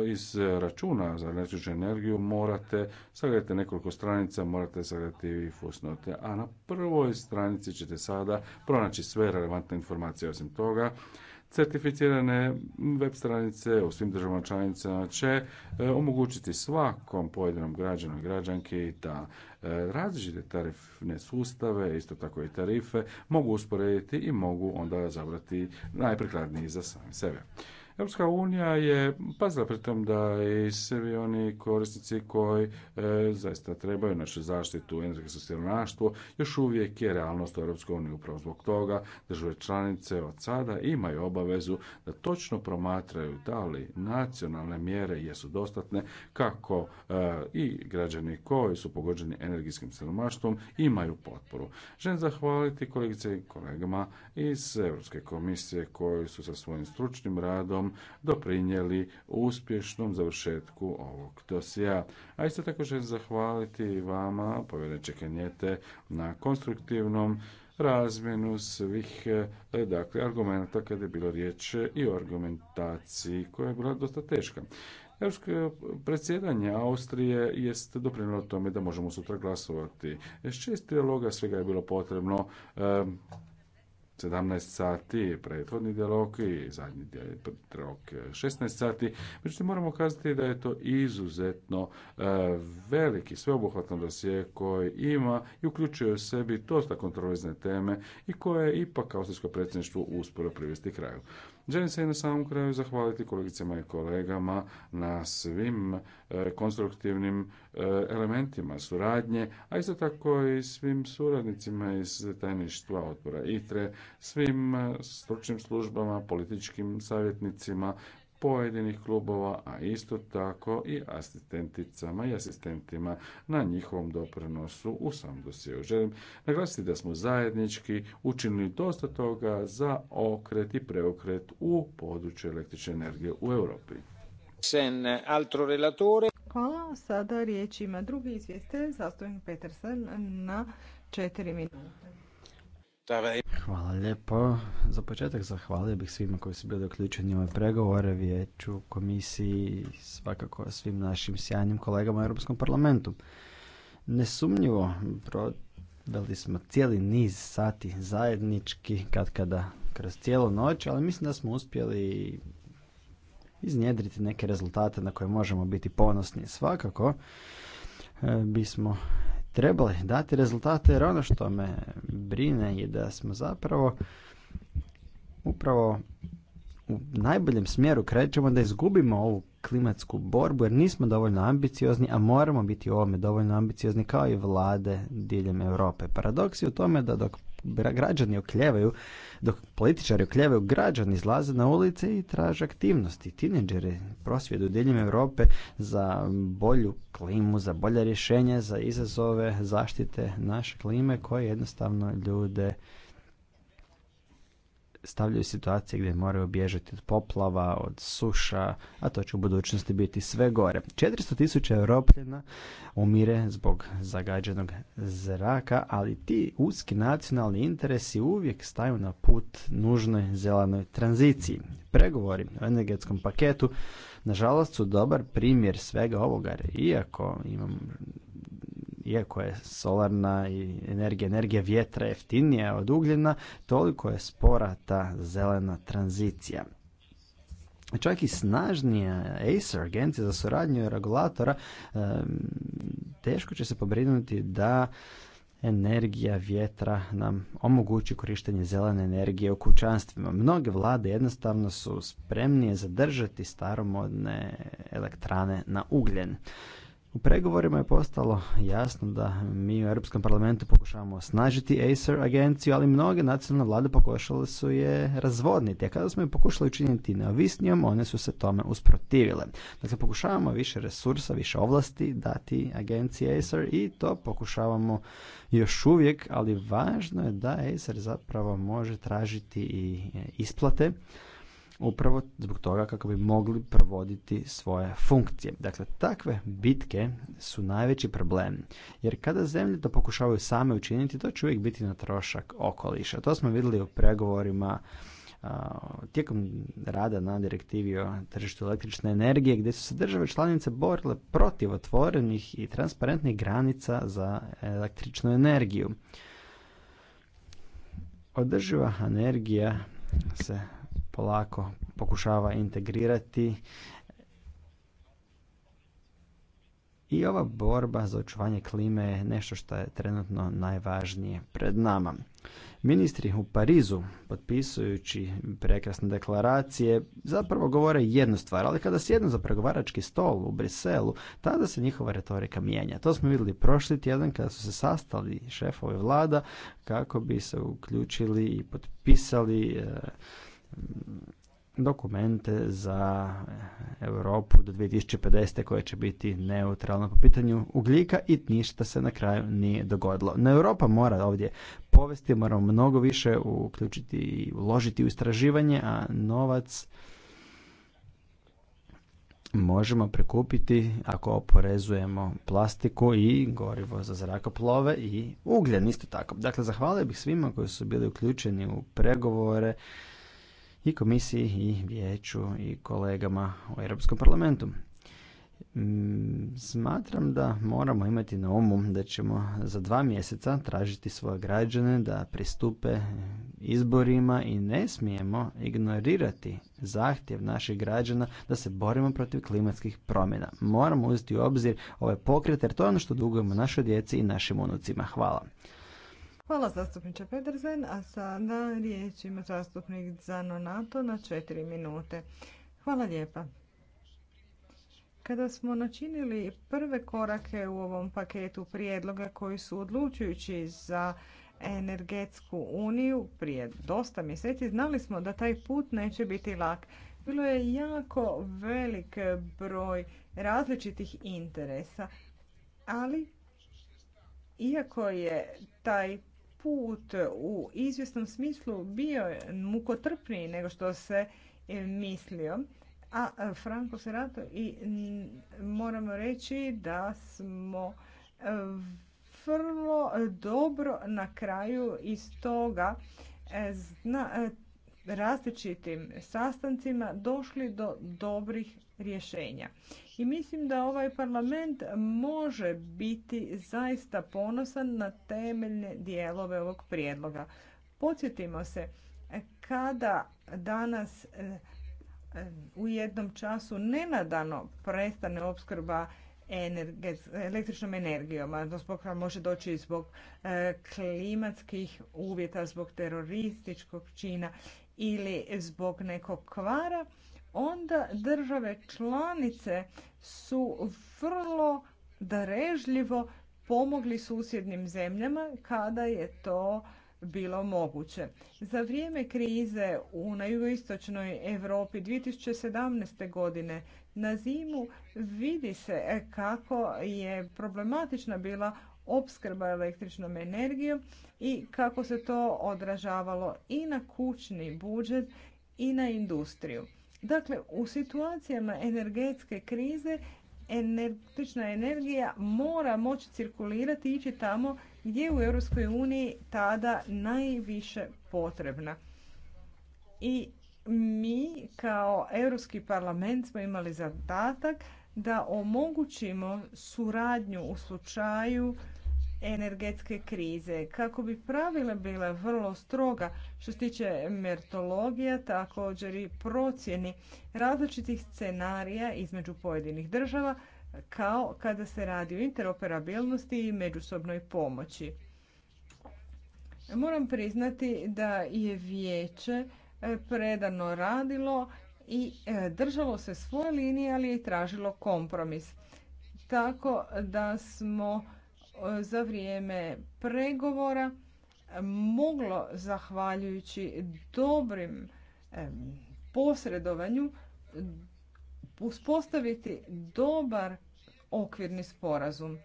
iz računa za električnu energiju morate sagledati nekoliko stranica, morate sagledati i fusnote, a na prvoj stranici ćete sada pronaći sve relevantne informacije. Osim toga, Certificirane web stranice u svim državama članicama će e, omogućiti svakom pojedinom građanu i građanki da e, različite tarifne sustave, isto tako i tarife, mogu usporediti i mogu onda zabrati najprikladniji za sami sebe. Europska unija je pazila pritom da i svi oni korisnici koji e, zaista trebaju našu zaštitu, energetsko siromaštvo, još uvijek je realnost u Europskoj Upravo zbog toga države članice od sada imaju obavezu da točno promatraju da li nacionalne mjere jesu dostatne kako e, i građani koji su pogođeni energetskim siromaštvom imaju potporu. Želim zahvaliti kolegice i kolegama iz Europske komisije koji su sa svojim stručnim radom doprinjeli uspješnom završetku ovog dosija. A isto tako želim zahvaliti vama, povjereniče Čekanjete, na konstruktivnom razmjenu svih e, dakle, argumenta kada je bilo riječ i o argumentaciji koja je bila dosta teška. Europsko predsjedanje Austrije jest doprinijelo tome da možemo sutra glasovati. Šest triloga svega je bilo potrebno e, 17 sati, prethodni dijalog i zadnji dijalog 16 sati. Međutim, moramo kazati da je to izuzetno e, veliki, sveobuhvatan dosije koji ima i uključuje u sebi dosta kontroverzne teme i koje je ipak Austrijsko predsjedništvo uspjelo privesti kraju. Želim se i na samom kraju zahvaliti kolegicama i kolegama na svim e, konstruktivnim e, elementima suradnje, a isto tako i svim suradnicima iz tajništva odbora ITRE, svim e, stručnim službama, političkim savjetnicima, pojedinih klubova, a isto tako i asistenticama i asistentima na njihovom doprinosu u sam dosiju. Želim naglasiti da smo zajednički učinili dosta toga za okret i preokret u području električne energije u Europi. Hvala. Sada riječ drugi izvjestitelj, zastupnik Petersen, na četiri minute. Hvala lijepo. Za početak zahvalio bih svima koji su bili uključeni u ove pregovore, vijeću, komisiji, svakako svim našim sjajnim kolegama u Europskom parlamentu. Nesumnjivo, proveli smo cijeli niz sati zajednički, kad kada kroz cijelu noć, ali mislim da smo uspjeli iznjedriti neke rezultate na koje možemo biti ponosni. Svakako e, bismo trebali dati rezultate jer ono što me brine je da smo zapravo upravo u najboljem smjeru krećemo da izgubimo ovu klimatsku borbu jer nismo dovoljno ambiciozni, a moramo biti u ovome dovoljno ambiciozni kao i vlade diljem Europe. Paradoks je u tome da dok građani okljevaju, dok političari okljevaju, građani izlaze na ulice i traže aktivnosti. Tineđeri prosvjedu diljem Europe za bolju klimu, za bolje rješenje, za izazove zaštite naše klime koje jednostavno ljude stavljaju situacije gdje moraju bježati od poplava, od suša, a to će u budućnosti biti sve gore. 400 tisuća europljena umire zbog zagađenog zraka, ali ti uski nacionalni interesi uvijek staju na put nužnoj zelanoj tranziciji. Pregovori o energetskom paketu Nažalost su dobar primjer svega ovoga, iako imam iako je solarna i energija, energija vjetra jeftinija od ugljena, toliko je spora ta zelena tranzicija. Čak i snažnija Acer, agencija za suradnju regulatora, teško će se pobrinuti da energija vjetra nam omogući korištenje zelene energije u kućanstvima. Mnoge vlade jednostavno su spremnije zadržati staromodne elektrane na ugljen. U pregovorima je postalo jasno da mi u Europskom parlamentu pokušavamo snažiti Acer agenciju, ali mnoge nacionalne vlade pokušale su je razvodniti, a kada smo je pokušali učiniti neovisnijom, one su se tome usprotivile. Dakle, pokušavamo više resursa, više ovlasti dati agenciji Acer i to pokušavamo još uvijek, ali važno je da Acer zapravo može tražiti i isplate upravo zbog toga kako bi mogli provoditi svoje funkcije. Dakle, takve bitke su najveći problem, jer kada zemlje to pokušavaju same učiniti, to će uvijek biti na trošak okoliša. To smo vidjeli u pregovorima tijekom rada na direktivi o tržištu električne energije gdje su se države članice borile protiv otvorenih i transparentnih granica za električnu energiju. Održiva energija se polako pokušava integrirati i ova borba za očuvanje klime je nešto što je trenutno najvažnije pred nama. Ministri u Parizu, potpisujući prekrasne deklaracije, zapravo govore jednu stvar, ali kada sjednu za pregovarački stol u Briselu, tada se njihova retorika mijenja. To smo vidjeli prošli tjedan kada su se sastali šefovi vlada kako bi se uključili i potpisali e, dokumente za Europu do 2050. koje će biti neutralno po pitanju ugljika i ništa se na kraju nije dogodilo. Na Europa mora ovdje povesti, moramo mnogo više uključiti i uložiti u istraživanje, a novac možemo prekupiti ako oporezujemo plastiku i gorivo za zrakoplove i ugljen isto tako. Dakle, zahvalio bih svima koji su bili uključeni u pregovore i komisiji i vijeću i kolegama u Europskom parlamentu. Mm, smatram da moramo imati na umu da ćemo za dva mjeseca tražiti svoje građane da pristupe izborima i ne smijemo ignorirati zahtjev naših građana da se borimo protiv klimatskih promjena. Moramo uzeti u obzir ovaj pokrete jer to je ono što dugujemo našoj djeci i našim unucima. Hvala. Hvala zastupniče Pedersen, a sada riječ ima zastupnik Zano NATO na četiri minute. Hvala lijepa. Kada smo načinili prve korake u ovom paketu prijedloga koji su odlučujući za energetsku uniju prije dosta mjeseci, znali smo da taj put neće biti lak. Bilo je jako velik broj različitih interesa, ali iako je taj put u izvjesnom smislu bio mukotrpniji nego što se e, mislio. A e, Franko Serato i moramo reći da smo e, vrlo dobro na kraju iz toga na različitim sastancima došli do dobrih rješenja. I mislim da ovaj parlament može biti zaista ponosan na temeljne dijelove ovog prijedloga. Podsjetimo se, kada danas eh, u jednom času nenadano prestane opskrba električnom energijom, a može doći zbog eh, klimatskih uvjeta, zbog terorističkog čina ili zbog nekog kvara, onda države članice su vrlo darežljivo pomogli susjednim zemljama kada je to bilo moguće. Za vrijeme krize u, na jugoistočnoj Europi 2017. godine na zimu vidi se kako je problematična bila opskrba električnom energijom i kako se to odražavalo i na kućni budžet i na industriju. Dakle, u situacijama energetske krize energična energija mora moći cirkulirati i ići tamo gdje je u Europskoj uniji tada najviše potrebna. I mi kao Europski parlament smo imali zadatak da omogućimo suradnju u slučaju energetske krize. Kako bi pravila bila vrlo stroga što se tiče mertologija, također i procjeni različitih scenarija između pojedinih država, kao kada se radi o interoperabilnosti i međusobnoj pomoći. Moram priznati da je vijeće e, predano radilo i e, držalo se svoje linije, ali je i tražilo kompromis. Tako da smo za vrijeme pregovora moglo zahvaljujući dobrim posredovanju uspostaviti dobar okvirni sporazum.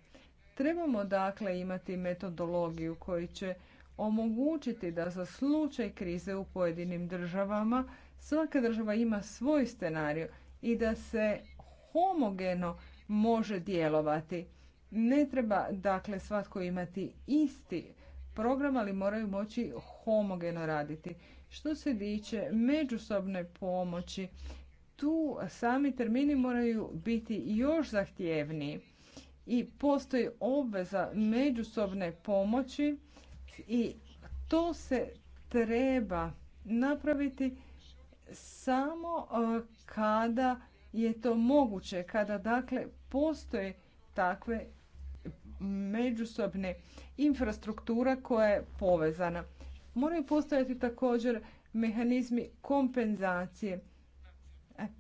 Trebamo dakle imati metodologiju koji će omogućiti da za slučaj krize u pojedinim državama svaka država ima svoj scenarij i da se homogeno može djelovati ne treba dakle svatko imati isti program, ali moraju moći homogeno raditi. Što se diče međusobne pomoći, tu sami termini moraju biti još zahtjevniji i postoji obveza međusobne pomoći i to se treba napraviti samo e, kada je to moguće, kada dakle postoje takve međusobne infrastruktura koja je povezana. Moraju postojati također mehanizmi kompenzacije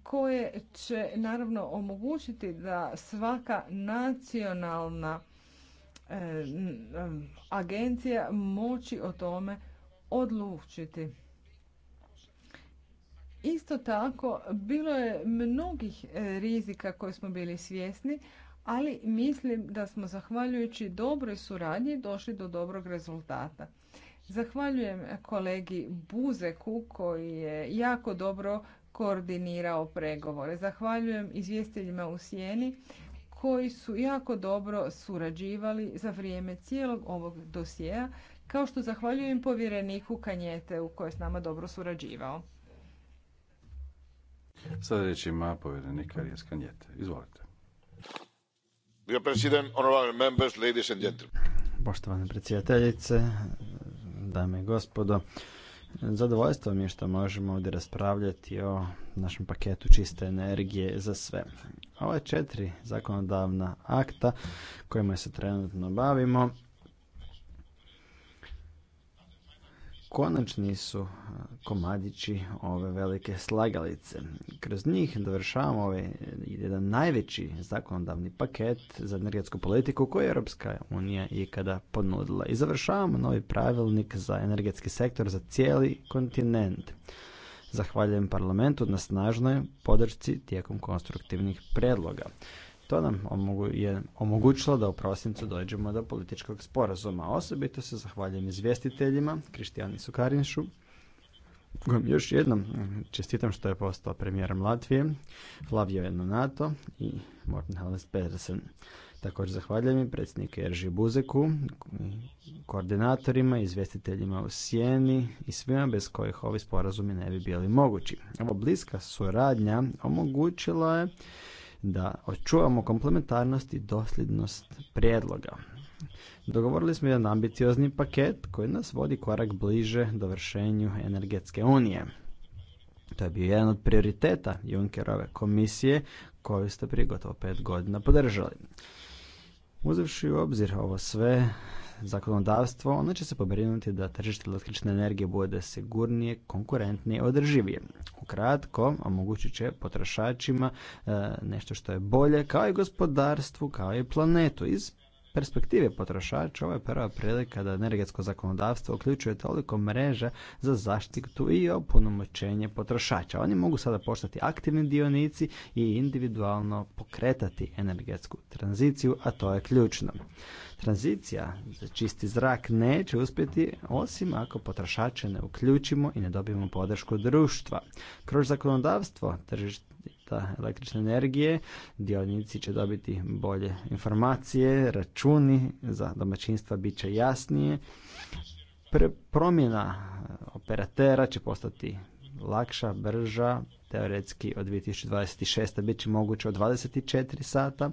koje će naravno omogućiti da svaka nacionalna e, agencija moći o tome odlučiti. Isto tako, bilo je mnogih e, rizika koje smo bili svjesni, ali mislim da smo zahvaljujući dobroj suradnji došli do dobrog rezultata. Zahvaljujem kolegi Buzeku koji je jako dobro koordinirao pregovore. Zahvaljujem izvjestiteljima u sjeni koji su jako dobro surađivali za vrijeme cijelog ovog dosjeja, kao što zahvaljujem povjereniku Kanjete u kojoj je s nama dobro surađivao. Sada reći ima povjerenik Karijes Kanjete. Izvolite. Poštovana predsjedateljice, dame i gospodo, zadovoljstvo mi je što možemo ovdje raspravljati o našem paketu čiste energije za sve. Ova četiri zakonodavna akta kojima se trenutno bavimo konačni su komadići ove velike slagalice. Kroz njih dovršavamo ovaj jedan najveći zakonodavni paket za energetsku politiku koju je Europska unija ikada ponudila. I završavamo novi pravilnik za energetski sektor za cijeli kontinent. Zahvaljujem parlamentu na snažnoj podršci tijekom konstruktivnih predloga. To nam je omogućilo da u prosincu dođemo do političkog sporazuma. Osobito se zahvaljujem izvjestiteljima, Krištijani Sukarinšu, još jednom mm, čestitam što je postao premijerom Latvije, Flavio NATO i Morten Halles Pedersen. Također zahvaljujem i predsjedniku Erži Buzeku, koordinatorima, izvjestiteljima u Sjeni i svima bez kojih ovi sporazumi ne bi bili mogući. Ovo bliska suradnja omogućila je da očuvamo komplementarnost i dosljednost prijedloga. Dogovorili smo jedan ambiciozni paket koji nas vodi korak bliže dovršenju energetske unije. To je bio jedan od prioriteta Junckerove komisije koju ste prije gotovo pet godina podržali. Uzevši u obzir ovo sve, zakonodavstvo, onda će se pobrinuti da tržište električne energije bude sigurnije, konkurentnije i održivije. Ukratko, omogućit će potrošačima e, nešto što je bolje, kao i gospodarstvu, kao i planetu, iz perspektive potrošača ovo je prva prilika da energetsko zakonodavstvo uključuje toliko mreža za zaštitu i opunomoćenje potrošača. Oni mogu sada postati aktivni dionici i individualno pokretati energetsku tranziciju, a to je ključno. Tranzicija za čisti zrak neće uspjeti osim ako potrošače ne uključimo i ne dobijemo podršku društva. Kroz zakonodavstvo tržište električne energije. Dionici će dobiti bolje informacije, računi za domaćinstva bit će jasnije. promjena e, operatera će postati lakša, brža, teoretski od 2026. bit će moguće od 24 sata.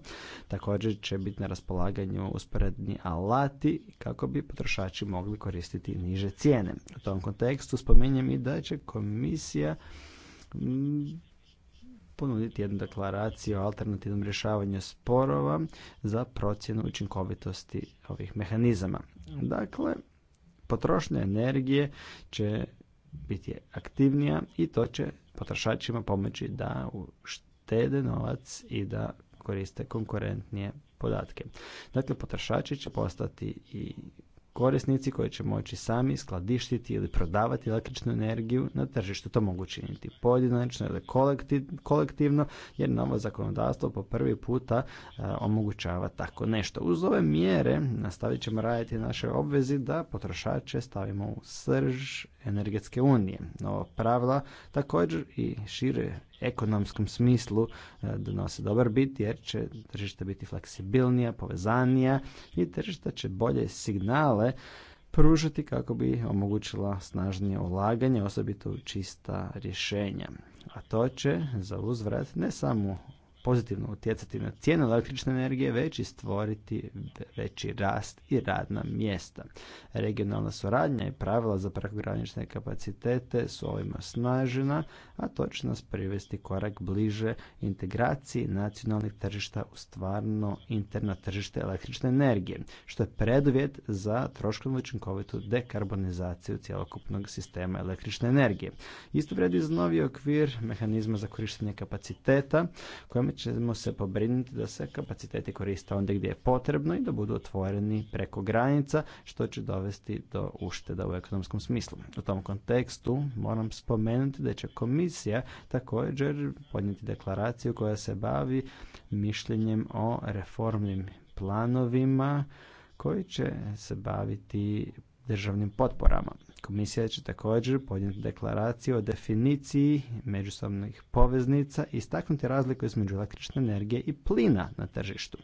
Također će biti na raspolaganju usporedni alati kako bi potrošači mogli koristiti niže cijene. U tom kontekstu spominjem i da će komisija ponuditi jednu deklaraciju o alternativnom rješavanju sporova za procjenu učinkovitosti ovih mehanizama. Dakle, potrošnja energije će biti aktivnija i to će potrošačima pomoći da uštede novac i da koriste konkurentnije podatke. Dakle, potrošači će postati i korisnici koji će moći sami skladištiti ili prodavati električnu energiju na tržištu. To mogu činiti pojedinačno ili kolektivno jer novo zakonodavstvo po prvi puta e, omogućava tako nešto. Uz ove mjere nastavit ćemo raditi naše obvezi da potrošače stavimo u srž energetske unije. Nova pravila također i šire ekonomskom smislu e, donose dobar bit jer će tržište biti fleksibilnija, povezanija i tržište će bolje signale pružiti kako bi omogućila snažnije ulaganje, osobito u čista rješenja. A to će za uzvrat ne samo pozitivno utjecati na cijenu električne energije, već i stvoriti veći rast i radna mjesta. Regionalna suradnja i pravila za prekogranične kapacitete su ovima snažena, a to će nas privesti korak bliže integraciji nacionalnih tržišta u stvarno interno tržište električne energije, što je preduvjet za troškovno učinkovitu dekarbonizaciju cjelokupnog sistema električne energije. Isto vredi za novi okvir mehanizma za korištenje kapaciteta kojom ćemo se pobrinuti da se kapaciteti koriste onda gdje je potrebno i da budu otvoreni preko granica, što će dovesti do ušteda u ekonomskom smislu. U tom kontekstu moram spomenuti da će komisija također podnijeti deklaraciju koja se bavi mišljenjem o reformnim planovima koji će se baviti državnim potporama. Komisija će također podnijeti deklaraciju o definiciji međusobnih poveznica i istaknuti razliku između električne energije i plina na tržištu.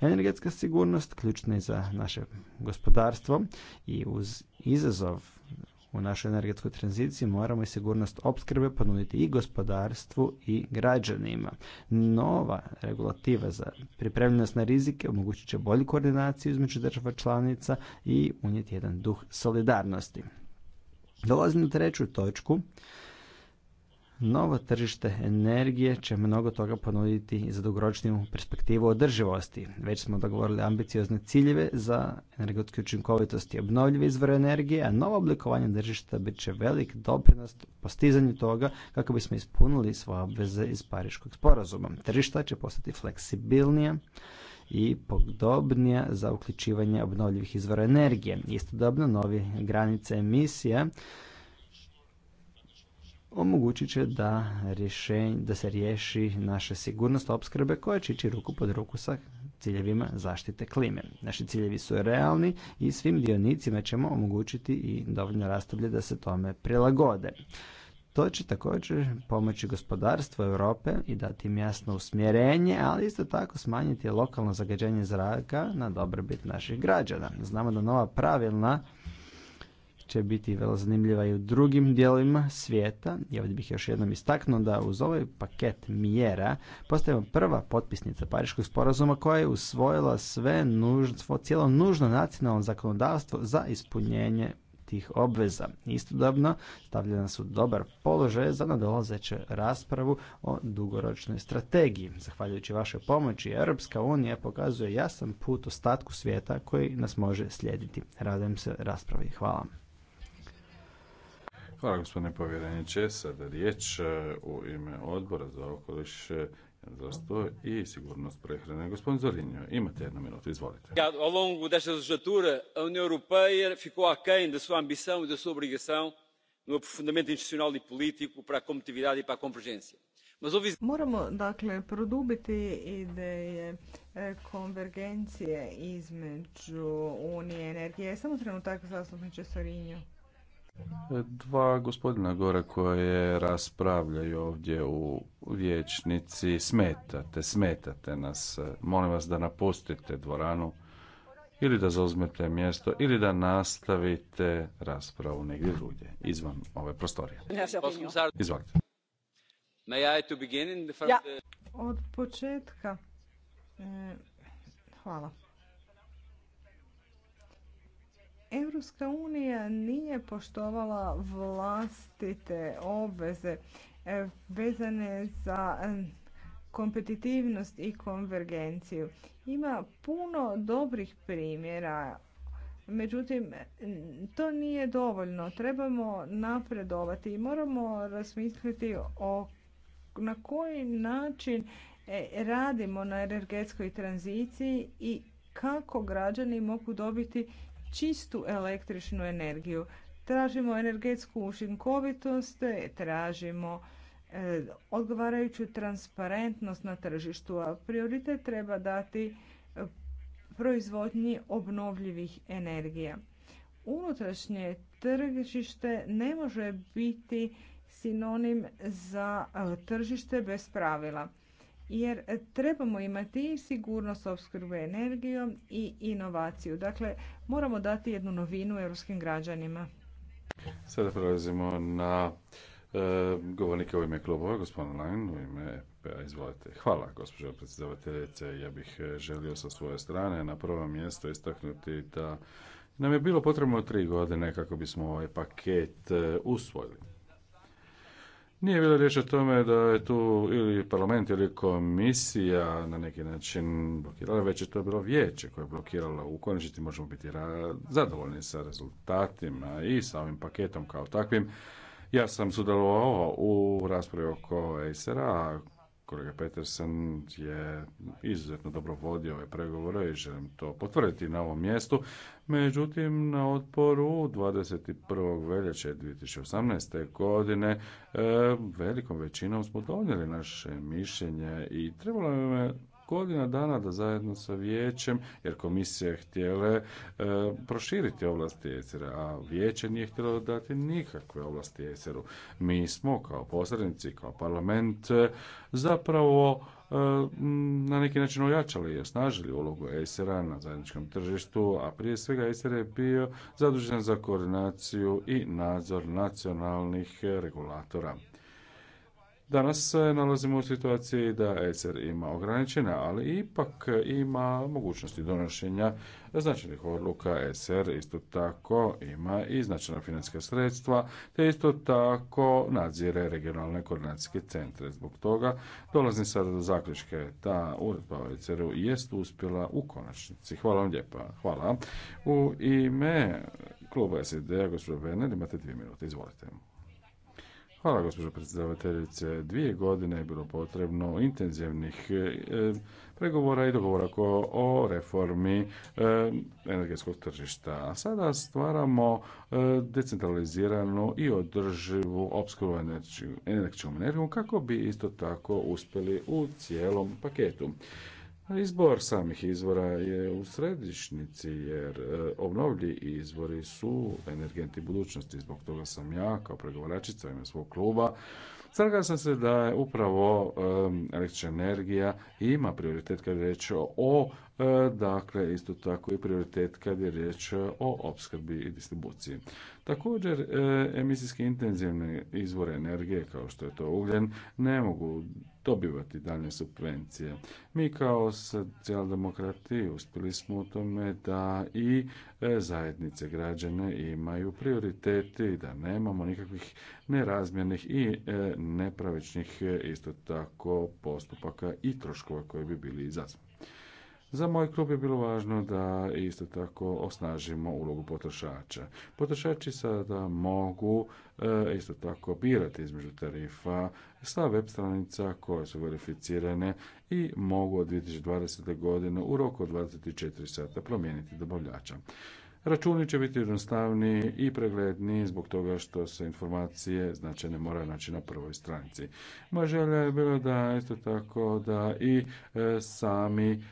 Energetska sigurnost ključna je za naše gospodarstvo i uz izazov u našoj energetskoj tranziciji moramo i sigurnost opskrbe ponuditi i gospodarstvu i građanima. Nova regulativa za pripremljenost na rizike omogućit će bolju koordinaciju između država članica i unijeti jedan duh solidarnosti. Dolazim na treću točku. Novo tržište energije će mnogo toga ponuditi za dugoročniju perspektivu održivosti. Već smo dogovorili ambiciozne ciljeve za energetsku učinkovitost i obnovljive izvore energije, a novo oblikovanje tržišta bit će velik doprinos postizanju toga kako bismo ispunili svoje obveze iz Pariškog sporazuma. Tržišta će postati fleksibilnija, i podobnija za uključivanje obnovljivih izvora energije. Istodobno novi granice emisija omogućit će da, rješenj, da se riješi naša sigurnost opskrbe koja će ići ruku pod ruku sa ciljevima zaštite klime. Naši ciljevi su realni i svim dionicima ćemo omogućiti i dovoljno rastavlje da se tome prilagode. To će također pomoći gospodarstvu Europe i dati im jasno usmjerenje, ali isto tako smanjiti lokalno zagađenje zraka na dobrobit naših građana. Znamo da nova pravilna će biti vrlo zanimljiva i u drugim dijelovima svijeta. I ovdje bih još jednom istaknuo da uz ovaj paket mjera postajemo prva potpisnica Pariškog sporazuma koja je usvojila sve nužno, cijelo nužno nacionalno zakonodavstvo za ispunjenje tih obveza. Istodobno stavlja nas u dobar položaj za nadolazeću raspravu o dugoročnoj strategiji. Zahvaljujući vašoj pomoći, Europska unija pokazuje jasan put ostatku svijeta koji nas može slijediti. Radujem se raspravi. Hvala. Hvala gospodine povjereniče. Sada riječ e, u ime odbora za okoliš zdravstvo i sigurnost prehrane. Gospodin Zorinjo, imate jednu minutu, izvolite. Ao longo desta legislatura, a União Europeia ficou aquém da sua ambição e da sua obrigação no aprofundamento institucional e político para a competitividade e para a convergência. Moramo dakle produbiti ideje e, konvergencije između Unije i energije. Samo trenutak zastupniče Sorinjo. Dva gospodina gore koje raspravljaju ovdje u vječnici smetate, smetate nas. Molim vas da napustite dvoranu ili da zauzmete mjesto ili da nastavite raspravu negdje drugdje, izvan ove prostorije. Izvolite. Ja, od početka. E, hvala. Europska unija nije poštovala vlastite obveze e, vezane za e, kompetitivnost i konvergenciju. Ima puno dobrih primjera, međutim to nije dovoljno. Trebamo napredovati i moramo razmisliti o na koji način e, radimo na energetskoj tranziciji i kako građani mogu dobiti čistu električnu energiju. Tražimo energetsku učinkovitost, tražimo e, odgovarajuću transparentnost na tržištu, a prioritet treba dati e, proizvodnji obnovljivih energija. Unutrašnje tržište ne može biti sinonim za e, tržište bez pravila jer trebamo imati sigurnost opskrbe energijom i inovaciju. Dakle, moramo dati jednu novinu europskim građanima. Sada prelazimo na e, govornike u ime klubova, gospodin Lajn, u ime p-a, izvolite. Hvala, gospođo predsjedavateljice. Ja bih e, želio sa svoje strane na prvo mjesto istaknuti da nam je bilo potrebno tri godine kako bismo ovaj paket e, usvojili. Nije bilo riječ o tome da je tu ili parlament ili komisija na neki način blokirala, već je to bilo vijeće koje je blokiralo. U konačnici možemo biti zadovoljni sa rezultatima i sa ovim paketom kao takvim. Ja sam sudjelovao u raspravi oko Acera, kolega Petersen je izuzetno dobro vodio ove pregovore i želim to potvrditi na ovom mjestu. Međutim, na odporu 21. veljače 2018. godine e, velikom većinom smo donijeli naše mišljenje i trebalo je godina dana da zajedno sa vijećem, jer komisija htjele e, proširiti ovlasti ECR-a, a vijeće nije htjelo dati nikakve ovlasti ECR-u. Mi smo kao posrednici, kao parlament e, zapravo e, na neki način ojačali i osnažili ulogu ESER-a na zajedničkom tržištu, a prije svega ESER je bio zadužen za koordinaciju i nadzor nacionalnih regulatora. Danas se nalazimo u situaciji da ECR ima ograničene, ali ipak ima mogućnosti donošenja značajnih odluka. ECR isto tako ima i značajna financijska sredstva, te isto tako nadzire regionalne koordinacijske centre. Zbog toga dolazim sada do zaključke da uredba o ECR-u jest uspjela u konačnici. Hvala vam lijepa. Hvala. U ime kluba SED-a, gospodin Werner, imate dvije minute. Izvolite. Hvala gospođo predsjedavateljice. Dvije godine je bilo potrebno intenzivnih e, pregovora i dogovora o reformi e, energetskog tržišta. A sada stvaramo e, decentraliziranu i održivu opskrbu energijom kako bi isto tako uspjeli u cijelom paketu. Izbor samih izvora je u središnici jer e, obnovlji izvori su energenti budućnosti. Zbog toga sam ja kao pregovaračica ime svog kluba Srga sam se da je upravo e, električna energija ima prioritet kad je riječ o E, dakle isto tako i prioritet kad je riječ o opskrbi i distribuciji. Također, e, emisijski intenzivni izvore energije, kao što je to ugljen, ne mogu dobivati dalje subvencije. Mi kao socijaldemokrati uspjeli smo u tome da i e, zajednice građane imaju prioriteti, da nemamo nikakvih nerazmjernih i nepravičnih isto tako postupaka i troškova koji bi bili izazvani. Za moj klub je bilo važno da isto tako osnažimo ulogu potrošača. Potrošači sada mogu e, isto tako birati između tarifa sa web stranica koje su verificirane i mogu od 2020. godine u roku od 24 sata promijeniti dobavljača. Računi će biti jednostavniji i pregledniji zbog toga što se informacije značajne moraju naći na prvoj stranici. Moja želja je bila da isto tako da i e, sami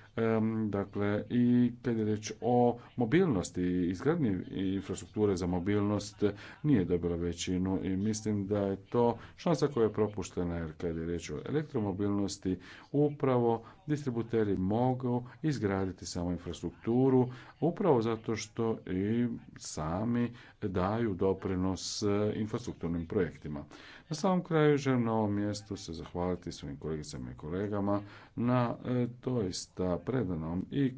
dakle i kad je reč o mobilnosti i izgradnji infrastrukture za mobilnost nije dobila većinu i mislim da je to šansa koja je propuštena jer kad je riječ o elektromobilnosti upravo distributeri mogu izgraditi samo infrastrukturu upravo zato što i sami daju doprinos eh, infrastrukturnim projektima. Na samom kraju želim na ovom mjestu se zahvaliti svojim kolegicama i kolegama na e, doista predanom i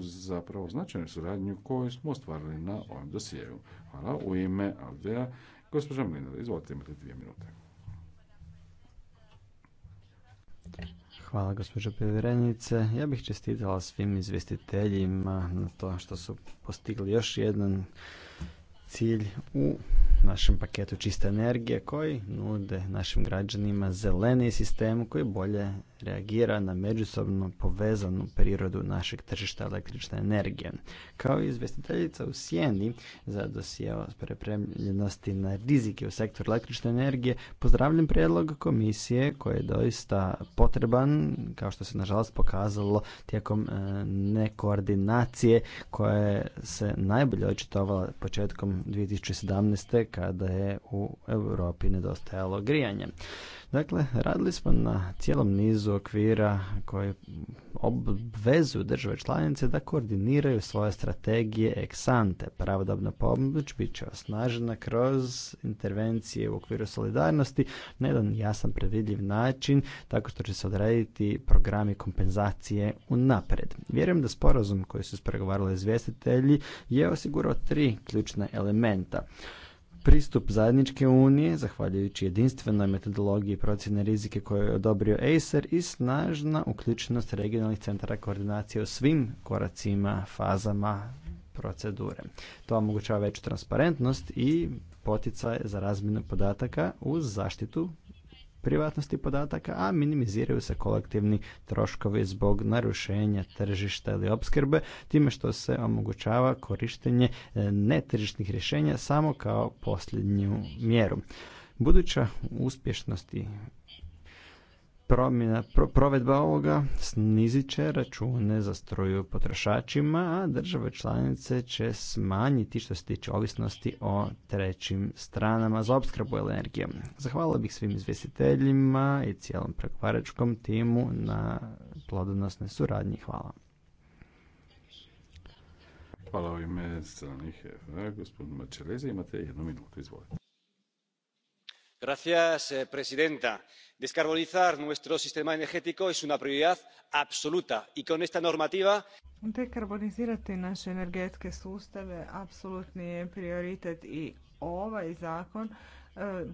zapravo značajnoj suradnju koju smo ostvarili na ovom dosijeju. Hvala u ime Aldea. Gospođa Mlinar, izvolite imate dvije minute. Hvala gospođo povjerenice. Ja bih čestitala svim izvjestiteljima na to što su postigli još jedan cilj u našem paketu čiste energije koji nude našim građanima zeleni sistem koji bolje reagira na međusobno povezanu prirodu našeg tržišta električne energije. Kao izvjestiteljica u Sjeni za dosije o prepremljenosti na rizike u sektoru električne energije, pozdravljam prijedlog komisije koji je doista potreban, kao što se nažalost pokazalo tijekom e, nekoordinacije koja se najbolje očitovala početkom 2017. kada je u Europi nedostajalo grijanje. Dakle, radili smo na cijelom nizu okvira koje obvezuju države članice da koordiniraju svoje strategije eksante. Pravodobna pomoć bit će osnažena kroz intervencije u okviru solidarnosti na jedan jasan predvidljiv način tako što će se odrediti programi kompenzacije napred. Vjerujem da sporazum koji su ispregovarali izvjestitelji je osigurao tri ključna elementa pristup zajedničke unije, zahvaljujući jedinstvenoj metodologiji procjene rizike koju je odobrio Acer i snažna uključenost regionalnih centara koordinacije u svim koracima, fazama procedure. To omogućava veću transparentnost i poticaj za razmjenu podataka uz zaštitu privatnosti podataka, a minimiziraju se kolektivni troškovi zbog narušenja tržišta ili opskrbe, time što se omogućava korištenje e, netržišnih rješenja samo kao posljednju mjeru. Buduća uspješnosti promjena, provedba ovoga snizit će račune za struju potrošačima, a države članice će smanjiti što se tiče ovisnosti o trećim stranama za opskrbu energijom. Zahvala bih svim izvjestiteljima i cijelom pregovaračkom timu na plodonosnoj suradnji. Hvala. Hvala u ime zelenih e, gospodin imate jednu minutu, izvolite señora eh, presidenta descarbonizar nuestro sistema energético es una prioridad absoluta y con esta normativa. dekarbonizirati naše energetske sustave apsolutni je prioritet i ovaj zakon e,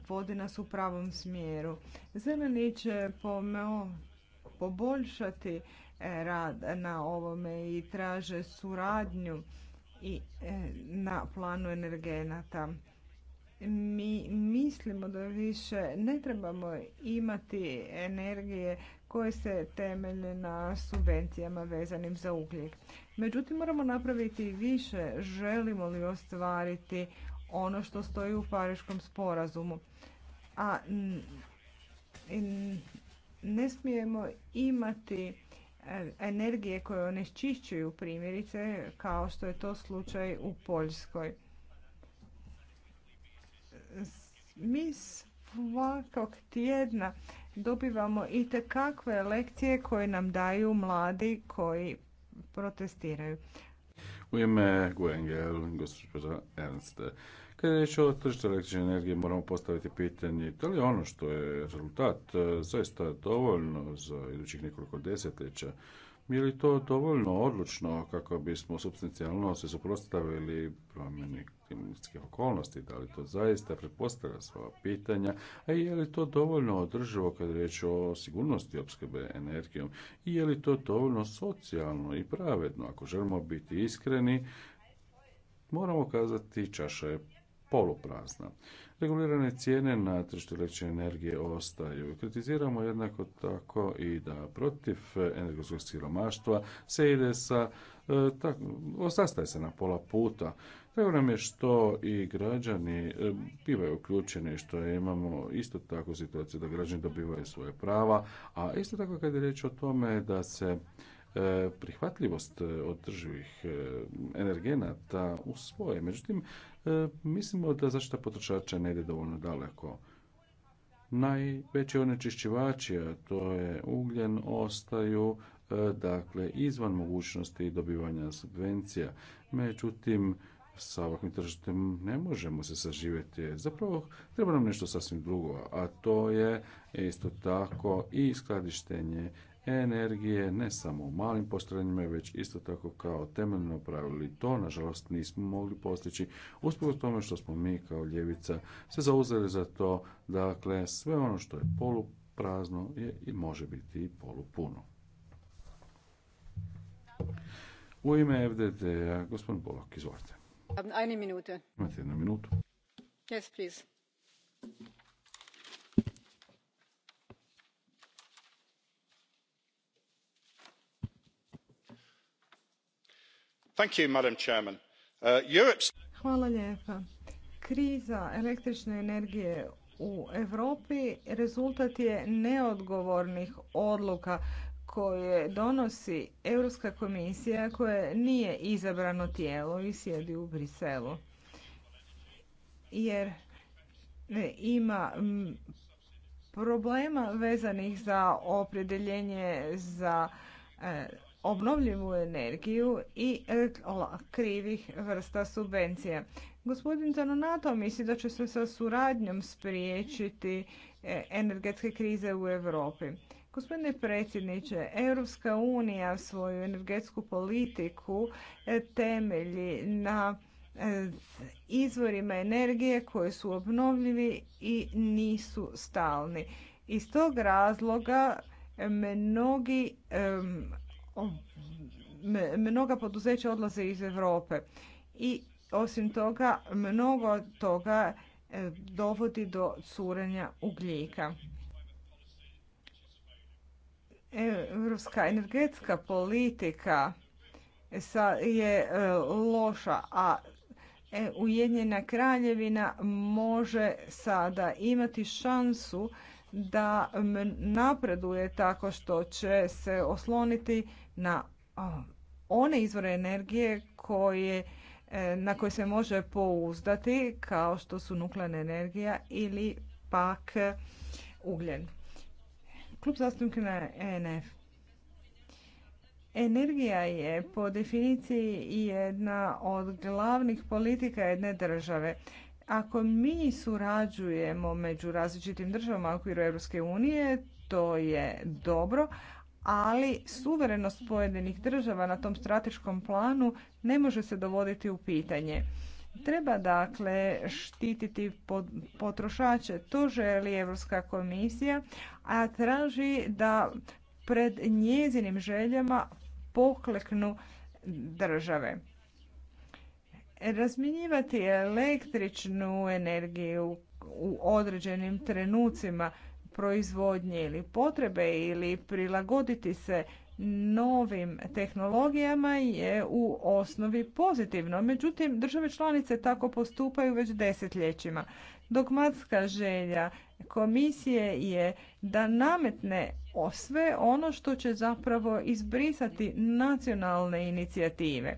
vodi nas u pravom smjeru. zeleni će poboljšati e, rad na ovome i traže suradnju i e, na planu energenata mi mislimo da više ne trebamo imati energije koje se temelje na subvencijama vezanim za ugljik. Međutim, moramo napraviti više želimo li ostvariti ono što stoji u Pariškom sporazumu. A ne smijemo imati e, energije koje onečišćuju primjerice kao što je to slučaj u Poljskoj mi svakog tjedna dobivamo i te kakve lekcije koje nam daju mladi koji protestiraju. U ime Guengel, gospođa Ernst, kada je riječ o tržištu električne energije, moramo postaviti pitanje da li ono što je rezultat e, zaista dovoljno za idućih nekoliko desetljeća je li to dovoljno odlučno kako bismo substancijalno se suprotstavili promjeni klimatskih okolnosti? Da li to zaista pretpostavlja svoja pitanja? A je li to dovoljno održivo kad riječ o sigurnosti opskrbe energijom? I je li to dovoljno socijalno i pravedno? Ako želimo biti iskreni, moramo kazati čaša je poluprazna. Regulirane cijene na tržištu električne energije ostaju. Kritiziramo jednako tako i da protiv energetskog siromaštva se ide sa, e, tako, se na pola puta. Treba nam je što i građani e, bivaju uključeni, što imamo isto tako situaciju da građani dobivaju svoje prava, a isto tako kad je riječ o tome da se E, prihvatljivost e, održivih e, energenata svoje. Međutim, mislimo da zaštita potrošača ne ide dovoljno daleko. Najveći onečišćivači, a to je ugljen, ostaju dakle izvan mogućnosti dobivanja subvencija. Međutim, sa ovakvim tržištem ne možemo se saživjeti. Zapravo treba nam nešto sasvim drugo, a to je isto tako i skladištenje energije, ne samo u malim postrojenjima, već isto tako kao temeljno pravilo. I to, nažalost, nismo mogli postići usprkos tome što smo mi kao ljevica se zauzeli za to, dakle, sve ono što je poluprazno je i može biti i polupuno. U ime fdd gospodin Bolok, izvolite. minute. Imate jednu minutu. Yes, please. Uh, Hvala lijepa. Kriza električne energije u Europi rezultat je neodgovornih odluka koje donosi Europska komisija koja nije izabrano tijelo i sjedi u Briselu. Jer ima problema vezanih za opredjeljenje za e, obnovljivu energiju i e, krivih vrsta subvencija. Gospodin Zanonato misli da će se sa suradnjom spriječiti e, energetske krize u Europi. Gospodine predsjedniče, Europska unija svoju energetsku politiku e, temelji na izvorima energije koji su obnovljivi i nisu stalni. Iz tog razloga mnogi mnoga poduzeća odlaze iz Europe i osim toga mnogo toga e, dovodi do curenja ugljika. Europska energetska politika je e, loša, a e, Ujedinjena kraljevina može sada imati šansu da napreduje tako što će se osloniti na one izvore energije koje e, na koje se može pouzdati kao što su nuklearna energija ili pak e, ugljen. Klub zastupnika na ENF. Energija je po definiciji jedna od glavnih politika jedne države. Ako mi surađujemo među različitim državama u okviru Europske unije, to je dobro, ali suverenost pojedinih država na tom strateškom planu ne može se dovoditi u pitanje. Treba dakle štititi potrošače, to želi Europska komisija, a traži da pred njezinim željama pokleknu države. Razminjivati električnu energiju u određenim trenucima proizvodnje ili potrebe ili prilagoditi se novim tehnologijama je u osnovi pozitivno. Međutim, države članice tako postupaju već desetljećima. Dogmatska želja komisije je da nametne o sve ono što će zapravo izbrisati nacionalne inicijative.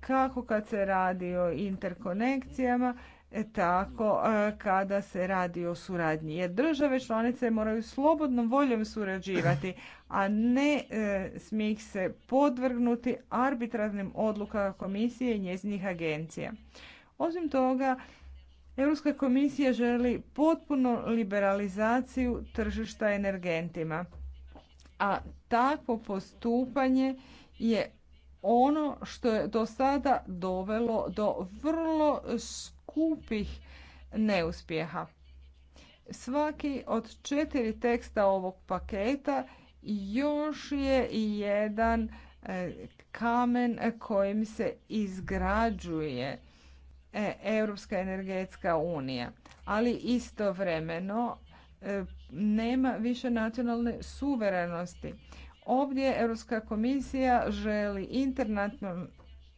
Kako kad se radi o interkonekcijama, E tako e, kada se radi o suradnji. Jer države članice moraju slobodnom voljom surađivati, a ne e, ih se podvrgnuti arbitrarnim odlukama komisije i njezinih agencija. Osim toga, Europska komisija želi potpuno liberalizaciju tržišta energentima. A takvo postupanje je ono što je do sada dovelo do vrlo skupih neuspjeha. Svaki od četiri teksta ovog paketa još je jedan e, kamen kojim se izgrađuje e, Europska energetska unija. Ali istovremeno e, nema više nacionalne suverenosti. Ovdje Europska komisija želi internatno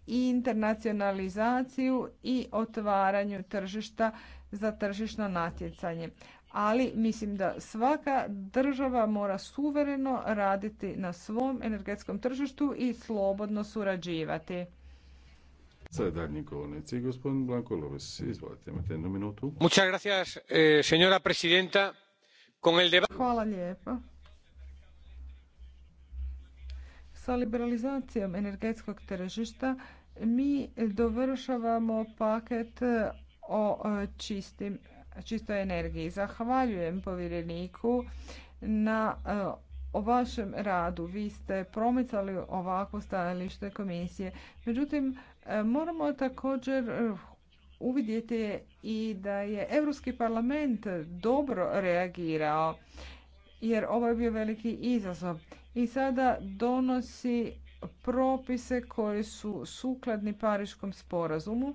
i internacionalizaciju i otvaranju tržišta za tržišno natjecanje. Ali mislim da svaka država mora suvereno raditi na svom energetskom tržištu i slobodno surađivati. Sada daljnji govornici, gospodin Blanko imate jednu minutu. Muchas gracias, eh, señora presidenta. Hvala lijepo. Sa liberalizacijom energetskog tržišta mi dovršavamo paket o e, čistim, čistoj energiji. Zahvaljujem povjereniku na e, o vašem radu. Vi ste promicali ovako stajalište komisije. Međutim, e, moramo također uvidjeti i da je Europski parlament dobro reagirao jer ovo je bio veliki izazov. I sada donosi propise koji su sukladni Pariškom sporazumu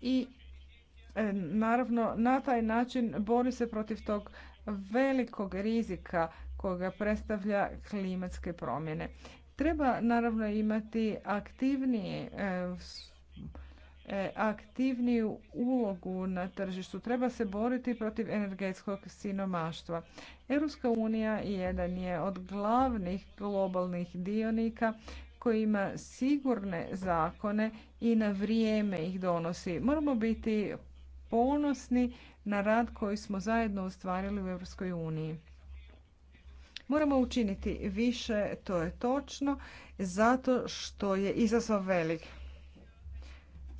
i e, naravno na taj način bori se protiv tog velikog rizika koga predstavlja klimatske promjene. Treba naravno imati aktivnije e, E, aktivniju ulogu na tržištu. Treba se boriti protiv energetskog sinomaštva. Europska unija jedan je od glavnih globalnih dionika koji ima sigurne zakone i na vrijeme ih donosi. Moramo biti ponosni na rad koji smo zajedno ostvarili u Europskoj uniji. Moramo učiniti više, to je točno, zato što je izazov velik.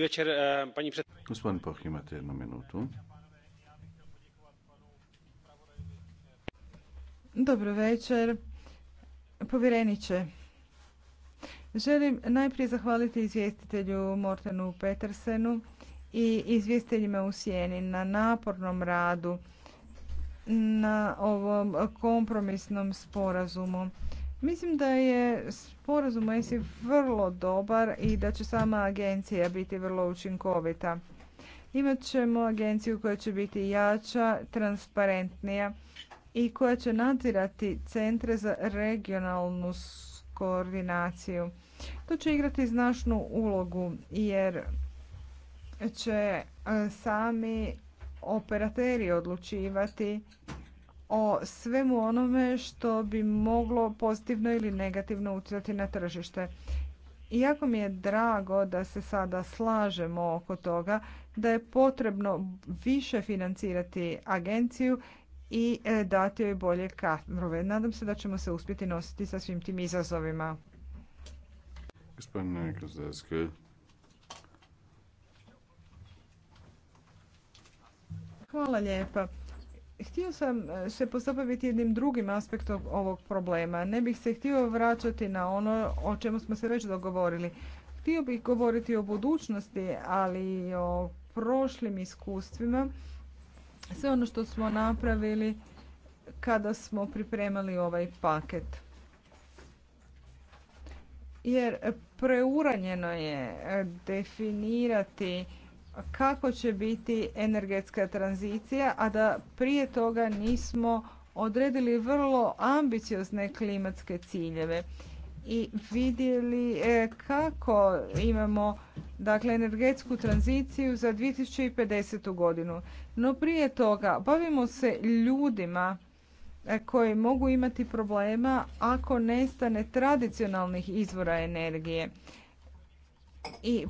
večer, eh, Dobro večer, povjereniče. Želim najprije zahvaliti izvjestitelju Mortenu Petersenu i izvjestiteljima u Sjeni na napornom radu na ovom kompromisnom sporazumu. Mislim da je sporazum ESI vrlo dobar i da će sama agencija biti vrlo učinkovita. Imat ćemo agenciju koja će biti jača, transparentnija i koja će nadzirati centre za regionalnu koordinaciju. To će igrati značnu ulogu jer će e, sami operateri odlučivati o svemu onome što bi moglo pozitivno ili negativno utjecati na tržište. Iako mi je drago da se sada slažemo oko toga da je potrebno više financirati agenciju i e, dati joj bolje kadrove. Nadam se da ćemo se uspjeti nositi sa svim tim izazovima. Gospodine Hvala lijepa. Htio sam e, se postaviti jednim drugim aspektom ovog problema. Ne bih se htio vraćati na ono o čemu smo se već dogovorili. Htio bih govoriti o budućnosti, ali i o prošlim iskustvima. Sve ono što smo napravili kada smo pripremali ovaj paket. Jer preuranjeno je e, definirati kako će biti energetska tranzicija, a da prije toga nismo odredili vrlo ambiciozne klimatske ciljeve i vidjeli e, kako imamo dakle, energetsku tranziciju za 2050. godinu. No prije toga bavimo se ljudima e, koji mogu imati problema ako nestane tradicionalnih izvora energije. I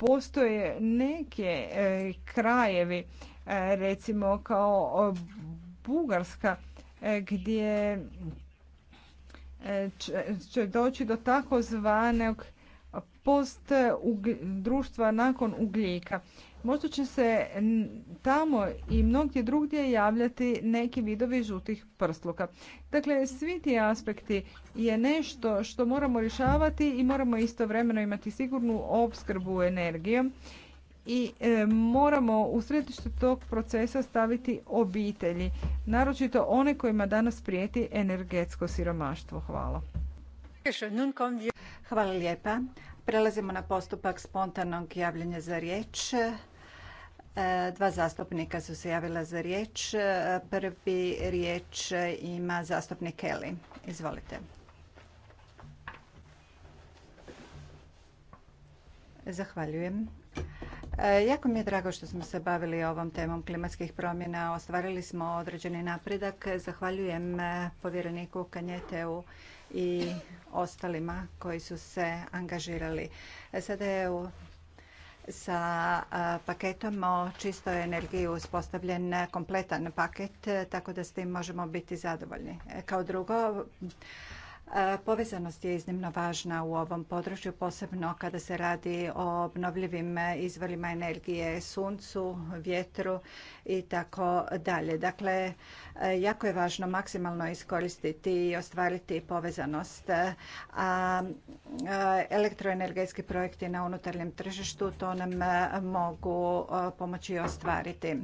postoje neke e, krajevi, e, recimo kao Bugarska, e, gdje će doći do takozvanog post društva nakon ugljika možda će se tamo i mnogdje drugdje javljati neki vidovi žutih prsluka. Dakle, svi ti aspekti je nešto što moramo rješavati i moramo istovremeno imati sigurnu opskrbu energijom i e, moramo u središtu tog procesa staviti obitelji, naročito one kojima danas prijeti energetsko siromaštvo. Hvala. Hvala lijepa. Prelazimo na postupak spontanog javljanja za riječ. E, dva zastupnika su se javila za riječ. E, prvi riječ ima zastupnik Eli. Izvolite. Zahvaljujem. E, jako mi je drago što smo se bavili ovom temom klimatskih promjena. Ostvarili smo određeni napredak. Zahvaljujem povjereniku Kanjeteu i ostalima koji su se angažirali. Sada je sa paketom o čistoj energiji uspostavljen kompletan paket, tako da s tim možemo biti zadovoljni. Kao drugo, Povezanost je iznimno važna u ovom području, posebno kada se radi o obnovljivim izvorima energije, suncu, vjetru i tako dalje. Dakle, jako je važno maksimalno iskoristiti i ostvariti povezanost. A elektroenergetski projekti na unutarnjem tržištu to nam e, mogu e, pomoći ostvariti.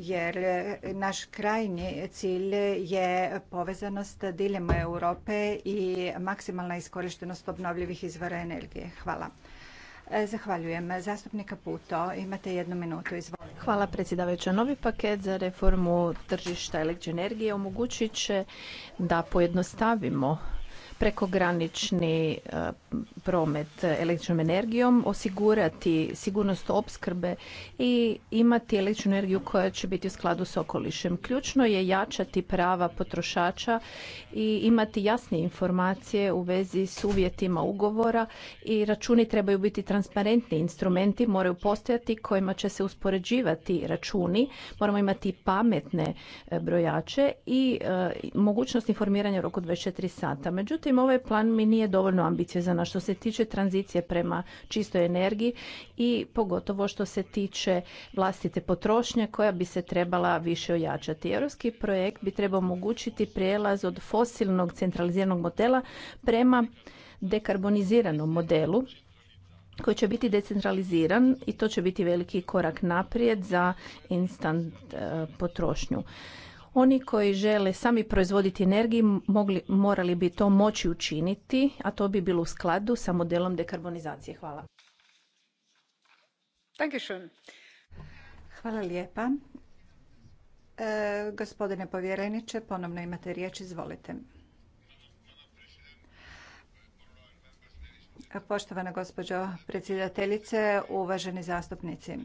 jer naš krajnji cilj je povezanost diljem Europe i maksimalna iskorištenost obnovljivih izvora energije. Hvala. Zahvaljujem. Zastupnika Puto, imate jednu minutu. Izvolite. Hvala predsjedavajuća. Novi paket za reformu tržišta električne energije omogućit će da pojednostavimo prekogranični e, promet električnom energijom, osigurati sigurnost opskrbe i imati električnu energiju koja će biti u skladu s okolišem. Ključno je jačati prava potrošača i imati jasne informacije u vezi s uvjetima ugovora i računi trebaju biti transparentni, instrumenti moraju postojati kojima će se uspoređivati računi, moramo imati pametne e, brojače i e, mogućnost informiranja u roku 24 sata. Međutim, Međutim, ovaj plan mi nije dovoljno ambiciozan što se tiče tranzicije prema čistoj energiji i pogotovo što se tiče vlastite potrošnje koja bi se trebala više ojačati. Europski projekt bi trebao omogućiti prijelaz od fosilnog centraliziranog modela prema dekarboniziranom modelu koji će biti decentraliziran i to će biti veliki korak naprijed za instant e, potrošnju. Oni koji žele sami proizvoditi energiju mogli, morali bi to moći učiniti, a to bi bilo u skladu sa modelom dekarbonizacije. Hvala. Hvala lijepa. E, gospodine povjereniče, ponovno imate riječ, izvolite. Poštovana gospođo predsjedateljice, uvaženi zastupnici.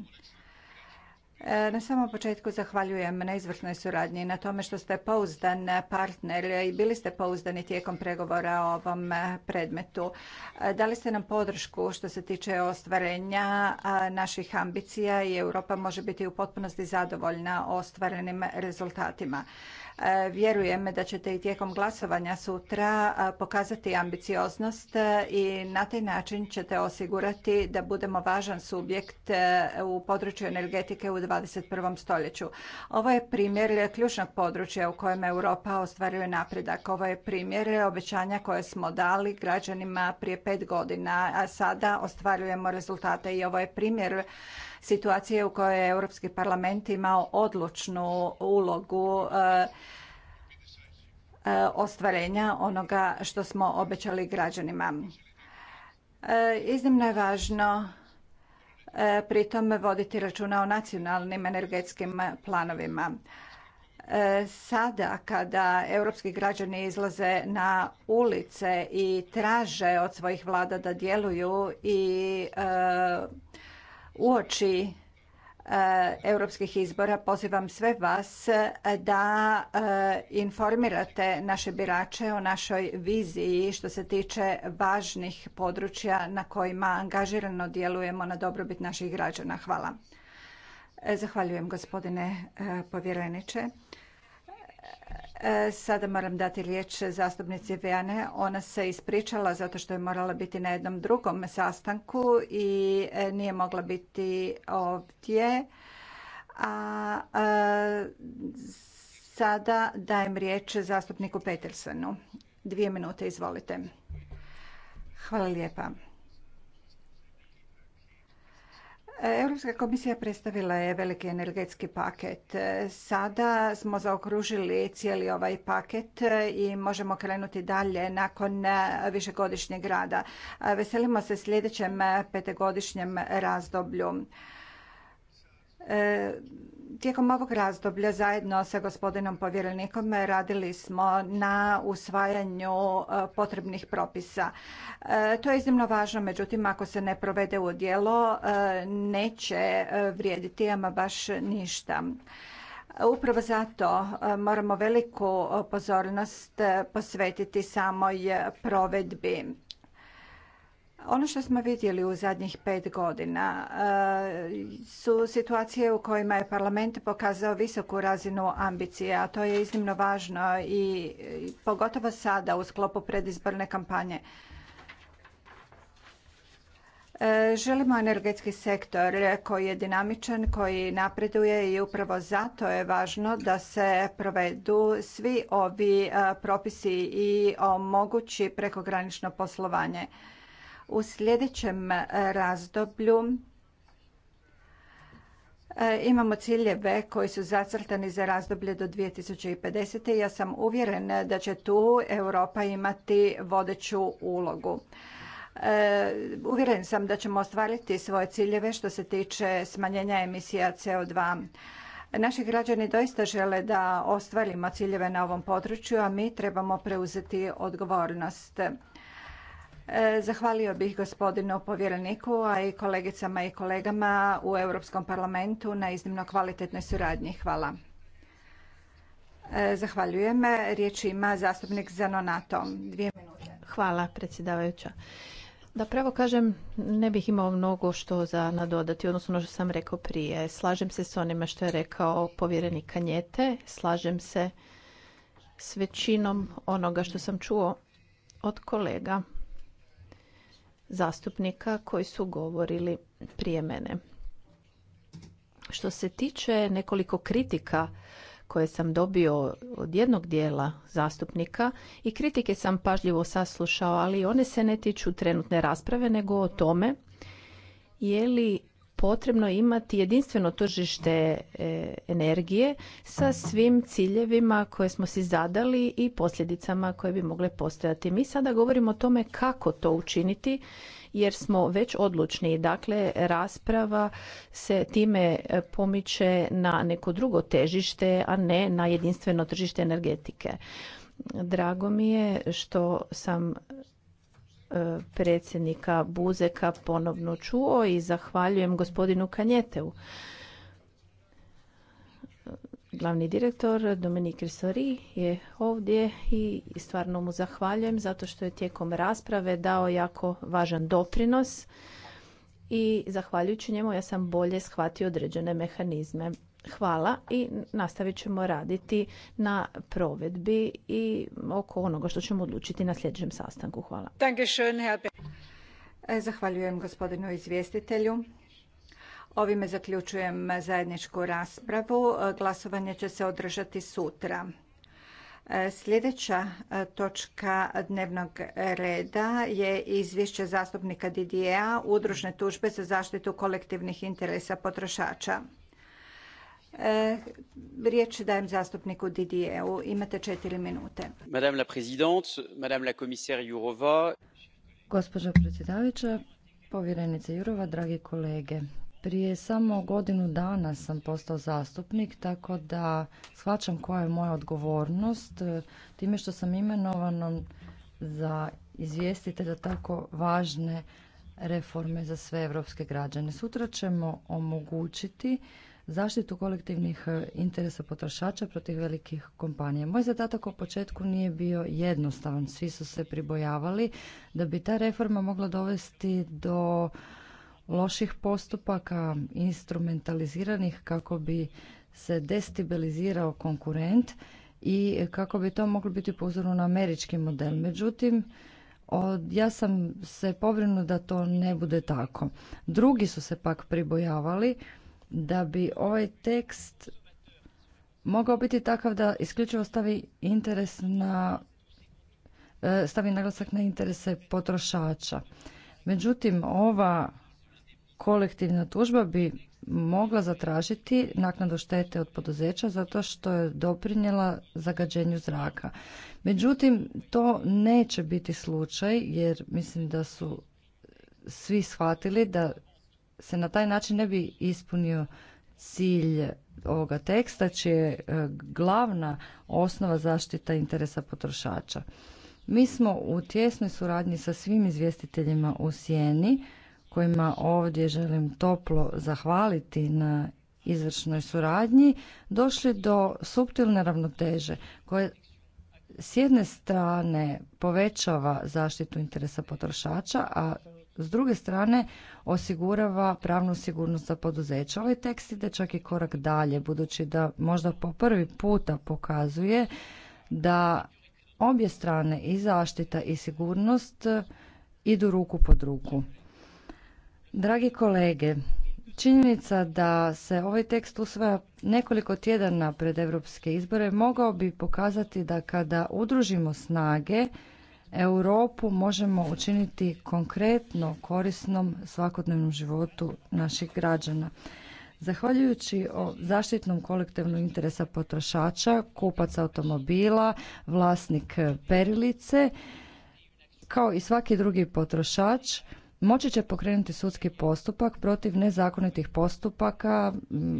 E, na samom početku zahvaljujem na izvrsnoj suradnji, na tome što ste pouzdan partner i bili ste pouzdani tijekom pregovora o ovom e, predmetu. E, dali ste nam podršku što se tiče ostvarenja naših ambicija i Europa može biti u potpunosti zadovoljna ostvarenim rezultatima. Vjerujem da ćete i tijekom glasovanja sutra pokazati ambicioznost e, i na taj način ćete osigurati da budemo važan subjekt e, u području energetike u 21. stoljeću. Ovo je primjer ključnog područja u kojem Europa ostvaruje napredak. Ovo je primjer obećanja koje smo dali građanima prije pet godina, a sada ostvarujemo rezultate i ovo je primjer situacije u kojoj je Europski parlament imao odlučnu ulogu e, e, ostvarenja onoga što smo obećali građanima. E, iznimno je važno pritom voditi računa o nacionalnim energetskim planovima. Sada kada europski građani izlaze na ulice i traže od svojih vlada da djeluju i Uoči e, europskih izbora pozivam sve vas e, da e, informirate naše birače o našoj viziji što se tiče važnih područja na kojima angažirano djelujemo na dobrobit naših građana. Hvala. Zahvaljujem gospodine povjereniče. E, sada moram dati riječ zastupnici Veane. Ona se ispričala zato što je morala biti na jednom drugom sastanku i e, nije mogla biti ovdje. A, e, sada dajem riječ zastupniku Petersenu. Dvije minute, izvolite. Hvala lijepa. Europska komisija predstavila je veliki energetski paket. Sada smo zaokružili cijeli ovaj paket i možemo krenuti dalje nakon višegodišnjeg rada. Veselimo se sljedećem petegodišnjem razdoblju Tijekom ovog razdoblja zajedno sa gospodinom povjerenikom radili smo na usvajanju e, potrebnih propisa. E, to je iznimno važno, međutim ako se ne provede u djelo e, neće vrijediti ama baš ništa. Upravo zato moramo veliku pozornost posvetiti samoj provedbi ono što smo vidjeli u zadnjih pet godina e, su situacije u kojima je parlament pokazao visoku razinu ambicije, a to je iznimno važno i pogotovo sada u sklopu predizborne kampanje. E, želimo energetski sektor koji je dinamičan, koji napreduje i upravo zato je važno da se provedu svi ovi e, propisi i omogući prekogranično poslovanje u sljedećem e, razdoblju e, Imamo ciljeve koji su zacrtani za razdoblje do 2050. Ja sam uvjeren da će tu Europa imati vodeću ulogu. E, uvjeren sam da ćemo ostvariti svoje ciljeve što se tiče smanjenja emisija CO2. Naši građani doista žele da ostvarimo ciljeve na ovom području, a mi trebamo preuzeti odgovornost. E, zahvalio bih gospodinu povjereniku, a i kolegicama i kolegama u Europskom parlamentu na iznimno kvalitetnoj suradnji. Hvala. E, zahvaljujem. Riječ ima zastupnik Zanonato. Dvije minute. Hvala, predsjedavajuća. Da pravo kažem, ne bih imao mnogo što za nadodati, odnosno ono što sam rekao prije. Slažem se s onima što je rekao povjerenik Kanjete, slažem se s većinom onoga što sam čuo od kolega zastupnika koji su govorili prije mene. Što se tiče nekoliko kritika koje sam dobio od jednog dijela zastupnika i kritike sam pažljivo saslušao, ali one se ne tiču trenutne rasprave nego o tome je li potrebno imati jedinstveno tržište e, energije sa svim ciljevima koje smo si zadali i posljedicama koje bi mogle postojati. Mi sada govorimo o tome kako to učiniti jer smo već odlučni. Dakle, rasprava se time e, pomiče na neko drugo težište, a ne na jedinstveno tržište energetike. Drago mi je što sam E, predsjednika Buzeka ponovno čuo i zahvaljujem gospodinu Kanjeteu. Glavni direktor Dominik Risori je ovdje i stvarno mu zahvaljujem zato što je tijekom rasprave dao jako važan doprinos i zahvaljujući njemu ja sam bolje shvatio određene mehanizme. Hvala i nastavit ćemo raditi na provedbi i oko onoga što ćemo odlučiti na sljedećem sastanku. Hvala. E, zahvaljujem gospodinu izvjestitelju. Ovime zaključujem zajedničku raspravu. E, glasovanje će se održati sutra. E, sljedeća točka dnevnog reda je izvješće zastupnika DDA udružne tužbe za zaštitu kolektivnih interesa potrošača. E, riječ dajem zastupniku Didijeu. Imate četiri minute. Madame la présidente, madame la commissaire Jurova. Gospođo predsjedavajuća, povjerenice Jurova, dragi kolege. Prije samo godinu dana sam postao zastupnik, tako da shvaćam koja je moja odgovornost e, time što sam imenovan za da tako važne reforme za sve evropske građane. Sutra ćemo omogućiti zaštitu kolektivnih e, interesa potrošača protiv velikih kompanija. Moj zadatak u početku nije bio jednostavan. Svi su se pribojavali da bi ta reforma mogla dovesti do loših postupaka, instrumentaliziranih kako bi se destabilizirao konkurent i kako bi to moglo biti po uzoru na američki model. Međutim, od, ja sam se pobrinula da to ne bude tako. Drugi su se pak pribojavali da bi ovaj tekst mogao biti takav da isključivo stavi interes na e, stavi naglasak na interese potrošača. Međutim, ova kolektivna tužba bi mogla zatražiti naknadu štete od poduzeća zato što je doprinjela zagađenju zraka. Međutim, to neće biti slučaj jer mislim da su svi shvatili da se na taj način ne bi ispunio cilj ovoga teksta čija je e, glavna osnova zaštita interesa potrošača. Mi smo u tjesnoj suradnji sa svim izvjestiteljima u Sjeni, kojima ovdje želim toplo zahvaliti na izvršnoj suradnji, došli do suptilne ravnoteže koje s jedne strane povećava zaštitu interesa potrošača, a s druge strane, osigurava pravnu sigurnost za poduzeća. Ovaj tekst ide čak i korak dalje, budući da možda po prvi puta pokazuje da obje strane i zaštita i sigurnost idu ruku pod ruku. Dragi kolege, činjenica da se ovaj tekst usvaja nekoliko tjedana pred europske izbore mogao bi pokazati da kada udružimo snage Europu možemo učiniti konkretno korisnom svakodnevnom životu naših građana. Zahvaljujući o zaštitnom kolektivnom interesa potrošača, kupac automobila, vlasnik perilice, kao i svaki drugi potrošač, moći će pokrenuti sudski postupak protiv nezakonitih postupaka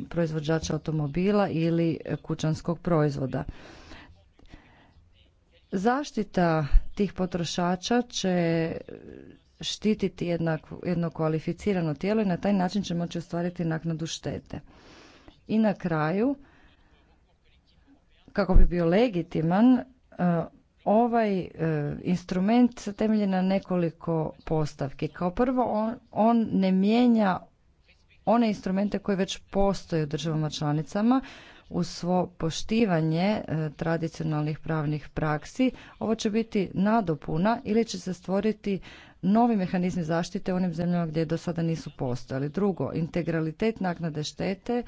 proizvođača automobila ili kućanskog proizvoda. Zaštita tih potrošača će štititi jedno kvalificirano tijelo i na taj način će moći ostvariti naknadu štete. I na kraju, kako bi bio legitiman, e, ovaj e, instrument se temelji na nekoliko postavki. Kao prvo, on, on ne mijenja one instrumente koji već postoje u državama članicama, uz svo poštivanje e, tradicionalnih pravnih praksi, ovo će biti nadopuna ili će se stvoriti novi mehanizmi zaštite u onim zemljama gdje do sada nisu postojali. Drugo, integralitet naknade štete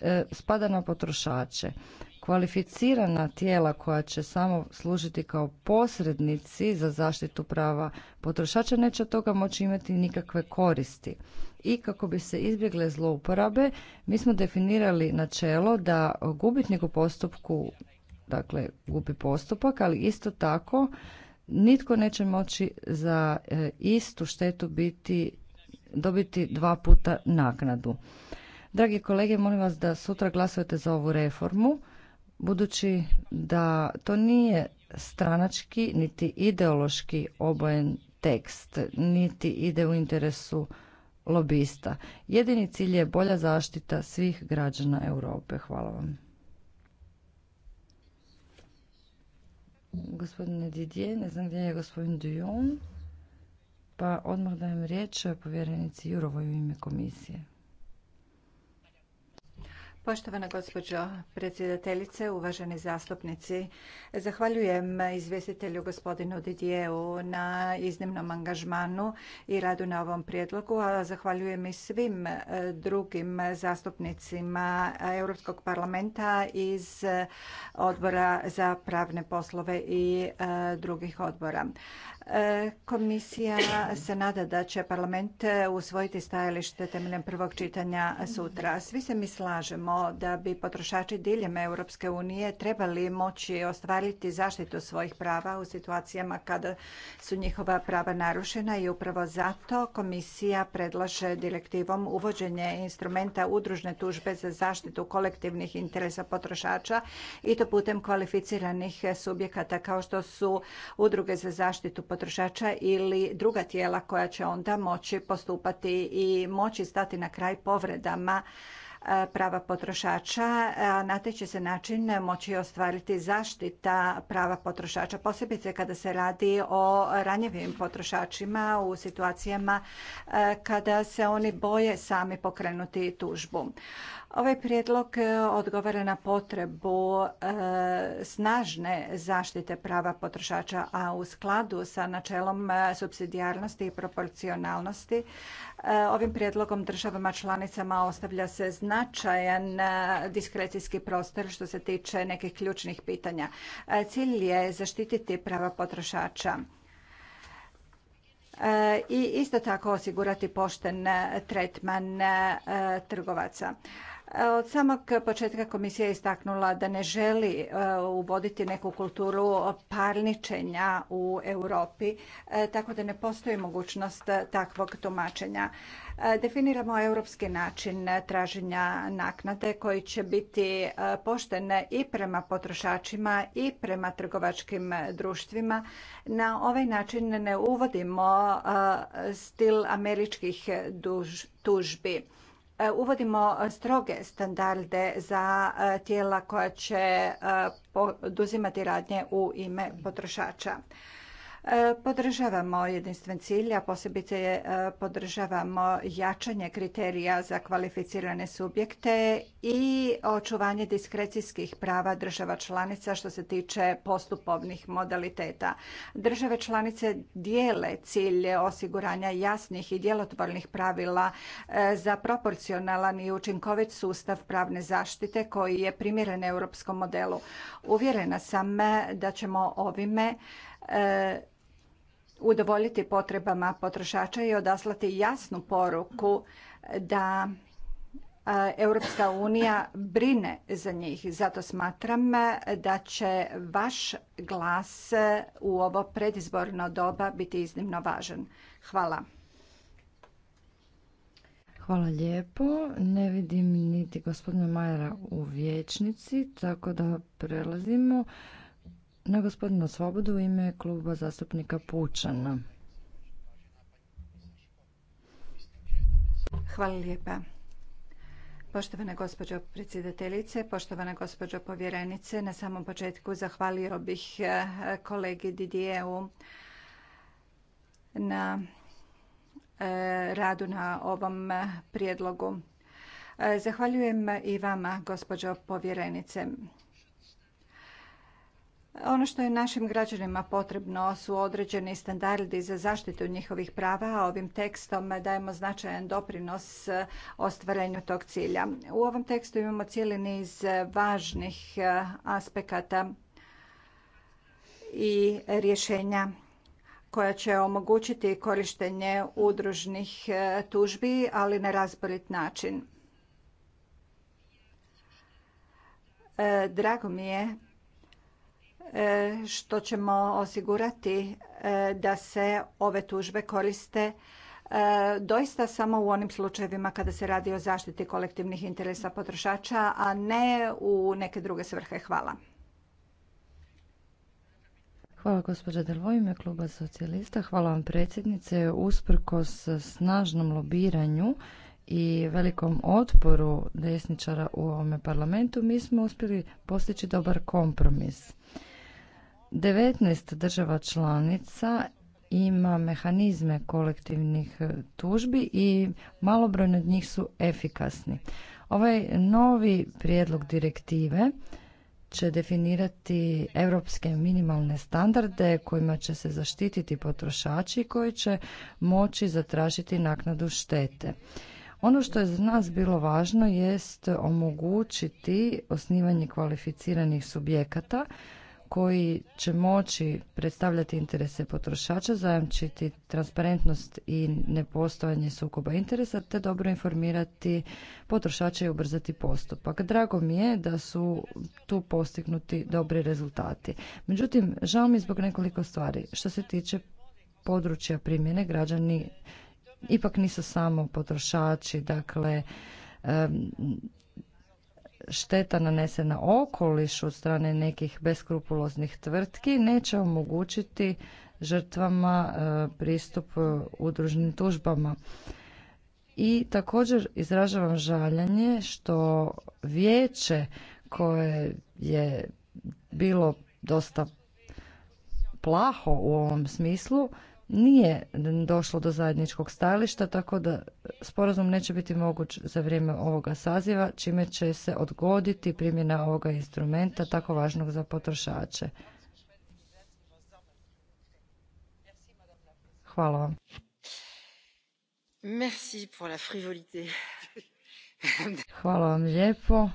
e, spada na potrošače. Kvalificirana tijela koja će samo služiti kao posrednici za zaštitu prava potrošača neće od toga moći imati nikakve koristi i kako bi se izbjegle zlouporabe mi smo definirali načelo da gubitnik u postupku dakle gubi postupak ali isto tako nitko neće moći za e, istu štetu biti dobiti dva puta naknadu. Dragi kolege, molim vas da sutra glasujete za ovu reformu, budući da to nije stranački niti ideološki obojen tekst, niti ide u interesu lobista. Jedini cilj je bolja zaštita svih građana Europe. Hvala vam. Gospodine Didier, ne znam gdje je gospodin Dujon, pa odmah dajem riječ povjerenici Jurovoj u ime komisije. Poštovana gospođo predsjedateljice, uvaženi zastupnici, zahvaljujem izvjestitelju gospodinu Didijevu na iznimnom angažmanu i radu na ovom prijedlogu, a zahvaljujem i svim e, drugim zastupnicima Europskog parlamenta iz odbora za pravne poslove i e, drugih odbora. Komisija se nada da će parlament usvojiti stajalište temeljem prvog čitanja sutra. Svi se mi slažemo da bi potrošači diljem Europske unije trebali moći ostvariti zaštitu svojih prava u situacijama kada su njihova prava narušena i upravo zato komisija predlaže direktivom uvođenje instrumenta udružne tužbe za zaštitu kolektivnih interesa potrošača i to putem kvalificiranih subjekata kao što su udruge za zaštitu potrošača potrošača ili druga tijela koja će onda moći postupati i moći stati na kraj povredama e, prava potrošača. Na taj će se način moći ostvariti zaštita prava potrošača, posebice kada se radi o ranjivim potrošačima u situacijama e, kada se oni boje sami pokrenuti tužbu. Ovaj prijedlog e, odgovara na potrebu e, snažne zaštite prava potrošača, a u skladu sa načelom e, subsidijarnosti i proporcionalnosti ovim prijedlogom državama članicama ostavlja se značajan diskrecijski prostor što se tiče nekih ključnih pitanja. Cilj je zaštititi prava potrošača i isto tako osigurati pošten tretman trgovaca. Od samog početka komisija je istaknula da ne želi e, uvoditi neku kulturu parničenja u Europi, e, tako da ne postoji mogućnost takvog tumačenja. E, definiramo europski način traženja naknade koji će biti pošten i prema potrošačima i prema trgovačkim društvima. Na ovaj način ne uvodimo stil američkih tužbi E, uvodimo e, stroge standarde za e, tijela koja će poduzimati radnje u ime potrošača. E, podržavamo jedinstven cilj, a posebice e, podržavamo jačanje kriterija za kvalificirane subjekte i očuvanje diskrecijskih prava država članica što se tiče postupovnih modaliteta. Države članice dijele cilje osiguranja jasnih i djelotvornih pravila e, za proporcionalan i učinkovit sustav pravne zaštite koji je primjeren europskom modelu. Uvjerena sam da ćemo ovime udovoljiti potrebama potrošača i odaslati jasnu poruku da Europska unija brine za njih. Zato smatram da će vaš glas u ovo predizborno doba biti iznimno važan. Hvala. Hvala lijepo. Ne vidim niti gospodina Majera u vječnici, tako da prelazimo na gospodinu Svobodu u ime kluba zastupnika Pučana. Hvala lijepa. Poštovana gospođo predsjedateljice, poštovana gospođo povjerenice, na samom početku zahvalio bih eh, kolegi Didijevu na eh, radu na ovom eh, prijedlogu. Zahvaljujem i vama, gospođo povjerenice. Ono što je našim građanima potrebno su određeni standardi za zaštitu njihovih prava, a ovim tekstom dajemo značajan doprinos ostvarenju tog cilja. U ovom tekstu imamo cijeli niz važnih e, aspekata i rješenja koja će omogućiti korištenje udružnih e, tužbi, ali na razborit način. E, drago mi je E, što ćemo osigurati e, da se ove tužbe koriste e, doista samo u onim slučajevima kada se radi o zaštiti kolektivnih interesa potrošača, a ne u neke druge svrhe. Hvala. Hvala gospođa Delvoj, ime kluba socijalista. Hvala vam predsjednice. Usprkos snažnom lobiranju i velikom otporu desničara u ovome parlamentu, mi smo uspjeli postići dobar kompromis. 19 država članica ima mehanizme kolektivnih e, tužbi i malobrojno od njih su efikasni. Ovaj novi prijedlog direktive će definirati europske minimalne standarde kojima će se zaštititi potrošači koji će moći zatražiti naknadu štete. Ono što je za nas bilo važno jest omogućiti osnivanje kvalificiranih subjekata koji će moći predstavljati interese potrošača, zajamčiti transparentnost i nepostojanje sukoba interesa, te dobro informirati potrošača i ubrzati postupak. Drago mi je da su tu postignuti dobri rezultati. Međutim, žao mi zbog nekoliko stvari. Što se tiče područja primjene, građani ipak nisu samo potrošači, dakle šteta nanesena okoliš od strane nekih beskrupuloznih tvrtki neće omogućiti žrtvama e, pristup e, udružnim tužbama. I također izražavam žaljanje što vijeće koje je bilo dosta plaho u ovom smislu nije došlo do zajedničkog stajališta, tako da sporazum neće biti moguć za vrijeme ovoga saziva, čime će se odgoditi primjena ovoga instrumenta tako važnog za potrošače. Hvala vam. Hvala vam lijepo.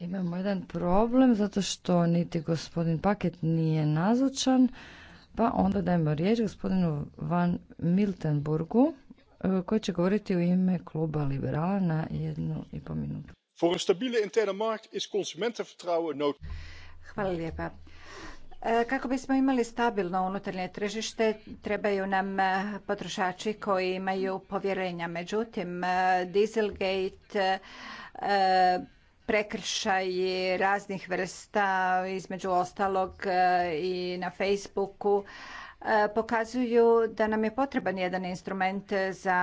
Imamo jedan problem zato što niti gospodin Paket nije nazočan, pa onda dajemo riječ gospodinu Van Miltenburgu e, koji će govoriti u ime kluba Liberala na jednu i po minutu. Hvala lijepa. E, kako bismo imali stabilno unutarnje tržište, trebaju nam e, potrošači koji imaju povjerenja. Međutim, Dieselgate, prekršaj raznih vrsta, između ostalog e, i na Facebooku. E, pokazuju da nam je potreban jedan instrument za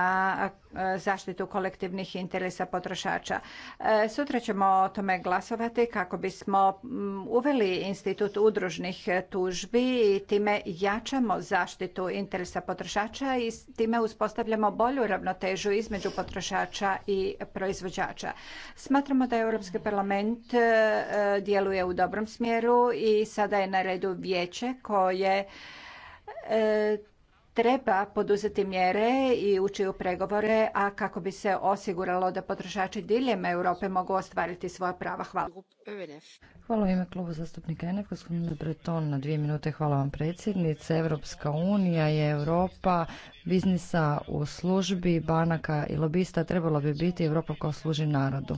e, zaštitu kolektivnih interesa potrošača. E, sutra ćemo o tome glasovati kako bismo uveli institut udružnih tužbi i time jačamo zaštitu interesa potrošača i time uspostavljamo bolju ravnotežu između potrošača i proizvođača. Smatramo da Europski parlament djeluje u dobrom smjeru i sada je na redu vijeće koje E, treba poduzeti mjere i ući u pregovore, a kako bi se osiguralo da potrošači diljem Europe mogu ostvariti svoja prava. Hvala. Hvala u ime klubu zastupnika ENF, gospodin Breton, na dvije minute. Hvala vam predsjednice. Europska unija je Europa biznisa u službi banaka i lobista. Trebalo bi biti Europa koja služi narodu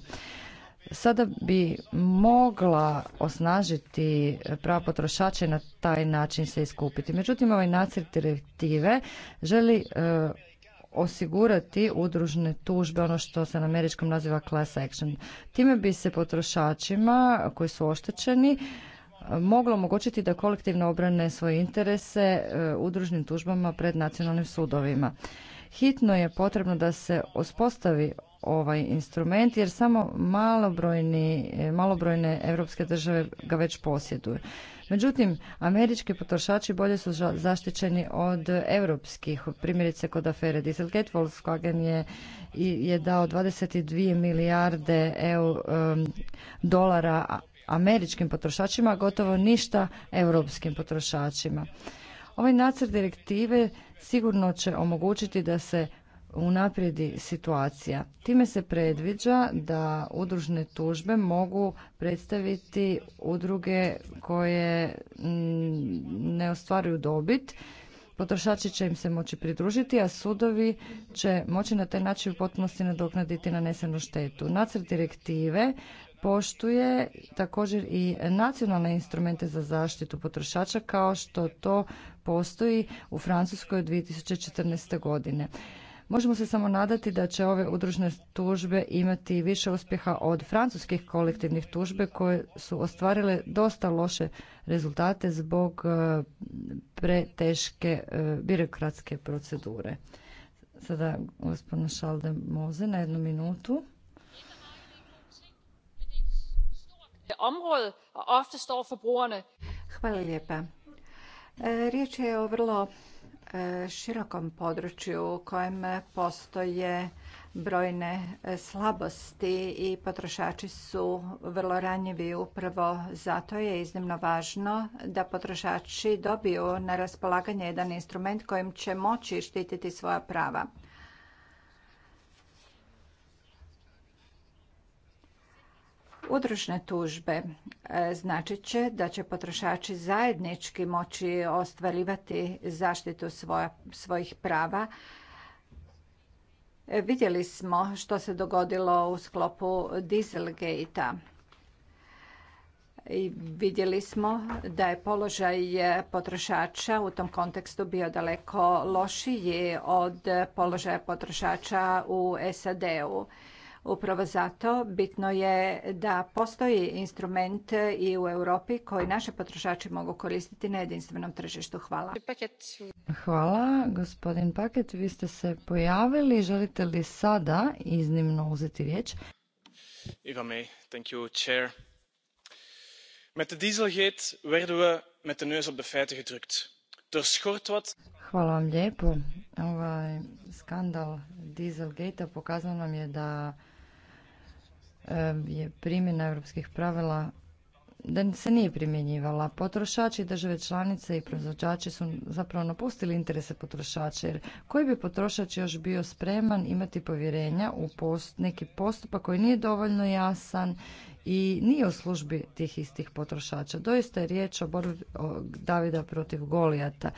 sada bi mogla osnažiti prava potrošača i na taj način se iskupiti. Međutim, ovaj nacrt direktive želi e, osigurati udružne tužbe, ono što se na američkom naziva class action. Time bi se potrošačima koji su oštećeni e, moglo omogućiti da kolektivno obrane svoje interese e, udružnim tužbama pred nacionalnim sudovima. Hitno je potrebno da se uspostavi ovaj instrument jer samo malobrojni, e, malobrojne europske države ga već posjeduju. Međutim, američki potrošači bolje su zaštićeni od europskih. Primjerice kod afere Dieselgate, Volkswagen je, je dao 22 milijarde eu dolara američkim potrošačima, gotovo ništa europskim potrošačima. Ovaj nacrt direktive sigurno će omogućiti da se unaprijedi situacija. Time se predviđa da udružne tužbe mogu predstaviti udruge koje mm, ne ostvaruju dobit. Potrošači će im se moći pridružiti, a sudovi će moći na taj način u potpunosti nadoknaditi nanesenu štetu. Nacrt direktive poštuje također i nacionalne instrumente za zaštitu potrošača kao što to postoji u Francuskoj od 2014. godine. Možemo se samo nadati da će ove udružne tužbe imati više uspjeha od francuskih kolektivnih tužbe koje su ostvarile dosta loše rezultate zbog e, preteške e, birokratske procedure. Sada gospodin Šalde Moze na jednu minutu. Hvala lijepa. E, riječ je o vrlo E, širokom području u kojem postoje brojne e, slabosti i potrošači su vrlo ranjivi. Upravo zato je iznimno važno da potrošači dobiju na raspolaganje jedan instrument kojim će moći štititi svoja prava. Udružne tužbe e, značit će da će potrošači zajednički moći ostvarivati zaštitu svoja, svojih prava. E, vidjeli smo što se dogodilo u sklopu Dieselgate-a. I vidjeli smo da je položaj potrošača u tom kontekstu bio daleko lošiji od položaja potrošača u SAD-u. Upravo zato bitno je da postoji instrument i u Europi koji naši potrošači mogu koristiti na jedinstvenom tržištu. Hvala. Hvala, gospodin Paket. Vi ste se pojavili. Želite li sada iznimno uzeti riječ? Iva me, thank you, chair. Met de dieselgate werden we met de neus op de feiten gedrukt. Hvala vam lijepo. Ovaj skandal Dieselgate pokazao nam je da je primjena europskih pravila da se nije primjenjivala. Potrošači države članice i proizvođači su zapravo napustili interese potrošača jer koji bi potrošač još bio spreman imati povjerenja u post, neki postupak koji nije dovoljno jasan i nije o službi tih istih potrošača. Doista je riječ o borbi Davida protiv Golijata.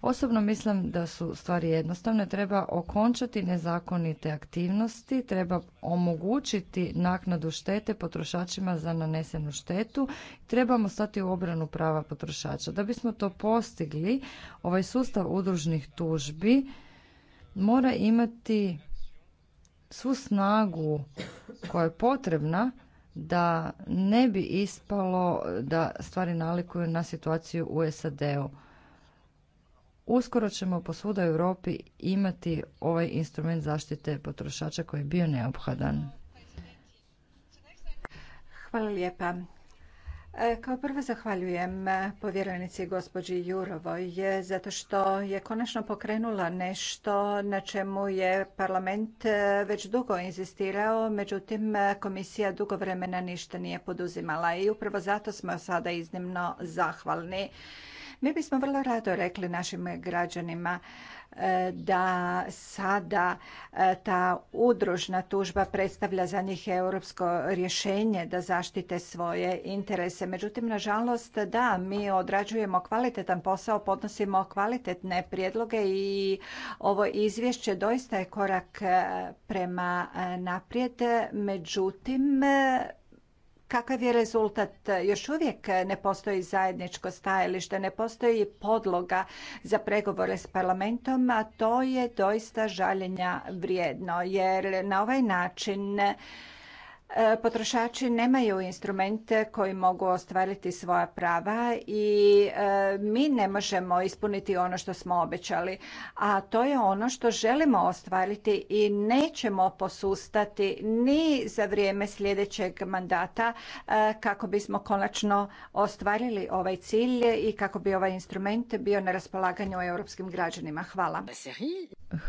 Osobno mislim da su stvari jednostavne. Treba okončati nezakonite aktivnosti, treba omogućiti naknadu štete potrošačima za nanesenu štetu. Trebamo stati u obranu prava potrošača. Da bismo to postigli, ovaj sustav udružnih tužbi mora imati svu snagu koja je potrebna da ne bi ispalo da stvari nalikuju na situaciju u SAD-u. Uskoro ćemo svuda u Europi imati ovaj instrument zaštite potrošača koji je bio neophodan. Hvala lijepa. E, kao prvo zahvaljujem e, povjerenici gospođi Jurovoj e, zato što je konačno pokrenula nešto na čemu je parlament već dugo insistirao, međutim komisija dugo vremena ništa nije poduzimala i upravo zato smo sada iznimno zahvalni. Mi bismo vrlo rado rekli našim građanima e, da sada e, ta udružna tužba predstavlja za njih europsko rješenje da zaštite svoje interese. Međutim, nažalost, da, mi odrađujemo kvalitetan posao, podnosimo kvalitetne prijedloge i ovo izvješće doista je korak e, prema naprijed. Međutim, Kakav je rezultat? Još uvijek ne postoji zajedničko stajalište, ne postoji podloga za pregovore s parlamentom, a to je doista žaljenja vrijedno, jer na ovaj način E, potrošači nemaju instrumente koji mogu ostvariti svoja prava i e, mi ne možemo ispuniti ono što smo obećali, a to je ono što želimo ostvariti i nećemo posustati ni za vrijeme sljedećeg mandata e, kako bismo konačno ostvarili ovaj cilj i kako bi ovaj instrument bio na raspolaganju europskim građanima. Hvala.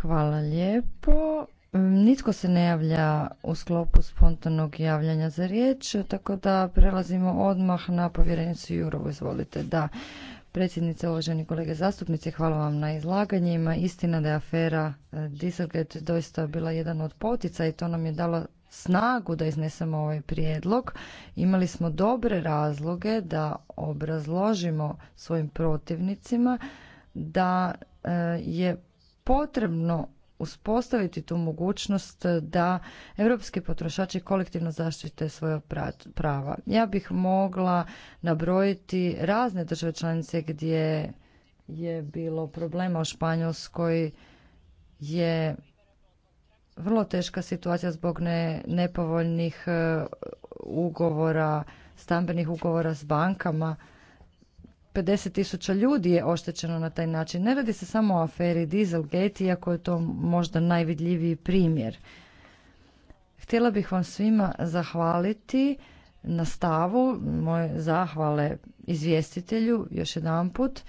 Hvala lijepo. Mm, nitko se ne javlja u sklopu spontanog javljanja za riječ, tako da prelazimo odmah na povjerenicu Jurovu. Izvolite, da. Predsjednice, uvaženi kolege zastupnici, hvala vam na izlaganjima. Istina da je afera e, Dieselgate doista bila jedan od potica i to nam je dalo snagu da iznesemo ovaj prijedlog. Imali smo dobre razloge da obrazložimo svojim protivnicima da e, je potrebno uspostaviti tu mogućnost da europski potrošači kolektivno zaštite svoja prava. Ja bih mogla nabrojiti razne države članice gdje je bilo problema u Španjolskoj je vrlo teška situacija zbog ne, nepovoljnih e, ugovora, stambenih ugovora s bankama 50 tisuća ljudi je oštećeno na taj način. Ne radi se samo o aferi Dieselgate, iako je to možda najvidljiviji primjer. Htjela bih vam svima zahvaliti na stavu, moje zahvale izvjestitelju još jedanput.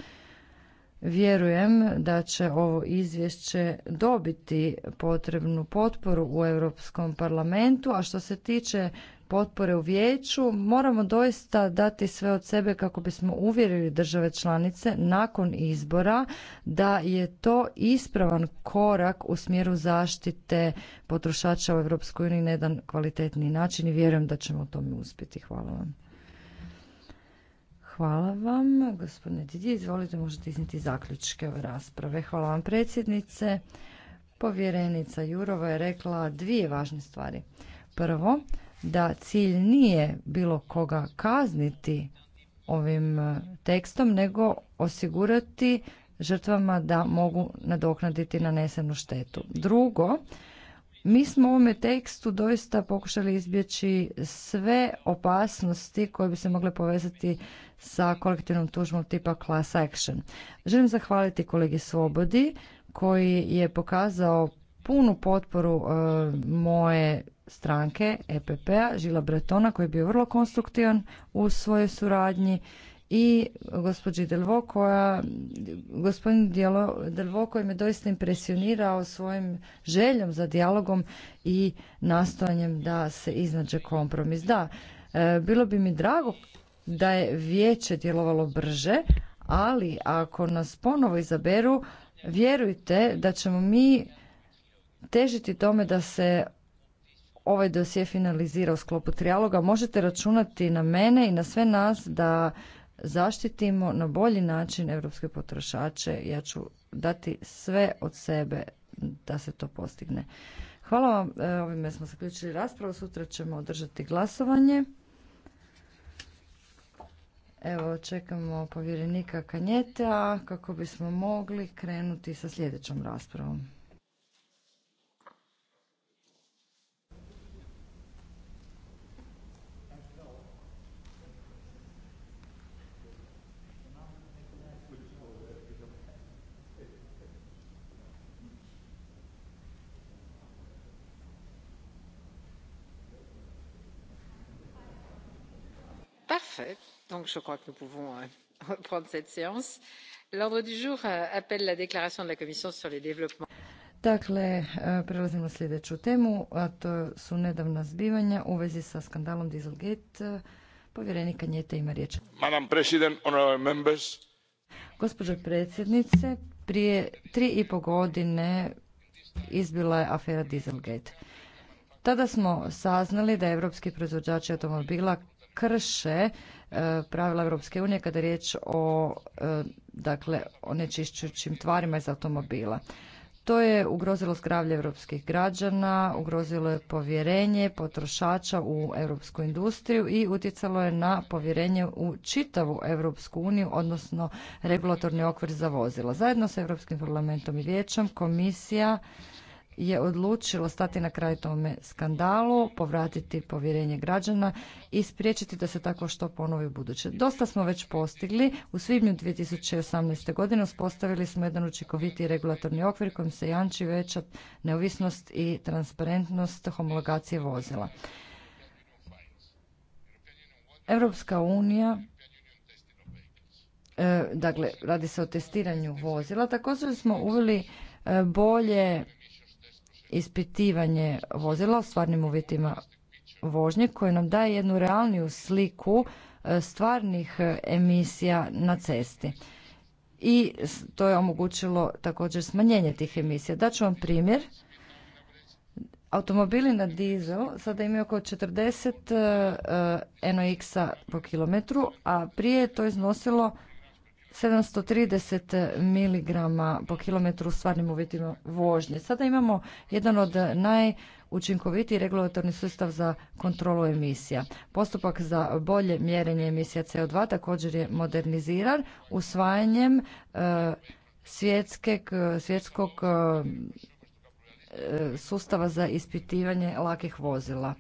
Vjerujem da će ovo izvješće dobiti potrebnu potporu u Europskom parlamentu, a što se tiče potpore u vijeću moramo doista dati sve od sebe kako bismo uvjerili države članice nakon izbora da je to ispravan korak u smjeru zaštite potrošača u EU na jedan kvalitetniji način i vjerujem da ćemo u tome uspjeti. Hvala vam. Hvala vam. Gospodine Didi, izvolite, možete izniti zaključke ove rasprave. Hvala vam predsjednice. Povjerenica Jurova je rekla dvije važne stvari. Prvo, da cilj nije bilo koga kazniti ovim e, tekstom, nego osigurati žrtvama da mogu nadoknaditi nanesenu štetu. Drugo, mi smo u ovome tekstu doista pokušali izbjeći sve opasnosti koje bi se mogle povezati sa kolektivnom tužbom tipa class action. Želim zahvaliti kolegi Svobodi koji je pokazao punu potporu e, moje stranke EPP-a, Žila Bretona, koji je bio vrlo konstruktivan u svojoj suradnji i gospođi Delvo koja, gospodin Delvo koji me doista impresionirao svojim željom za dijalogom i nastojanjem da se iznađe kompromis. Da, e, bilo bi mi drago da je vijeće djelovalo brže, ali ako nas ponovo izaberu, vjerujte da ćemo mi težiti tome da se ovaj dosje finalizira u sklopu trijaloga, možete računati na mene i na sve nas da zaštitimo na bolji način europske potrošače. Ja ću dati sve od sebe da se to postigne. Hvala vam. E, ovime smo zaključili raspravu. Sutra ćemo održati glasovanje. Evo, čekamo povjerenika Kanjeta kako bismo mogli krenuti sa sljedećom raspravom. parfait donc je crois que nous pouvons euh, (laughs) reprendre cette séance l'ordre du jour euh, appelle la déclaration de la commission sur les développements Dakle, euh, prelazimo na sljedeću temu, a to su nedavna zbivanja u vezi sa skandalom Dieselgate. Povjerenika Njete ima riječ. Madam President, honorable members. Gospođo predsjednice, prije tri i po godine izbila je afera Dieselgate. Tada smo saznali da europski proizvođači automobila krše e, pravila Europske unije kada je riječ o e, dakle onečišćujućim tvarima iz automobila. To je ugrozilo zdravlje europskih građana, ugrozilo je povjerenje potrošača u europsku industriju i utjecalo je na povjerenje u čitavu Europsku uniju, odnosno regulatorni okvir za vozila. Zajedno sa Europskim parlamentom i vijećem komisija je odlučilo stati na kraj tome skandalu, povratiti povjerenje građana i spriječiti da se tako što ponovi u buduće. Dosta smo već postigli. U svibnju 2018. godine uspostavili smo jedan učinkoviti regulatorni okvir kojim se janči veća neovisnost i transparentnost homologacije vozila. Europska unija e, dakle radi se o testiranju vozila također smo uveli e, bolje ispitivanje vozila u stvarnim uvjetima vožnje koje nam daje jednu realniju sliku e, stvarnih e, emisija na cesti. I to je omogućilo također smanjenje tih emisija. Daću vam primjer. Automobili na dizel sada imaju oko 40 e, NOx po kilometru, a prije je to iznosilo 730 mg po kilometru u stvarnim uvjetima vožnje. Sada imamo jedan od najučinkovitiji regulatorni sustav za kontrolu emisija. Postupak za bolje mjerenje emisija CO2 također je moderniziran usvajanjem e, svjetskog e, sustava za ispitivanje lakih vozila.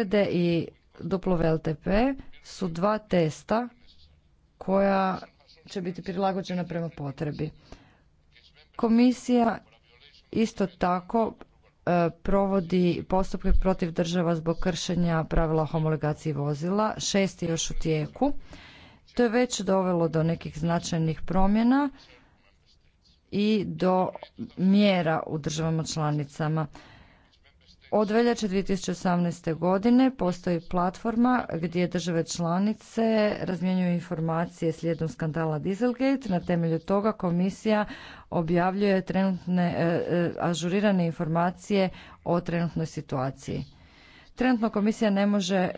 RD i WLTP su dva testa koja će biti prilagođena prema potrebi. Komisija isto tako e, provodi postupke protiv država zbog kršenja pravila homologacije vozila. Šest je još u tijeku. To je već dovelo do nekih značajnih promjena i do mjera u državama članicama. Od veljače 2018. godine postoji platforma gdje države članice razmjenjuju informacije slijedom skandala Dieselgate. Na temelju toga komisija objavljuje trenutne e, e, ažurirane informacije o trenutnoj situaciji. Trenutno komisija ne može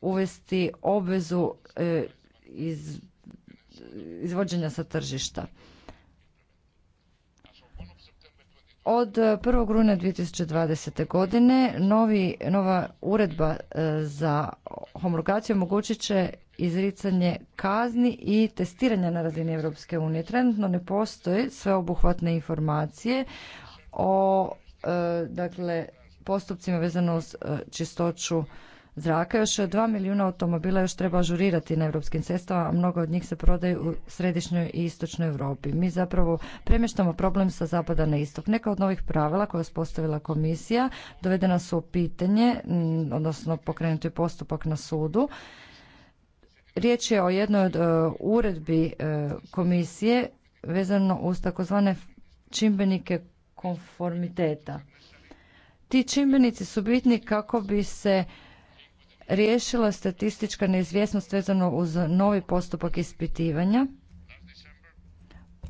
uvesti obvezu e, iz, izvođenja sa tržišta. Od 1. E, rujna 2020. godine novi, nova uredba e, za homologaciju omogućit će izricanje kazni i testiranja na razini Europske unije. Trenutno ne postoje sveobuhvatne informacije o e, dakle postupcima vezano uz čistoću zraka. Još dva milijuna automobila još treba ažurirati na europskim cestama, a mnogo od njih se prodaju u središnjoj i istočnoj Europi. Mi zapravo premještamo problem sa zapada na istok. Neka od novih pravila koje je uspostavila komisija dovedena su u pitanje, mm, odnosno pokrenuti je postupak na sudu. Riječ je o jednoj od e, uredbi e, komisije vezano uz takozvane čimbenike konformiteta. Ti čimbenici su bitni kako bi se riješila statistička neizvjesnost vezano uz novi postupak ispitivanja.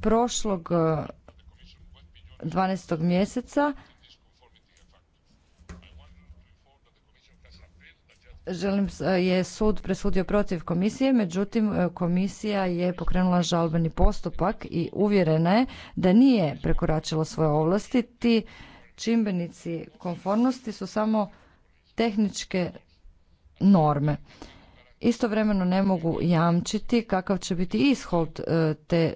Prošlog 12. E, mjeseca želim, e, je sud presudio protiv komisije, međutim e, komisija je pokrenula žalbeni postupak i uvjerena je da nije prekoračila svoje ovlasti. Ti čimbenici konformnosti su samo tehničke norme. Istovremeno ne mogu jamčiti kakav će biti ishod e, te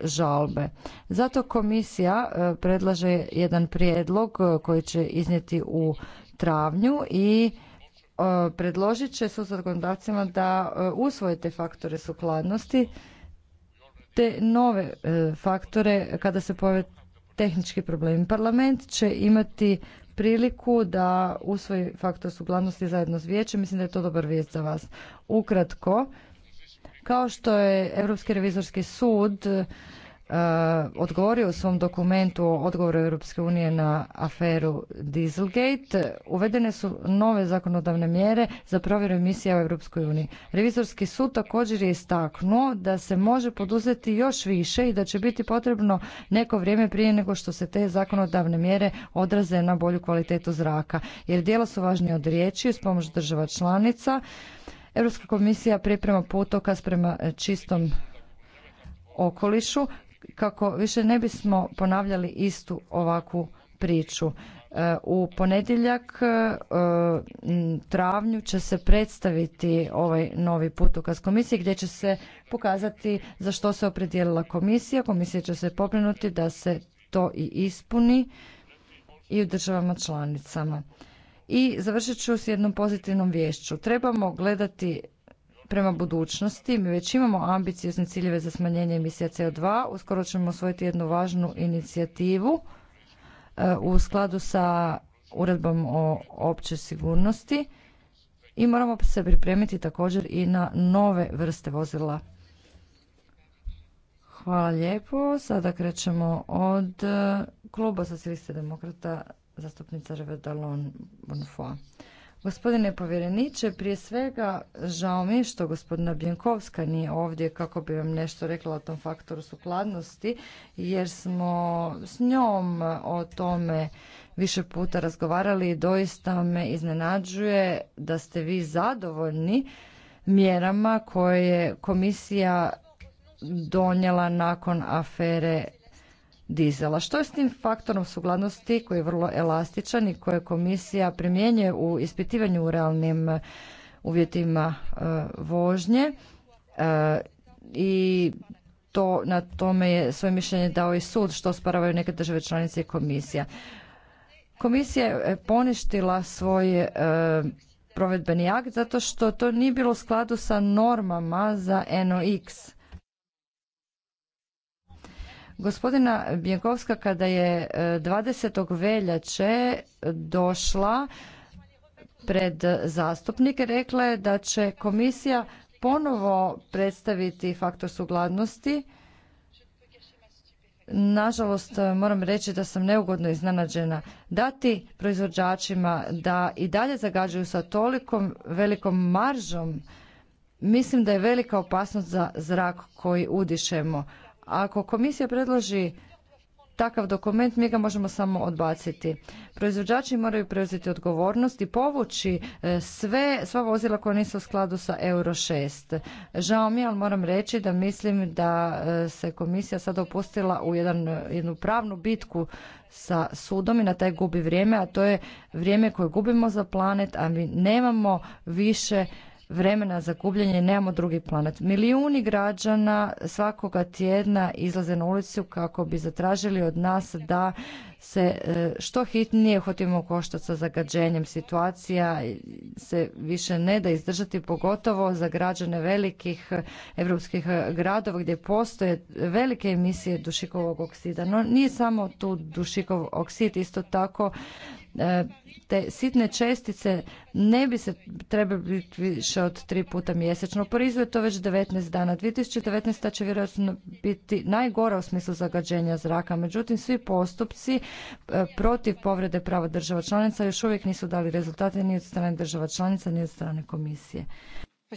žalbe. Zato komisija e, predlaže jedan prijedlog e, koji će iznijeti u travnju i predložit će su zakonodavcima da usvoje te faktore sukladnosti te nove faktore kada se pojave tehnički problemi. Parlament će imati priliku da usvoji faktor suglasnosti zajedno s vijećem. Mislim da je to dobar vijest za vas. Ukratko, kao što je Europski revizorski sud E, odgovorio u svom dokumentu o odgovoru Europske unije na aferu Dieselgate, uvedene su nove zakonodavne mjere za provjeru emisija u Europskoj uniji. Revizorski sud također je istaknuo da se može poduzeti još više i da će biti potrebno neko vrijeme prije nego što se te zakonodavne mjere odraze na bolju kvalitetu zraka. Jer dijela su važnije od riječi s pomoć država članica. Europska komisija priprema putoka prema čistom okolišu kako više ne bismo ponavljali istu ovakvu priču. E, u ponedjeljak e, travnju će se predstaviti ovaj novi putokaz komisije gdje će se pokazati za što se opredijelila komisija. Komisija će se pobrinuti da se to i ispuni i u državama članicama. I završit ću s jednom pozitivnom vješću. Trebamo gledati prema budućnosti. Mi već imamo ambiciozne ciljeve za smanjenje emisija CO2. Uskoro ćemo osvojiti jednu važnu inicijativu e, u skladu sa uredbom o općoj sigurnosti i moramo se pripremiti također i na nove vrste vozila. Hvala lijepo. Sada krećemo od e, kluba socijalista demokrata zastupnica lon Bonfoy. Gospodine povjereniče, prije svega žao mi što gospodina Bjenkovska nije ovdje kako bi vam nešto rekla o tom faktoru sukladnosti, jer smo s njom o tome više puta razgovarali i doista me iznenađuje da ste vi zadovoljni mjerama koje je komisija donijela nakon afere dizela. Što je s tim faktorom sugladnosti koji je vrlo elastičan i koje komisija primjenjuje u ispitivanju u realnim e, uvjetima e, vožnje e, i to na tome je svoje mišljenje dao i sud što sparavaju neke države članice i komisija. Komisija je poništila svoj provedbeni akt zato što to nije bilo u skladu sa normama za NOx. Gospodina Bjenkovska kada je 20. E, veljače došla pred zastupnike, rekla je da će komisija ponovo predstaviti faktor sugladnosti. Nažalost, moram reći da sam neugodno iznenađena. Dati proizvođačima da i dalje zagađuju sa tolikom velikom maržom, mislim da je velika opasnost za zrak koji udišemo. Ako komisija predloži takav dokument mi ga možemo samo odbaciti. Proizvođači moraju preuzeti odgovornost i povući e, sve, sva vozila koja nisu u skladu sa Euro 6. Žao mi je, ali moram reći da mislim da e, se komisija sada opustila u jedan, jednu pravnu bitku sa sudom i na taj gubi vrijeme, a to je vrijeme koje gubimo za planet, a mi nemamo više vremena za gubljenje, nemamo drugi planet. Milijuni građana svakoga tjedna izlaze na ulicu kako bi zatražili od nas da se e, što hitnije hotimo koštati sa zagađenjem. Situacija se više ne da izdržati, pogotovo za građane velikih europskih gradova gdje postoje velike emisije dušikovog oksida. No nije samo tu dušikov oksid, isto tako E, te sitne čestice ne bi se trebale biti više od tri puta mjesečno. U je to već 19 dana. 2019. će vjerojatno biti najgora u smislu zagađenja zraka. Međutim, svi postupci e, protiv povrede prava država članica još uvijek nisu dali rezultate ni od strane država članica, ni od strane komisije. E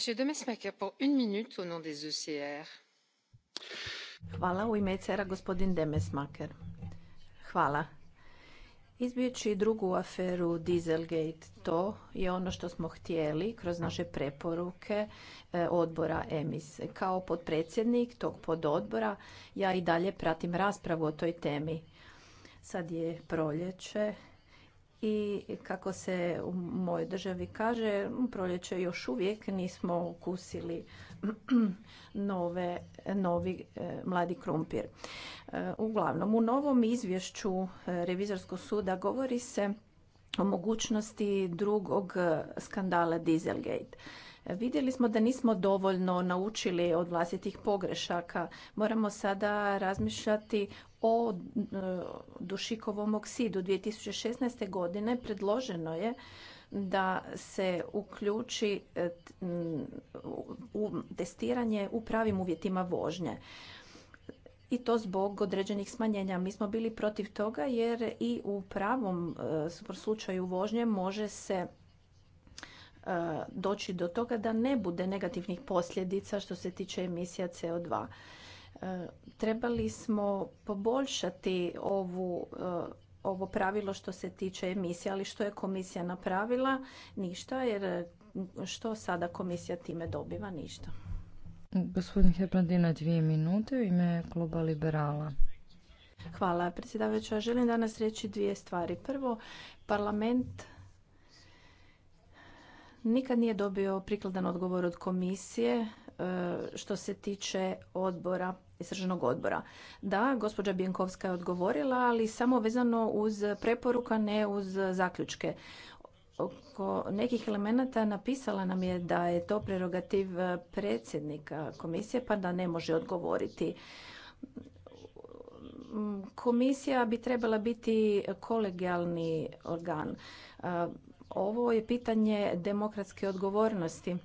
Hvala u ime ecr gospodin Demesmaker. Hvala izbjeći drugu aferu Dieselgate. To je ono što smo htjeli kroz naše preporuke e, odbora EMIS. Kao podpredsjednik tog pododbora ja i dalje pratim raspravu o toj temi. Sad je proljeće i kako se u mojoj državi kaže, proljeće još uvijek nismo ukusili (clears throat) nove, novi e, mladi krumpir. E, uglavnom, u novom izvješću e, Revizorskog suda govori se o mogućnosti drugog skandala Dieselgate Vidjeli smo da nismo dovoljno naučili od vlastitih pogrešaka. Moramo sada razmišljati o e, dušikovom oksidu. 2016. godine predloženo je da se uključi e, u testiranje u pravim uvjetima vožnje i to zbog određenih smanjenja. Mi smo bili protiv toga jer i u pravom e, slučaju vožnje može se E, doći do toga da ne bude negativnih posljedica što se tiče emisija CO2. E, trebali smo poboljšati ovu e, ovo pravilo što se tiče emisija, ali što je komisija napravila? Ništa, jer što sada komisija time dobiva? Ništa. Gospodin Herbrandina, dvije minute u ime kluba Liberala. Hvala predsjedavajuća. Želim danas reći dvije stvari. Prvo, parlament nikad nije dobio prikladan odgovor od komisije e, što se tiče odbora, istraženog odbora. Da, gospođa Bjenkovska je odgovorila, ali samo vezano uz preporuka, ne uz zaključke. Oko nekih elemenata napisala nam je da je to prerogativ e, predsjednika komisije, pa da ne može odgovoriti. Mm, komisija bi trebala biti kolegijalni organ e, ovo je pitanje demokratske odgovornosti.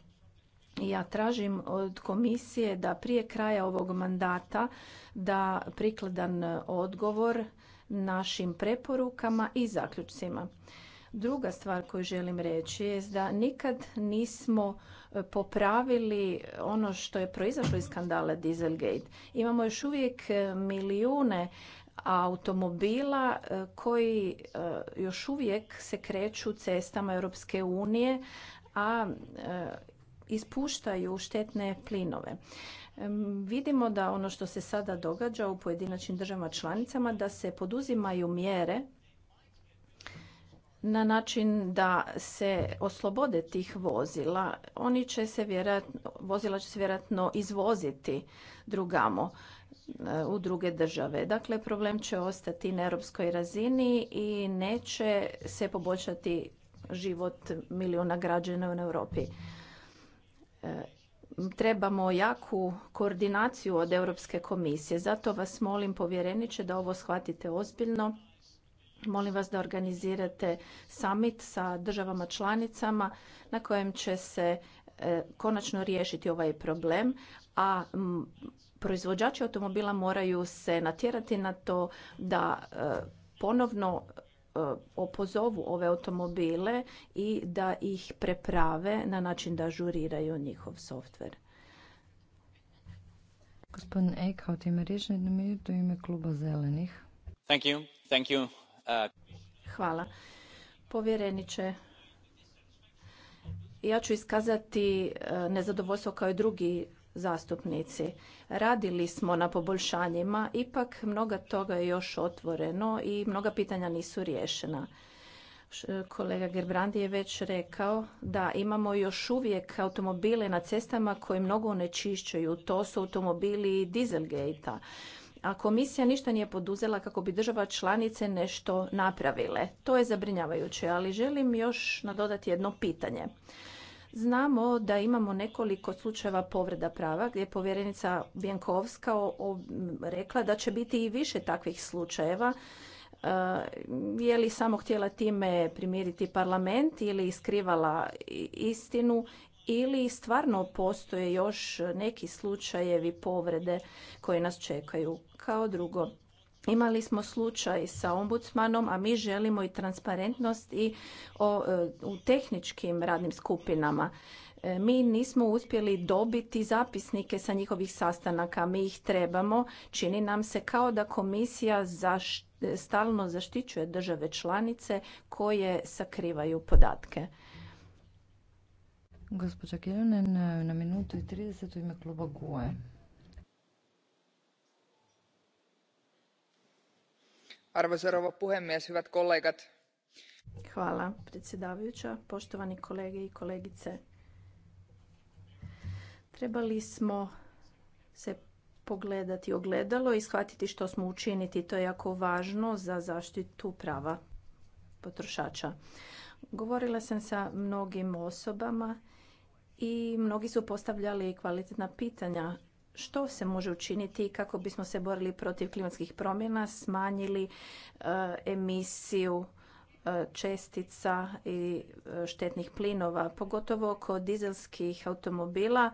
Ja tražim od komisije da prije kraja ovog mandata da prikladan odgovor našim preporukama i zaključcima. Druga stvar koju želim reći je da nikad nismo popravili ono što je proizašlo iz skandala Dieselgate. Imamo još uvijek milijune automobila e, koji e, još uvijek se kreću cestama Europske unije, a e, ispuštaju štetne plinove. Vidimo da ono što se sada događa u pojedinačnim državama članicama da se poduzimaju mjere na način da se oslobode tih vozila. Oni će se vjerojatno, vozila će se vjerojatno izvoziti drugamo. E, u druge države. Dakle, problem će ostati na europskoj razini i neće se poboljšati život milijuna građana u Europi. E, trebamo jaku koordinaciju od Europske komisije. Zato vas molim, povjereniče, da ovo shvatite ozbiljno. Molim vas da organizirate summit sa državama članicama na kojem će se e, konačno riješiti ovaj problem, a proizvođači automobila moraju se natjerati na to da e, ponovno e, opozovu ove automobile i da ih preprave na način da žuriraju njihov softver. Gospodin Eichhout ima riječ na minutu ime kluba zelenih. Thank you. Thank you. Uh, Hvala. Povjereniče, ja ću iskazati e, nezadovoljstvo kao i drugi zastupnici. Radili smo na poboljšanjima, ipak mnoga toga je još otvoreno i mnoga pitanja nisu riješena. Kolega Gerbrandi je već rekao da imamo još uvijek automobile na cestama koji mnogo onečišćuju. To su automobili dieselgate-a. A komisija ništa nije poduzela kako bi država članice nešto napravile. To je zabrinjavajuće, ali želim još nadodati jedno pitanje. Znamo da imamo nekoliko slučajeva povreda prava gdje je povjerenica Bjenkovska rekla da će biti i više takvih slučajeva. E, je li samo htjela time primiriti parlament ili iskrivala istinu ili stvarno postoje još neki slučajevi povrede koje nas čekaju? Kao drugo, Imali smo slučaj sa ombudsmanom, a mi želimo i transparentnost i e, u tehničkim radnim skupinama. E, mi nismo uspjeli dobiti zapisnike sa njihovih sastanaka, mi ih trebamo. Čini nam se kao da komisija e, stalno zaštićuje države članice koje sakrivaju podatke. na minutu i 30 u arvoisa rouva Hvala predsjedavajuća, poštovani kolege i kolegice. Trebali smo se pogledati ogledalo i shvatiti što smo učinili. To je jako važno za zaštitu prava potrošača. Govorila sam sa mnogim osobama i mnogi su postavljali kvalitetna pitanja što se može učiniti kako bismo se borili protiv klimatskih promjena, smanjili e, emisiju e, čestica i e, štetnih plinova, pogotovo kod dizelskih automobila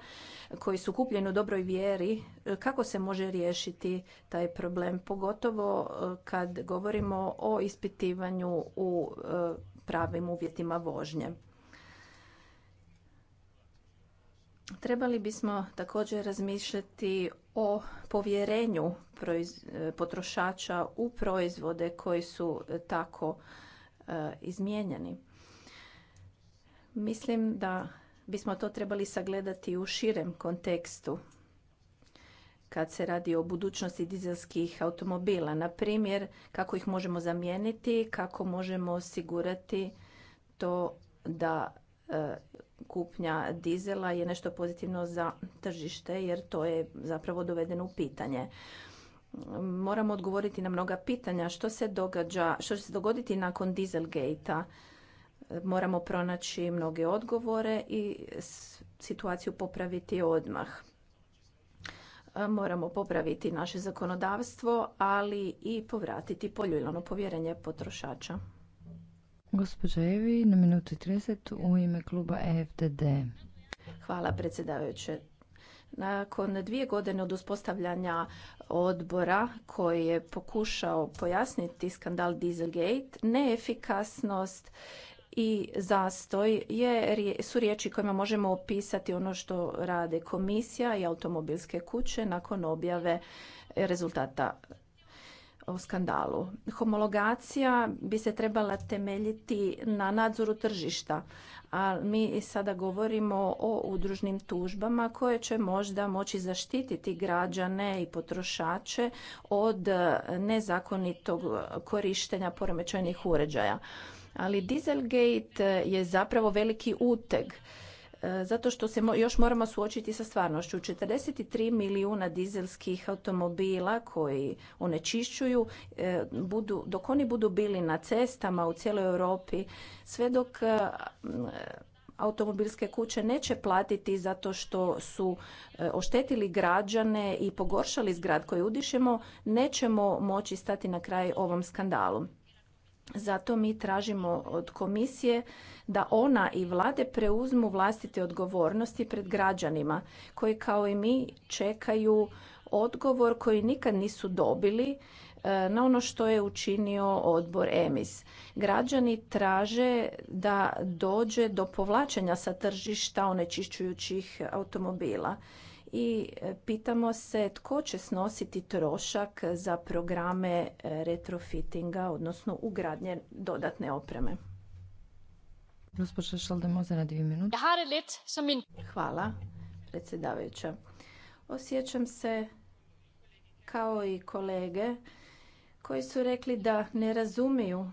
koji su kupljeni u dobroj vjeri, kako se može riješiti taj problem, pogotovo kad govorimo o ispitivanju u pravim uvjetima vožnje. Trebali bismo također razmišljati o povjerenju e, potrošača u proizvode koji su e, tako e, izmijenjeni. Mislim da bismo to trebali sagledati u širem kontekstu kad se radi o budućnosti dizelskih automobila. Na primjer, kako ih možemo zamijeniti, kako možemo osigurati to da kupnja dizela je nešto pozitivno za tržište jer to je zapravo dovedeno u pitanje. Moramo odgovoriti na mnoga pitanja. Što se događa, što će se dogoditi nakon Dieselgate-a? Moramo pronaći mnoge odgovore i situaciju popraviti odmah moramo popraviti naše zakonodavstvo, ali i povratiti poljuljano povjerenje potrošača. Gospođa Evi, na minutu 30 u ime kluba EFDD. Hvala predsjedavajuće. Nakon dvije godine od uspostavljanja odbora koji je pokušao pojasniti skandal Dieselgate, neefikasnost i zastoj je, su riječi kojima možemo opisati ono što rade komisija i automobilske kuće nakon objave rezultata o skandalu. Homologacija bi se trebala temeljiti na nadzoru tržišta, a mi sada govorimo o udružnim tužbama koje će možda moći zaštititi građane i potrošače od nezakonitog korištenja poremećajnih uređaja. Ali Dieselgate je zapravo veliki uteg E, zato što se još moramo suočiti sa stvarnošću. 43 milijuna dizelskih automobila koji onečišćuju, e, budu, dok oni budu bili na cestama u cijeloj Europi, sve dok e, automobilske kuće neće platiti zato što su oštetili građane i pogoršali zgrad koji udišemo, nećemo moći stati na kraj ovom skandalu. Zato mi tražimo od komisije da ona i vlade preuzmu vlastite odgovornosti pred građanima koji kao i mi čekaju odgovor koji nikad nisu dobili e, na ono što je učinio odbor EMIS. Građani traže da dođe do povlačenja sa tržišta onečišćujućih automobila i e, pitamo se tko će snositi trošak za programe e, retrofittinga, odnosno ugradnje dodatne opreme. Hvala, predsjedavajuća. Osjećam se kao i kolege koji su rekli da ne razumiju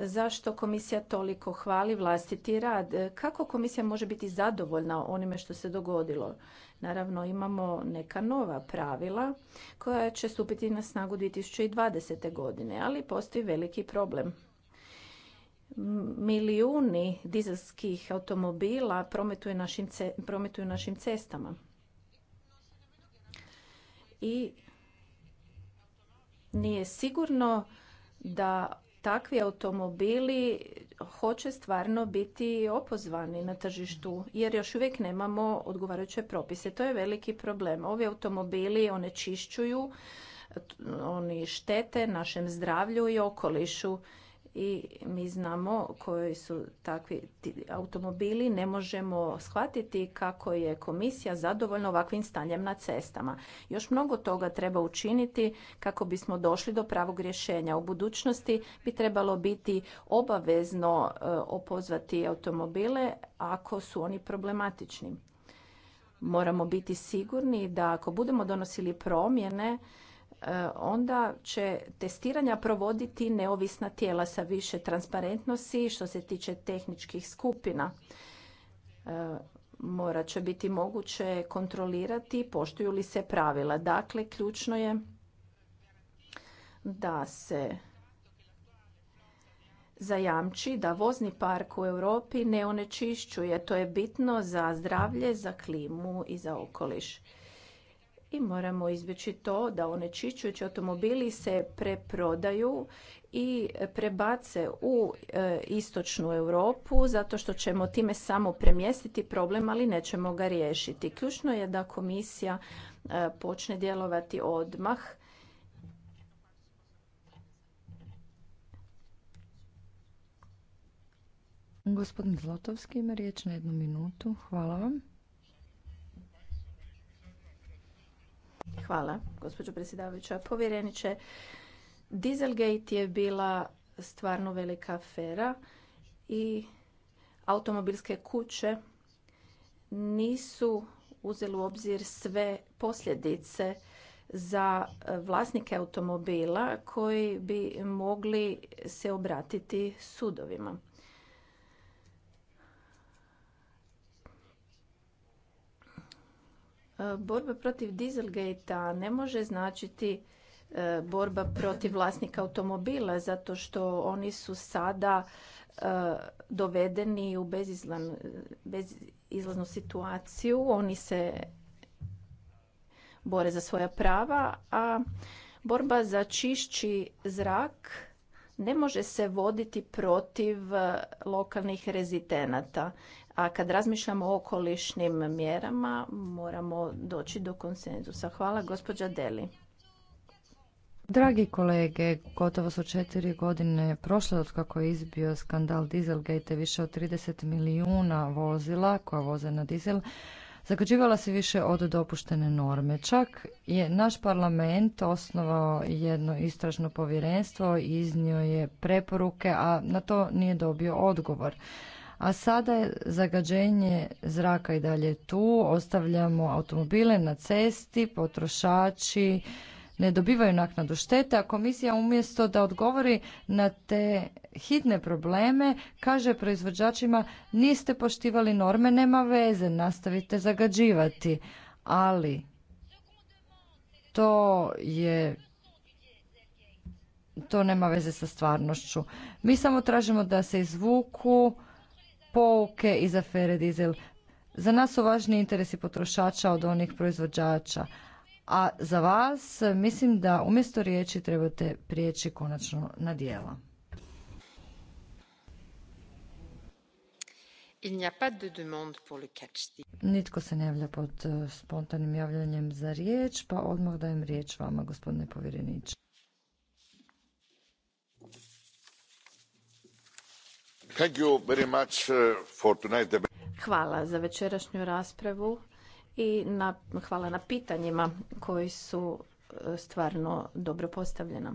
zašto komisija toliko hvali vlastiti rad. Kako komisija može biti zadovoljna onime što se dogodilo? Naravno, imamo neka nova pravila koja će stupiti na snagu 2020. godine, ali postoji veliki problem. Milijuni dizelskih automobila prometuju našim, prometuju našim cestama. I nije sigurno da takvi automobili hoće stvarno biti opozvani na tržištu jer još uvijek nemamo odgovarajuće propise. To je veliki problem. Ovi automobili onečišćuju, oni štete našem zdravlju i okolišu i mi znamo koji su takvi automobili. Ne možemo shvatiti kako je komisija zadovoljna ovakvim stanjem na cestama. Još mnogo toga treba učiniti kako bismo došli do pravog rješenja. U budućnosti bi trebalo biti obavezno eh, opozvati automobile ako su oni problematični. Moramo biti sigurni da ako budemo donosili promjene E, onda će testiranja provoditi neovisna tijela sa više transparentnosti što se tiče tehničkih skupina. E, morat će biti moguće kontrolirati poštuju li se pravila. Dakle, ključno je da se zajamči da vozni park u Europi ne onečišćuje. To je bitno za zdravlje, za klimu i za okoliš i moramo izbjeći to da čičujući automobili se preprodaju i prebace u e, istočnu Europu zato što ćemo time samo premjestiti problem, ali nećemo ga riješiti. Ključno je da komisija e, počne djelovati odmah. Gospodin Zlotovski ima riječ na jednu minutu. Hvala vam. Hvala, gospođo predsjedavajuća. Povjereniče, Dieselgate je bila stvarno velika afera i automobilske kuće nisu uzeli u obzir sve posljedice za vlasnike automobila koji bi mogli se obratiti sudovima. E, borba protiv dieselgate ne može značiti e, borba protiv vlasnika automobila zato što oni su sada e, dovedeni u bezizlaznu situaciju. Oni se bore za svoja prava, a borba za čišći zrak ne može se voditi protiv lokalnih rezitenata. A kad razmišljamo o okolišnim mjerama, moramo doći do konsenzusa. Hvala, gospođa Deli. Dragi kolege, gotovo su četiri godine prošle od kako je izbio skandal Dieselgate, više od 30 milijuna vozila koja voze na dizel, zagađivala se više od dopuštene norme. Čak je naš parlament osnovao jedno istražno povjerenstvo, iznio je preporuke, a na to nije dobio odgovor a sada je zagađenje zraka i dalje tu, ostavljamo automobile na cesti, potrošači ne dobivaju naknadu štete, a komisija umjesto da odgovori na te hitne probleme, kaže proizvođačima niste poštivali norme, nema veze, nastavite zagađivati. Ali to je to nema veze sa stvarnošću. Mi samo tražimo da se izvuku pouke iz afere dizel. Za nas su važni interesi potrošača od onih proizvođača. A za vas mislim da umjesto riječi trebate prijeći konačno na dijela. Nitko se ne javlja pod eh, spontanim javljanjem za riječ, pa odmah dajem riječ vama, gospodine povjereniče. Uh, hvala za večerašnju raspravu i hvala na pitanjima koji su e, stvarno dobro postavljena.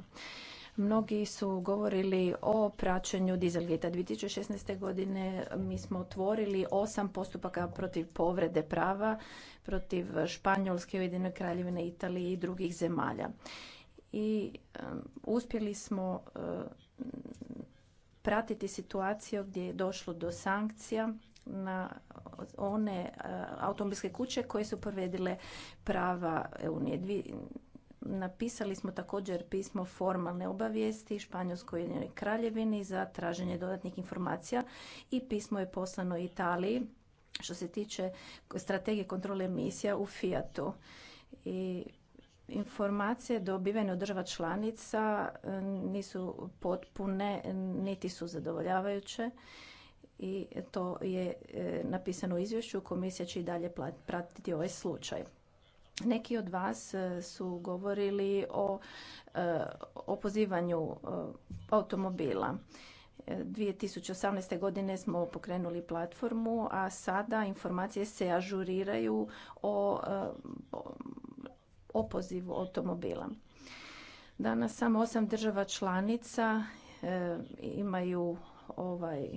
Mnogi su govorili o praćenju dieselgate 2016. godine. Mi smo otvorili osam postupaka protiv povrede prava, protiv Španjolske, Ujedine kraljevine, Italije i drugih zemalja. I uspjeli smo e, pratiti situaciju gdje je došlo do sankcija na one e, automobilske kuće koje su povrijedile prava Unije. Napisali smo također pismo formalne obavijesti Španjolskoj jedinoj kraljevini za traženje dodatnih informacija i pismo je poslano Italiji što se tiče strategije kontrole emisija u Fiatu. I Informacije dobivene od država članica e, nisu potpune niti su zadovoljavajuće i to je e, napisano u izvješću. Komisija će i dalje pratiti ovaj slučaj. Neki od vas e, su govorili o opozivanju automobila. 2018. godine smo pokrenuli platformu, a sada informacije se ažuriraju o opozivu automobila. Danas samo osam država članica e, imaju ovaj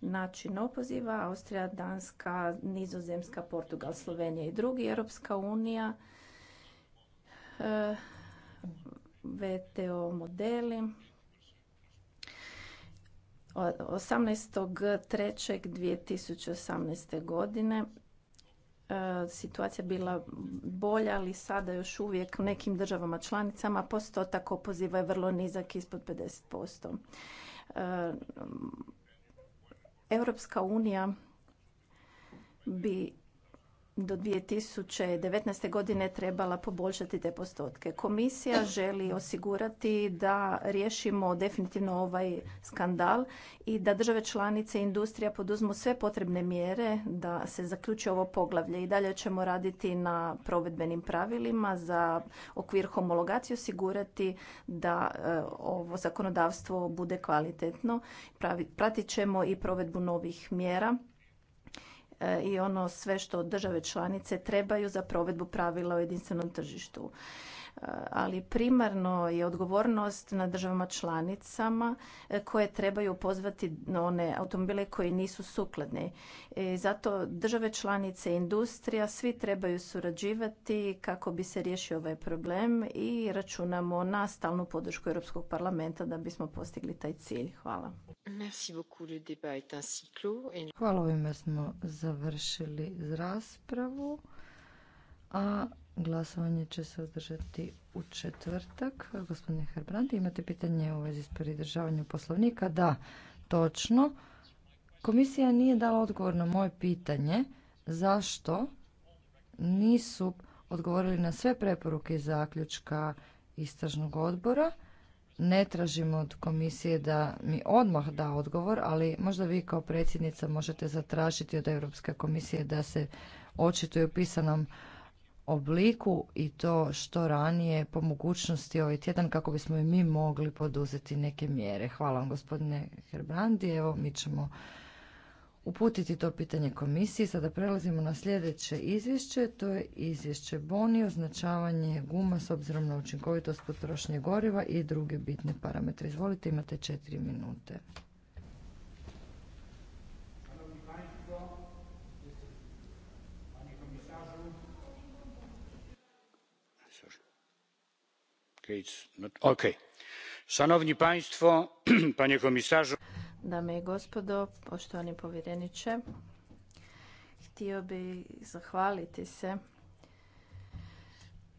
način opoziva, Austrija, Danska, Nizozemska, Portugal, Slovenija i drugi. Europska unija e, VTO modeli. 18.3.2018. godine E, situacija bila bolja, ali sada još uvijek u nekim državama članicama postotak opoziva je vrlo nizak, ispod 50%. E, Europska unija bi do 2019. godine trebala poboljšati te postotke. Komisija želi osigurati da riješimo definitivno ovaj skandal i da države članice i industrija poduzmu sve potrebne mjere da se zaključi ovo poglavlje. I dalje ćemo raditi na provedbenim pravilima za okvir homologacije osigurati da e, ovo zakonodavstvo bude kvalitetno. Pratit ćemo i provedbu novih mjera E, i ono sve što države članice trebaju za provedbu pravila o jedinstvenom tržištu ali primarno je odgovornost na državama članicama e, koje trebaju pozvati one automobile koji nisu sukladni. I e, zato države članice, industrija, svi trebaju surađivati kako bi se riješio ovaj problem i računamo na stalnu podršku Europskog parlamenta da bismo postigli taj cilj. Hvala. Hvala, ovime smo završili raspravu. A Glasovanje će se održati u četvrtak. Gospodine Herbrandi, imate pitanje u vezi s pridržavanju poslovnika? Da, točno. Komisija nije dala odgovor na moje pitanje zašto nisu odgovorili na sve preporuke zaključka istražnog odbora. Ne tražim od komisije da mi odmah da odgovor, ali možda vi kao predsjednica možete zatražiti od Europske komisije da se očituje u pisanom obliku i to što ranije po mogućnosti ovaj tjedan kako bismo i mi mogli poduzeti neke mjere. Hvala vam gospodine Herbrandi. Evo mi ćemo uputiti to pitanje komisiji. Sada prelazimo na sljedeće izvješće. To je izvješće Boni, označavanje guma s obzirom na učinkovitost potrošnje goriva i druge bitne parametre. Izvolite, imate četiri minute. (clears throat) Dame i gospodo, poštovani povjereniče, htio bi zahvaliti se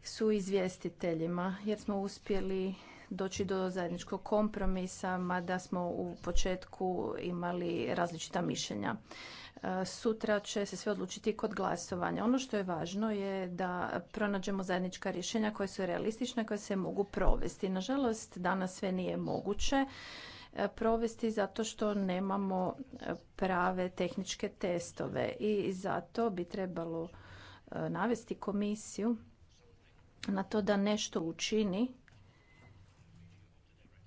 suizvjestiteljima jer smo uspjeli doći do zajedničkog kompromisa, mada smo u početku imali različita mišljenja. E, sutra će se sve odlučiti kod glasovanja. Ono što je važno je da pronađemo zajednička rješenja koja su realistična, koja se mogu provesti. Nažalost, danas sve nije moguće e, provesti zato što nemamo prave tehničke testove i zato bi trebalo e, navesti komisiju na to da nešto učini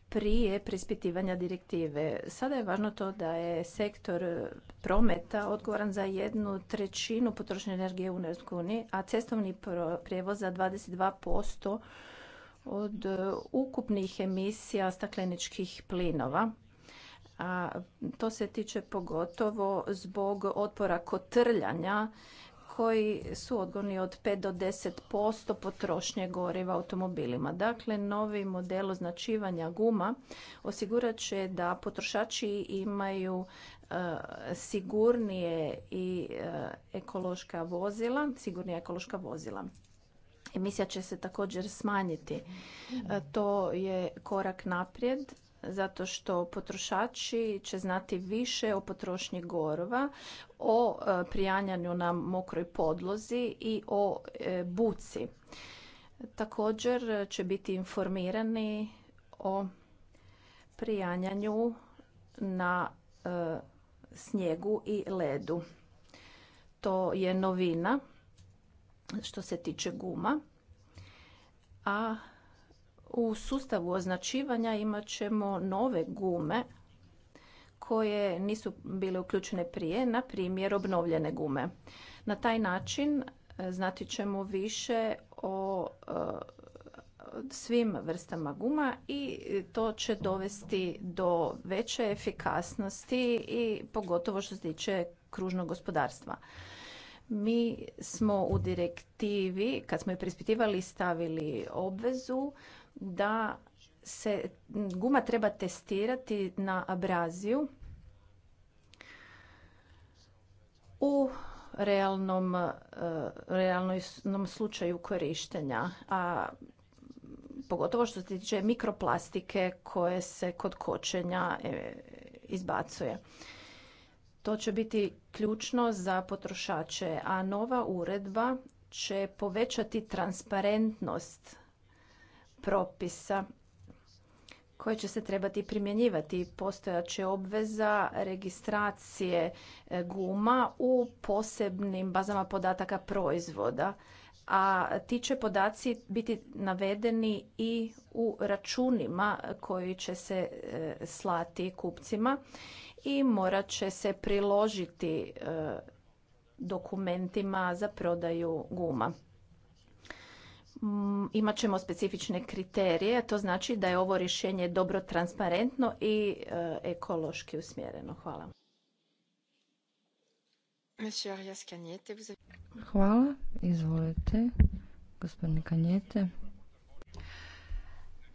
prije prispitivanja direktive. Sada je važno to da je sektor prometa odgovoran za jednu trećinu potrošnje energije u EU, a cestovni prijevoz za 22% od e, ukupnih emisija stakleničkih plinova. A to se tiče pogotovo zbog otpora kotrljanja koji su odgoni od 5 do 10% potrošnje goriva automobilima. Dakle, novi model označivanja guma osigurat će da potrošači imaju e, sigurnije i e, ekološka vozila, sigurnija ekološka vozila. Emisija će se također smanjiti. E, to je korak naprijed zato što potrošači će znati više o potrošnji gorova, o e, prijanjanju na mokroj podlozi i o e, buci. Također će biti informirani o prijanjanju na e, snijegu i ledu. To je novina što se tiče guma, a u sustavu označivanja imat ćemo nove gume koje nisu bile uključene prije, na primjer obnovljene gume. Na taj način e, znati ćemo više o e, svim vrstama guma i to će dovesti do veće efikasnosti i pogotovo što se tiče kružnog gospodarstva. Mi smo u direktivi, kad smo je prispitivali, stavili obvezu da se guma treba testirati na abraziju u realnom, e, realnom slučaju korištenja, a pogotovo što se tiče mikroplastike koje se kod kočenja e, izbacuje. To će biti ključno za potrošače, a nova uredba će povećati transparentnost propisa koje će se trebati primjenjivati. će obveza registracije e, guma u posebnim bazama podataka proizvoda, a ti će podaci biti navedeni i u računima koji će se e, slati kupcima i morat će se priložiti e, dokumentima za prodaju guma. Mm, imat ćemo specifične kriterije, to znači da je ovo rješenje dobro transparentno i e, ekološki usmjereno. Hvala. Hvala. Izvolite, gospodine Kanjete.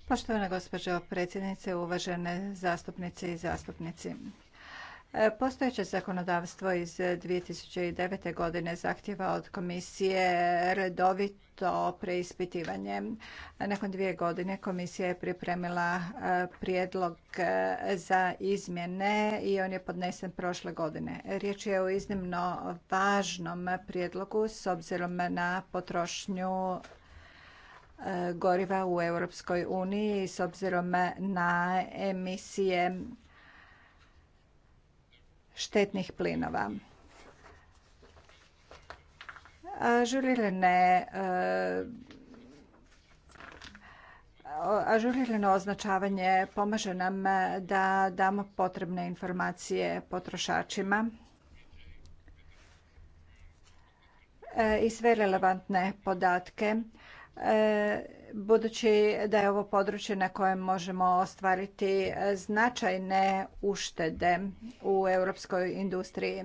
Poštovana gospođo predsjednice, uvažene zastupnice i zastupnici. E, postojeće zakonodavstvo iz 2009. godine zahtjeva od komisije redovit to preispitivanjem. Nakon dvije godine komisija je pripremila e, prijedlog e, za izmjene i on je podnesen prošle godine. Riječ je o iznimno važnom prijedlogu s obzirom na potrošnju e, goriva u Europskoj uniji s obzirom na emisije štetnih plinova ažurirane ažurirano označavanje pomaže nam da damo potrebne informacije potrošačima e, i sve relevantne podatke e, budući da je ovo područje na kojem možemo ostvariti značajne uštede u europskoj industriji.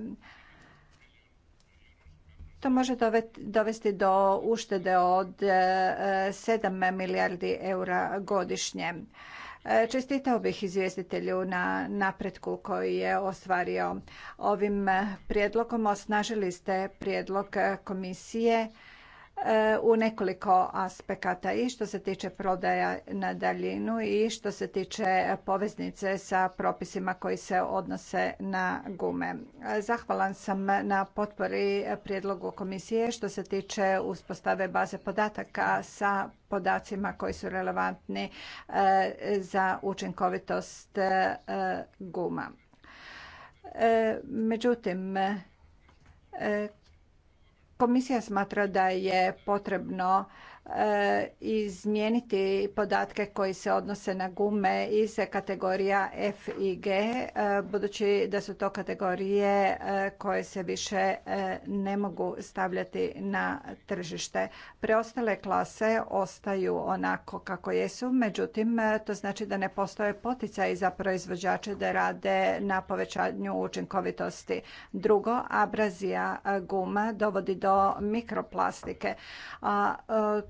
To može dovesti do uštede od 7 e, milijardi eura godišnje. E, čestitao bih izvjestitelju na napretku koji je ostvario ovim prijedlogom. Osnažili ste prijedlog komisije E, u nekoliko aspekata i što se tiče prodaja na daljinu i što se tiče poveznice sa propisima koji se odnose na gume. E, zahvalan sam na potpori prijedlogu komisije što se tiče uspostave baze podataka sa podacima koji su relevantni e, za učinkovitost guma. Međutim, Komisija smatra da je potrebno E, izmijeniti podatke koji se odnose na gume iz kategorija F i G, e, budući da su to kategorije e, koje se više ne mogu stavljati na tržište. Preostale klase ostaju onako kako jesu, međutim to znači da ne postoje poticaji za proizvođače da rade na povećanju učinkovitosti. Drugo, abrazija guma dovodi do mikroplastike,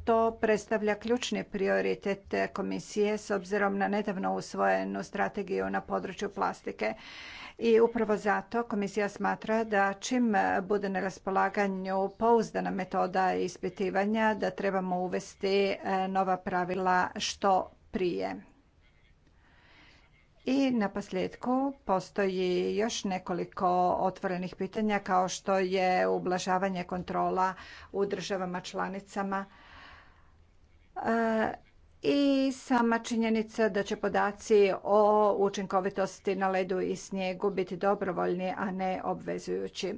to predstavlja ključni prioritet komisije s obzirom na nedavno usvojenu strategiju na području plastike. I upravo zato komisija smatra da čim bude na raspolaganju pouzdana metoda ispitivanja, da trebamo uvesti e, nova pravila što prije. I na posljedku postoji još nekoliko otvorenih pitanja kao što je ublažavanje kontrola u državama članicama E, i sama činjenica da će podaci o učinkovitosti na ledu i snijegu biti dobrovoljni, a ne obvezujući.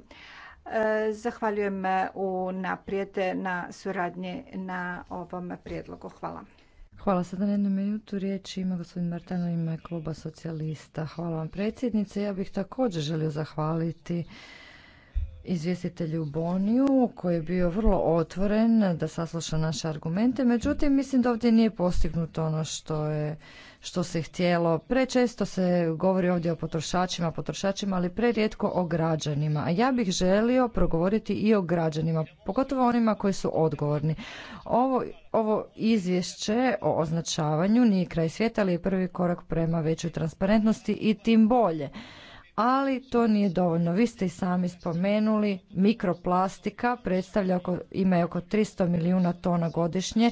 E, zahvaljujem u naprijed na suradnji na ovom prijedlogu. Hvala. Hvala. Sada na jednu minutu riječ ima gospodin Martano ime kluba socijalista. Hvala vam predsjednice. Ja bih također želio zahvaliti izvjestitelju Boniju koji je bio vrlo otvoren da sasluša naše argumente. Međutim, mislim da ovdje nije postignuto ono što je što se htjelo. Prečesto se govori ovdje o potrošačima, potrošačima, ali prerijetko o građanima. A ja bih želio progovoriti i o građanima, pogotovo onima koji su odgovorni. Ovo, ovo izvješće o označavanju nije kraj svijeta, ali je prvi korak prema većoj transparentnosti i tim bolje ali to nije dovoljno. Vi ste i sami spomenuli, mikroplastika predstavlja oko, ima oko 300 milijuna tona godišnje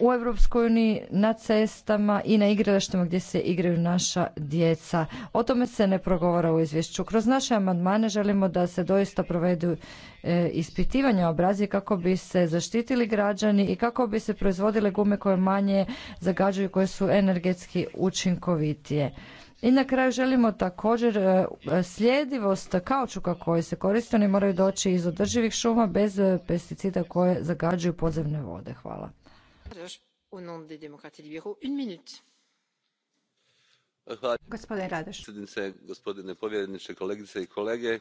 u Europskoj na cestama i na igralištima gdje se igraju naša djeca. O tome se ne progovara u izvješću. Kroz naše amandmane želimo da se doista provedu e, ispitivanja obrazi kako bi se zaštitili građani i kako bi se proizvodile gume koje manje zagađuju, koje su energetski učinkovitije. I na kraju želimo također e, sljedivost kaučuka koji se koriste, oni moraju doći iz održivih šuma bez e, pesticida koje zagađuju podzemne vode. Hvala. Gospodine Radoš. Gospodine kolegice i kolege, e,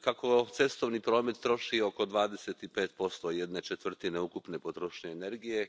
kako cestovni promet troši oko 25% jedne četvrtine ukupne potrošnje energije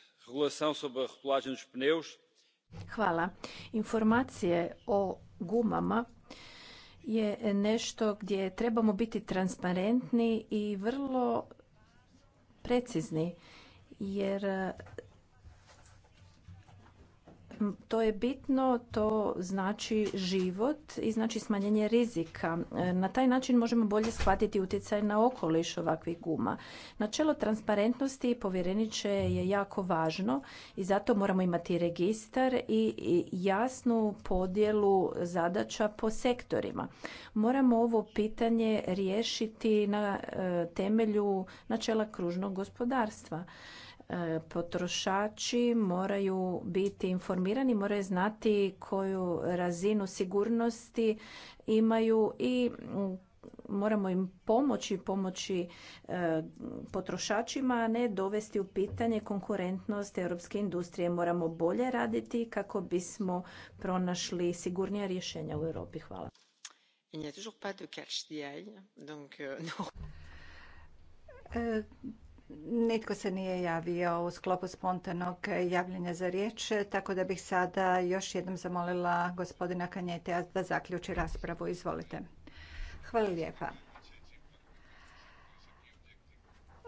Hvala. Informacije o gumama je nešto gdje trebamo biti transparentni i vrlo precizni jer to je bitno, to znači život i znači smanjenje rizika. E, na taj način možemo bolje shvatiti utjecaj na okoliš ovakvih guma. Načelo transparentnosti i povjereniče je jako važno i zato moramo imati registar i jasnu podjelu zadaća po sektorima. Moramo ovo pitanje riješiti na e, temelju načela kružnog gospodarstva. E, potrošači moraju biti informirani, moraju znati koju razinu sigurnosti imaju i mm, moramo im pomoći, pomoći e, potrošačima, a ne dovesti u pitanje konkurentnost europske industrije. Moramo bolje raditi kako bismo pronašli sigurnija rješenja u Europi. Hvala. Nitko se nije javio u sklopu spontanog javljanja za riječ, tako da bih sada još jednom zamolila gospodina Kanjetea da zaključi raspravu. Izvolite. Hvala lijepa.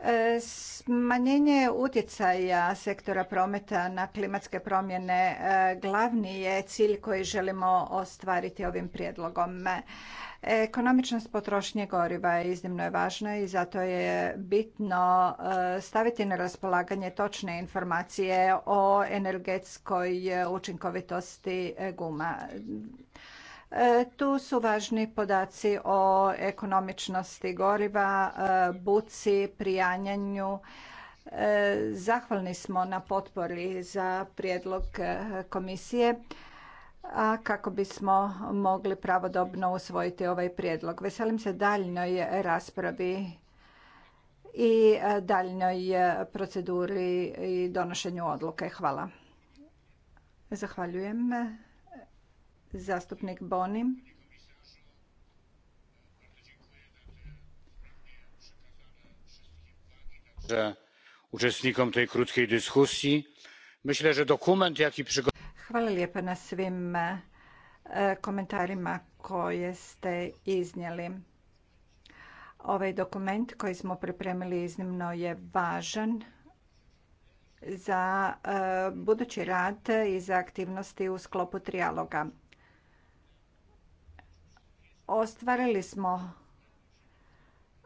E, smanjenje utjecaja sektora prometa na klimatske promjene e, glavni je cilj koji želimo ostvariti ovim prijedlogom. Ekonomičnost potrošnje goriva je iznimno važna i zato je bitno e, staviti na raspolaganje točne informacije o energetskoj učinkovitosti e, guma. E, tu su važni podaci o ekonomičnosti goriva, buci, prijanjanju. Zahvalni smo na potpori za prijedlog komisije a kako bismo mogli pravodobno usvojiti ovaj prijedlog. Veselim se daljnoj raspravi i e, daljnoj e, proceduri i donošenju odluke. Hvala. Zahvaljujem. E, zastupnik Boni. Uczestnikom tej krótkiej dyskusji. Myślę, że dokument, jaki Hvala lijepa na svim e, komentarima koje ste iznijeli. Ovaj dokument koji smo pripremili iznimno je važan za e, budući rad i za aktivnosti u sklopu trijaloga. Ostvarili smo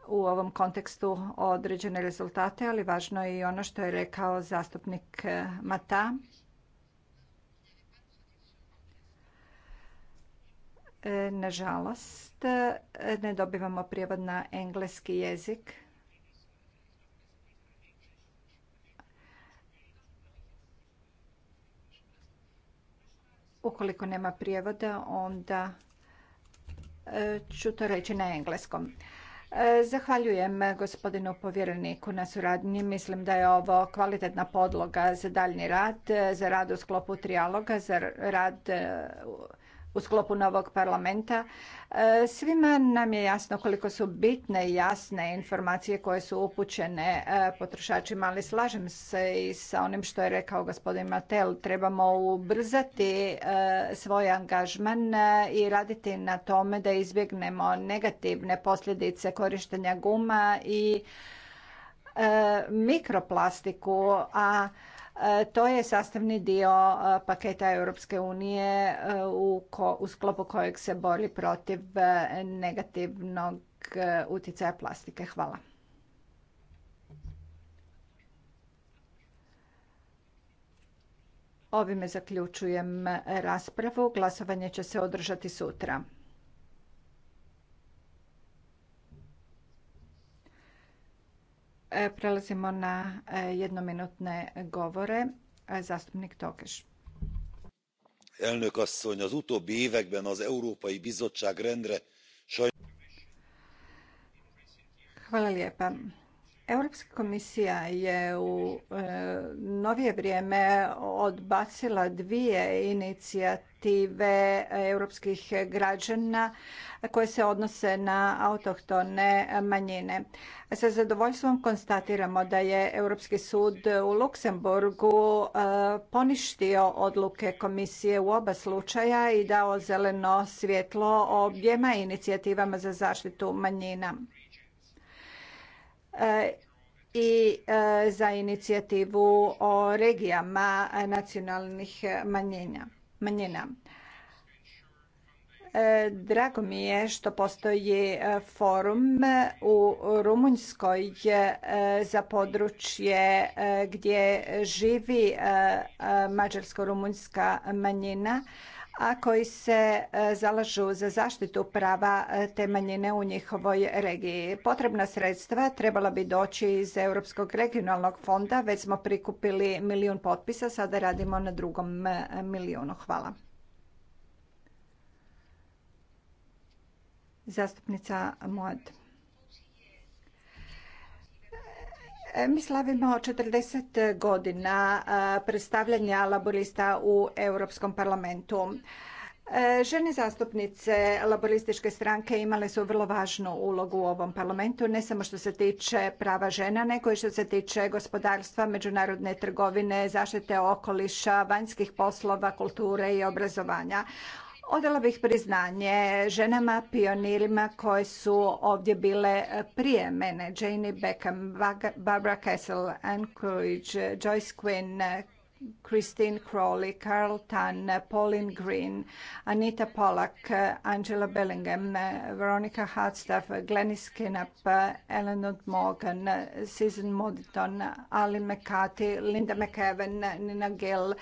u ovom kontekstu određene rezultate, ali važno je i ono što je rekao zastupnik e, Mata E, nažalost, e, ne dobivamo prijevod na engleski jezik. Ukoliko nema prijevoda, onda e, ću to reći na engleskom. Zahvaljujem gospodinu povjereniku na suradnji. Mislim da je ovo kvalitetna podloga za daljnji rad, za rad u sklopu trijaloga, za rad u sklopu novog parlamenta. E, svima nam je jasno koliko su bitne i jasne informacije koje su upućene e, potrošačima, ali slažem se i sa onim što je rekao gospodin Matel. Trebamo ubrzati e, svoj angažman i raditi na tome da izbjegnemo negativne posljedice korištenja guma i mikroplastiku, a E, to je sastavni dio e, paketa Europske unije e, u sklopu kojeg se bori protiv negativnog utjecaja plastike. Hvala. Ovime zaključujem raspravu. Glasovanje će se održati sutra. E, prelazimo na e, jednominutne govore. E, zastupnik Tokeš. Elnök asszony, az utóbbi években az Európai Bizottság rendre Hvala lijepa. Europska komisija je u e, novije vrijeme odbacila dvije inicijative europskih građana koje se odnose na autohtone manjine. Sa zadovoljstvom konstatiramo da je Europski sud u Luksemburgu e, poništio odluke komisije u oba slučaja i dao zeleno svjetlo objema inicijativama za zaštitu manjina i e, za inicijativu o regijama nacionalnih manjina. E, drago mi je što postoji e, forum u Rumunjskoj za područje gdje živi mađarsko-rumunjska manjina a koji se e, zalažu za zaštitu prava e, te manjine u njihovoj regiji. Potrebna sredstva trebala bi doći iz Europskog regionalnog fonda. Već smo prikupili milijun potpisa, sada radimo na drugom e, milijunu. Hvala. Zastupnica Moad. E, mi slavimo 40 godina e, predstavljanja laborista u Europskom parlamentu. E, žene zastupnice laborističke stranke imale su vrlo važnu ulogu u ovom parlamentu, ne samo što se tiče prava žena, nego i što se tiče gospodarstva, međunarodne trgovine, zaštite okoliša, vanjskih poslova, kulture i obrazovanja. Odala bih priznanje ženama pionirima koje su ovdje bile prije mene. Janie Beckham, Barbara Castle, Anne Courage, Joyce Quinn, Christine Crowley, Carl Tan, Pauline Green, Anita Pollack, Angela Bellingham, Veronica Hardstaff, Glennis Kinnup, Eleanor Morgan, Susan Moditon, Ali McCarthy, Linda McEwen, Nina Gill,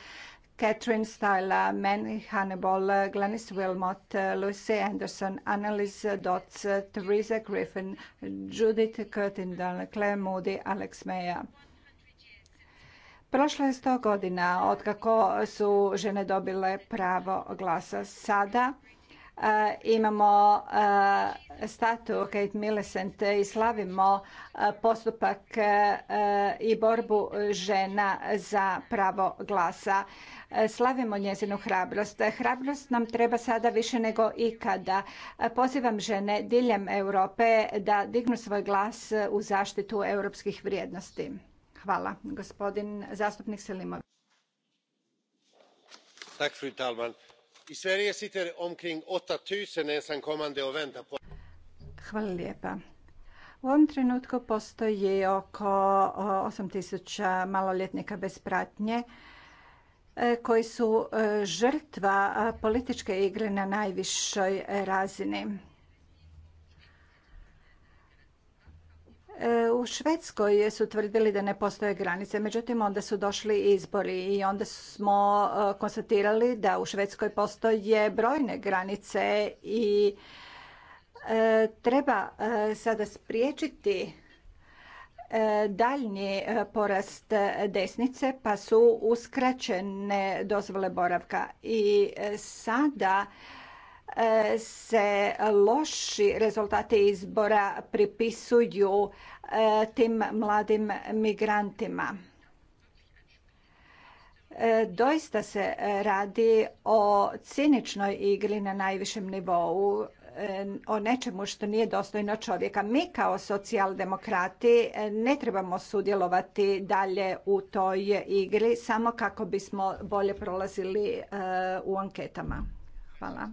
Catherine Styler, Manny Hannibal, Glennis Wilmot, Lucy Anderson, Annalise Dodds, Teresa Griffin, Judith Curtindon, Claire Moody, Alex Mayer. Prošlo je sto godina od kako su žene dobile pravo glasa. Sada eh, imamo eh, statu Kate Millicent i slavimo eh, postupak i borbu žena za pravo glasa. E, slavimo njezinu hrabrost. Hrabrost nam treba sada više nego ikada. E, pozivam žene diljem Europe da dignu svoj glas u zaštitu europskih vrijednosti. Hvala. Gospodin zastupnik Selimov. Tak, fru talman. I sitter omkring 8000 och väntar på... Hvala lijepa. U ovom trenutku postoji oko 8000 maloljetnika bez pratnje. E, koji su e, žrtva političke igre na najvišoj razini. E, u Švedskoj su tvrdili da ne postoje granice, međutim onda su došli izbori i onda smo konstatirali da u Švedskoj postoje brojne granice i treba sada spriječiti E, daljnji e, porast desnice pa su uskraćene dozvole boravka i e, sada se loši rezultati izbora pripisuju tim mladim migrantima. Doista se radi o ciničnoj igri na najvišem nivou o nečemu što nije dostojno čovjeka. Mi kao socijaldemokrati e, ne trebamo sudjelovati dalje u toj igri samo kako bismo bolje prolazili e, u anketama. Hvala.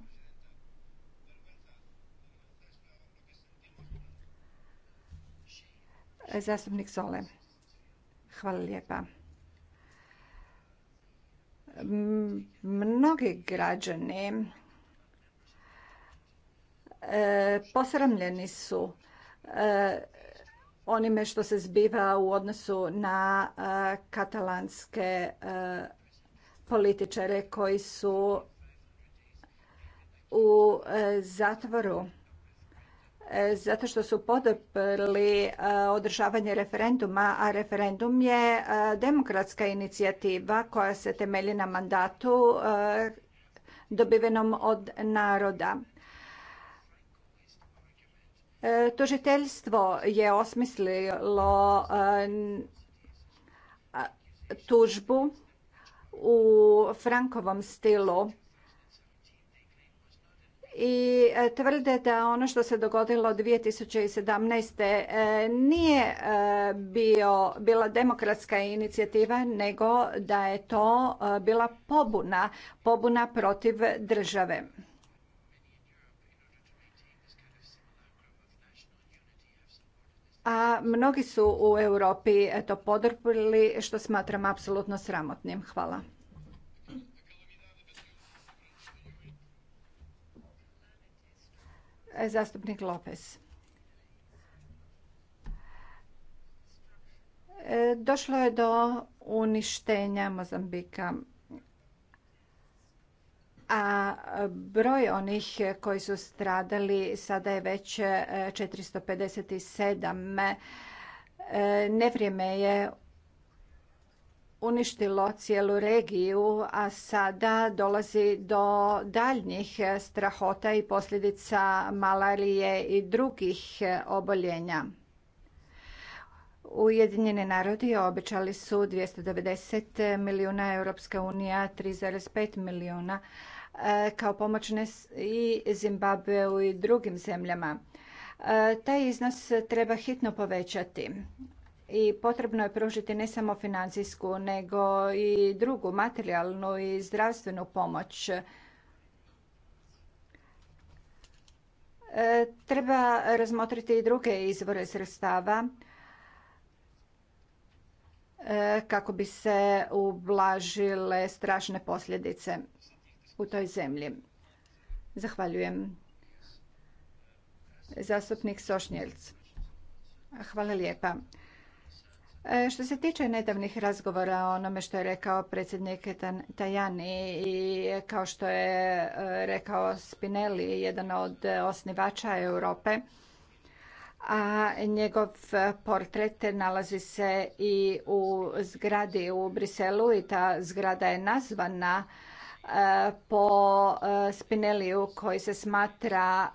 Zastupnik Zole. Hvala lijepa. Mnogi građani posramljeni su e, onime što se zbiva u odnosu na e, katalanske e, političare koji su u zatvoru zato što su podoprli održavanje referenduma, a referendum je demokratska inicijativa koja se temelji na mandatu dobivenom od naroda. E, tužiteljstvo je osmislilo e, tužbu u Frankovom stilu i e, tvrde da ono što se dogodilo 2017. nije bio, bila demokratska inicijativa, nego da je to bila pobuna, pobuna protiv države. a mnogi su u Europi to podrpili, što smatram apsolutno sramotnim. Hvala. E, zastupnik Lopez. E, došlo je do uništenja Mozambika a broj onih koji su stradali sada je već 457. E, e, nevrijeme je uništilo cijelu regiju, a sada dolazi do daljnjih strahota i posljedica malarije i drugih e, oboljenja. Ujedinjeni narodi obećali su 290 milijuna, Europska unija 3,5 milijuna E, kao pomoć i Zimbabveu i drugim zemljama. E, taj iznos treba hitno povećati i potrebno je pružiti ne samo financijsku nego i drugu materijalnu i zdravstvenu pomoć. E, treba razmotriti i druge izvore sredstava kako bi se ublažile strašne posljedice u toj zemlji. Zahvaljujem. Zastupnik Sošnjelc. Hvala lijepa. E, što se tiče nedavnih razgovora o onome što je rekao predsjednik Tajani i kao što je e, rekao Spinelli, jedan od osnivača Europe, a njegov portret nalazi se i u zgradi u Briselu i ta zgrada je nazvana po e, Spineliju koji se smatra e,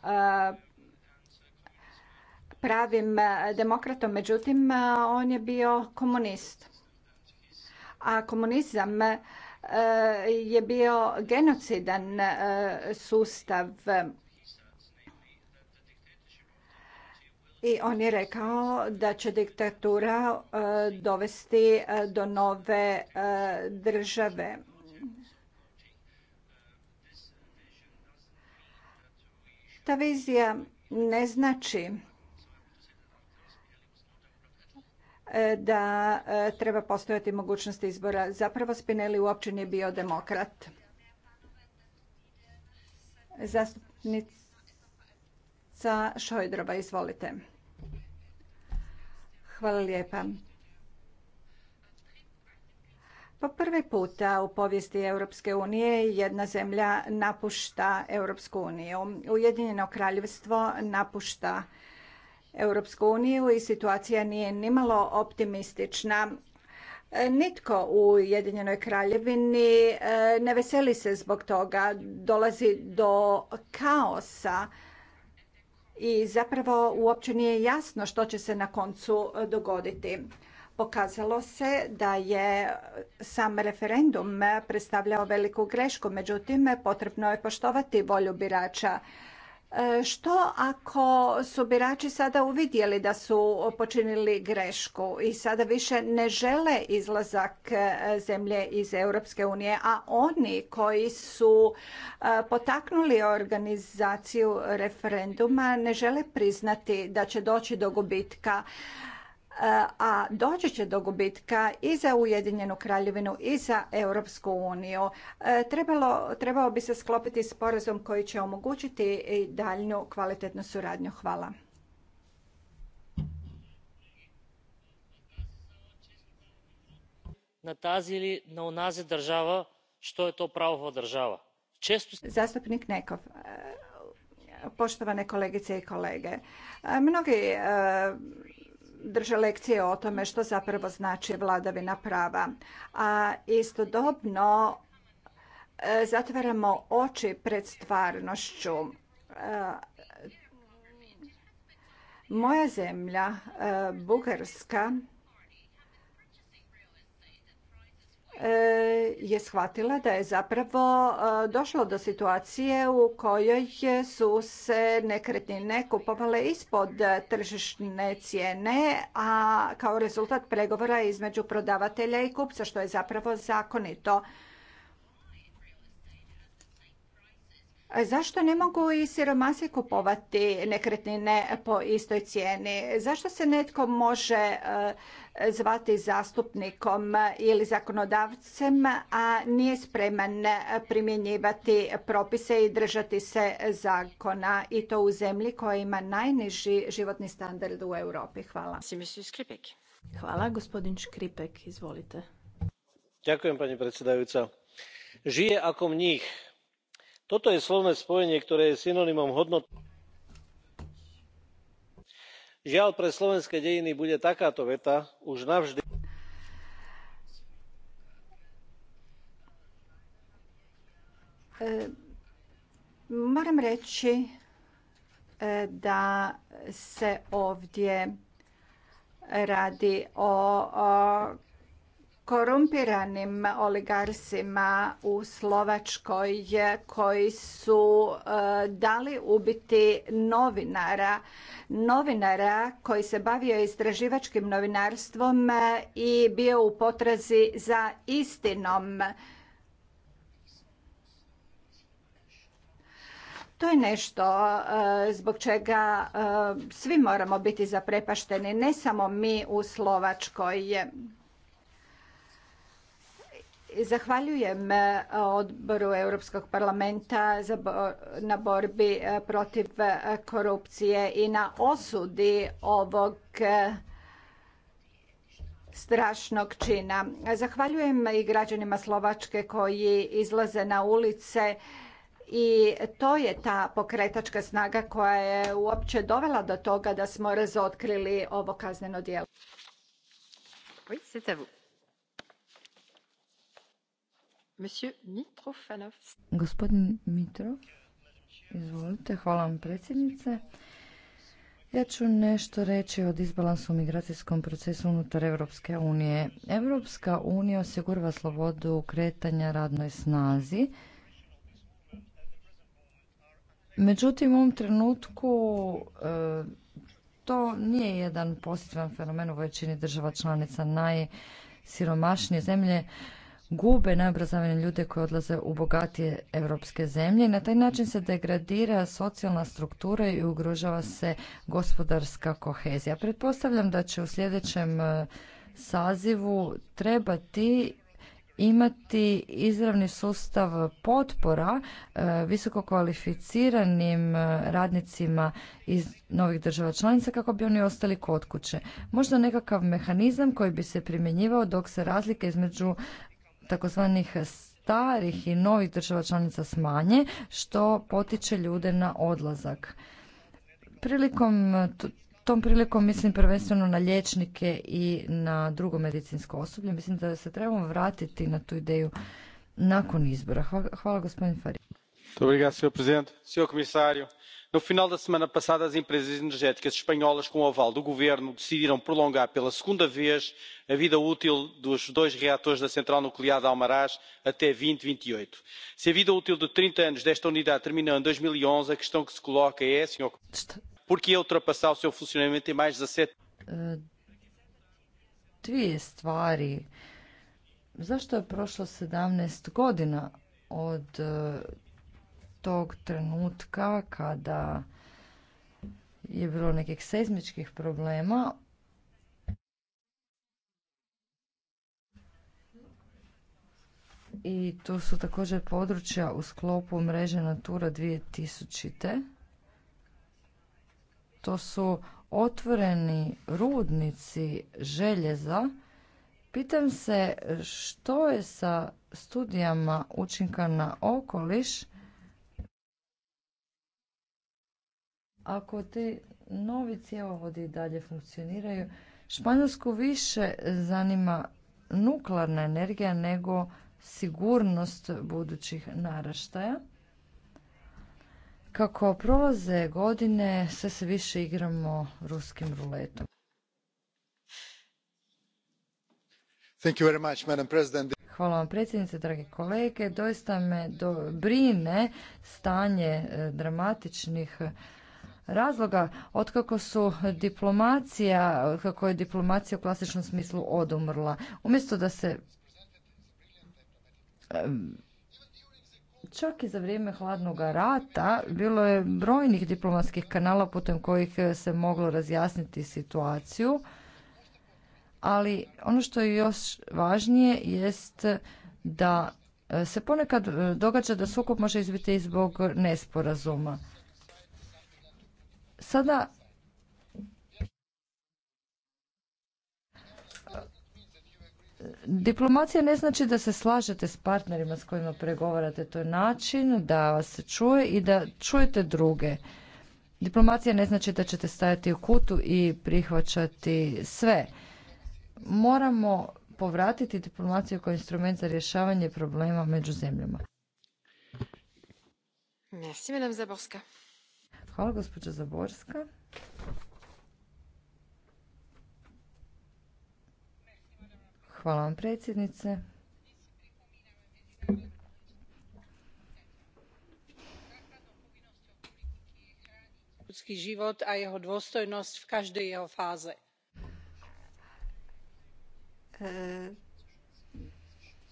pravim demokratom, međutim e, on je bio komunist. A komunizam je bio genocidan sustav i on je rekao da će diktatura dovesti do nove države Ta vizija ne znači e, da e, treba postojati mogućnost izbora. Zapravo Spinelli uopće nije bio demokrat. Zastupnica Šojdrova, izvolite. Hvala lijepa. Po prvi puta u povijesti Europske unije jedna zemlja napušta Europsku uniju. Ujedinjeno kraljevstvo napušta Europsku uniju i situacija nije nimalo optimistična. Nitko u Ujedinjenoj kraljevini e, ne veseli se zbog toga. Dolazi do kaosa i zapravo uopće nije jasno što će se na koncu dogoditi. Pokazalo se da je sam referendum predstavljao veliku grešku, međutim potrebno je poštovati volju birača. E, što ako su birači sada uvidjeli da su počinili grešku i sada više ne žele izlazak e, zemlje iz Europske unije, a oni koji su e, potaknuli organizaciju referenduma ne žele priznati da će doći do gubitka a doći će do gubitka i za Ujedinjenu kraljevinu i za Europsku uniju. E, trebalo, trebao bi se sklopiti sporazum koji će omogućiti i daljnju kvalitetnu suradnju. Hvala. na tazi ili na unazi država što je to pravo država. Često... Zastupnik Nekov, e, poštovane kolegice i kolege, e, mnogi drže lekcije o tome što zapravo znači vladavina prava. A istodobno e, zatvaramo oči pred stvarnošću. E, moja zemlja, e, Bugarska, E, je shvatila da je zapravo e, došlo do situacije u kojoj su se nekretnine kupovale ispod tržišne cijene, a kao rezultat pregovora između prodavatelja i kupca, što je zapravo zakonito. Zašto ne mogu i siromasi kupovati nekretnine po istoj cijeni? Zašto se netko može e, zvati zastupnikom ili zakonodavcem, a nije spreman primjenjivati propise i držati se zakona i to u zemlji koja ima najniži životni standard u Europi? Hvala. Hvala, gospodin Škripek, izvolite. Dziękuję, pani Žije ako njih toto je slovné spojenie ktoré je synonymom hodnôt žiaľ pre slovenské dejiny bude takáto veta už navždy. E, moram reći e, da se ovdje radi o korumpiranim oligarsima u Slovačkoj koji su e, dali ubiti novinara, novinara koji se bavio istraživačkim novinarstvom e, i bio u potrazi za istinom. To je nešto e, zbog čega svi moramo biti zaprepašteni, ne samo mi u Slovačkoj. Zahvaljujem e, odboru Europskog parlamenta na borbi e, protiv e, korupcije i na osudi ovog strašnog čina. Zahvaljujem i građanima Slovačke koji izlaze na ulice i to je ta pokretačka snaga koja je uopće dovela do toga da smo razotkrili ovo kazneno djelo. Gospodin Mitrov, izvolite. Hvala vam predsjednice. Ja ću nešto reći o disbalansu u migracijskom procesu unutar Europske unije. Europska unija osigurava slobodu kretanja radnoj snazi. Međutim, u ovom trenutku e, to nije jedan pozitivan fenomen u većini država članica najsiromašnije zemlje gube najobrazovane ljude koji odlaze u bogatije europske zemlje i na taj način se degradira socijalna struktura i ugrožava se gospodarska kohezija. Pretpostavljam da će u sljedećem e, sazivu trebati imati izravni sustav potpora e, visoko kvalificiranim e, radnicima iz novih država članica kako bi oni ostali kod kuće. Možda nekakav mehanizam koji bi se primjenjivao dok se razlike između takozvanih starih i novih država članica smanje, što potiče ljude na odlazak. Prilikom, tom prilikom mislim prvenstveno na liječnike i na drugo medicinsko osoblje. Mislim da se trebamo vratiti na tu ideju nakon izbora. Hvala, hvala gospodin Fari no final da semana passada as empresas energéticas espanholas com o aval do governo decidiram prolongar pela segunda vez a vida útil dos dois reatores da central nuclear de almaraz até. dois mil e vinte e oito se a vida útil de trinta anos desta unidade terminou em dois mil e onze a questão que se coloca é senhor comissário por que ultrapassar o seu funcionamento em mais dezessete. Eh, dvije stvari zašto je prošlo 17 godina od eh, tog trenutka kada je bilo nekih sezmičkih problema i to su također područja u sklopu mreže Natura 2000. To su otvoreni rudnici željeza. Pitam se što je sa studijama učinka na okoliš ako ti novi cjevovodi dalje funkcioniraju, Španjolsku više zanima nuklearna energija nego sigurnost budućih naraštaja. Kako prolaze godine, sve se više igramo ruskim ruletom. Hvala vam predsjednice, dragi kolege. Doista me brine stanje e, dramatičnih razloga otkako su diplomacija, kako je diplomacija u klasičnom smislu odumrla. Umjesto da se Čak i za vrijeme hladnog rata bilo je brojnih diplomatskih kanala putem kojih se moglo razjasniti situaciju. Ali ono što je još važnije jest da se ponekad e, događa da sukob može izbiti zbog nesporazuma. Sada Diplomacija ne znači da se slažete s partnerima s kojima pregovarate, to je način da vas se čuje i da čujete druge. Diplomacija ne znači da ćete stajati u kutu i prihvaćati sve. Moramo povratiti diplomaciju kao instrument za rješavanje problema među zemljama. Merci, Hvala, gospođa Zaborska. Hvala vam, predsjednice. ljudski život a jeho dôstojnosť v každej jeho fáze. E,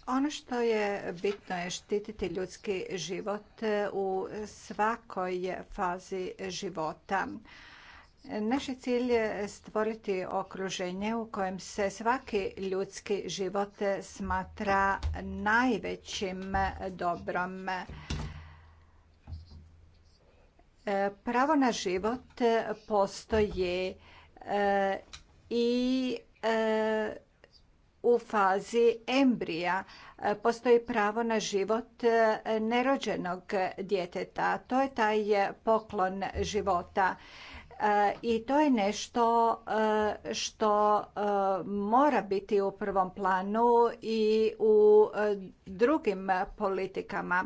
ono što je bitno je štititi ljudski život e, u svakoj fazi života. Naš je stvoriti okruženje u kojem se svaki ljudski život smatra najvećim dobrom. E, pravo na život postoji e, i u fazi embrija. E, postoji pravo na život e, nerođenog djeteta. To je taj e, poklon života. I to je nešto što mora biti u prvom planu i u drugim politikama.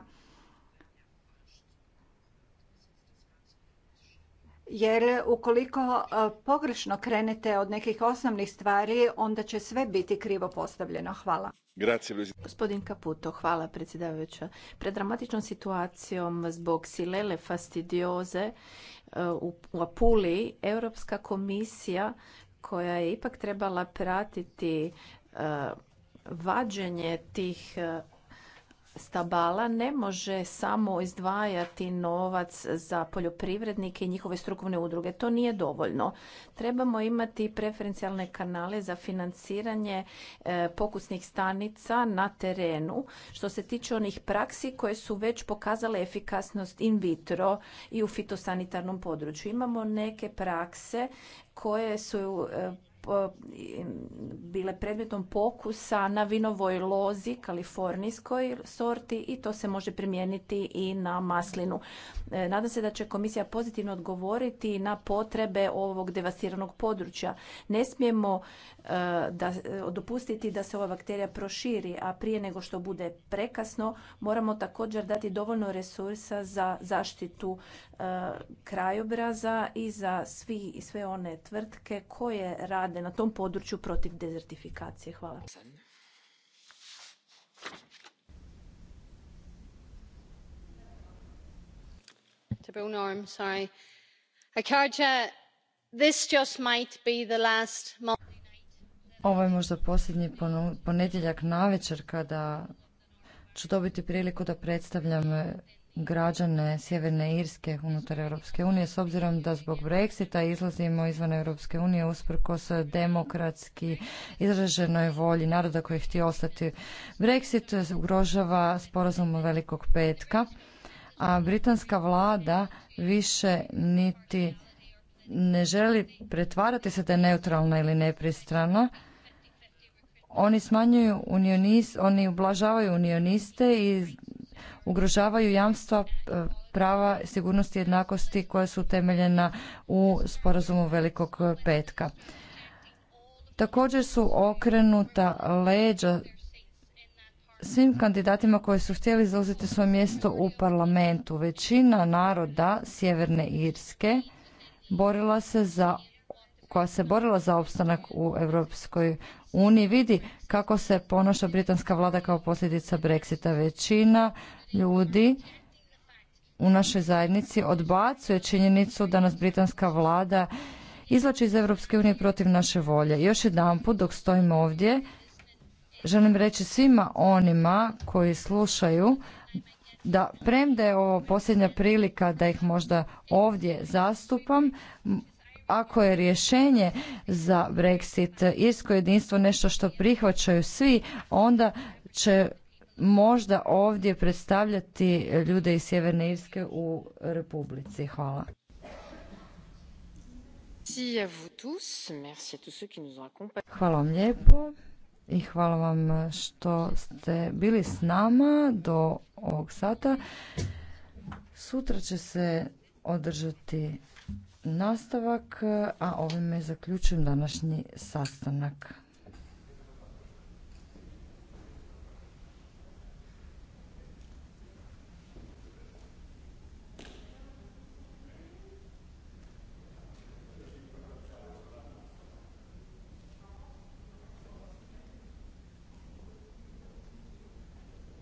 jer ukoliko e, pogrešno krenete od nekih osnovnih stvari, onda će sve biti krivo postavljeno. Hvala. Gospodin Caputo, hvala predsjedavajuća. Pred dramatičnom situacijom zbog silele fastidioze e, u Apuliji, Europska komisija koja je ipak trebala pratiti e, vađenje tih stabala ne može samo izdvajati novac za poljoprivrednike i njihove strukovne udruge. To nije dovoljno. Trebamo imati preferencijalne kanale za financiranje e, pokusnih stanica na terenu. Što se tiče onih praksi koje su već pokazale efikasnost in vitro i u fitosanitarnom području. Imamo neke prakse koje su e, bile predmetom pokusa na vinovoj lozi kalifornijskoj sorti i to se može primijeniti i na maslinu. E, nadam se da će komisija pozitivno odgovoriti na potrebe ovog devastiranog područja. Ne smijemo e, dopustiti da se ova bakterija proširi, a prije nego što bude prekasno moramo također dati dovoljno resursa za zaštitu e, krajobraza i za svi, sve one tvrtke koje rade na tom području protiv dezertifikacije. Hvala. Ovo je možda posljednji ponedjeljak navečer kada ću dobiti priliku da predstavljam građane Sjeverne Irske unutar Europske unije s obzirom da zbog Brexita izlazimo izvan Europske unije usprkos demokratski izraženoj volji naroda koji je htio ostati. Brexit ugrožava sporazum velikog petka, a britanska vlada više niti ne želi pretvarati se da je neutralna ili nepristrana. Oni smanjuju oni ublažavaju unioniste i ugrožavaju jamstva e, prava sigurnosti i jednakosti koja su utemeljena u sporazumu Velikog petka. Također su okrenuta leđa svim kandidatima koji su htjeli zauzeti svoje mjesto u parlamentu. Većina naroda Sjeverne Irske borila se za koja se borila za opstanak u Europskoj uniji vidi kako se ponaša britanska vlada kao posljedica Brexita. Većina ljudi u našoj zajednici odbacuje činjenicu da nas britanska vlada izlači iz Europske unije protiv naše volje. Još jedanput dok stojim ovdje želim reći svima onima koji slušaju da premda je ovo posljednja prilika da ih možda ovdje zastupam, ako je rješenje za Brexit, irsko jedinstvo nešto što prihvaćaju svi, onda će možda ovdje predstavljati ljude iz Sjeverne Irske u Republici. Hvala. Hvala vam lijepo i hvala vam što ste bili s nama do ovog sata. Sutra će se održati nastavak, a ovime zaključujem današnji sastanak.